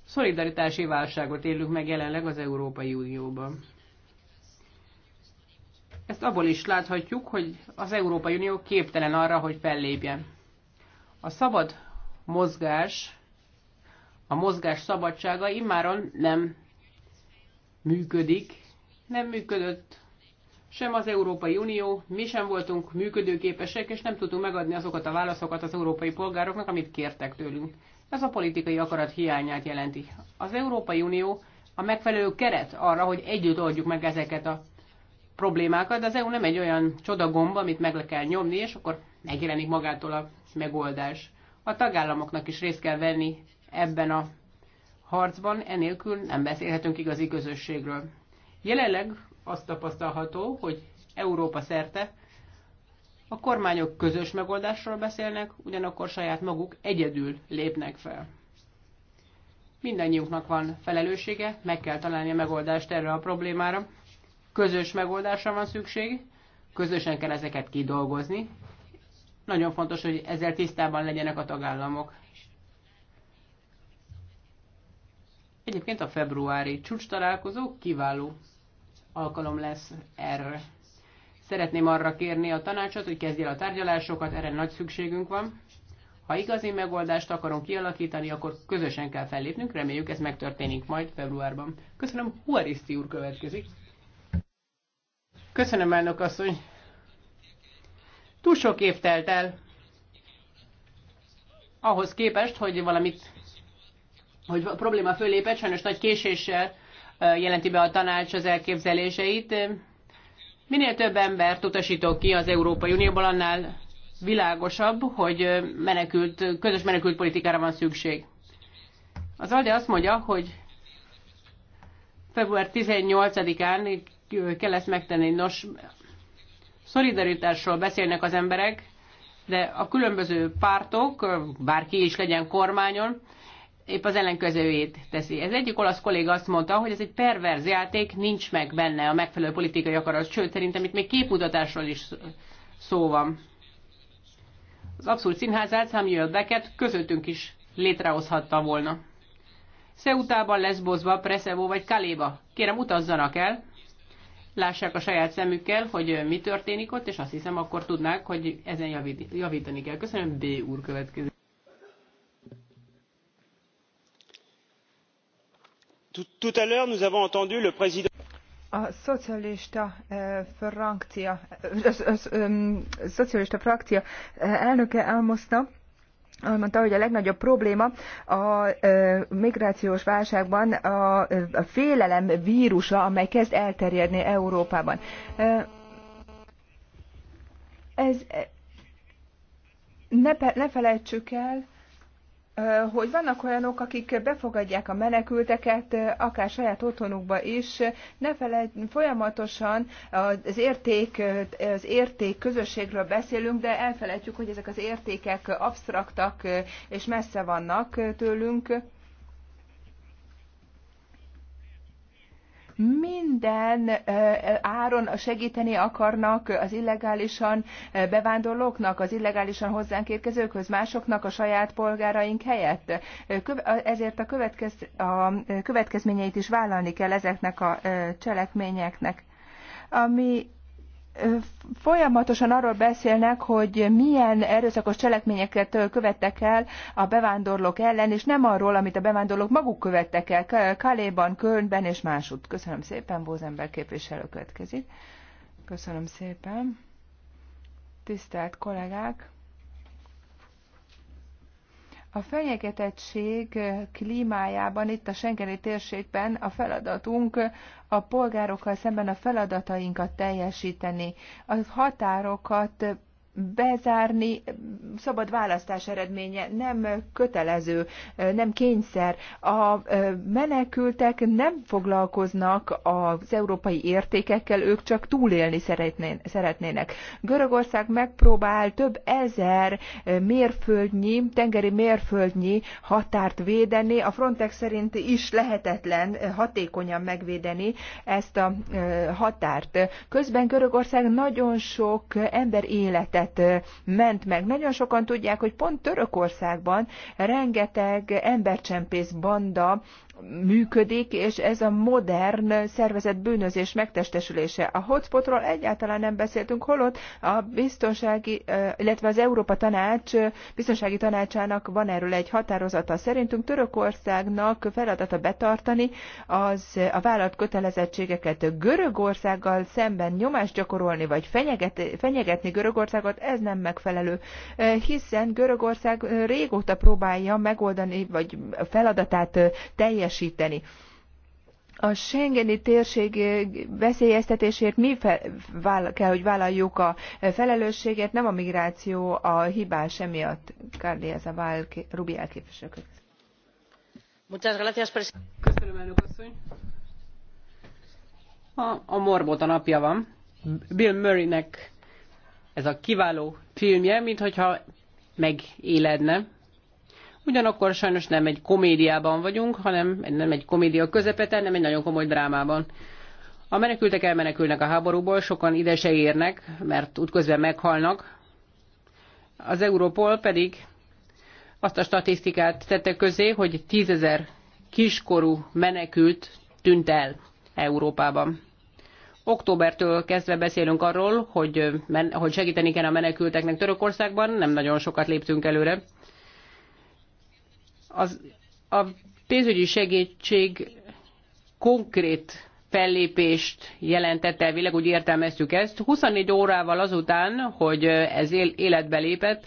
Szolidaritási válságot élünk meg jelenleg az Európai Unióban. Ezt abból is láthatjuk, hogy az Európai Unió képtelen arra, hogy fellépjen. A szabad mozgás, a mozgás szabadsága immáron nem működik. Nem működött sem az Európai Unió, mi sem voltunk működőképesek, és nem tudtunk megadni azokat a válaszokat az európai polgároknak, amit kértek tőlünk. Ez a politikai akarat hiányát jelenti. Az Európai Unió a megfelelő keret arra, hogy együtt oldjuk meg ezeket a problémákat, de az EU nem egy olyan csodagomba, amit meg le kell nyomni, és akkor megjelenik magától a megoldás. A tagállamoknak is részt kell venni ebben a harcban, enélkül nem beszélhetünk igazi közösségről. Jelenleg azt tapasztalható, hogy Európa szerte a kormányok közös megoldásról beszélnek, ugyanakkor saját maguk egyedül lépnek fel. Mindennyiunknak van felelőssége, meg kell találni a megoldást erre a problémára. Közös megoldásra van szükség, közösen kell ezeket kidolgozni. Nagyon fontos, hogy ezzel tisztában legyenek a tagállamok. Egyébként a februári csúcs találkozó kiváló alkalom lesz erre. Szeretném arra kérni a tanácsot, hogy kezdjél el a tárgyalásokat, erre nagy szükségünk van. Ha igazi megoldást akarunk kialakítani, akkor közösen kell fellépnünk, reméljük ez megtörténik majd februárban. Köszönöm, Huariszti úr következik. Köszönöm, elnök asszony. Túl sok év telt el ahhoz képest, hogy valamit hogy a probléma fölépett, sajnos nagy késéssel jelenti be a tanács az elképzeléseit. Minél több embert utasítok ki az Európai Unióból, annál világosabb, hogy menekült, közös menekült politikára van szükség. Az ALDE azt mondja, hogy február 18-án kell ezt megtenni. Nos, szolidaritásról beszélnek az emberek, de a különböző pártok, bárki is legyen kormányon, épp az ellenkezőjét teszi. Ez egyik olasz kolléga azt mondta, hogy ez egy perverz játék, nincs meg benne a megfelelő politikai akarat, sőt szerintem itt még képmutatásról is szó van. Az abszurd színházát Samuel Beckett közöttünk is létrehozhatta volna. Szeutában, Leszbozba, Preszevó vagy Kaléba. Kérem utazzanak el, lássák a saját szemükkel, hogy mi történik ott, és azt hiszem akkor tudnák, hogy ezen javítani kell. Köszönöm, B úr következő. tout à l'heure nous avons entendu le président a szocialista eh, frakcia, eh, eh, elnöke elmozta, mondta, hogy a legnagyobb probléma a migrációs válságban a, félelem vírusa, amely kezd elterjedni Európában. ez ne, ne felejtsük el, hogy vannak olyanok, akik befogadják a menekülteket, akár saját otthonukba is, ne felejt, folyamatosan az érték, az érték közösségről beszélünk, de elfelejtjük, hogy ezek az értékek absztraktak és messze vannak tőlünk minden áron segíteni akarnak az illegálisan bevándorlóknak, az illegálisan hozzánk érkezőkhöz, másoknak a saját polgáraink helyett. Ezért a, következ, a következményeit is vállalni kell ezeknek a cselekményeknek. Ami folyamatosan arról beszélnek, hogy milyen erőszakos cselekményeket követtek el a bevándorlók ellen, és nem arról, amit a bevándorlók maguk követtek el Kaléban, Kölnben és másutt. Köszönöm szépen, Bózember képviselő következik. Köszönöm szépen. Tisztelt kollégák! A fenyegetettség klímájában, itt a Schengeni térségben a feladatunk a polgárokkal szemben a feladatainkat teljesíteni, a határokat bezárni, szabad választás eredménye, nem kötelező, nem kényszer. A menekültek nem foglalkoznak az európai értékekkel, ők csak túlélni szeretnének. Görögország megpróbál több ezer mérföldnyi, tengeri mérföldnyi határt védeni, a Frontex szerint is lehetetlen hatékonyan megvédeni ezt a határt. Közben Görögország nagyon sok ember élete életet ment meg. Nagyon sokan tudják, hogy pont Törökországban rengeteg embercsempész banda működik, és ez a modern szervezet bűnözés megtestesülése. A hotspotról egyáltalán nem beszéltünk, holott a biztonsági, illetve az Európa Tanács biztonsági tanácsának van erről egy határozata. Szerintünk Törökországnak feladata betartani az a vállalt kötelezettségeket Görögországgal szemben nyomást gyakorolni, vagy fenyeget, fenyegetni Görögországot, ez nem megfelelő, hiszen Görögország régóta próbálja megoldani, vagy feladatát teljes teljesíteni. A Schengeni térség eh, veszélyeztetésért mi fel, vála, kell, hogy vállaljuk a felelősséget, nem a migráció a hibás emiatt. Kárli ez a Vál Rubi elképviselők. Köszönöm, elnök asszony. A, a Morbóta napja van. Bill Murraynek ez a kiváló filmje, mintha megéledne ugyanakkor sajnos nem egy komédiában vagyunk, hanem nem egy komédia közepete, nem egy nagyon komoly drámában. A menekültek elmenekülnek a háborúból, sokan ide se érnek, mert útközben meghalnak. Az Europol pedig azt a statisztikát tette közé, hogy tízezer kiskorú menekült tűnt el Európában. Októbertől kezdve beszélünk arról, hogy, hogy segíteni kell a menekülteknek Törökországban, nem nagyon sokat léptünk előre. Az, a pénzügyi segítség konkrét fellépést jelentett elvileg, úgy értelmeztük ezt. 24 órával azután, hogy ez életbe lépett,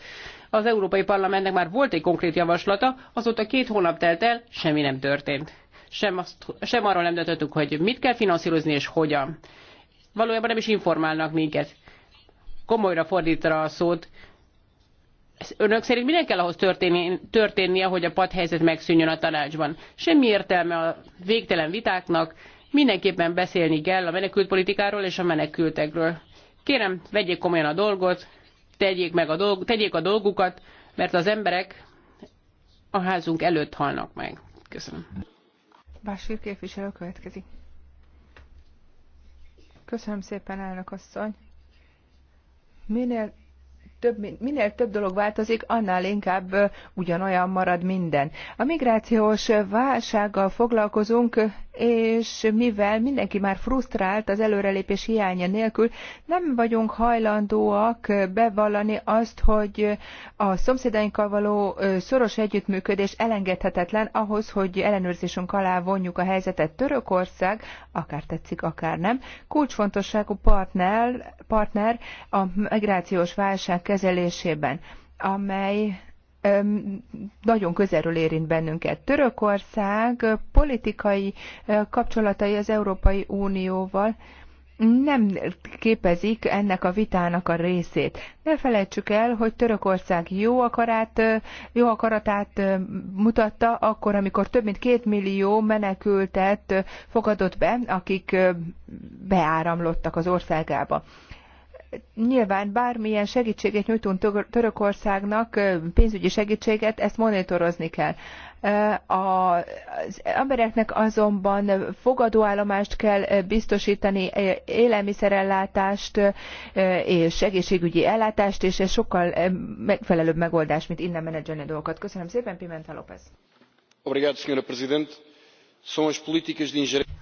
az Európai Parlamentnek már volt egy konkrét javaslata, azóta két hónap telt el, semmi nem történt. Sem, azt, sem arról nem döntöttük, hogy mit kell finanszírozni és hogyan. Valójában nem is informálnak minket. Komolyra fordítva a szót, önök szerint minek kell ahhoz történnie, hogy a padhelyzet megszűnjön a tanácsban? Semmi értelme a végtelen vitáknak, mindenképpen beszélni kell a menekültpolitikáról és a menekültekről. Kérem, vegyék komolyan a dolgot, tegyék, meg a, dolg, tegyék a dolgukat, mert az emberek a házunk előtt halnak meg. Köszönöm. Básír képviselő következik. Köszönöm szépen, elnök asszony. Minél több, minél több dolog változik, annál inkább ugyanolyan marad minden. A migrációs válsággal foglalkozunk, és mivel mindenki már frusztrált az előrelépés hiánya nélkül, nem vagyunk hajlandóak bevallani azt, hogy a szomszédainkkal való szoros együttműködés elengedhetetlen ahhoz, hogy ellenőrzésünk alá vonjuk a helyzetet. Törökország, akár tetszik, akár nem, kulcsfontosságú partner, partner a migrációs válság kezelésében amely nagyon közelről érint bennünket. Törökország politikai kapcsolatai az Európai Unióval nem képezik ennek a vitának a részét. Ne felejtsük el, hogy Törökország jó, akarát, jó akaratát mutatta akkor, amikor több mint két millió menekültet fogadott be, akik beáramlottak az országába. Nyilván bármilyen segítséget nyújtunk Törökországnak, pénzügyi segítséget, ezt monitorozni kell. Az embereknek azonban fogadóállomást kell biztosítani, élelmiszerellátást és egészségügyi ellátást, és ez sokkal megfelelőbb megoldás, mint innen menedzselni a dolgokat. Köszönöm szépen, Pimenta López.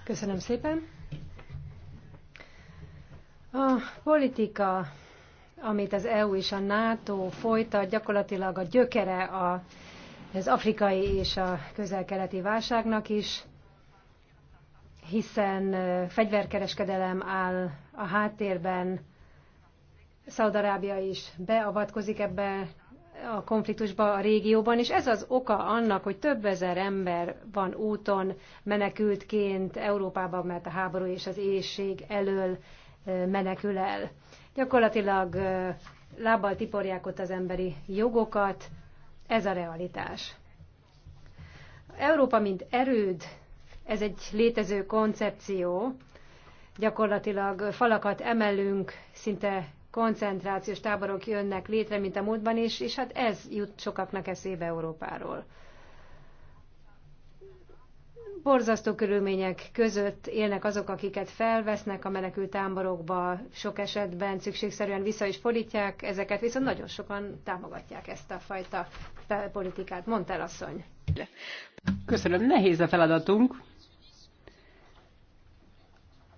Köszönöm szépen. A politika, amit az EU és a NATO folytat, gyakorlatilag a gyökere a, az afrikai és a közel-keleti válságnak is, hiszen fegyverkereskedelem áll a háttérben, Szaudarábia is beavatkozik ebbe a konfliktusba a régióban, és ez az oka annak, hogy több ezer ember van úton menekültként Európában, mert a háború és az éjség elől menekül el. Gyakorlatilag lábbal tiporják ott az emberi jogokat, ez a realitás. Európa, mint erőd, ez egy létező koncepció, gyakorlatilag falakat emelünk, szinte koncentrációs táborok jönnek létre, mint a múltban is, és hát ez jut sokaknak eszébe Európáról borzasztó körülmények között élnek azok, akiket felvesznek a menekültáborokba, sok esetben szükségszerűen vissza is fordítják ezeket, viszont nagyon sokan támogatják ezt a fajta politikát. el asszony. Köszönöm, nehéz a feladatunk.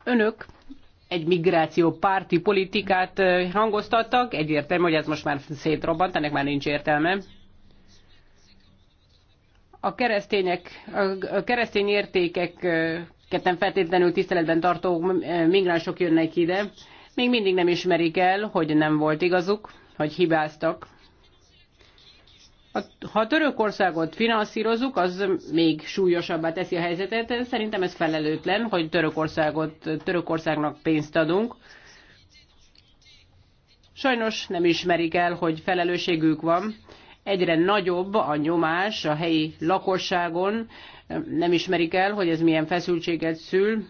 Önök egy migráció párti politikát eh, hangoztattak, egyértelmű, hogy ez most már szétrobbant, ennek már nincs értelme a keresztények, a keresztény értékeket nem feltétlenül tiszteletben tartó migránsok jönnek ide, még mindig nem ismerik el, hogy nem volt igazuk, hogy hibáztak. Ha Törökországot finanszírozunk, az még súlyosabbá teszi a helyzetet. Szerintem ez felelőtlen, hogy Törökországot, Törökországnak pénzt adunk. Sajnos nem ismerik el, hogy felelősségük van egyre nagyobb a nyomás a helyi lakosságon, nem ismerik el, hogy ez milyen feszültséget szül.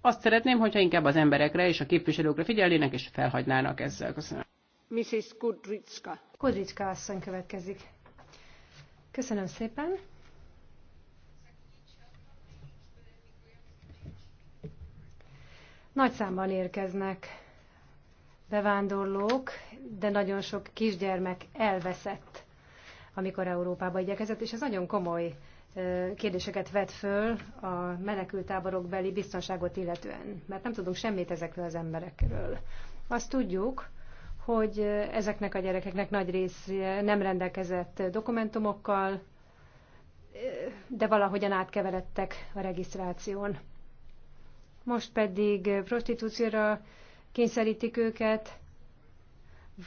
Azt szeretném, hogyha inkább az emberekre és a képviselőkre figyelnének, és felhagynának ezzel. Köszönöm. Mrs. Kudricka. Kudricka asszony következik. Köszönöm szépen. Nagy számban érkeznek bevándorlók, de nagyon sok kisgyermek elveszett, amikor Európába igyekezett, és ez nagyon komoly kérdéseket vet föl a menekültáborok beli biztonságot illetően, mert nem tudunk semmit ezekről az emberekről. Azt tudjuk, hogy ezeknek a gyerekeknek nagy része nem rendelkezett dokumentumokkal, de valahogyan átkeveredtek a regisztráción. Most pedig prostitúcióra kényszerítik őket,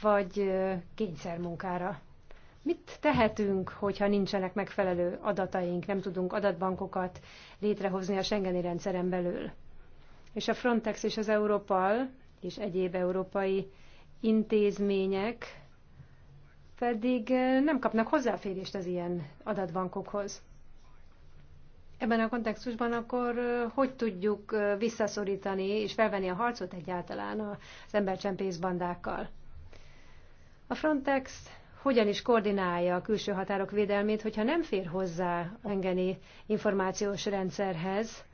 vagy kényszermunkára. Mit tehetünk, hogyha nincsenek megfelelő adataink, nem tudunk adatbankokat létrehozni a Schengeni rendszeren belül? És a Frontex és az Európal és egyéb európai intézmények pedig nem kapnak hozzáférést az ilyen adatbankokhoz. Ebben a kontextusban akkor hogy tudjuk visszaszorítani és felvenni a harcot egyáltalán az embercsempész bandákkal? A Frontex hogyan is koordinálja a külső határok védelmét, hogyha nem fér hozzá engeni információs rendszerhez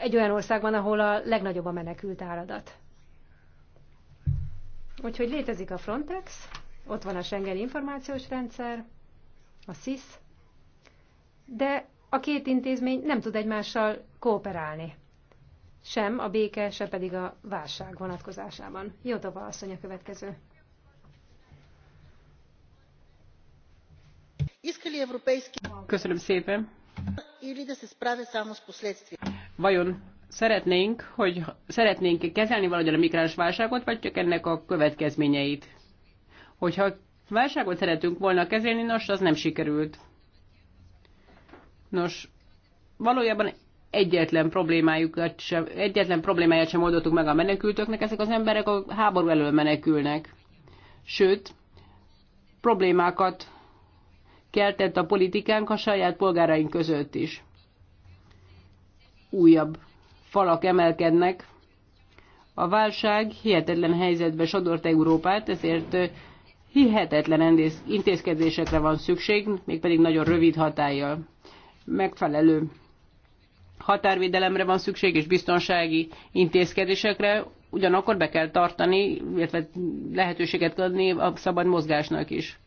egy olyan országban, ahol a legnagyobb a menekült áradat. Úgyhogy létezik a Frontex, ott van a Schengen információs rendszer, a SIS, de a két intézmény nem tud egymással kooperálni. Sem a béke, se pedig a válság vonatkozásában. a asszony a következő. Köszönöm szépen. Vajon szeretnénk, hogy szeretnénk kezelni valahogyan a migráns válságot, vagy csak ennek a következményeit? Hogyha válságot szeretünk volna kezelni, nos, az nem sikerült Nos, valójában egyetlen problémájukat sem, egyetlen problémáját sem oldottuk meg a menekültöknek, ezek az emberek a háború elől menekülnek. Sőt, problémákat keltett a politikánk a saját polgáraink között is. Újabb falak emelkednek. A válság hihetetlen helyzetbe sodort Európát, ezért hihetetlen intézkedésekre van szükség, mégpedig nagyon rövid hatállyal megfelelő határvédelemre van szükség és biztonsági intézkedésekre, ugyanakkor be kell tartani, illetve lehetőséget adni a szabad mozgásnak is.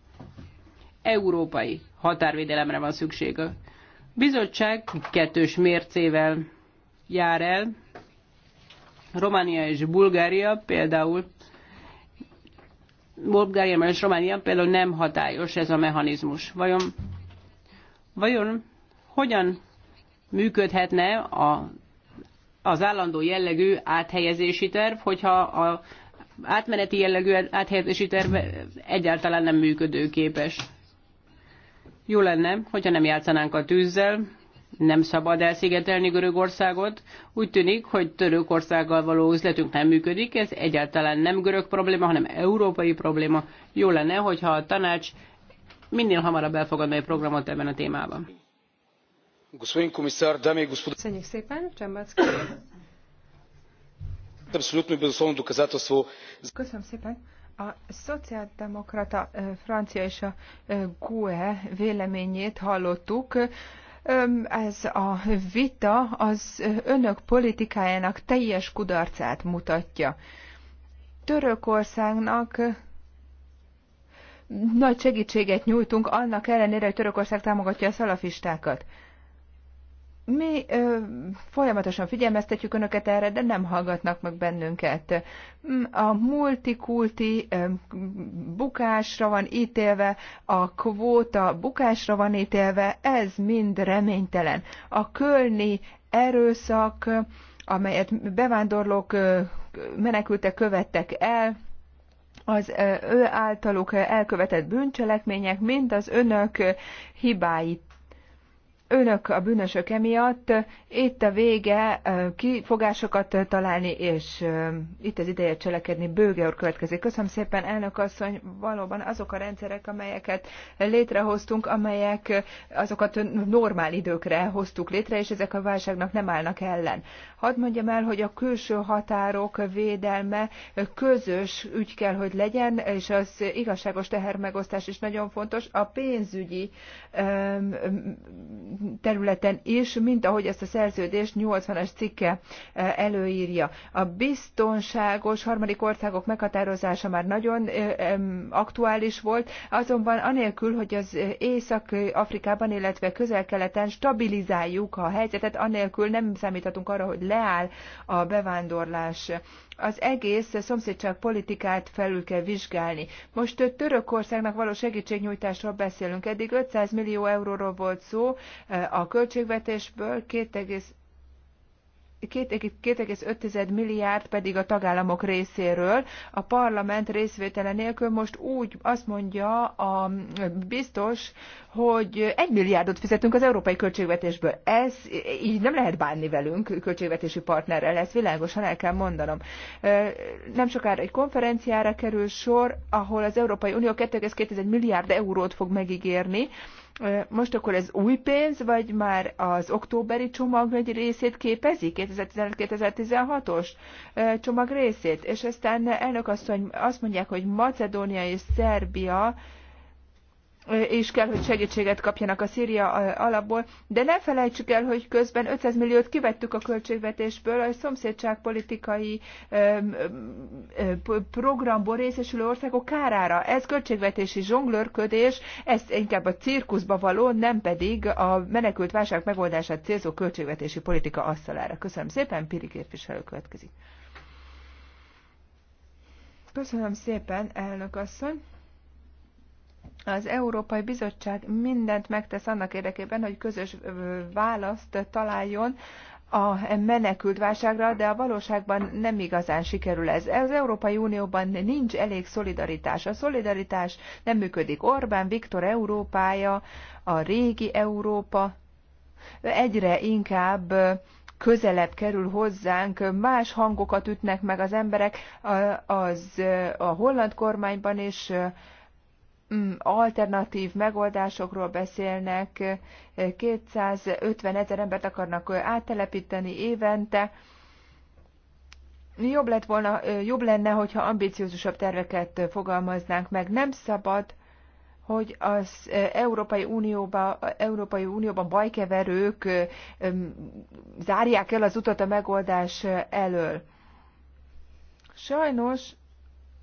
Európai határvédelemre van szükség. A bizottság kettős mércével jár el. Románia és Bulgária például Bulgária és Románia például nem hatályos ez a mechanizmus. Vajon, vajon hogyan működhetne a, az állandó jellegű áthelyezési terv, hogyha a átmeneti jellegű áthelyezési terv egyáltalán nem működőképes? Jó lenne, hogyha nem játszanánk a tűzzel, nem szabad elszigetelni Görögországot. Úgy tűnik, hogy Törökországgal való üzletünk nem működik, ez egyáltalán nem görög probléma, hanem európai probléma. Jó lenne, hogyha a tanács minél hamarabb elfogadna egy programot ebben a témában. Köszönjük szépen, Csambacki. Köszönöm szépen. A szociáldemokrata francia és a GUE véleményét hallottuk. Ez a vita az önök politikájának teljes kudarcát mutatja. Törökországnak nagy segítséget nyújtunk, annak ellenére, hogy Törökország támogatja a szalafistákat. Mi ö, folyamatosan figyelmeztetjük önöket erre, de nem hallgatnak meg bennünket. Mm, a multikulti ö, bukásra van ítélve, a kvóta bukásra van ítélve, ez mind reménytelen. A kölni erőszak, amelyet bevándorlók ö, menekültek követtek el, az ő általuk elkövetett bűncselekmények mind az önök hibáit önök a bűnösök emiatt, itt a vége kifogásokat találni, és itt az ideje cselekedni. Bőge úr következik. Köszönöm szépen, elnök asszony, valóban azok a rendszerek, amelyeket létrehoztunk, amelyek azokat normál időkre hoztuk létre, és ezek a válságnak nem állnak ellen. Hadd mondjam el, hogy a külső határok védelme közös ügy kell, hogy legyen, és az igazságos tehermegosztás is nagyon fontos. A pénzügyi területen is, mint ahogy ezt a szerződés 80-as cikke eh, előírja. A biztonságos harmadik országok meghatározása már nagyon eh, aktuális volt, azonban anélkül, hogy az Észak-Afrikában, illetve közel-keleten stabilizáljuk a helyzetet, anélkül nem számíthatunk arra, hogy leáll a bevándorlás az egész szomszédság politikát felül kell vizsgálni. Most Törökországnak való segítségnyújtásról beszélünk. Eddig 500 millió euróról volt szó a költségvetésből, 2, 2,5 milliárd pedig a tagállamok részéről. A parlament részvétele nélkül most úgy azt mondja a biztos, hogy egy milliárdot fizetünk az európai költségvetésből. Ez így nem lehet bánni velünk költségvetési partnerrel, ezt világosan el kell mondanom. Nem sokára egy konferenciára kerül sor, ahol az Európai Unió 2,2 milliárd eurót fog megígérni, most akkor ez új pénz, vagy már az októberi csomag egy részét képezi, 2016 os csomag részét? És aztán elnök asszony azt mondják, hogy Macedónia és Szerbia és kell, hogy segítséget kapjanak a Szíria alapból, de ne felejtsük el, hogy közben 500 milliót kivettük a költségvetésből, a szomszédságpolitikai programból részesülő országok kárára. Ez költségvetési zsonglőrködés, ez inkább a cirkuszba való, nem pedig a menekült válság megoldását célzó költségvetési politika asszalára. Köszönöm szépen, Piri képviselő következik. Köszönöm szépen, elnök asszony. Az Európai Bizottság mindent megtesz annak érdekében, hogy közös választ találjon a menekült válságra, de a valóságban nem igazán sikerül ez. Az Európai Unióban nincs elég szolidaritás. A szolidaritás nem működik. Orbán Viktor Európája, a régi Európa egyre inkább közelebb kerül hozzánk, más hangokat ütnek meg az emberek az a holland kormányban is. Mm, alternatív megoldásokról beszélnek, 250 ezer embert akarnak áttelepíteni évente. Jobb, lett volna, jobb lenne, hogyha ambiciózusabb terveket fogalmaznánk meg. Nem szabad, hogy az Európai, Unióba, Európai Unióban bajkeverők zárják el az utat a megoldás elől. Sajnos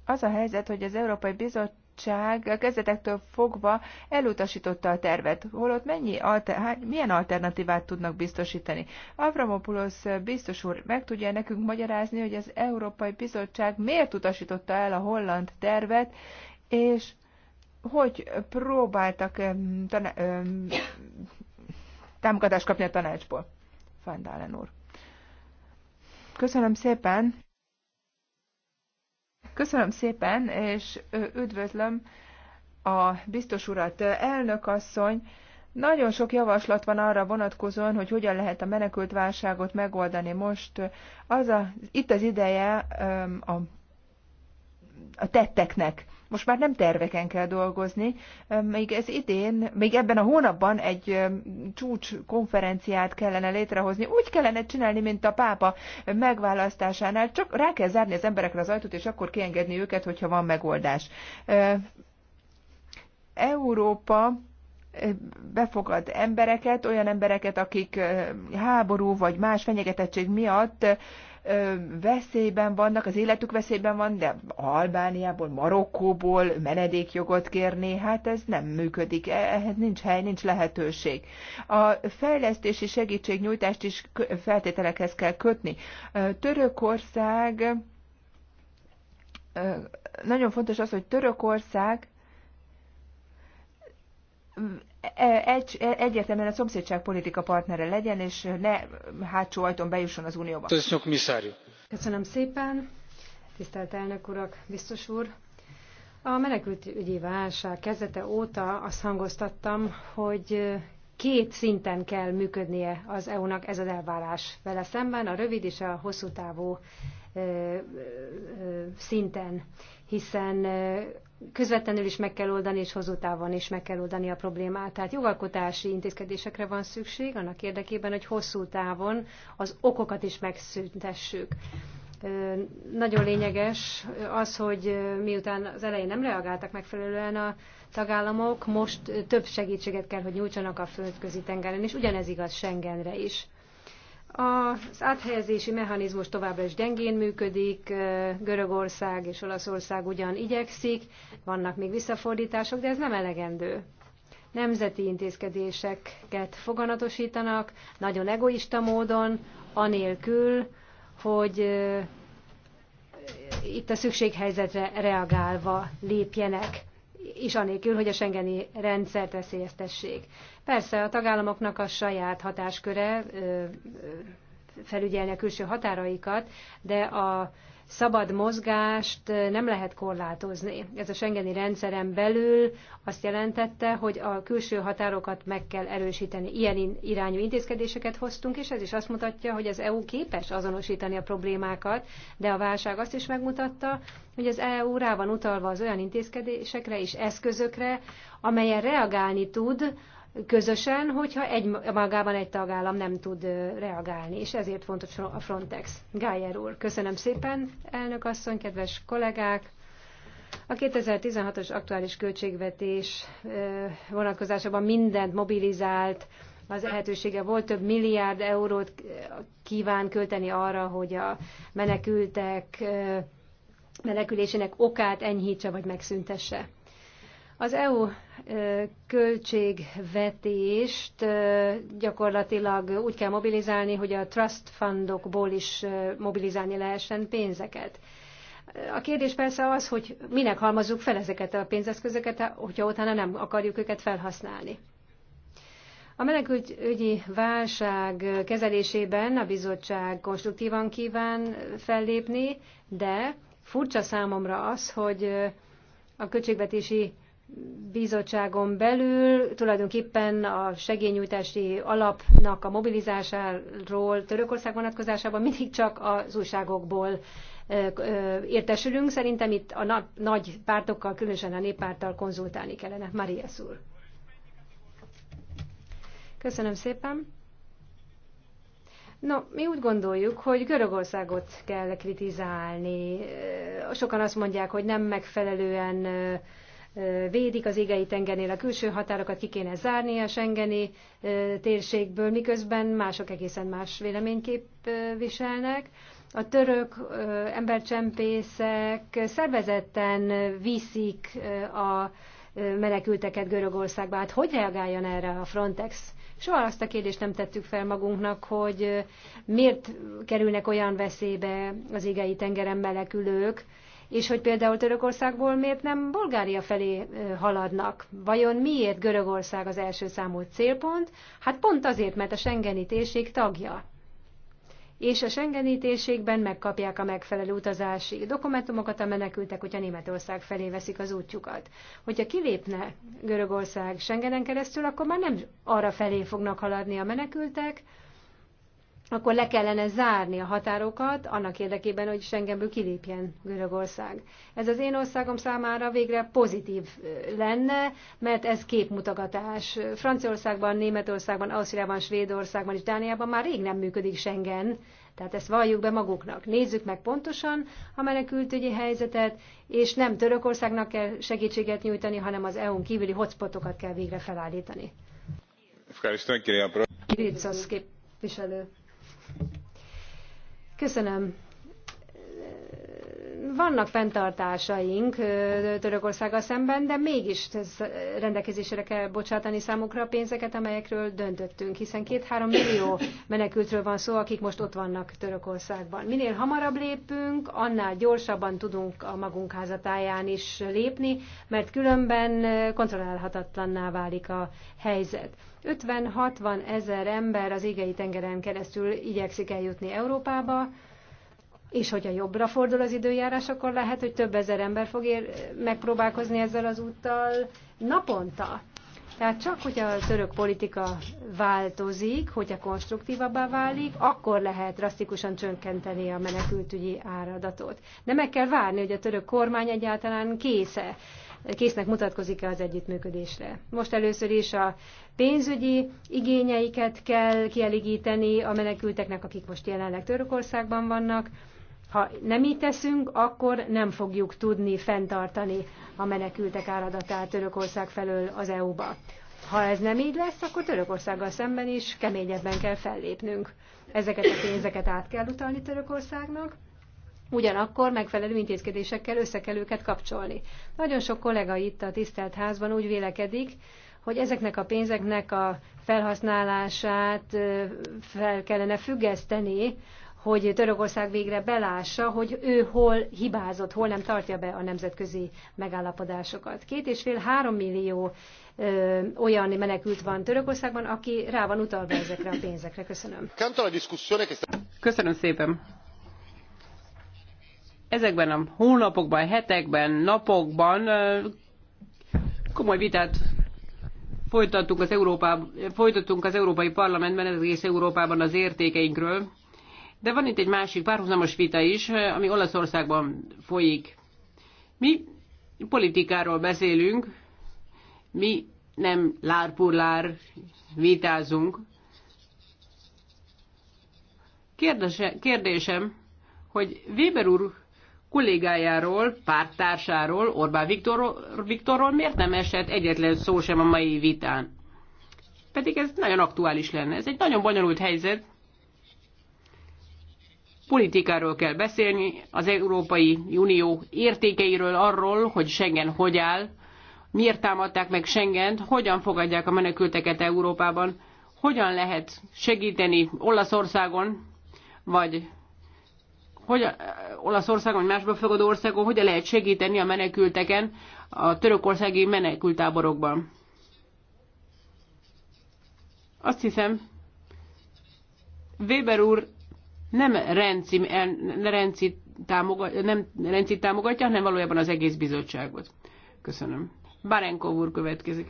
az a helyzet, hogy az Európai Bizottság bizottság kezdetektől fogva elutasította a tervet, holott mennyi alter, hát milyen alternatívát tudnak biztosítani. Avramopoulos biztos úr meg tudja nekünk magyarázni, hogy az Európai Bizottság miért utasította el a holland tervet, és hogy próbáltak támogatást kapni a tanácsból. Van úr. Köszönöm szépen. Köszönöm szépen, és üdvözlöm a biztos urat, elnök asszony. Nagyon sok javaslat van arra vonatkozóan, hogy hogyan lehet a menekült válságot megoldani. Most az a, itt az ideje a, a tetteknek. Most már nem terveken kell dolgozni. Még ez idén, még ebben a hónapban egy csúcs konferenciát kellene létrehozni. Úgy kellene csinálni, mint a pápa megválasztásánál. Csak rá kell zárni az emberekre az ajtót, és akkor kiengedni őket, hogyha van megoldás. Európa befogad embereket, olyan embereket, akik háború vagy más fenyegetettség miatt veszélyben vannak, az életük veszélyben van, de Albániából, Marokkóból menedékjogot kérni, hát ez nem működik, e, ehhez nincs hely, nincs lehetőség. A fejlesztési segítségnyújtást is feltételekhez kell kötni. Törökország, nagyon fontos az, hogy Törökország egy, egyértelműen a szomszédság politika partnere legyen, és ne hátsó ajtón bejusson az Unióba. Köszönöm szépen, tisztelt elnök urak, biztos úr. A menekültügyi válság kezdete óta azt hangoztattam, hogy két szinten kell működnie az EU-nak ez az elvárás vele szemben, a rövid és a hosszú távú szinten, hiszen közvetlenül is meg kell oldani, és hosszú távon is meg kell oldani a problémát. Tehát jogalkotási intézkedésekre van szükség, annak érdekében, hogy hosszú távon az okokat is megszüntessük. Nagyon lényeges az, hogy miután az elején nem reagáltak megfelelően a tagállamok, most több segítséget kell, hogy nyújtsanak a földközi tengeren, és ugyanez igaz Schengenre is. Az áthelyezési mechanizmus továbbra is gyengén működik, Görögország és Olaszország ugyan igyekszik, vannak még visszafordítások, de ez nem elegendő. Nemzeti intézkedéseket foganatosítanak, nagyon egoista módon, anélkül, hogy itt a szükséghelyzetre reagálva lépjenek és anélkül, hogy a Schengeni rendszert veszélyeztessék. Persze a tagállamoknak a saját hatásköre felügyelni a külső határaikat, de a szabad mozgást eh, nem lehet korlátozni. Ez a Schengeni rendszeren belül azt jelentette, hogy a külső határokat meg kell erősíteni. Ilyen irányú intézkedéseket hoztunk, és ez is azt mutatja, hogy az EU képes azonosítani a problémákat, de a válság azt is megmutatta, hogy az EU rá van utalva az olyan intézkedésekre és eszközökre, amelyen reagálni tud közösen, hogyha egy, magában egy tagállam nem tud reagálni, és ezért fontos a Frontex. Gájer úr, köszönöm szépen, elnök asszony, kedves kollégák! A 2016-os aktuális költségvetés vonatkozásában mindent mobilizált, az lehetősége volt, több milliárd eurót kíván költeni arra, hogy a menekültek menekülésének okát enyhítse vagy megszüntesse. Az EU költségvetést gyakorlatilag úgy kell mobilizálni, hogy a trust fundokból is mobilizálni lehessen pénzeket. A kérdés persze az, hogy minek halmazzuk fel ezeket a pénzeszközöket, hogyha utána nem akarjuk őket felhasználni. A menekültügyi válság kezelésében a bizottság konstruktívan kíván fellépni, de furcsa számomra az, hogy a költségvetési bizottságon belül tulajdonképpen a segélynyújtási alapnak a mobilizásáról Törökország vonatkozásában mindig csak az újságokból értesülünk. Szerintem itt a nagy pártokkal, különösen a néppárttal konzultálni kellene. Maria úr. Köszönöm szépen. No, mi úgy gondoljuk, hogy Görögországot kell kritizálni. Sokan azt mondják, hogy nem megfelelően védik az égei tengernél a külső határokat ki kéne zárni a Schengeni térségből, miközben mások egészen más véleménykép viselnek. A török embercsempészek szervezetten viszik a menekülteket Görögországba. Hát hogy reagáljon erre a Frontex? Soha azt a kérdést nem tettük fel magunknak, hogy miért kerülnek olyan veszélybe az égei tengeren melekülők, és hogy például Törökországból miért nem Bulgária felé haladnak. Vajon miért Görögország az első számú célpont? Hát pont azért, mert a Schengeni térség tagja és a Schengeni térségben megkapják a megfelelő utazási dokumentumokat a menekültek, hogyha Németország felé veszik az útjukat. Hogyha kilépne Görögország Schengenen keresztül, akkor már nem arra felé fognak haladni a menekültek, akkor le kellene zárni a határokat annak érdekében, hogy Schengenből kilépjen Görögország. Ez az én országom számára végre pozitív lenne, mert ez képmutatás. Franciaországban, Németországban, Ausztriában, Svédországban és Dániában már rég nem működik Schengen, tehát ezt valljuk be maguknak. Nézzük meg pontosan a menekültügyi helyzetet, és nem Törökországnak kell segítséget nyújtani, hanem az EU-n kívüli hotspotokat kell végre felállítani. Kiricsos képviselő. Köszönöm. Vannak fenntartásaink Törökországgal szemben, de mégis rendelkezésre kell bocsátani számukra a pénzeket, amelyekről döntöttünk, hiszen két-három millió menekültről van szó, akik most ott vannak Törökországban. Minél hamarabb lépünk, annál gyorsabban tudunk a magunk házatáján is lépni, mert különben kontrollálhatatlanná válik a helyzet. 50-60 ezer ember az égei tengeren keresztül igyekszik eljutni Európába, és hogyha jobbra fordul az időjárás, akkor lehet, hogy több ezer ember fog ér- megpróbálkozni ezzel az úttal naponta. Tehát csak, hogyha a török politika változik, hogyha konstruktívabbá válik, akkor lehet drasztikusan csökkenteni a menekültügyi áradatot. De meg kell várni, hogy a török kormány egyáltalán késze késznek mutatkozik-e az együttműködésre. Most először is a pénzügyi igényeiket kell kielégíteni a menekülteknek, akik most jelenleg Törökországban vannak. Ha nem így teszünk, akkor nem fogjuk tudni fenntartani a menekültek áradatát Törökország felől az EU-ba. Ha ez nem így lesz, akkor Törökországgal szemben is keményebben kell fellépnünk. Ezeket a pénzeket át kell utalni Törökországnak, Ugyanakkor megfelelő intézkedésekkel össze kell őket kapcsolni. Nagyon sok kollega itt a tisztelt házban úgy vélekedik, hogy ezeknek a pénzeknek a felhasználását fel kellene függeszteni, hogy Törökország végre belássa, hogy ő hol hibázott, hol nem tartja be a nemzetközi megállapodásokat. Két és fél három millió ö, olyan menekült van Törökországban, aki rá van utalva ezekre a pénzekre. Köszönöm. Köszönöm szépen ezekben a hónapokban, hetekben, napokban komoly vitát folytattunk az, Európa, folytattunk az Európai Parlamentben, ez egész Európában az értékeinkről. De van itt egy másik párhuzamos vita is, ami Olaszországban folyik. Mi politikáról beszélünk, mi nem lárpurlár vitázunk. Kérdese, kérdésem, hogy Weber úr kollégájáról, párttársáról, Orbán Viktor, Viktorról miért nem esett egyetlen szó sem a mai vitán? Pedig ez nagyon aktuális lenne. Ez egy nagyon bonyolult helyzet. Politikáról kell beszélni, az Európai Unió értékeiről, arról, hogy Schengen hogy áll, miért támadták meg Schengent, hogyan fogadják a menekülteket Európában, hogyan lehet segíteni Olaszországon, vagy hogy eh, Olaszország vagy másba fogadó országon hogyan lehet segíteni a menekülteken a törökországi menekültáborokban. Azt hiszem, Weber úr nem Renci, Renci, támogatja, nem Renci támogatja, hanem valójában az egész bizottságot. Köszönöm. Barenkov úr következik.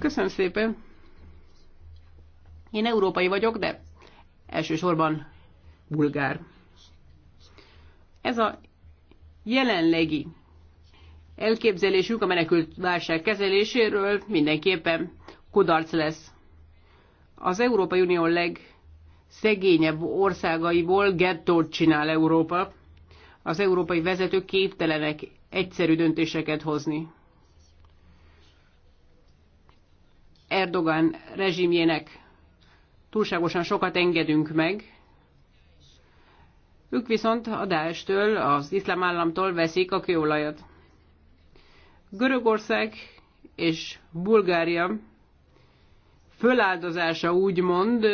Köszönöm szépen. Én európai vagyok, de elsősorban bulgár. Ez a jelenlegi elképzelésünk a menekült válság kezeléséről mindenképpen kudarc lesz. Az Európai Unió legszegényebb országaiból gettót csinál Európa. Az európai vezetők képtelenek egyszerű döntéseket hozni. Erdogan rezsimjének túlságosan sokat engedünk meg, ők viszont a Daesh-től, az iszlám államtól veszik a kőolajat. Görögország és Bulgária föláldozása úgymond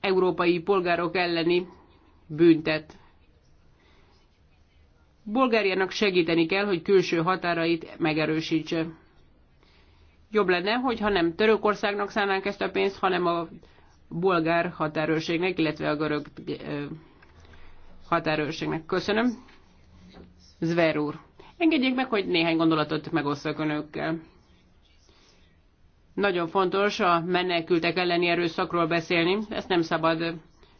európai polgárok elleni büntet. Bulgáriának segíteni kell, hogy külső határait megerősítse. Jobb lenne, hogyha nem Törökországnak szánnánk ezt a pénzt, hanem a bulgár határőrségnek, illetve a görög határőrségnek. Köszönöm. Zver úr. Engedjék meg, hogy néhány gondolatot megosszak önökkel. Nagyon fontos a menekültek elleni erőszakról beszélni, ezt nem szabad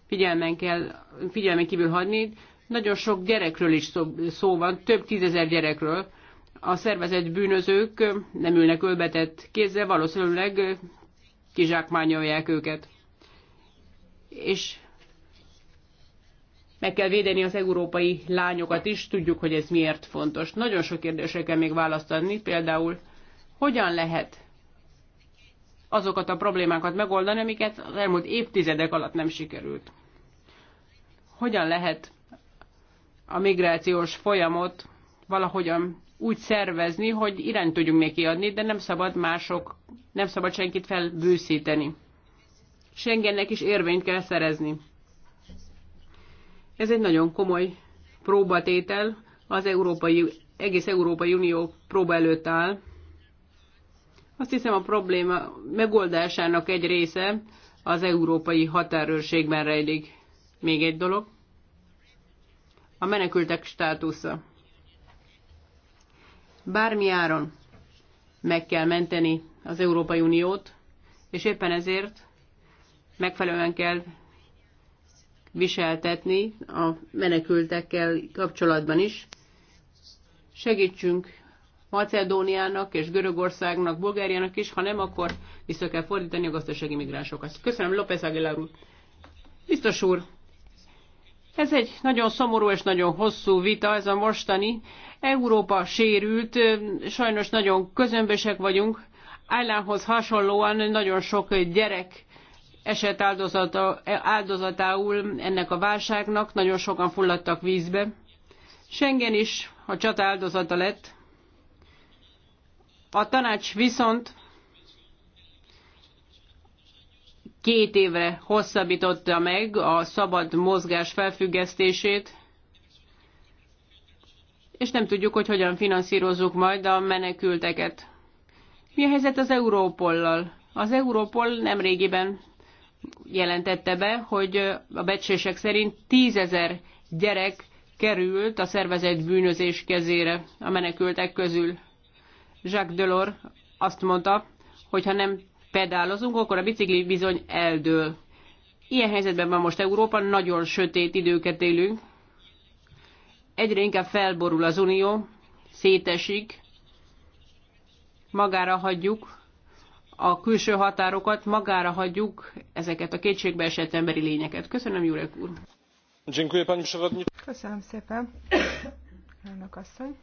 figyelmen, kell, figyelmen kívül hagyni. Nagyon sok gyerekről is szó, szó van, több tízezer gyerekről. A szervezett bűnözők nem ülnek ölbetett kézzel, valószínűleg kizsákmányolják őket és meg kell védeni az európai lányokat is, tudjuk, hogy ez miért fontos. Nagyon sok kérdésre kell még választ adni, például hogyan lehet azokat a problémákat megoldani, amiket az elmúlt évtizedek alatt nem sikerült. Hogyan lehet a migrációs folyamot valahogyan úgy szervezni, hogy irányt tudjunk neki adni, de nem szabad mások, nem szabad senkit felbőszíteni. Schengennek is érvényt kell szerezni. Ez egy nagyon komoly próbatétel, az Európai, egész Európai Unió próba előtt áll. Azt hiszem a probléma megoldásának egy része az európai határőrségben rejlik. Még egy dolog, a menekültek státusza. Bármi áron meg kell menteni az Európai Uniót, és éppen ezért megfelelően kell viseltetni a menekültekkel kapcsolatban is. Segítsünk Macedóniának és Görögországnak, Bulgáriának is, ha nem, akkor vissza kell fordítani a gazdasági migránsokat. Köszönöm, López Aguilar úr. Biztos úr, ez egy nagyon szomorú és nagyon hosszú vita, ez a mostani. Európa sérült, sajnos nagyon közömbösek vagyunk. Állánhoz hasonlóan nagyon sok gyerek esett áldozata, áldozatául ennek a válságnak, nagyon sokan fulladtak vízbe. Schengen is a csata áldozata lett. A tanács viszont két évre hosszabbította meg a szabad mozgás felfüggesztését, és nem tudjuk, hogy hogyan finanszírozzuk majd a menekülteket. Mi a helyzet az Európollal? Az Európol nemrégiben jelentette be, hogy a becsések szerint tízezer gyerek került a szervezett bűnözés kezére a menekültek közül. Jacques Delors azt mondta, hogy ha nem pedálozunk, akkor a bicikli bizony eldől. Ilyen helyzetben van most Európa, nagyon sötét időket élünk. Egyre inkább felborul az unió, szétesik, magára hagyjuk a külső határokat, magára hagyjuk ezeket a kétségbeesett emberi lényeket. Köszönöm, Jurek úr! Köszönöm szépen, Önök asszony!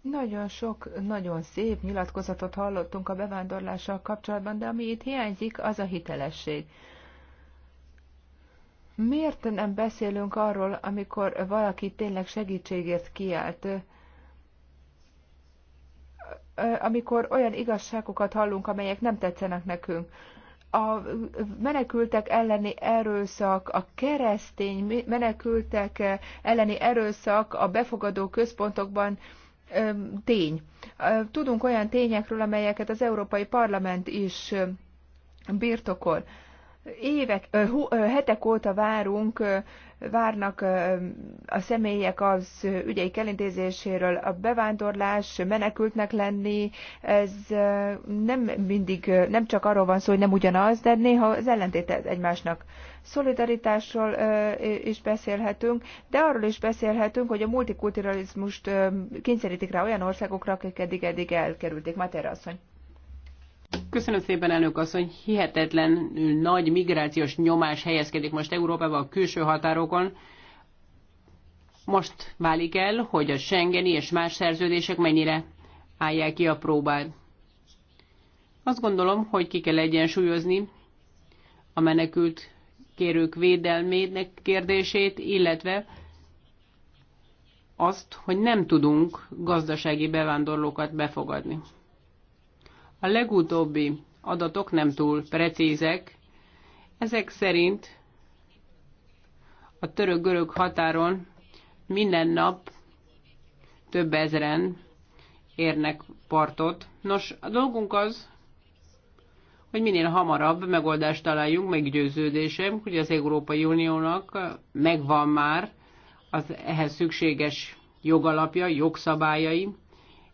Nagyon sok, nagyon szép nyilatkozatot hallottunk a bevándorlással kapcsolatban, de ami itt hiányzik, az a hitelesség. Miért nem beszélünk arról, amikor valaki tényleg segítségért kiállt? amikor olyan igazságokat hallunk, amelyek nem tetszenek nekünk. A menekültek elleni erőszak, a keresztény menekültek elleni erőszak a befogadó központokban tény. Tudunk olyan tényekről, amelyeket az Európai Parlament is birtokol évek, hetek óta várunk várnak a személyek az ügyeik elintézéséről, a bevándorlás, menekültnek lenni, ez nem mindig, nem csak arról van szó, hogy nem ugyanaz, de néha az ellentéte egymásnak. Szolidaritásról is beszélhetünk, de arról is beszélhetünk, hogy a multikulturalizmust kényszerítik rá olyan országokra, akik eddig-eddig elkerülték. Matera asszony. Köszönöm szépen, elnök asszony. Hihetetlenül nagy migrációs nyomás helyezkedik most Európában a külső határokon. Most válik el, hogy a Schengeni és más szerződések mennyire állják ki a próbát. Azt gondolom, hogy ki kell egyensúlyozni a menekült kérők védelmének kérdését, illetve azt, hogy nem tudunk gazdasági bevándorlókat befogadni. A legutóbbi adatok nem túl precízek. Ezek szerint a török-görög határon minden nap több ezeren érnek partot. Nos, a dolgunk az, hogy minél hamarabb megoldást találjunk, meggyőződésem, hogy az Európai Uniónak megvan már az ehhez szükséges jogalapja, jogszabályai.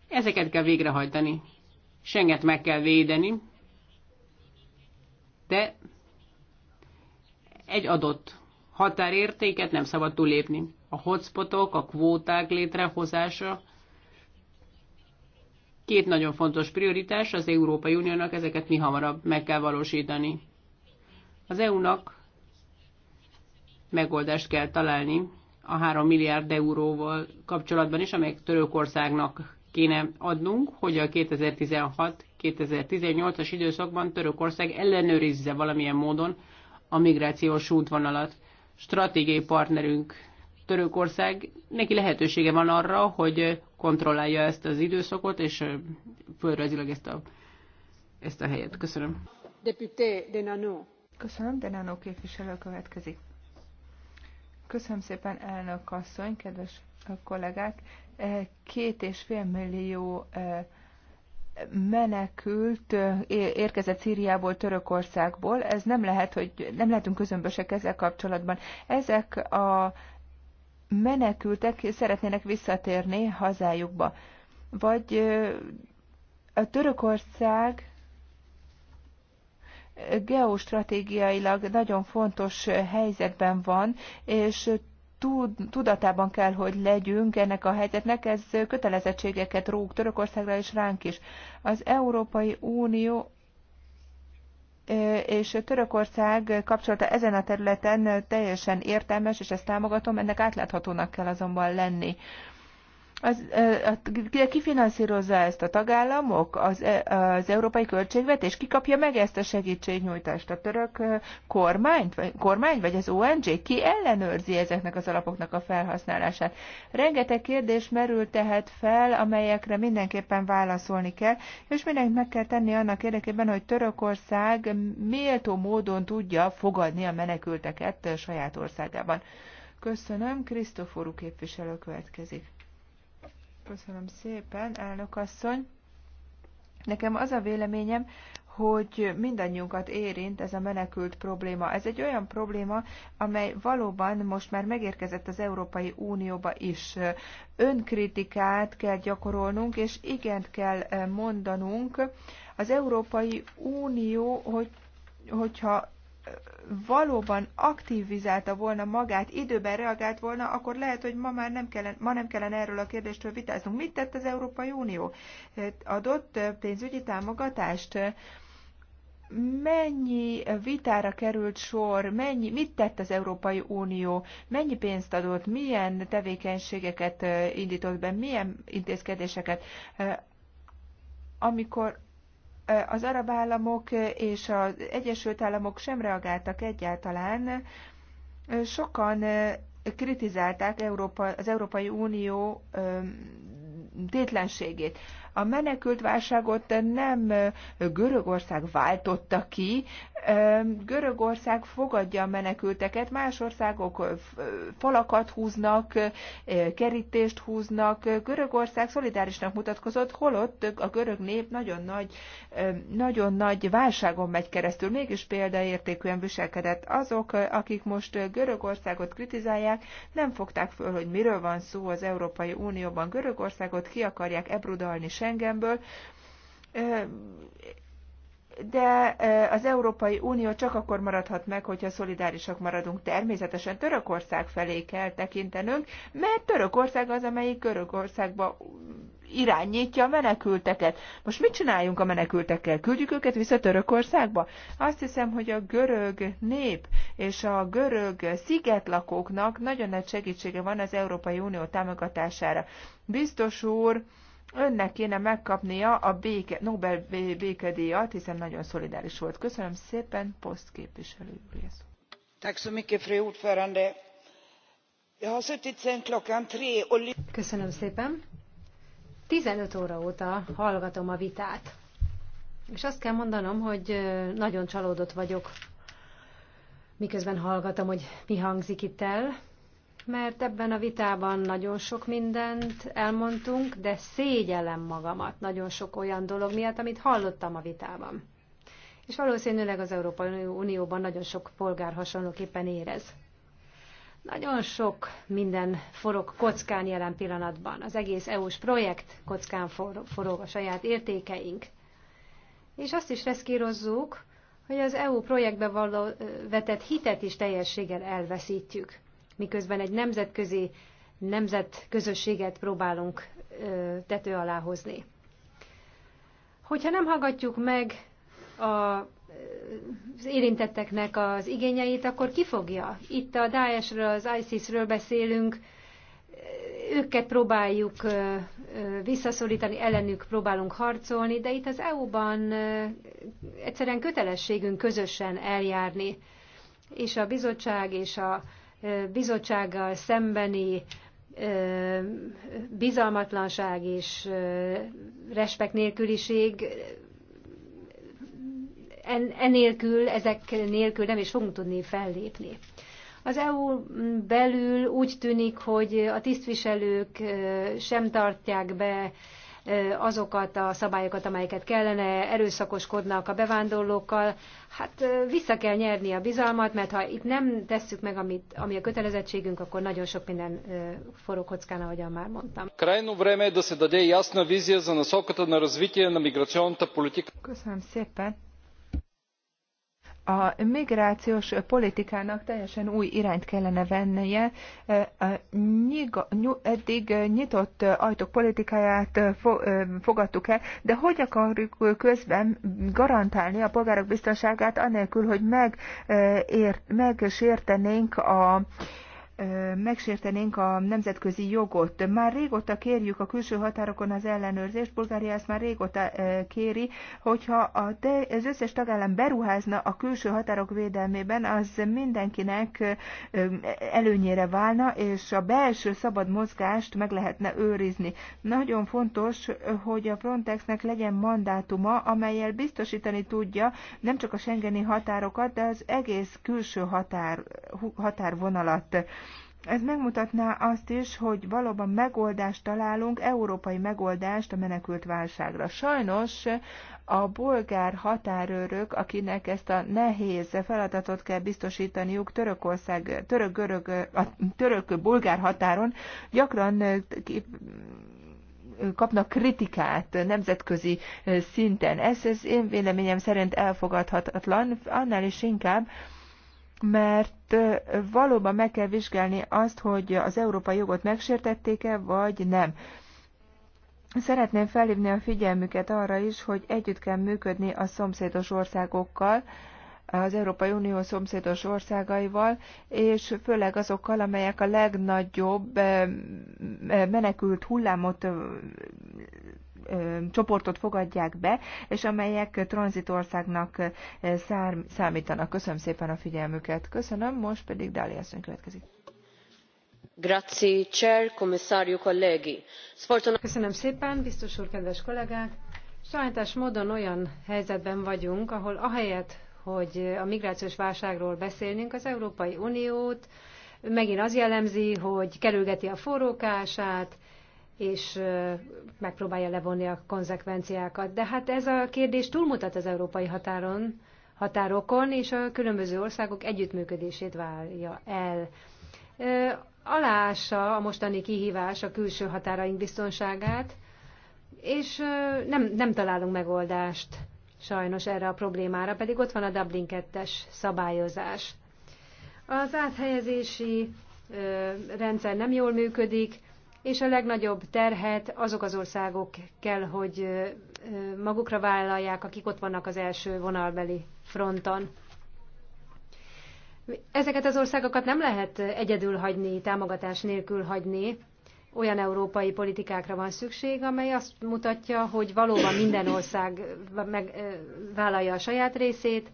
Ezeket kell végrehajtani. Senget meg kell védeni, de egy adott határértéket nem szabad túlépni. A hotspotok, a kvóták létrehozása két nagyon fontos prioritás, az Európai Uniónak ezeket mi hamarabb meg kell valósítani. Az EU-nak megoldást kell találni a 3 milliárd euróval kapcsolatban is, amelyek Törökországnak kéne adnunk, hogy a 2016-2018-as időszakban Törökország ellenőrizze valamilyen módon a migrációs útvonalat. Stratégiai partnerünk Törökország, neki lehetősége van arra, hogy kontrollálja ezt az időszakot, és földrajzilag ezt a, ezt a helyet. Köszönöm. Deputé De Nano. Köszönöm, Nano képviselő következik. Köszönöm szépen, elnök asszony, kedves kollégák! két és fél millió menekült érkezett Szíriából, Törökországból. Ez nem lehet, hogy nem lehetünk közömbösek ezzel kapcsolatban. Ezek a menekültek szeretnének visszatérni hazájukba. Vagy a Törökország geostratégiailag nagyon fontos helyzetben van, és tudatában kell, hogy legyünk ennek a helyzetnek, ez kötelezettségeket rúg Törökországra és ránk is. Az Európai Unió és Törökország kapcsolata ezen a területen teljesen értelmes, és ezt támogatom, ennek átláthatónak kell azonban lenni. Az, ki finanszírozza ezt a tagállamok, az, e, az európai költségvetés? Ki kapja meg ezt a segítségnyújtást? A török kormányt, vagy, kormány, vagy az ONG? Ki ellenőrzi ezeknek az alapoknak a felhasználását? Rengeteg kérdés merül tehet fel, amelyekre mindenképpen válaszolni kell, és mindenkit meg kell tenni annak érdekében, hogy Törökország méltó módon tudja fogadni a menekülteket saját országában. Köszönöm, Krisztoforú képviselő következik. Köszönöm szépen, elnök asszony. Nekem az a véleményem, hogy mindannyiunkat érint ez a menekült probléma. Ez egy olyan probléma, amely valóban most már megérkezett az Európai Unióba is. Önkritikát kell gyakorolnunk, és igent kell eh, mondanunk. Az Európai Unió, hogy, hogyha valóban aktivizálta volna magát, időben reagált volna, akkor lehet, hogy ma már nem kellene, ma nem kellene erről a kérdéstől vitáznunk. Mit tett az Európai Unió? Adott pénzügyi támogatást? Mennyi vitára került sor, mennyi, mit tett az Európai Unió, mennyi pénzt adott, milyen tevékenységeket eh, indított be, milyen intézkedéseket, eh, amikor az arab államok és az Egyesült Államok sem reagáltak egyáltalán. Sokan kritizálták Európa, az Európai Unió tétlenségét. A menekült válságot nem Görögország váltotta ki, Görögország fogadja a menekülteket, más országok falakat húznak, kerítést húznak. Görögország szolidárisnak mutatkozott, holott a görög nép nagyon nagy, nagyon nagy válságon megy keresztül, mégis példaértékűen viselkedett. Azok, akik most Görögországot kritizálják, nem fogták föl, hogy miről van szó az Európai Unióban. Görögországot ki akarják ebrudalni sem Schengenből, de az Európai Unió csak akkor maradhat meg, hogyha szolidárisak maradunk. Természetesen Törökország felé kell tekintenünk, mert Törökország az, amelyik Törökországba irányítja a menekülteket. Most mit csináljunk a menekültekkel? Küldjük őket vissza Törökországba? Azt hiszem, hogy a görög nép és a görög szigetlakóknak nagyon nagy segítsége van az Európai Unió támogatására. Biztos úr, Önnek kéne megkapnia a béke, Nobel békedíjat, hiszen nagyon szolidáris volt. Köszönöm szépen, poszt képviselő úrész. Köszönöm szépen. 15 óra óta hallgatom a vitát. És azt kell mondanom, hogy nagyon csalódott vagyok, miközben hallgatom, hogy mi hangzik itt el mert ebben a vitában nagyon sok mindent elmondtunk, de szégyellem magamat nagyon sok olyan dolog miatt, amit hallottam a vitában. És valószínűleg az Európai Unióban nagyon sok polgár hasonlóképpen érez. Nagyon sok minden forog kockán jelen pillanatban. Az egész EU-s projekt kockán forog a saját értékeink. És azt is reszkírozzuk, hogy az EU projektbe való vetett hitet is teljességgel elveszítjük miközben egy nemzetközi nemzetközösséget próbálunk tető alá hozni. Hogyha nem hallgatjuk meg a az érintetteknek az igényeit, akkor ki fogja? Itt a Daesh-ről, az ISIS-ről beszélünk, őket próbáljuk visszaszorítani, ellenük próbálunk harcolni, de itt az EU-ban egyszerűen kötelességünk közösen eljárni. És a bizottság és a bizottsággal szembeni bizalmatlanság és respekt nélküliség enélkül, ezek nélkül nem is fogunk tudni fellépni. Az EU belül úgy tűnik, hogy a tisztviselők sem tartják be azokat a szabályokat, amelyeket kellene, erőszakoskodnak a bevándorlókkal. Hát vissza kell nyerni a bizalmat, mert ha itt nem tesszük meg, amit, ami a kötelezettségünk, akkor nagyon sok minden forog kockán, ahogyan már mondtam. Крайно vreme da se се jasna ясна za за насоката на na на politika. Köszönöm szépen a migrációs politikának teljesen új irányt kellene vennie. Eddig nyitott ajtók politikáját fogadtuk el, de hogy akarjuk közben garantálni a polgárok biztonságát, anélkül, hogy megsértenénk a megsértenénk a nemzetközi jogot. Már régóta kérjük a külső határokon az ellenőrzést, Bulgária ezt már régóta kéri, hogyha az összes tagállam beruházna a külső határok védelmében, az mindenkinek előnyére válna, és a belső szabad mozgást meg lehetne őrizni. Nagyon fontos, hogy a Frontexnek legyen mandátuma, amelyel biztosítani tudja nem csak a Schengeni határokat, de az egész külső határ, határvonalat ez megmutatná azt is, hogy valóban megoldást találunk, európai megoldást a menekült válságra. Sajnos a bolgár határőrök, akinek ezt a nehéz feladatot kell biztosítaniuk Törökország, török-görög, a török-bolgár határon, gyakran kapnak kritikát nemzetközi szinten. Ez az én véleményem szerint elfogadhatatlan, annál is inkább, mert valóban meg kell vizsgálni azt, hogy az európai jogot megsértették-e, vagy nem. Szeretném felhívni a figyelmüket arra is, hogy együtt kell működni a szomszédos országokkal, az Európai Unió szomszédos országaival, és főleg azokkal, amelyek a legnagyobb menekült hullámot csoportot fogadják be, és amelyek tranzitországnak számítanak. Köszönöm szépen a figyelmüket. Köszönöm, most pedig Dália Szön következik. Grazie, Chair, Commissario, colleghi. Köszönöm szépen, biztos úr, kedves kollégák! Sajnálatos módon olyan helyzetben vagyunk, ahol ahelyett, hogy a migrációs válságról beszélnénk, az Európai Uniót megint az jellemzi, hogy kerülgeti a forrókását, és megpróbálja levonni a konzekvenciákat. De hát ez a kérdés túlmutat az európai határon, határokon, és a különböző országok együttműködését várja el. Alása a mostani kihívás a külső határaink biztonságát, és nem, nem találunk megoldást sajnos erre a problémára, pedig ott van a Dublin 2-es szabályozás. Az áthelyezési rendszer nem jól működik, és a legnagyobb terhet azok az országok kell, hogy magukra vállalják, akik ott vannak az első vonalbeli fronton. Ezeket az országokat nem lehet egyedül hagyni, támogatás nélkül hagyni. Olyan európai politikákra van szükség, amely azt mutatja, hogy valóban minden ország megvállalja vállalja a saját részét,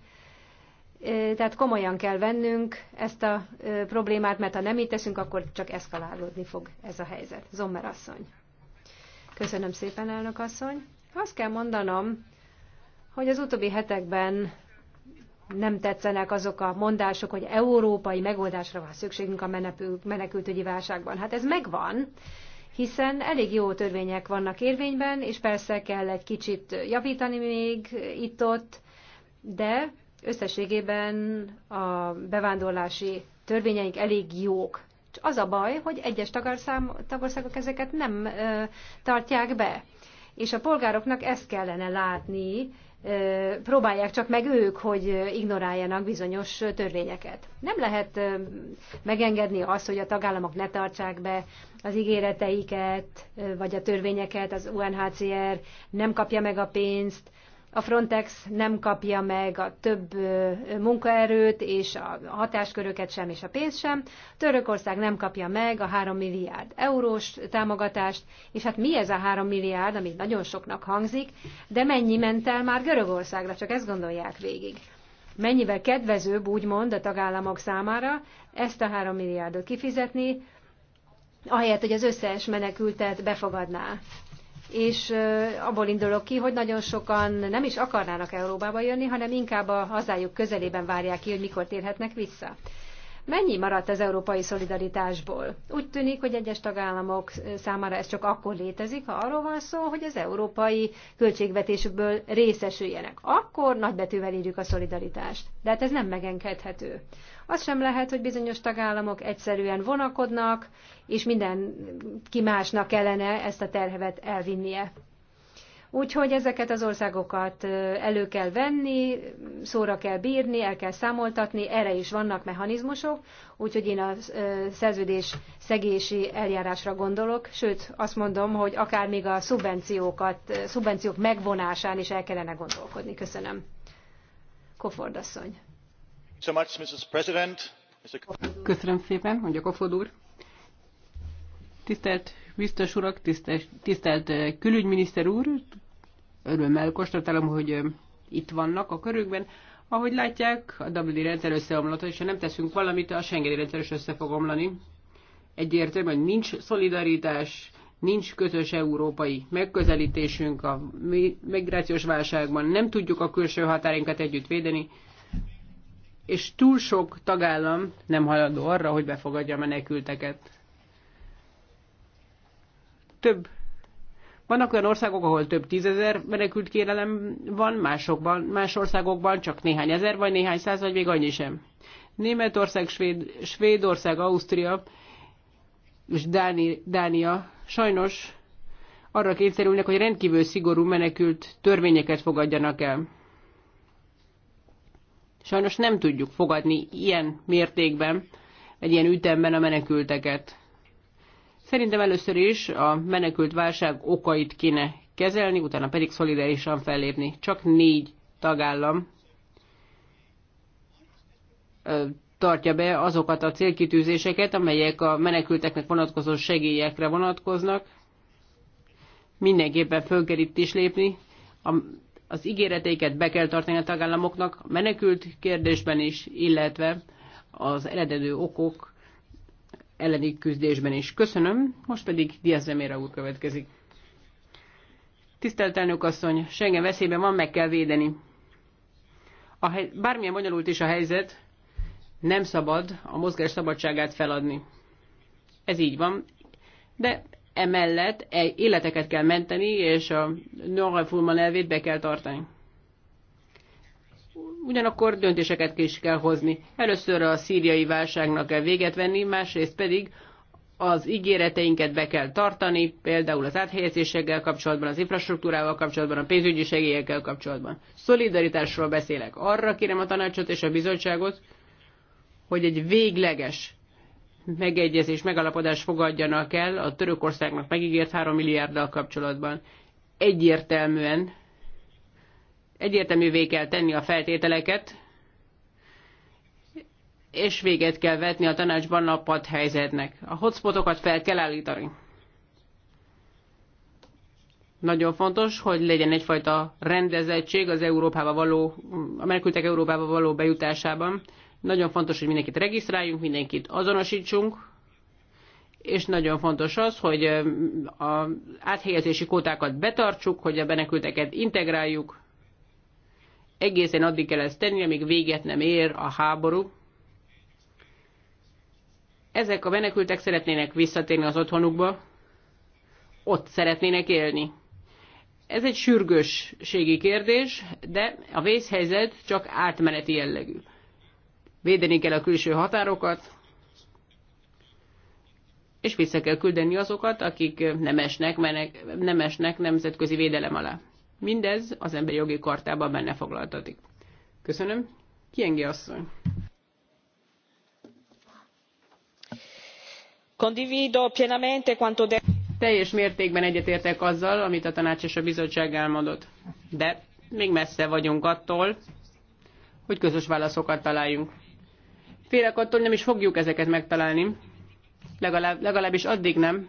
tehát komolyan kell vennünk ezt a problémát, mert ha nem így teszünk, akkor csak eszkalálódni fog ez a helyzet. Zommer asszony. Köszönöm szépen, elnök asszony. Azt kell mondanom, hogy az utóbbi hetekben nem tetszenek azok a mondások, hogy európai megoldásra van szükségünk a menekültügyi válságban. Hát ez megvan, hiszen elég jó törvények vannak érvényben, és persze kell egy kicsit javítani még itt-ott, de Összességében a bevándorlási törvényeink elég jók. Az a baj, hogy egyes tagországok ezeket nem ö, tartják be. És a polgároknak ezt kellene látni, ö, próbálják csak meg ők, hogy ignoráljanak bizonyos törvényeket. Nem lehet ö, megengedni azt, hogy a tagállamok ne tartsák be az ígéreteiket, ö, vagy a törvényeket, az UNHCR nem kapja meg a pénzt, a Frontex nem kapja meg a több munkaerőt és a hatásköröket sem, és a pénzt sem. Törökország nem kapja meg a 3 milliárd eurós támogatást, és hát mi ez a 3 milliárd, amit nagyon soknak hangzik, de mennyi ment el már Görögországra, csak ezt gondolják végig. Mennyivel kedvezőbb, úgymond, a tagállamok számára ezt a 3 milliárdot kifizetni, ahelyett, hogy az összes menekültet befogadná és abból indulok ki, hogy nagyon sokan nem is akarnának Európába jönni, hanem inkább a hazájuk közelében várják ki, hogy mikor térhetnek vissza. Mennyi maradt az európai szolidaritásból? Úgy tűnik, hogy egyes tagállamok számára ez csak akkor létezik, ha arról van szó, hogy az európai költségvetésükből részesüljenek. Akkor nagybetűvel írjuk a szolidaritást. De hát ez nem megengedhető. Az sem lehet, hogy bizonyos tagállamok egyszerűen vonakodnak, és ki másnak kellene ezt a terhevet elvinnie. Úgyhogy ezeket az országokat elő kell venni, szóra kell bírni, el kell számoltatni, erre is vannak mechanizmusok, úgyhogy én a szerződés szegési eljárásra gondolok, sőt azt mondom, hogy akár még a szubvenciókat, szubvenciók megvonásán is el kellene gondolkodni. Köszönöm. Kofordasszony. asszony. Köszönöm szépen, mondja Kofod úr. Tisztelt biztos urak, tisztelt, tisztelt eh, külügyminiszter úr, örömmel konstatálom, hogy eh, itt vannak a körükben. Ahogy látják, a Dublini rendszer összeomlott, és ha nem teszünk valamit, a Schengeni rendszer is össze fog omlani. Egyértelmű, hogy nincs szolidaritás, nincs közös európai megközelítésünk a migrációs válságban, nem tudjuk a külső határainkat együtt védeni, és túl sok tagállam nem haladó arra, hogy befogadja a menekülteket. Több. Vannak olyan országok, ahol több tízezer menekült kérelem van, másokban, más országokban csak néhány ezer, vagy néhány száz, vagy még annyi sem. Németország, Svéd, Svédország, Ausztria és Dáni, Dánia sajnos arra kényszerülnek, hogy rendkívül szigorú menekült törvényeket fogadjanak el. Sajnos nem tudjuk fogadni ilyen mértékben, egy ilyen ütemben a menekülteket. Szerintem először is a menekült válság okait kéne kezelni, utána pedig szolidárisan fellépni. Csak négy tagállam tartja be azokat a célkitűzéseket, amelyek a menekülteknek vonatkozó segélyekre vonatkoznak. Mindenképpen föl kell itt is lépni. A az ígéreteiket be kell tartani a tagállamoknak a menekült kérdésben is, illetve az eredető okok elleni küzdésben is. Köszönöm, most pedig Diaz Zemére úr következik. Tisztelt elnök asszony, Schengen veszélyben van, meg kell védeni. A hely, bármilyen bonyolult is a helyzet, nem szabad a mozgás szabadságát feladni. Ez így van, de emellett életeket kell menteni, és a Nora Fulman elvét be kell tartani. Ugyanakkor döntéseket is kell hozni. Először a szíriai válságnak kell véget venni, másrészt pedig az ígéreteinket be kell tartani, például az áthelyezésekkel kapcsolatban, az infrastruktúrával kapcsolatban, a pénzügyi segélyekkel kapcsolatban. Szolidaritásról beszélek. Arra kérem a tanácsot és a bizottságot, hogy egy végleges megegyezés, megalapodás fogadjanak el a Törökországnak megígért 3 milliárddal kapcsolatban. Egyértelműen egyértelművé kell tenni a feltételeket, és véget kell vetni a tanácsban a helyzetnek. A hotspotokat fel kell állítani. Nagyon fontos, hogy legyen egyfajta rendezettség az Európába való, a menekültek Európába való bejutásában. Nagyon fontos, hogy mindenkit regisztráljunk, mindenkit azonosítsunk, és nagyon fontos az, hogy az áthelyezési kótákat betartsuk, hogy a benekülteket integráljuk. Egészen addig kell ezt tenni, amíg véget nem ér a háború. Ezek a menekültek szeretnének visszatérni az otthonukba, ott szeretnének élni. Ez egy sürgősségi kérdés, de a vészhelyzet csak átmeneti jellegű védeni kell a külső határokat, és vissza kell küldeni azokat, akik nem esnek, menek, nem esnek nemzetközi védelem alá. Mindez az emberi jogi kartában benne foglaltatik. Köszönöm. Kiengi asszony. Condivido pienamente quanto de... Teljes mértékben egyetértek azzal, amit a tanács és a bizottság elmondott. De még messze vagyunk attól, hogy közös válaszokat találjunk. Félek attól, nem is fogjuk ezeket megtalálni, legalább, legalábbis addig nem,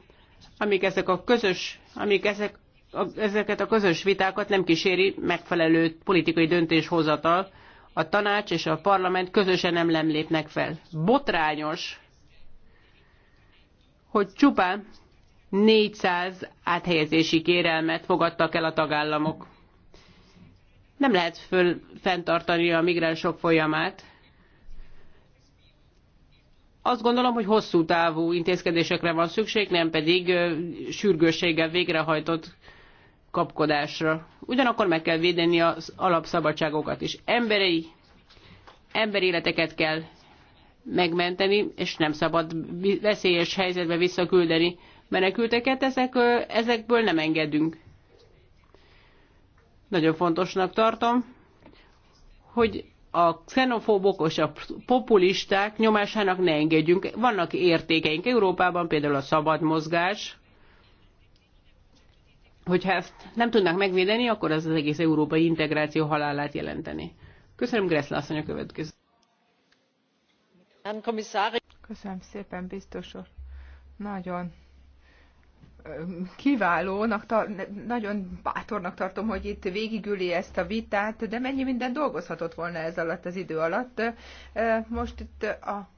amíg ezek a közös, amíg ezek, a, ezeket a közös vitákat nem kíséri megfelelő politikai döntéshozatal, a tanács és a parlament közösen nem lemlépnek fel. Botrányos, hogy csupán 400 áthelyezési kérelmet fogadtak el a tagállamok. Nem lehet föl fenntartani a migránsok folyamát, azt gondolom, hogy hosszú távú intézkedésekre van szükség, nem pedig sürgősséggel végrehajtott kapkodásra. Ugyanakkor meg kell védeni az alapszabadságokat is. Emberi, emberi életeket kell megmenteni, és nem szabad veszélyes helyzetbe visszaküldeni menekülteket, ezek, ezekből nem engedünk. Nagyon fontosnak tartom, hogy a xenofóbok és a populisták nyomásának ne engedjünk. Vannak értékeink Európában, például a szabad mozgás. Hogyha ezt nem tudnak megvédeni, akkor az az egész európai integráció halálát jelenteni. Köszönöm, Gressle asszony, a következő. Köszönöm szépen, biztos úr. Nagyon kiválónak, nagyon bátornak tartom, hogy itt végigüli ezt a vitát, de mennyi minden dolgozhatott volna ez alatt az idő alatt. Most itt a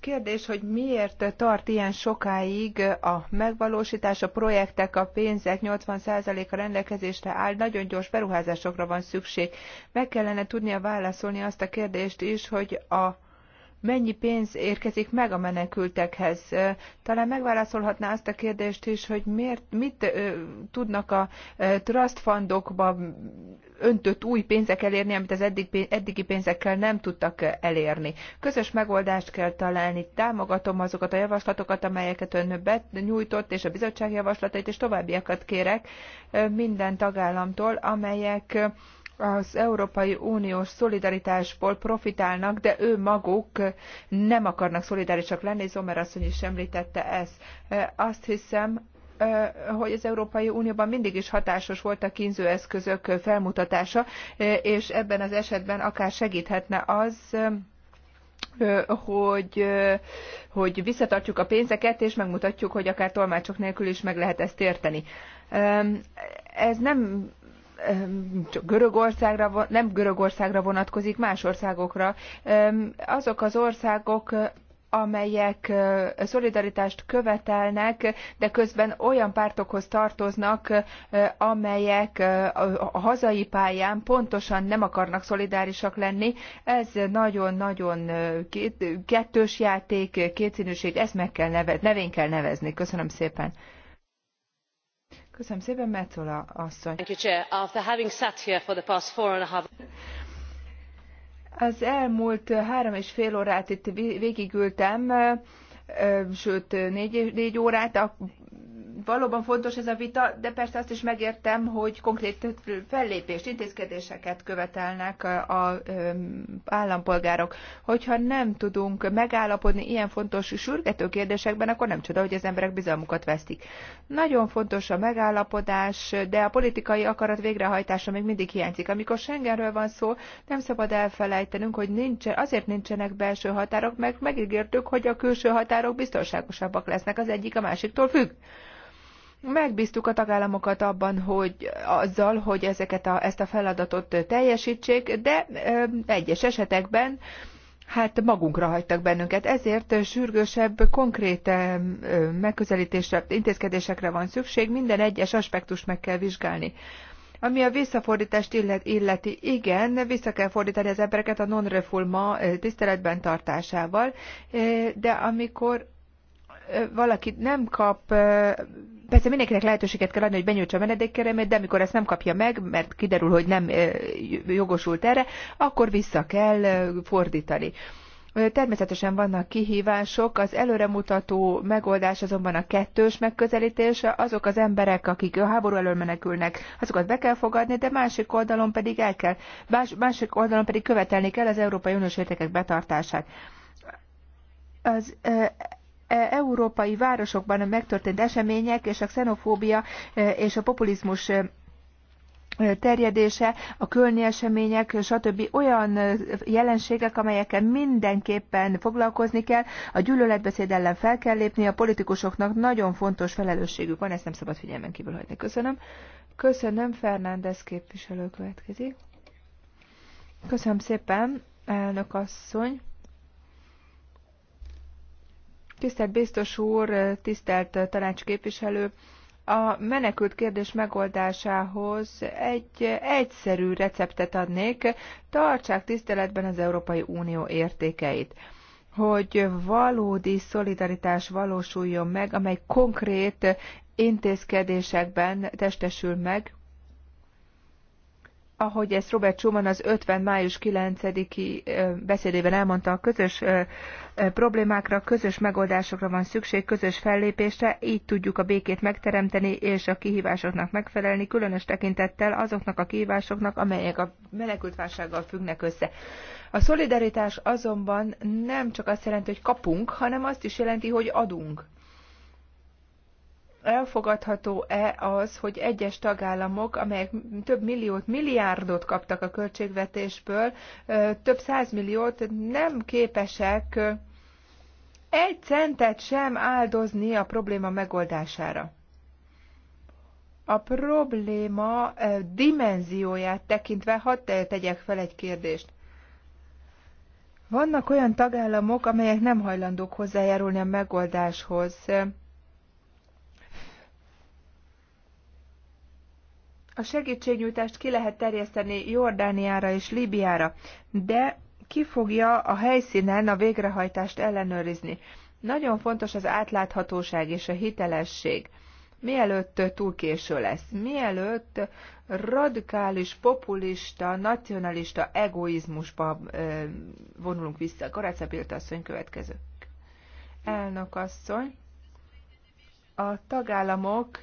kérdés, hogy miért tart ilyen sokáig a megvalósítás, a projektek, a pénzek 80%-a rendelkezésre áll, nagyon gyors beruházásokra van szükség. Meg kellene tudnia válaszolni azt a kérdést is, hogy a mennyi pénz érkezik meg a menekültekhez. Talán megválaszolhatná azt a kérdést is, hogy miért, mit tudnak a trust fundokba öntött új pénzek elérni, amit az eddig, eddigi pénzekkel nem tudtak elérni. Közös megoldást kell találni. Támogatom azokat a javaslatokat, amelyeket ön nyújtott, és a bizottság javaslatait, és továbbiakat kérek minden tagállamtól, amelyek az Európai Uniós szolidaritásból profitálnak, de ő maguk nem akarnak szolidárisak lenni, Zomer asszony is említette ezt. Azt hiszem, hogy az Európai Unióban mindig is hatásos volt a kínzőeszközök felmutatása, és ebben az esetben akár segíthetne az, hogy, hogy visszatartjuk a pénzeket, és megmutatjuk, hogy akár tolmácsok nélkül is meg lehet ezt érteni. Ez nem Görögországra, nem Görögországra vonatkozik, más országokra. Azok az országok, amelyek szolidaritást követelnek, de közben olyan pártokhoz tartoznak, amelyek a hazai pályán pontosan nem akarnak szolidárisak lenni. Ez nagyon-nagyon kettős játék, kétszínűség, ezt meg kell nevezni, nevén kell nevezni. Köszönöm szépen. Köszönöm szépen, Metzola asszony. Az elmúlt három és fél órát itt végigültem, sőt négy, négy órát, valóban fontos ez a vita, de persze azt is megértem, hogy konkrét fellépést, intézkedéseket követelnek az állampolgárok. Hogyha nem tudunk megállapodni ilyen fontos sürgető kérdésekben, akkor nem csoda, hogy az emberek bizalmukat vesztik. Nagyon fontos a megállapodás, de a politikai akarat végrehajtása még mindig hiányzik. Amikor Schengenről van szó, nem szabad elfelejtenünk, hogy nincsen, azért nincsenek belső határok, meg megígértük, hogy a külső határok biztonságosabbak lesznek, az egyik a másiktól függ megbíztuk a tagállamokat abban, hogy azzal, hogy ezeket a, ezt a feladatot teljesítsék, de egyes esetekben hát magunkra hagytak bennünket. Ezért sürgősebb, konkrét megközelítésre, intézkedésekre van szükség, minden egyes aspektust meg kell vizsgálni. Ami a visszafordítást illet, illeti, igen, vissza kell fordítani az embereket a non-refulma tiszteletben tartásával, de amikor valaki nem kap, persze mindenkinek lehetőséget kell adni, hogy benyújtsa a menedékkérelmét, de amikor ezt nem kapja meg, mert kiderül, hogy nem jogosult erre, akkor vissza kell fordítani. Természetesen vannak kihívások, az előremutató megoldás azonban a kettős megközelítése, azok az emberek, akik a háború elől menekülnek, azokat be kell fogadni, de másik oldalon pedig el kell, más, másik oldalon pedig követelni kell az Európai Uniós értékek betartását. Az E, európai városokban megtörtént események és a xenofóbia e, és a populizmus e, terjedése, a kölni események, stb. olyan jelenségek, amelyekkel mindenképpen foglalkozni kell. A gyűlöletbeszéd ellen fel kell lépni, a politikusoknak nagyon fontos felelősségük van, ezt nem szabad figyelmen kívül hagyni. Köszönöm. Köszönöm, Fernández képviselő következik. Köszönöm szépen, elnök asszony. Tisztelt biztos úr, tisztelt tanácsképviselő! A menekült kérdés megoldásához egy egyszerű receptet adnék, tartsák tiszteletben az Európai Unió értékeit hogy valódi szolidaritás valósuljon meg, amely konkrét intézkedésekben testesül meg, ahogy ezt Robert Schumann az 50. május 9-i beszédében elmondta, a közös problémákra, közös megoldásokra van szükség, közös fellépésre, így tudjuk a békét megteremteni és a kihívásoknak megfelelni, különös tekintettel azoknak a kihívásoknak, amelyek a menekültválsággal függnek össze. A szolidaritás azonban nem csak azt jelenti, hogy kapunk, hanem azt is jelenti, hogy adunk elfogadható-e az, hogy egyes tagállamok, amelyek több milliót, milliárdot kaptak a költségvetésből, több százmilliót nem képesek egy centet sem áldozni a probléma megoldására. A probléma dimenzióját tekintve hadd tegyek fel egy kérdést. Vannak olyan tagállamok, amelyek nem hajlandók hozzájárulni a megoldáshoz. A segítségnyújtást ki lehet terjeszteni Jordániára és Líbiára, de ki fogja a helyszínen a végrehajtást ellenőrizni. Nagyon fontos az átláthatóság és a hitelesség. Mielőtt túl késő lesz, mielőtt radikális, populista, nacionalista egoizmusba vonulunk vissza. Karácsa Bilta asszony következő. Elnök asszony, a tagállamok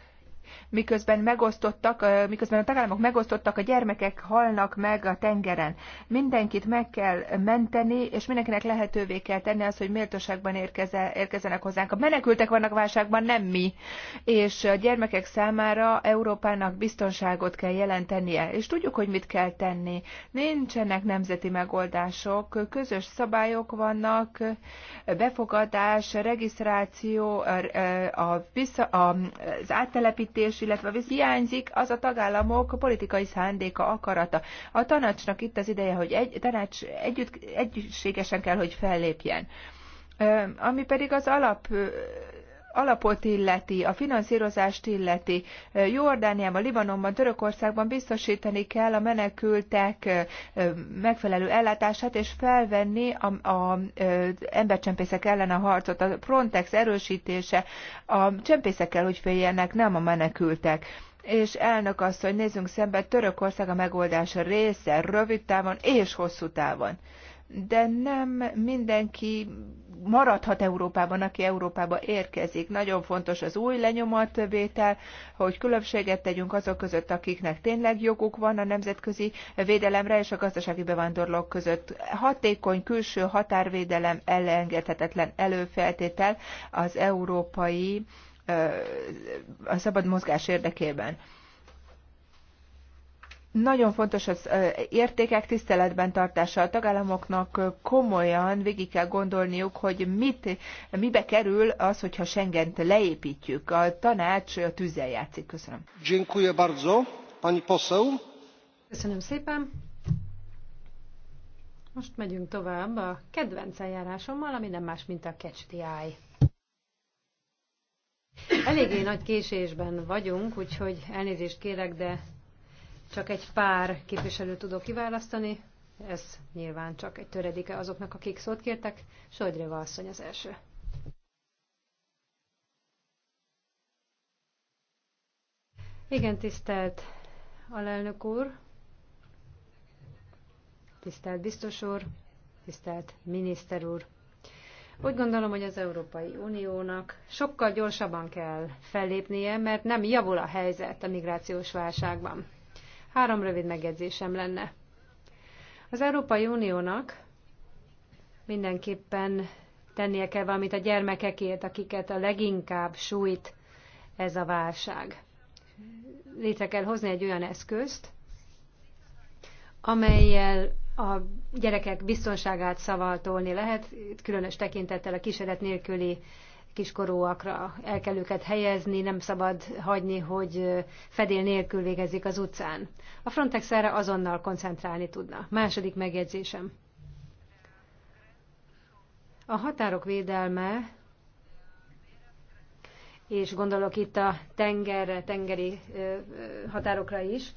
miközben megosztottak, miközben a tagállamok megosztottak, a gyermekek halnak meg a tengeren. Mindenkit meg kell menteni, és mindenkinek lehetővé kell tenni az, hogy méltóságban érkezzenek hozzánk. A menekültek vannak válságban, nem mi. És a gyermekek számára Európának biztonságot kell jelentenie, és tudjuk, hogy mit kell tenni. Nincsenek nemzeti megoldások, közös szabályok vannak, befogadás, regisztráció, a, a, az áttelepítés, vezetés, illetve visz hiányzik, az a tagállamok politikai szándéka, akarata. A tanácsnak itt az ideje, hogy egy tanács együtt, együttségesen kell, hogy fellépjen. Ami pedig az alap alapot illeti, a finanszírozást illeti, Jordániában, Libanonban, Törökországban biztosítani kell a menekültek megfelelő ellátását, és felvenni az embercsempészek ellen a harcot. A Frontex erősítése a csempészekkel, úgy féljenek, nem a menekültek és elnök azt, hogy nézzünk szembe, Törökország a megoldás része, rövid távon és hosszú távon de nem mindenki maradhat Európában, aki Európába érkezik. Nagyon fontos az új lenyomatvétel, hogy különbséget tegyünk azok között, akiknek tényleg joguk van a nemzetközi védelemre és a gazdasági bevándorlók között. Hatékony külső határvédelem elengedhetetlen előfeltétel az európai a szabad mozgás érdekében. Nagyon fontos az értékek tiszteletben tartása a tagállamoknak, komolyan végig kell gondolniuk, hogy mit, mibe kerül az, hogyha Schengent leépítjük. A tanács tűzzel játszik. Köszönöm. Dziękuję bardzo, pani poseł. Köszönöm szépen. Most megyünk tovább a kedvenc eljárásommal, ami nem más, mint a Catch the Eye. Eléggé nagy késésben vagyunk, úgyhogy elnézést kérek, de csak egy pár képviselőt tudok kiválasztani. Ez nyilván csak egy töredéke azoknak, akik szót kértek. Sodréva asszony az első. Igen, tisztelt alelnök úr, tisztelt biztos úr, tisztelt miniszter úr. Úgy gondolom, hogy az Európai Uniónak sokkal gyorsabban kell fellépnie, mert nem javul a helyzet a migrációs válságban. Három rövid megjegyzésem lenne. Az Európai Uniónak mindenképpen tennie kell valamit a gyermekekért, akiket a leginkább sújt ez a válság. Létre kell hozni egy olyan eszközt, amelyel a gyerekek biztonságát szavatolni lehet, különös tekintettel a kísérlet nélküli kiskorúakra el kell őket helyezni, nem szabad hagyni, hogy fedél nélkül végezik az utcán. A Frontex erre azonnal koncentrálni tudna. Második megjegyzésem. A határok védelme, és gondolok itt a tengerre, tengeri határokra is,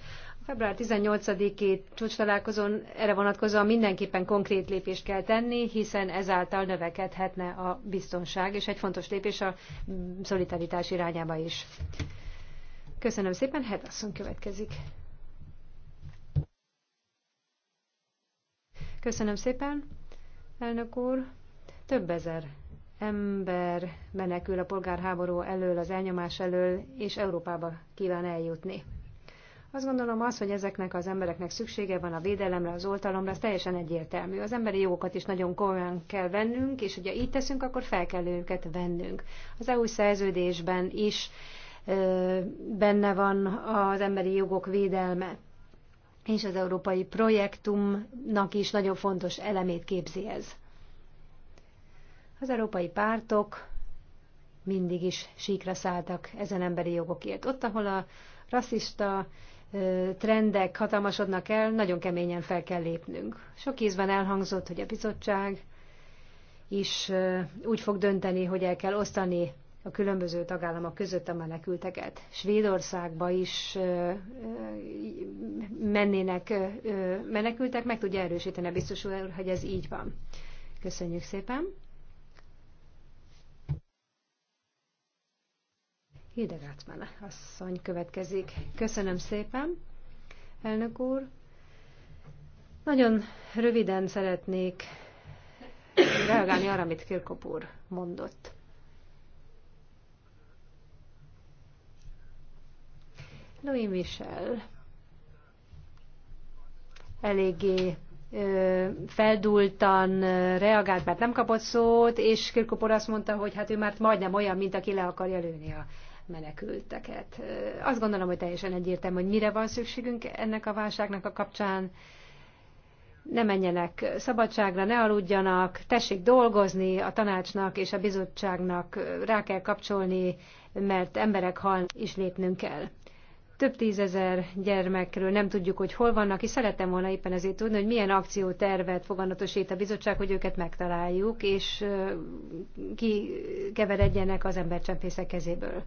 Február 18-i csúcstalálkozón erre vonatkozóan mindenképpen konkrét lépést kell tenni, hiszen ezáltal növekedhetne a biztonság, és egy fontos lépés a szolidaritás irányába is. Köszönöm szépen, Hedasszony következik. Köszönöm szépen, elnök úr. Több ezer ember menekül a polgárháború elől, az elnyomás elől, és Európába kíván eljutni. Azt gondolom az, hogy ezeknek az embereknek szüksége van a védelemre, az oltalomra, az teljesen egyértelmű. Az emberi jogokat is nagyon komolyan kell vennünk, és ugye így teszünk, akkor fel kell őket vennünk. Az EU szerződésben is ö, benne van az emberi jogok védelme, és az európai projektumnak is nagyon fontos elemét képzi ez. Az európai pártok mindig is síkra szálltak ezen emberi jogokért. Ott, ahol a rasszista trendek hatalmasodnak el, nagyon keményen fel kell lépnünk. Sok ízben elhangzott, hogy a bizottság is úgy fog dönteni, hogy el kell osztani a különböző tagállamok között a menekülteket. Svédországba is mennének menekültek, meg tudja erősíteni a biztos úr, hogy ez így van. Köszönjük szépen! Hildegát már asszony következik. Köszönöm szépen, elnök úr. Nagyon röviden szeretnék reagálni arra, amit Kirkop úr mondott. Noé Michel eléggé ö, feldultan reagált, mert nem kapott szót, és Kirkopor azt mondta, hogy hát ő már majdnem olyan, mint aki le akarja lőni a menekülteket. Azt gondolom, hogy teljesen egyértelmű, hogy mire van szükségünk ennek a válságnak a kapcsán. Ne menjenek szabadságra, ne aludjanak, tessék dolgozni a tanácsnak és a bizottságnak, rá kell kapcsolni, mert emberek halnak, és lépnünk kell több tízezer gyermekről nem tudjuk, hogy hol vannak, és szerettem volna éppen ezért tudni, hogy milyen akciótervet foganatosít a bizottság, hogy őket megtaláljuk, és kikeveredjenek az embercsempészek kezéből.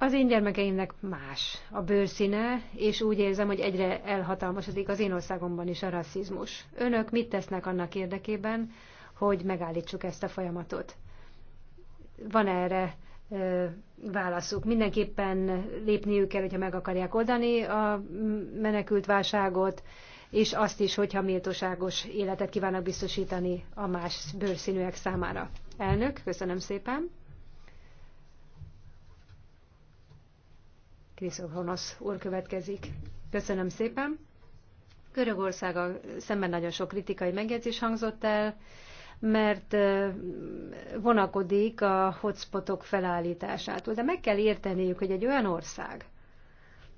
Az én gyermekeimnek más a bőrszíne, és úgy érzem, hogy egyre elhatalmasodik az én országomban is a rasszizmus. Önök mit tesznek annak érdekében, hogy megállítsuk ezt a folyamatot? Van -e erre ö, válaszuk. Mindenképpen lépniük kell, hogyha meg akarják oldani a menekült válságot, és azt is, hogyha méltóságos életet kívánnak biztosítani a más bőrszínűek számára. Elnök, köszönöm szépen! Kriszogonosz úr következik. Köszönöm szépen. Görögország szemben nagyon sok kritikai megjegyzés hangzott el, mert vonakodik a hotspotok felállításától. De meg kell érteniük, hogy egy olyan ország,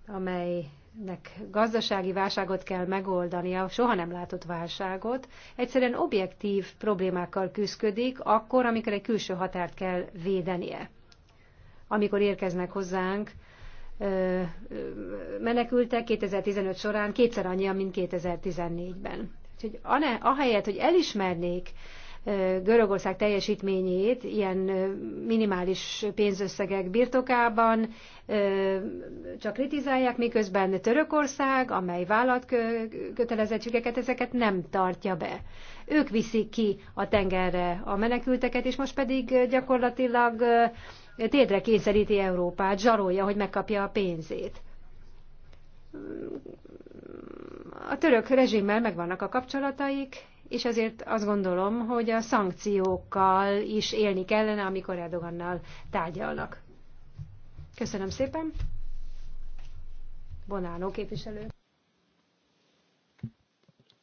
amelynek gazdasági válságot kell megoldania, soha nem látott válságot, egyszerűen objektív problémákkal küzdik akkor, amikor egy külső határt kell védenie. Amikor érkeznek hozzánk menekültek 2015 során kétszer annyian, mint 2014-ben. Úgyhogy ahelyett, hogy elismernék Görögország teljesítményét ilyen minimális pénzösszegek birtokában csak kritizálják, miközben Törökország, amely vállalt kötelezettségeket, ezeket nem tartja be. Ők viszik ki a tengerre a menekülteket, és most pedig gyakorlatilag tétre kényszeríti Európát, zsarolja, hogy megkapja a pénzét. A török rezsimmel megvannak a kapcsolataik, és ezért azt gondolom, hogy a szankciókkal is élni kellene, amikor Erdogannal tárgyalnak. Köszönöm szépen. Bonánó képviselő.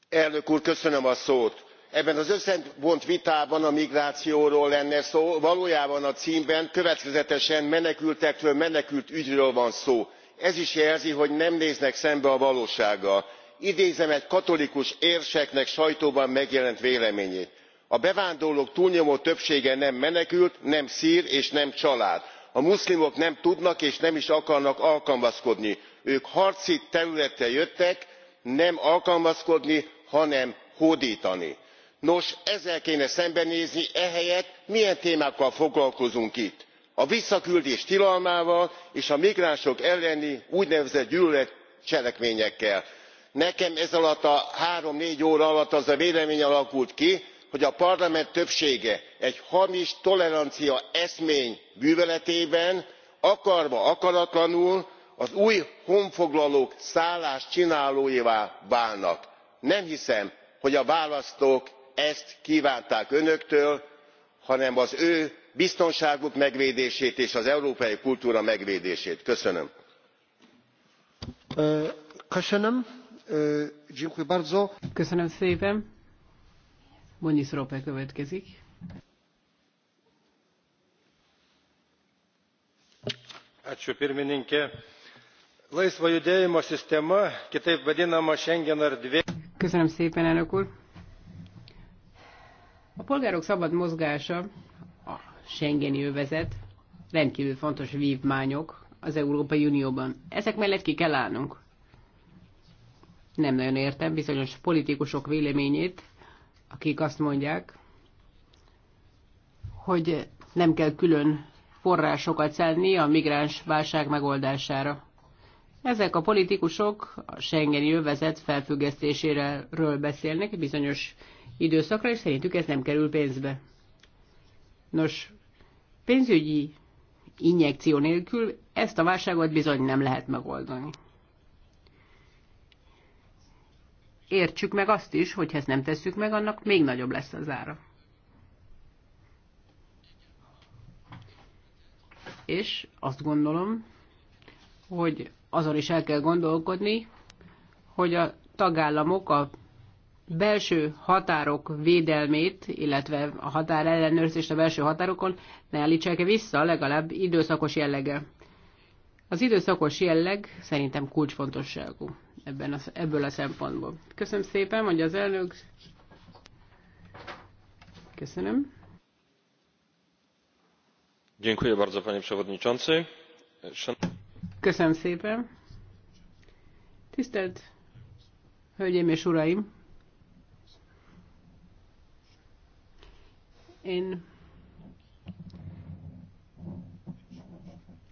Elnök úr, köszönöm a szót ebben az összevont vitában a migrációról lenne szó valójában a cmben következetesen menekültekről menekültügyről van szó. ez is jelzi hogy nem néznek szembe a valósággal. idézem egy katolikus érseknek sajtóban megjelent véleményét a bevándorlók túlnyomó többsége nem menekült nem szr és nem család. a muszlimok nem tudnak és nem is akarnak alkalmazkodni ők harci területre jöttek nem alkalmazkodni hanem hódtani nos ezzel kéne szembenézni ehelyett milyen témákkal foglalkozunk itt a visszaküldés tilalmával és a migránsok elleni úgynevezett gyűlöletcselekményekkel. nekem ez alatt a három négy óra alatt az a vélemény alakult ki hogy a parlament többsége egy hamis toleranciaeszmény műveletében akarva akaratlanul az új honfoglalók szállást csinálóivá válnak. nem hiszem hogy a választók ezt kvánták önöktől hanem az ő biztonságuk megvédését és az európai kultúra megvédését. köszönöm. köszönöm szépen. következik. Laisvo judėjimo sistema, kitaip vadinama Schengen erdvė. Köszönöm szépen, a polgárok szabad mozgása, a Schengeni övezet, rendkívül fontos vívmányok az Európai Unióban. Ezek mellett ki kell állnunk. Nem nagyon értem bizonyos politikusok véleményét, akik azt mondják, hogy nem kell külön forrásokat szenni a migráns válság megoldására. Ezek a politikusok a Schengeni övezet felfüggesztéséről beszélnek, bizonyos időszakra, és szerintük ez nem kerül pénzbe. Nos, pénzügyi injekció nélkül ezt a válságot bizony nem lehet megoldani. Értsük meg azt is, hogy ha ezt nem tesszük meg, annak még nagyobb lesz az ára. És azt gondolom, hogy azon is el kell gondolkodni, hogy a tagállamok a belső határok védelmét, illetve a határ ellenőrzést a belső határokon ne állítsák -e vissza, legalább időszakos jellege. Az időszakos jelleg szerintem kulcsfontosságú ebben a, ebből a szempontból. Köszönöm szépen, mondja az elnök. Köszönöm. Dziękuję bardzo, panie przewodniczący. Köszönöm szépen. Tisztelt Hölgyeim és Uraim! Én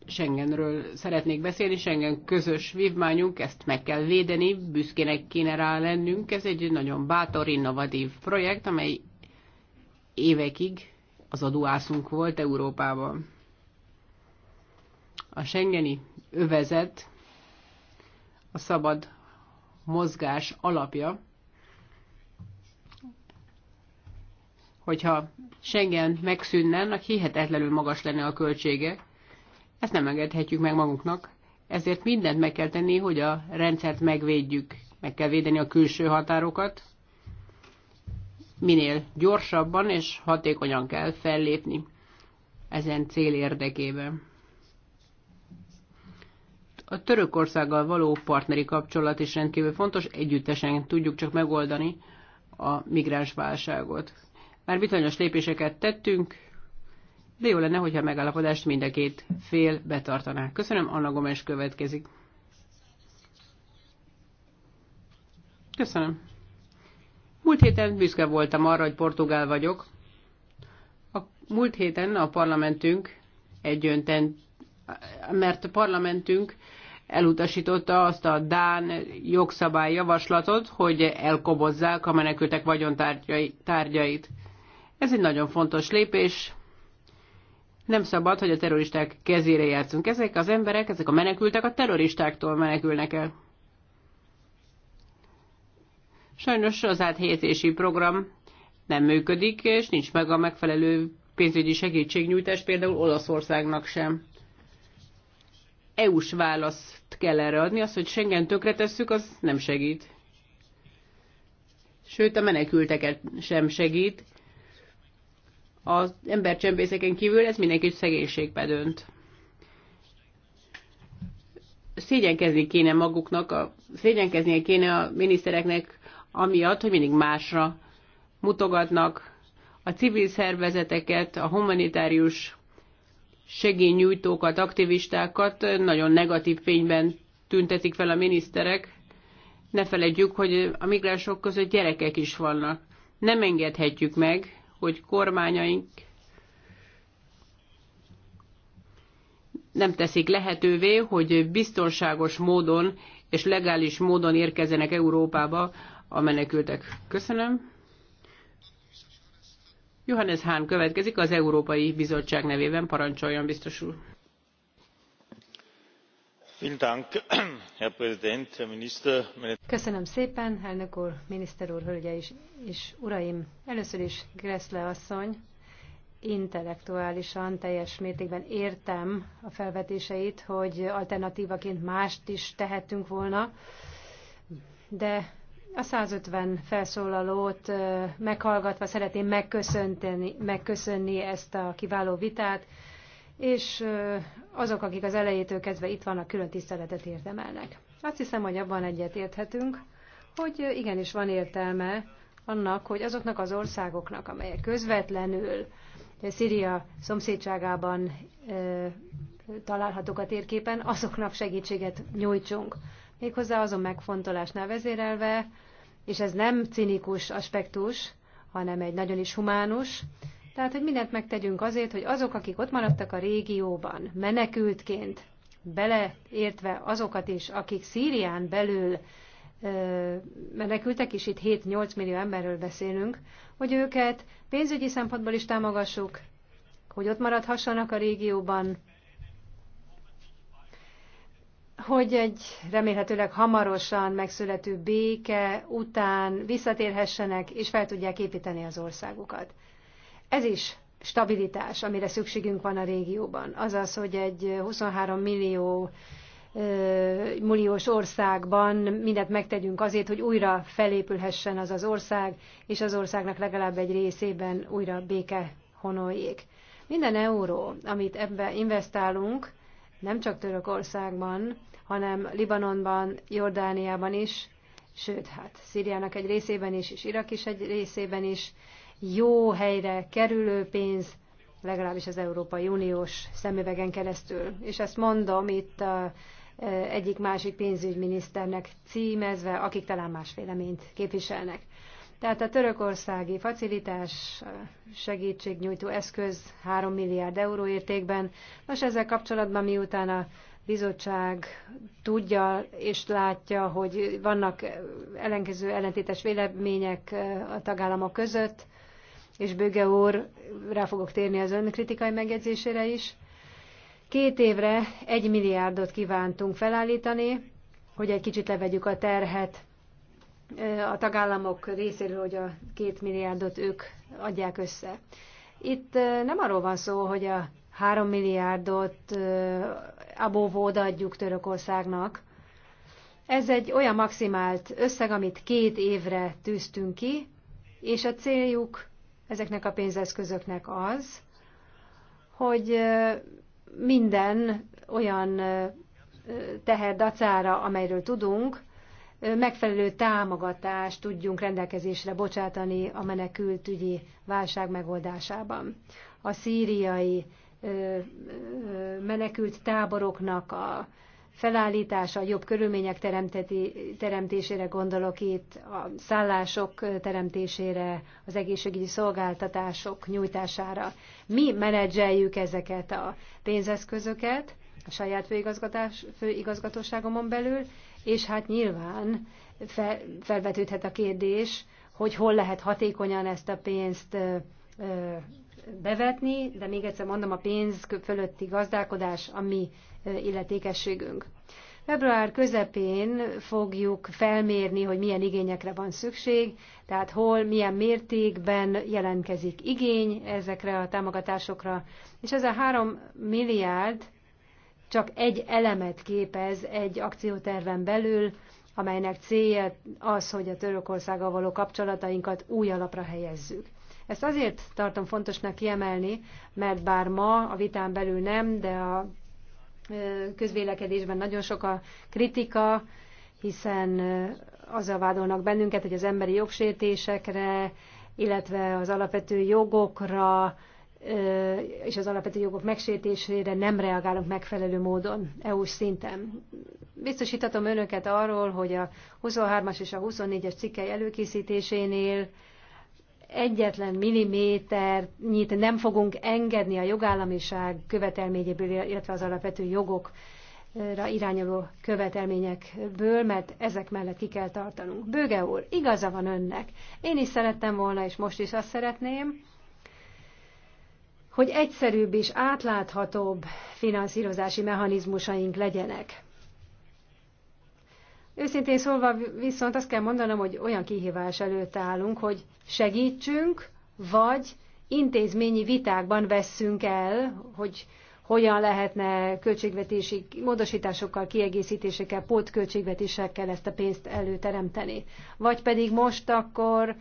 Schengenről szeretnék beszélni, Schengen közös vívmányunk, ezt meg kell védeni, büszkének kéne rá lennünk. Ez egy nagyon bátor, innovatív projekt, amely évekig az adóászunk volt Európában. A Schengeni övezet a szabad mozgás alapja, hogyha Schengen megszűnne, annak hihetetlenül magas lenne a költsége. Ezt nem engedhetjük meg magunknak, ezért mindent meg kell tenni, hogy a rendszert megvédjük. Meg kell védeni a külső határokat, minél gyorsabban és hatékonyan kell fellépni ezen cél érdekében. A Törökországgal való partneri kapcsolat is rendkívül fontos, együttesen tudjuk csak megoldani a migráns válságot. Már bizonyos lépéseket tettünk, de jó lenne, hogyha megállapodást mind a két fél betartaná. Köszönöm, Anna Gomes következik. Köszönöm. Múlt héten büszke voltam arra, hogy portugál vagyok. A múlt héten a parlamentünk egyönten, mert a parlamentünk elutasította azt a Dán jogszabályjavaslatot, hogy elkobozzák a menekültek vagyontárgyait. Ez egy nagyon fontos lépés. Nem szabad, hogy a terroristák kezére játszunk. Ezek az emberek, ezek a menekültek a terroristáktól menekülnek el. Sajnos az áthelyezési program nem működik, és nincs meg a megfelelő pénzügyi segítségnyújtás, például Olaszországnak sem. EU-s választ kell erre adni, az, hogy Schengen tesszük, az nem segít. Sőt, a menekülteket sem segít az embercsempészeken kívül ez mindenki szegénységbe dönt. Szégyenkezni kéne maguknak, a, szégyenkezni kéne a minisztereknek amiatt, hogy mindig másra mutogatnak a civil szervezeteket, a humanitárius segélynyújtókat, aktivistákat nagyon negatív fényben tüntetik fel a miniszterek. Ne feledjük, hogy a migránsok között gyerekek is vannak. Nem engedhetjük meg, hogy kormányaink nem teszik lehetővé, hogy biztonságos módon és legális módon érkezzenek Európába a menekültek. Köszönöm. Johannes Hahn következik az Európai Bizottság nevében, parancsoljon biztosul. Köszönöm szépen, elnök úr, miniszter úr, hölgye és, uraim! Először is Gressle asszony, intellektuálisan teljes mértékben értem a felvetéseit, hogy alternatívaként mást is tehettünk volna, de a 150 felszólalót meghallgatva szeretném megköszönni, megköszönni ezt a kiváló vitát, és azok, akik az elejétől kezdve itt vannak, külön tiszteletet érdemelnek. Azt hiszem, hogy abban egyet érthetünk, hogy igenis van értelme annak, hogy azoknak az országoknak, amelyek közvetlenül Szíria szomszédságában e, találhatók a térképen, azoknak segítséget nyújtsunk. Méghozzá azon megfontolásnál vezérelve, és ez nem cinikus aspektus, hanem egy nagyon is humánus, tehát, hogy mindent megtegyünk azért, hogy azok, akik ott maradtak a régióban menekültként, beleértve azokat is, akik Szírián belül menekültek, és itt 7-8 millió emberről beszélünk, hogy őket pénzügyi szempontból is támogassuk, hogy ott maradhassanak a régióban, hogy egy remélhetőleg hamarosan megszülető béke után visszatérhessenek, és fel tudják építeni az országukat. Ez is stabilitás, amire szükségünk van a régióban. Azaz, hogy egy 23 millió milliós országban mindent megtegyünk azért, hogy újra felépülhessen az az ország, és az országnak legalább egy részében újra béke honoljék. Minden euró, amit ebbe investálunk, nem csak Törökországban, hanem Libanonban, Jordániában is, sőt, hát Szíriának egy részében is, és Irak is egy részében is, jó helyre kerülő pénz, legalábbis az Európai Uniós szemüvegen keresztül. És ezt mondom itt uh, uh, egyik-másik pénzügyminiszternek címezve, akik talán más véleményt képviselnek. Tehát a törökországi facilitás uh, segítségnyújtó eszköz 3 milliárd euró értékben. Most ezzel kapcsolatban miután a bizottság tudja és látja, hogy vannak ellenkező ellentétes vélemények a tagállamok között, és Böge úr, rá fogok térni az ön kritikai megjegyzésére is, két évre egy milliárdot kívántunk felállítani, hogy egy kicsit levegyük a terhet a tagállamok részéről, hogy a két milliárdot ők adják össze. Itt nem arról van szó, hogy a három milliárdot abóvóda adjuk Törökországnak. Ez egy olyan maximált összeg, amit két évre tűztünk ki, és a céljuk ezeknek a pénzeszközöknek az, hogy minden olyan teher dacára, amelyről tudunk, megfelelő támogatást tudjunk rendelkezésre bocsátani a menekültügyi válság megoldásában. A szíriai menekült táboroknak a felállítása, a jobb körülmények teremteti, teremtésére gondolok itt, a szállások teremtésére, az egészségügyi szolgáltatások nyújtására. Mi menedzseljük ezeket a pénzeszközöket a saját főigazgatás, főigazgatóságomon belül, és hát nyilván fel, felvetődhet a kérdés, hogy hol lehet hatékonyan ezt a pénzt bevetni, de még egyszer mondom, a pénz fölötti gazdálkodás ami illetékességünk. Február közepén fogjuk felmérni, hogy milyen igényekre van szükség, tehát hol, milyen mértékben jelentkezik igény ezekre a támogatásokra, és ez a három milliárd csak egy elemet képez egy akcióterven belül, amelynek célja az, hogy a Törökországgal való kapcsolatainkat új alapra helyezzük. Ezt azért tartom fontosnak kiemelni, mert bár ma a vitán belül nem, de a közvélekedésben nagyon sok a kritika, hiszen azzal vádolnak bennünket, hogy az emberi jogsértésekre, illetve az alapvető jogokra és az alapvető jogok megsértésére nem reagálunk megfelelő módon EU-s szinten. Biztosítatom önöket arról, hogy a 23-as és a 24-es cikkei előkészítésénél egyetlen milliméternyit nem fogunk engedni a jogállamiság követelményéből, illetve az alapvető jogok irányuló követelményekből, mert ezek mellett ki kell tartanunk. Bőge úr, igaza van önnek. Én is szerettem volna, és most is azt szeretném, hogy egyszerűbb és átláthatóbb finanszírozási mechanizmusaink legyenek. Őszintén szólva viszont azt kell mondanom, hogy olyan kihívás előtt állunk, hogy segítsünk, vagy intézményi vitákban vesszünk el, hogy hogyan lehetne költségvetési módosításokkal, kiegészítésekkel, pótköltségvetésekkel ezt a pénzt előteremteni. Vagy pedig most akkor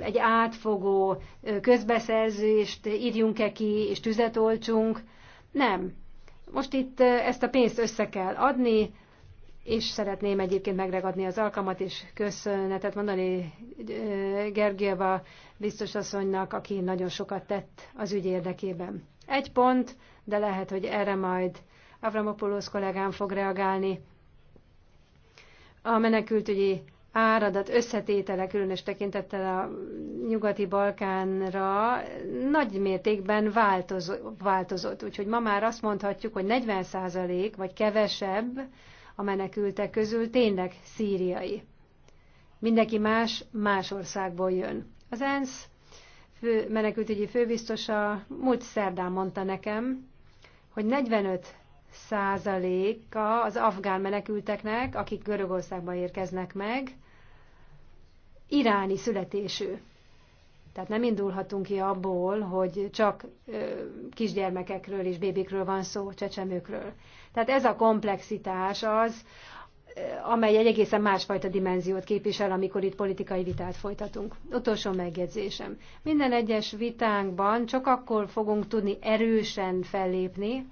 egy átfogó közbeszerzést írjunk-e ki, és tüzet oltsunk. Nem. Most itt ezt a pénzt össze kell adni, és szeretném egyébként megregadni az alkalmat, és köszönetet mondani Gergieva biztos asszonynak, aki nagyon sokat tett az ügy érdekében. Egy pont, de lehet, hogy erre majd Avramopoulos kollégám fog reagálni. A menekültügyi áradat összetétele, különös tekintettel a nyugati Balkánra nagy mértékben változott, változott. Úgyhogy ma már azt mondhatjuk, hogy 40% vagy kevesebb a menekültek közül tényleg szíriai. Mindenki más, más országból jön. Az ENSZ fő, menekültügyi főbiztosa múlt szerdán mondta nekem, hogy 45 százaléka az afgán menekülteknek, akik Görögországba érkeznek meg, iráni születésű. Tehát nem indulhatunk ki abból, hogy csak kisgyermekekről és bébikről van szó, csecsemőkről. Tehát ez a komplexitás az, amely egy egészen másfajta dimenziót képvisel, amikor itt politikai vitát folytatunk. Utolsó megjegyzésem. Minden egyes vitánkban csak akkor fogunk tudni erősen fellépni,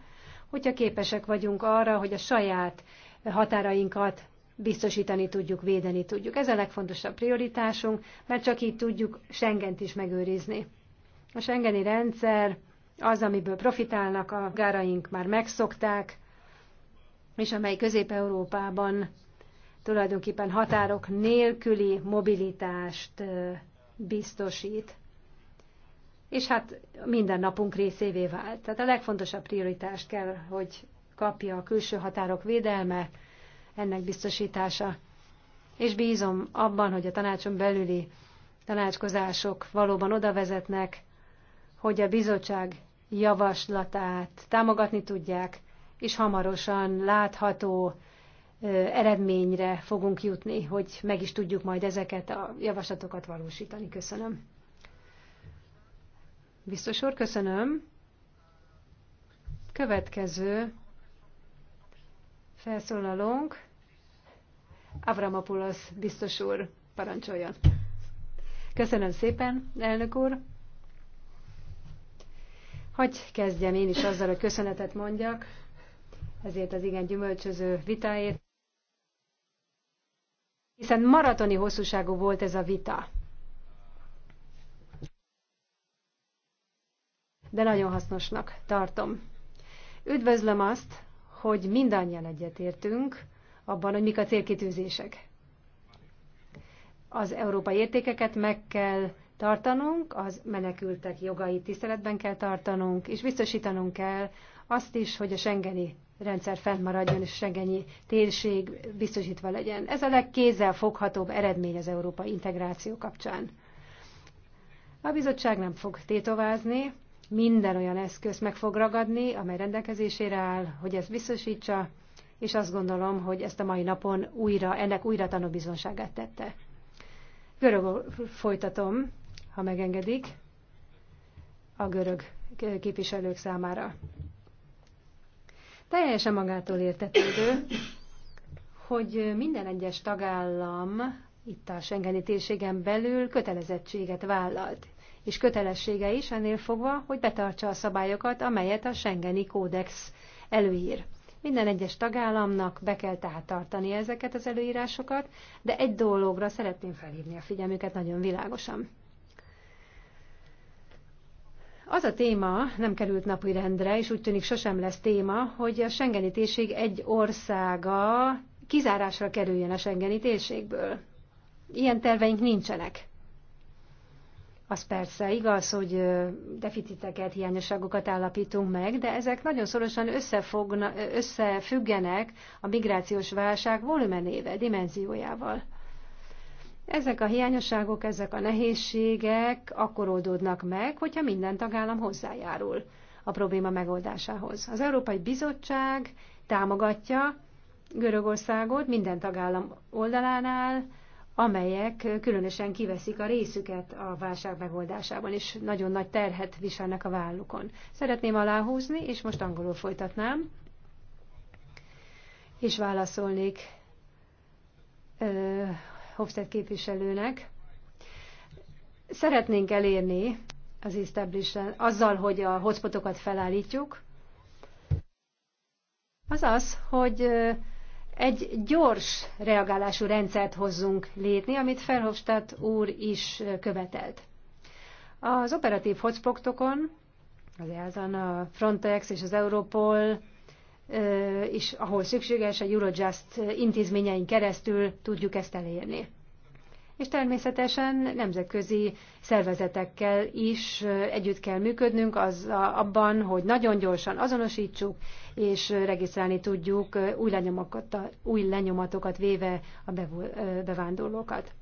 hogyha képesek vagyunk arra, hogy a saját határainkat biztosítani tudjuk, védeni tudjuk. Ez a legfontosabb prioritásunk, mert csak így tudjuk Schengent is megőrizni. A Schengeni rendszer az, amiből profitálnak a gáraink, már megszokták, és amely Közép-Európában tulajdonképpen határok nélküli mobilitást biztosít. És hát minden napunk részévé vált. Tehát a legfontosabb prioritást kell, hogy kapja a külső határok védelme, ennek biztosítása. És bízom abban, hogy a tanácson belüli tanácskozások valóban oda vezetnek, hogy a bizottság javaslatát támogatni tudják, és hamarosan látható eredményre fogunk jutni, hogy meg is tudjuk majd ezeket a javaslatokat valósítani. Köszönöm. Biztos úr, köszönöm. Következő felszólalónk. Avramopoulos biztos úr, parancsoljon. Köszönöm szépen, elnök úr. Hogy kezdjem én is azzal, hogy köszönetet mondjak ezért az igen gyümölcsöző vitáért, hiszen maratoni hosszúságú volt ez a vita. De nagyon hasznosnak tartom. Üdvözlöm azt, hogy mindannyian egyetértünk abban, hogy mik a célkitűzések. Az európai értékeket meg kell tartanunk, az menekültek jogait tiszteletben kell tartanunk, és biztosítanunk kell azt is, hogy a Schengeni rendszer fennmaradjon, és a Schengeni térség biztosítva legyen. Ez a legkézzel foghatóbb eredmény az európai integráció kapcsán. A bizottság nem fog tétovázni, minden olyan eszköz meg fog ragadni, amely rendelkezésére áll, hogy ezt biztosítsa, és azt gondolom, hogy ezt a mai napon újra, ennek újra tanúbizonságát tette. Görög folytatom, ha megengedik, a görög képviselők számára. Teljesen magától értetődő, hogy minden egyes tagállam itt a Schengeni térségen belül kötelezettséget vállalt és kötelessége is ennél fogva, hogy betartsa a szabályokat, amelyet a Schengeni Kódex előír. Minden egyes tagállamnak be kell tehát tartani ezeket az előírásokat, de egy dologra szeretném felhívni a figyelmüket nagyon világosan. Az a téma nem került napirendre, és úgy tűnik sosem lesz téma, hogy a Schengeni térség egy országa kizárásra kerüljön a Schengeni térségből. Ilyen terveink nincsenek. Az persze igaz, hogy deficiteket, hiányosságokat állapítunk meg, de ezek nagyon szorosan összefogna, összefüggenek a migrációs válság volumenével, dimenziójával. Ezek a hiányosságok, ezek a nehézségek akkor oldódnak meg, hogyha minden tagállam hozzájárul a probléma megoldásához. Az Európai Bizottság támogatja Görögországot minden tagállam oldalánál, amelyek különösen kiveszik a részüket a válság megoldásában, és nagyon nagy terhet viselnek a vállukon. Szeretném aláhúzni, és most angolul folytatnám, és válaszolnék uh, Hofstad képviselőnek. Szeretnénk elérni az establishment azzal, hogy a hotspotokat felállítjuk, az az, hogy uh, egy gyors reagálású rendszert hozzunk létni, amit Felhofstadt úr is követelt. Az operatív hotspotokon, az EASAN, a Frontex és az Europol, és ahol szükséges, a Eurojust intézményeink keresztül tudjuk ezt elérni és természetesen nemzetközi szervezetekkel is együtt kell működnünk az abban, hogy nagyon gyorsan azonosítsuk és regisztrálni tudjuk új, lenyomatokat, új lenyomatokat véve a bevándorlókat.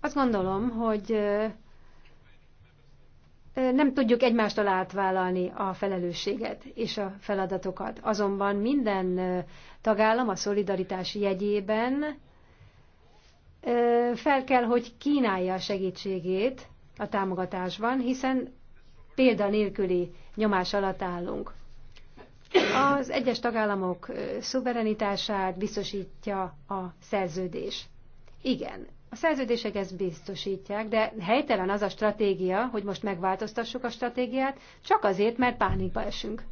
Azt gondolom, hogy nem tudjuk egymástól átvállalni a felelősséget és a feladatokat. Azonban minden tagállam a szolidaritás jegyében fel kell, hogy kínálja a segítségét a támogatásban, hiszen példa nélküli nyomás alatt állunk. Az egyes tagállamok szuverenitását biztosítja a szerződés. Igen, a szerződések ezt biztosítják, de helytelen az a stratégia, hogy most megváltoztassuk a stratégiát, csak azért, mert pánikba esünk.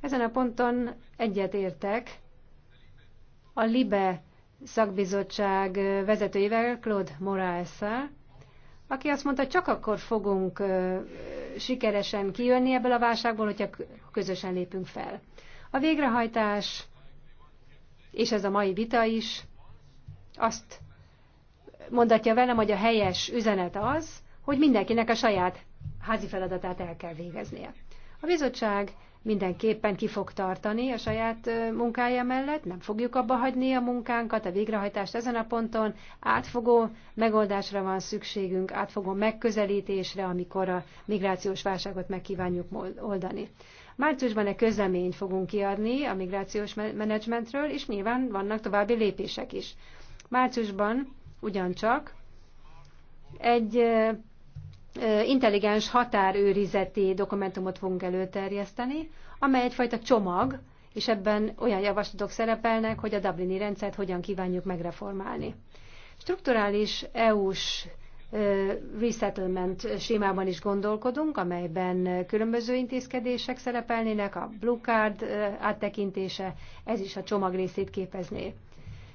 Ezen a ponton egyetértek a LIBE szakbizottság vezetőjével, Claude moraes aki azt mondta, csak akkor fogunk sikeresen kijönni ebből a válságból, hogyha közösen lépünk fel. A végrehajtás, és ez a mai vita is, azt mondatja velem, hogy a helyes üzenet az, hogy mindenkinek a saját házi feladatát el kell végeznie. A bizottság mindenképpen ki fog tartani a saját munkája mellett, nem fogjuk abba hagyni a munkánkat, a végrehajtást ezen a ponton, átfogó megoldásra van szükségünk, átfogó megközelítésre, amikor a migrációs válságot megkívánjuk oldani. Márciusban egy közleményt fogunk kiadni a migrációs menedzsmentről, és nyilván vannak további lépések is. Márciusban ugyancsak egy intelligens határőrizeti dokumentumot fogunk előterjeszteni, amely egyfajta csomag, és ebben olyan javaslatok szerepelnek, hogy a Dublini rendszert hogyan kívánjuk megreformálni. Strukturális EU-s resettlement sémában is gondolkodunk, amelyben különböző intézkedések szerepelnének, a Blue Card áttekintése, ez is a csomag részét képezné.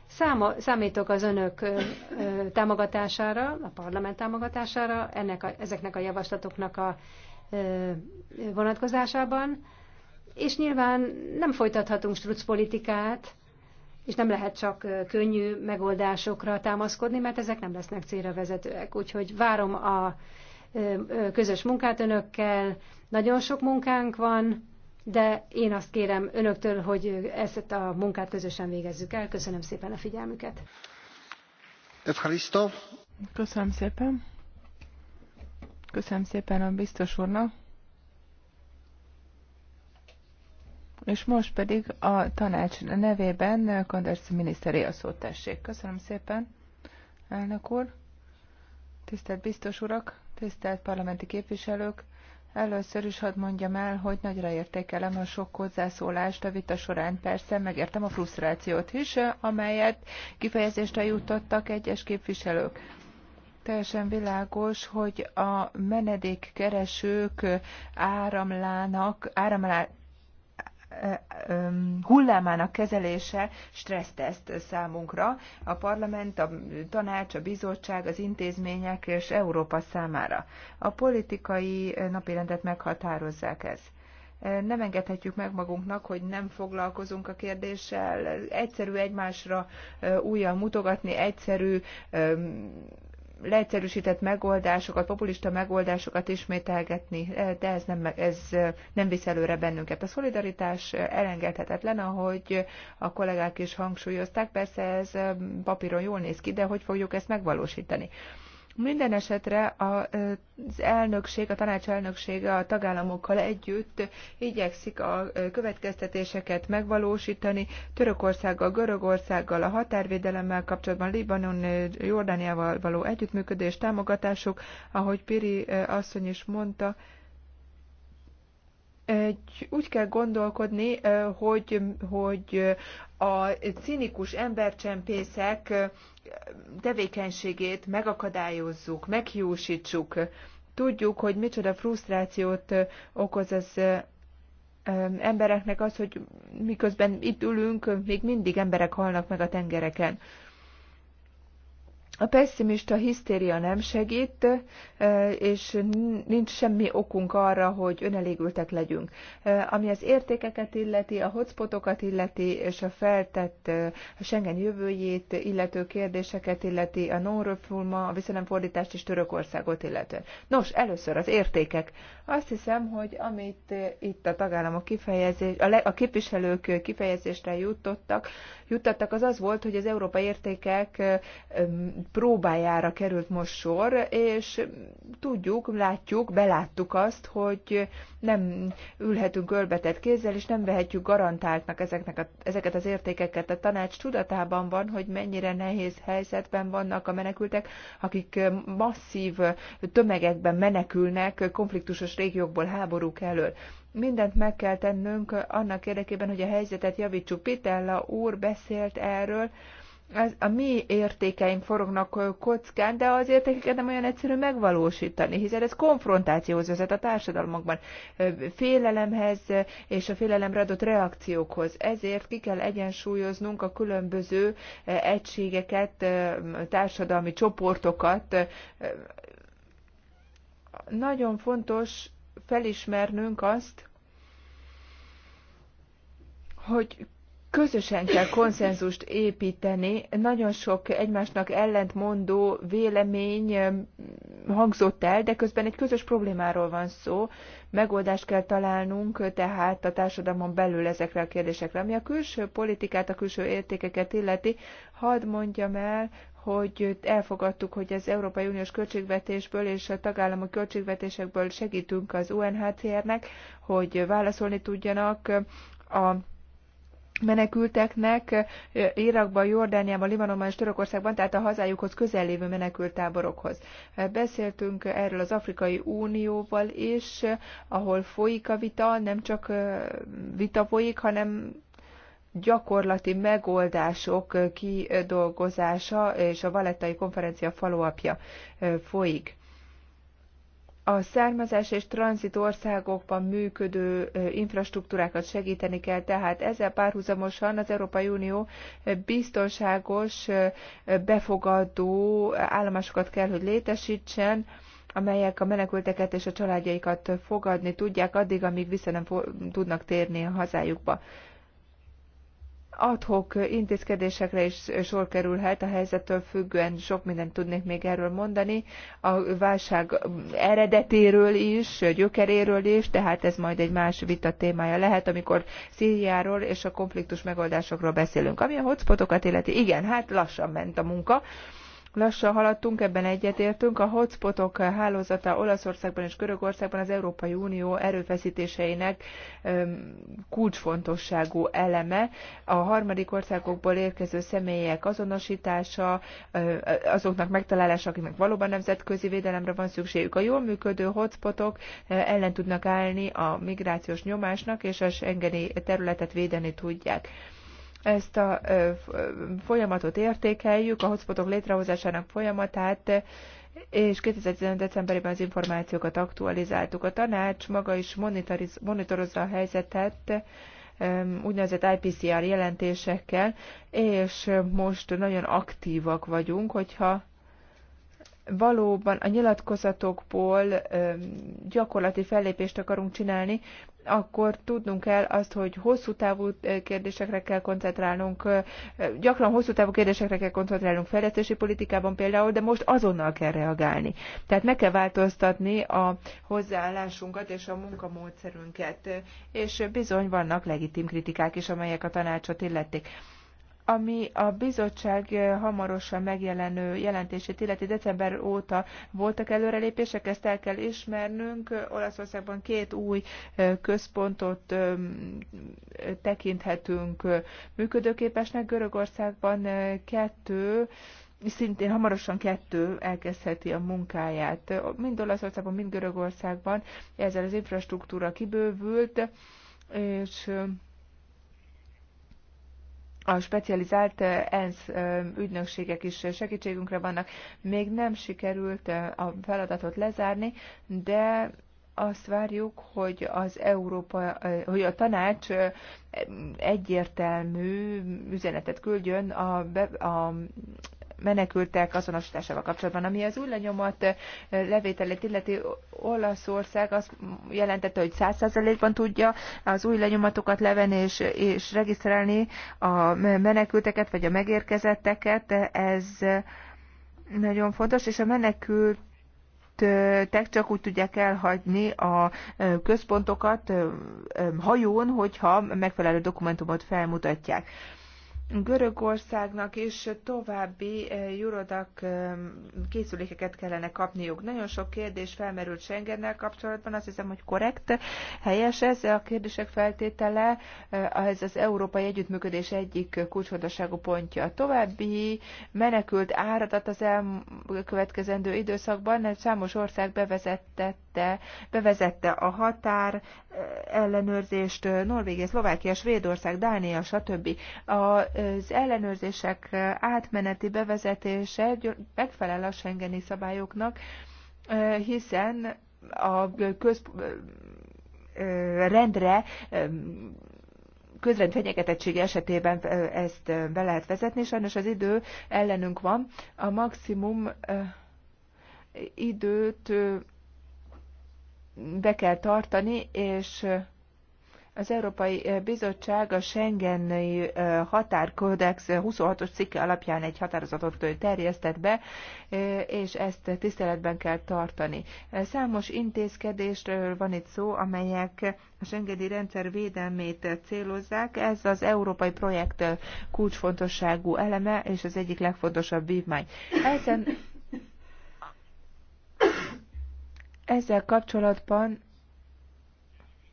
Száma, számítok az önök ö, ö, támogatására, a parlament támogatására ennek a, ezeknek a javaslatoknak a ö, vonatkozásában, és nyilván nem folytathatunk struc politikát, és nem lehet csak könnyű megoldásokra támaszkodni, mert ezek nem lesznek célra vezetőek. Úgyhogy várom a közös munkát önökkel, nagyon sok munkánk van, de én azt kérem önöktől, hogy ezt a munkát közösen végezzük el. Köszönöm szépen a figyelmüket. Köszönöm szépen. Köszönöm szépen a biztos úrnak. És most pedig a tanács nevében Kandersz miniszteré a szót tessék. Köszönöm szépen, elnök úr, tisztelt biztos urak, tisztelt parlamenti képviselők, Először is hadd mondjam el, hogy nagyra értékelem a sok hozzászólást a vita során. Persze megértem a frusztrációt is, amelyet kifejezésre jutottak egyes képviselők. Teljesen világos, hogy a menedékkeresők áramlának, áramlának hullámának kezelése stresszteszt számunkra, a parlament, a tanács, a bizottság, az intézmények és Európa számára. A politikai napirendet meghatározzák ez. Nem engedhetjük meg magunknak, hogy nem foglalkozunk a kérdéssel, egyszerű egymásra újra mutogatni, egyszerű leegyszerűsített megoldásokat, populista megoldásokat ismételgetni, de ez nem, ez nem visz előre bennünket. A szolidaritás elengedhetetlen, ahogy a kollégák is hangsúlyozták, persze ez papíron jól néz ki, de hogy fogjuk ezt megvalósítani? Minden esetre az elnökség, a tanács elnöksége a tagállamokkal együtt igyekszik a következtetéseket megvalósítani. Törökországgal, Görögországgal, a határvédelemmel kapcsolatban, Libanon, Jordániával való együttműködés, támogatások, ahogy Piri eh, asszony is mondta, úgy kell gondolkodni, hogy, hogy a cinikus embercsempészek tevékenységét megakadályozzuk, meghiúsítsuk. Tudjuk, hogy micsoda frusztrációt okoz az embereknek az, hogy miközben itt ülünk, még mindig emberek halnak meg a tengereken. A pessimista hisztéria nem segít, e, és nincs semmi okunk arra, hogy önelégültek legyünk. E, ami az értékeket illeti, a hotspotokat illeti, és a feltett e, a Schengen jövőjét illető kérdéseket illeti, a non-refulma, a viszonyfordítást és Törökországot illetően. Nos, először az értékek. Azt hiszem, hogy amit itt a tagállamok kifejezés, a, le, a képviselők kifejezésre jutottak, juttattak, az az volt, hogy az európai értékek próbájára került most sor, és tudjuk, látjuk, beláttuk azt, hogy nem ülhetünk ölbetett kézzel, és nem vehetjük garantáltnak ezeknek a, ezeket az értékeket. A tanács tudatában van, hogy mennyire nehéz helyzetben vannak a menekültek, akik masszív tömegekben menekülnek konfliktusos régiókból, háborúk elől mindent meg kell tennünk annak érdekében, hogy a helyzetet javítsuk. Pitella úr beszélt erről, az, a mi értékeink forognak kockán, de az értékeket nem olyan egyszerű megvalósítani, hiszen ez konfrontációhoz vezet a társadalmakban, félelemhez és a félelemre adott reakciókhoz. Ezért ki kell egyensúlyoznunk a különböző egységeket, társadalmi csoportokat. Nagyon fontos felismernünk azt, hogy közösen kell konszenzust építeni. Nagyon sok egymásnak ellentmondó vélemény hangzott el, de közben egy közös problémáról van szó. Megoldást kell találnunk tehát a társadalmon belül ezekre a kérdésekre. Ami a külső politikát, a külső értékeket illeti, hadd mondjam el, hogy elfogadtuk, hogy az Európai Uniós költségvetésből és a tagállami költségvetésekből segítünk az UNHCR-nek, hogy válaszolni tudjanak a menekülteknek eh, Irakban, Jordániában, Libanonban és Törökországban, tehát a hazájukhoz közel lévő menekültáborokhoz. Eh, beszéltünk erről az Afrikai Unióval is, eh, ahol folyik a vita, nem csak vita folyik, hanem gyakorlati megoldások kidolgozása és a valettai konferencia faluapja folyik a származás és tranzit országokban működő infrastruktúrákat segíteni kell, tehát ezzel párhuzamosan az Európai Unió biztonságos, befogadó állomásokat kell, hogy létesítsen, amelyek a menekülteket és a családjaikat fogadni tudják addig, amíg vissza nem tudnak térni a hazájukba adhok intézkedésekre is sor kerülhet a helyzettől függően, sok mindent tudnék még erről mondani, a válság eredetéről is, gyökeréről is, tehát ez majd egy más vita témája lehet, amikor Szíriáról és a konfliktus megoldásokról beszélünk. Ami a hotspotokat illeti, igen, hát lassan ment a munka, Lassan haladtunk, ebben egyetértünk. A hotspotok hálózata Olaszországban és Görögországban az Európai Unió erőfeszítéseinek kulcsfontosságú eleme. A harmadik országokból érkező személyek azonosítása, azoknak megtalálása, akiknek valóban nemzetközi védelemre van szükségük. A jól működő hotspotok ellen tudnak állni a migrációs nyomásnak, és a engedi területet védeni tudják ezt a folyamatot értékeljük, a hotspotok létrehozásának folyamatát, és 2015. decemberében az információkat aktualizáltuk. A tanács maga is monitorozza a helyzetet, úgynevezett IPCR jelentésekkel, és most nagyon aktívak vagyunk, hogyha valóban a nyilatkozatokból gyakorlati fellépést akarunk csinálni, akkor tudnunk kell azt, hogy hosszú távú kérdésekre kell koncentrálnunk, gyakran hosszú távú kérdésekre kell koncentrálnunk fejlesztési politikában például, de most azonnal kell reagálni. Tehát meg kell változtatni a hozzáállásunkat és a munkamódszerünket, és bizony vannak legitim kritikák is, amelyek a tanácsot illették ami a bizottság eh, hamarosan megjelenő jelentését illeti december óta voltak előrelépések, ezt el kell ismernünk. Olaszországban két új eh, központot eh, tekinthetünk működőképesnek, Görögországban kettő, szintén hamarosan kettő elkezdheti a munkáját. Mind Olaszországban, mind Görögországban ezzel az infrastruktúra kibővült, és a specializált ENSZ ügynökségek is segítségünkre vannak. Még nem sikerült a feladatot lezárni, de azt várjuk, hogy az Európa, hogy a tanács egyértelmű üzenetet küldjön a, be, a menekültek azonosításával kapcsolatban. Ami az új lenyomat eh, levételét illeti Olaszország azt jelentette, hogy 100%-ban tudja az új lenyomatokat levenni és, és regisztrálni a menekülteket vagy a megérkezetteket. Ez nagyon fontos, és a menekült tek csak úgy tudják elhagyni a eh, központokat eh, hajón, hogyha megfelelő dokumentumot felmutatják. Görögországnak is további eh, jurodak eh, készülékeket kellene kapniuk. Nagyon sok kérdés felmerült Schengennel kapcsolatban, azt hiszem, hogy korrekt, helyes ez a kérdések feltétele, eh, ez az európai együttműködés egyik kulcsfontosságú pontja. a További menekült áradat az elkövetkezendő időszakban, mert számos ország bevezette, bevezette a határ ellenőrzést, Norvégia, Szlovákia, Svédország, Dánia, stb. A az ellenőrzések átmeneti bevezetése megfelel a Schengeni szabályoknak, hiszen a rendre közrend fenyegetettség esetében ezt be lehet vezetni. Sajnos az idő ellenünk van. A maximum időt be kell tartani, és az Európai Bizottság a Schengeni Határkódex 26-os cikke alapján egy határozatot terjesztett be, és ezt tiszteletben kell tartani. Számos intézkedésről van itt szó, amelyek a Schengeni rendszer védelmét célozzák. Ez az európai projekt kulcsfontosságú eleme, és az egyik legfontosabb vívmány. Ezen ezzel kapcsolatban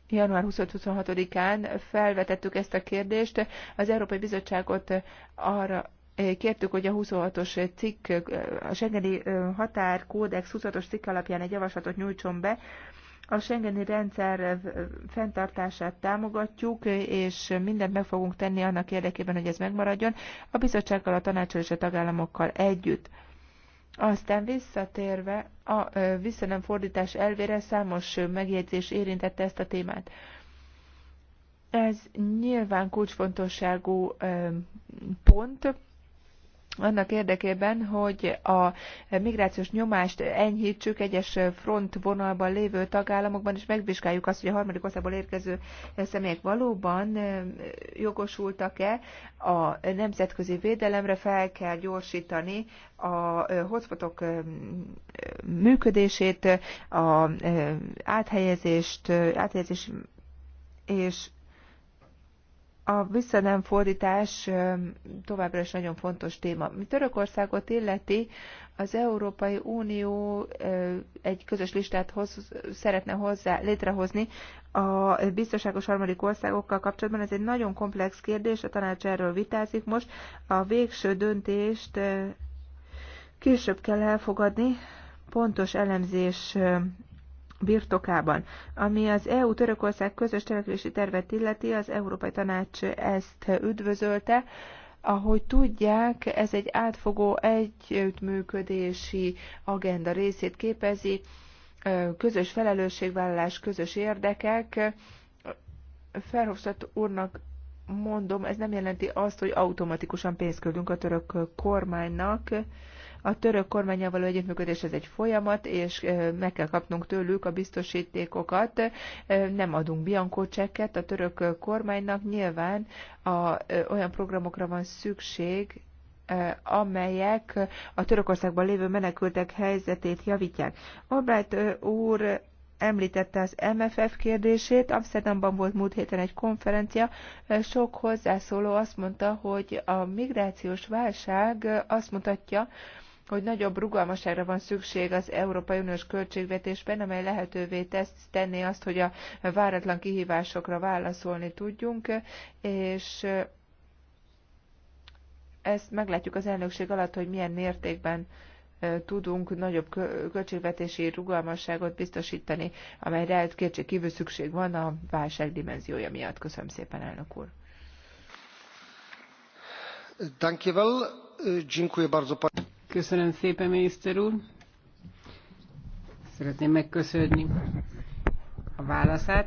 január 25-26-án felvetettük ezt a kérdést. Az Európai Bizottságot arra eh, kértük, hogy a 26-os cikk, eh, a Schengeni eh, határkódex 26-os cikk alapján egy javaslatot nyújtson be, a Schengeni rendszer fenntartását támogatjuk, és mindent meg fogunk tenni annak érdekében, hogy ez megmaradjon, a bizottsággal, a tanácsal és a tagállamokkal együtt. Aztán visszatérve a visszanem fordítás elvére számos megjegyzés érintette ezt a témát. Ez nyilván kulcsfontosságú pont, annak érdekében, hogy a migrációs nyomást enyhítsük egyes frontvonalban lévő tagállamokban, és megvizsgáljuk azt, hogy a harmadik országból érkező személyek valóban jogosultak-e a nemzetközi védelemre, fel kell gyorsítani a hotspotok működését, a áthelyezést, áthelyezés és a visszanemfordítás továbbra is nagyon fontos téma. Mi Törökországot illeti, az Európai Unió egy közös listát hoz, szeretne hozzá létrehozni a biztonságos harmadik országokkal kapcsolatban. Ez egy nagyon komplex kérdés, a tanács erről vitázik most. A végső döntést később kell elfogadni, pontos elemzés birtokában. Ami az EU-Törökország közös cselekvési tervet illeti, az Európai Tanács ezt üdvözölte. Ahogy tudják, ez egy átfogó együttműködési agenda részét képezi, közös felelősségvállalás, közös érdekek. Ferhofstadt úrnak mondom, ez nem jelenti azt, hogy automatikusan pénzt küldünk a török kormánynak, a török kormányával való együttműködés ez egy folyamat, és meg kell kapnunk tőlük a biztosítékokat. Nem adunk biankó csekket a török kormánynak. Nyilván a, olyan programokra van szükség, amelyek a Törökországban lévő menekültek helyzetét javítják. Albright úr említette az MFF kérdését. Amsterdamban volt múlt héten egy konferencia. Sok hozzászóló azt mondta, hogy a migrációs válság azt mutatja, hogy nagyobb rugalmasságra van szükség az Európai Uniós költségvetésben, amely lehetővé tesz, tenni azt, hogy a váratlan kihívásokra válaszolni tudjunk, és ezt meglátjuk az elnökség alatt, hogy milyen mértékben tudunk nagyobb költségvetési rugalmasságot biztosítani, amelyre kétség kívül szükség van a válság dimenziója miatt. Köszönöm szépen, elnök úr. dziękuję bardzo. Köszönöm szépen, miniszter úr. Szeretném megköszönni a válaszát.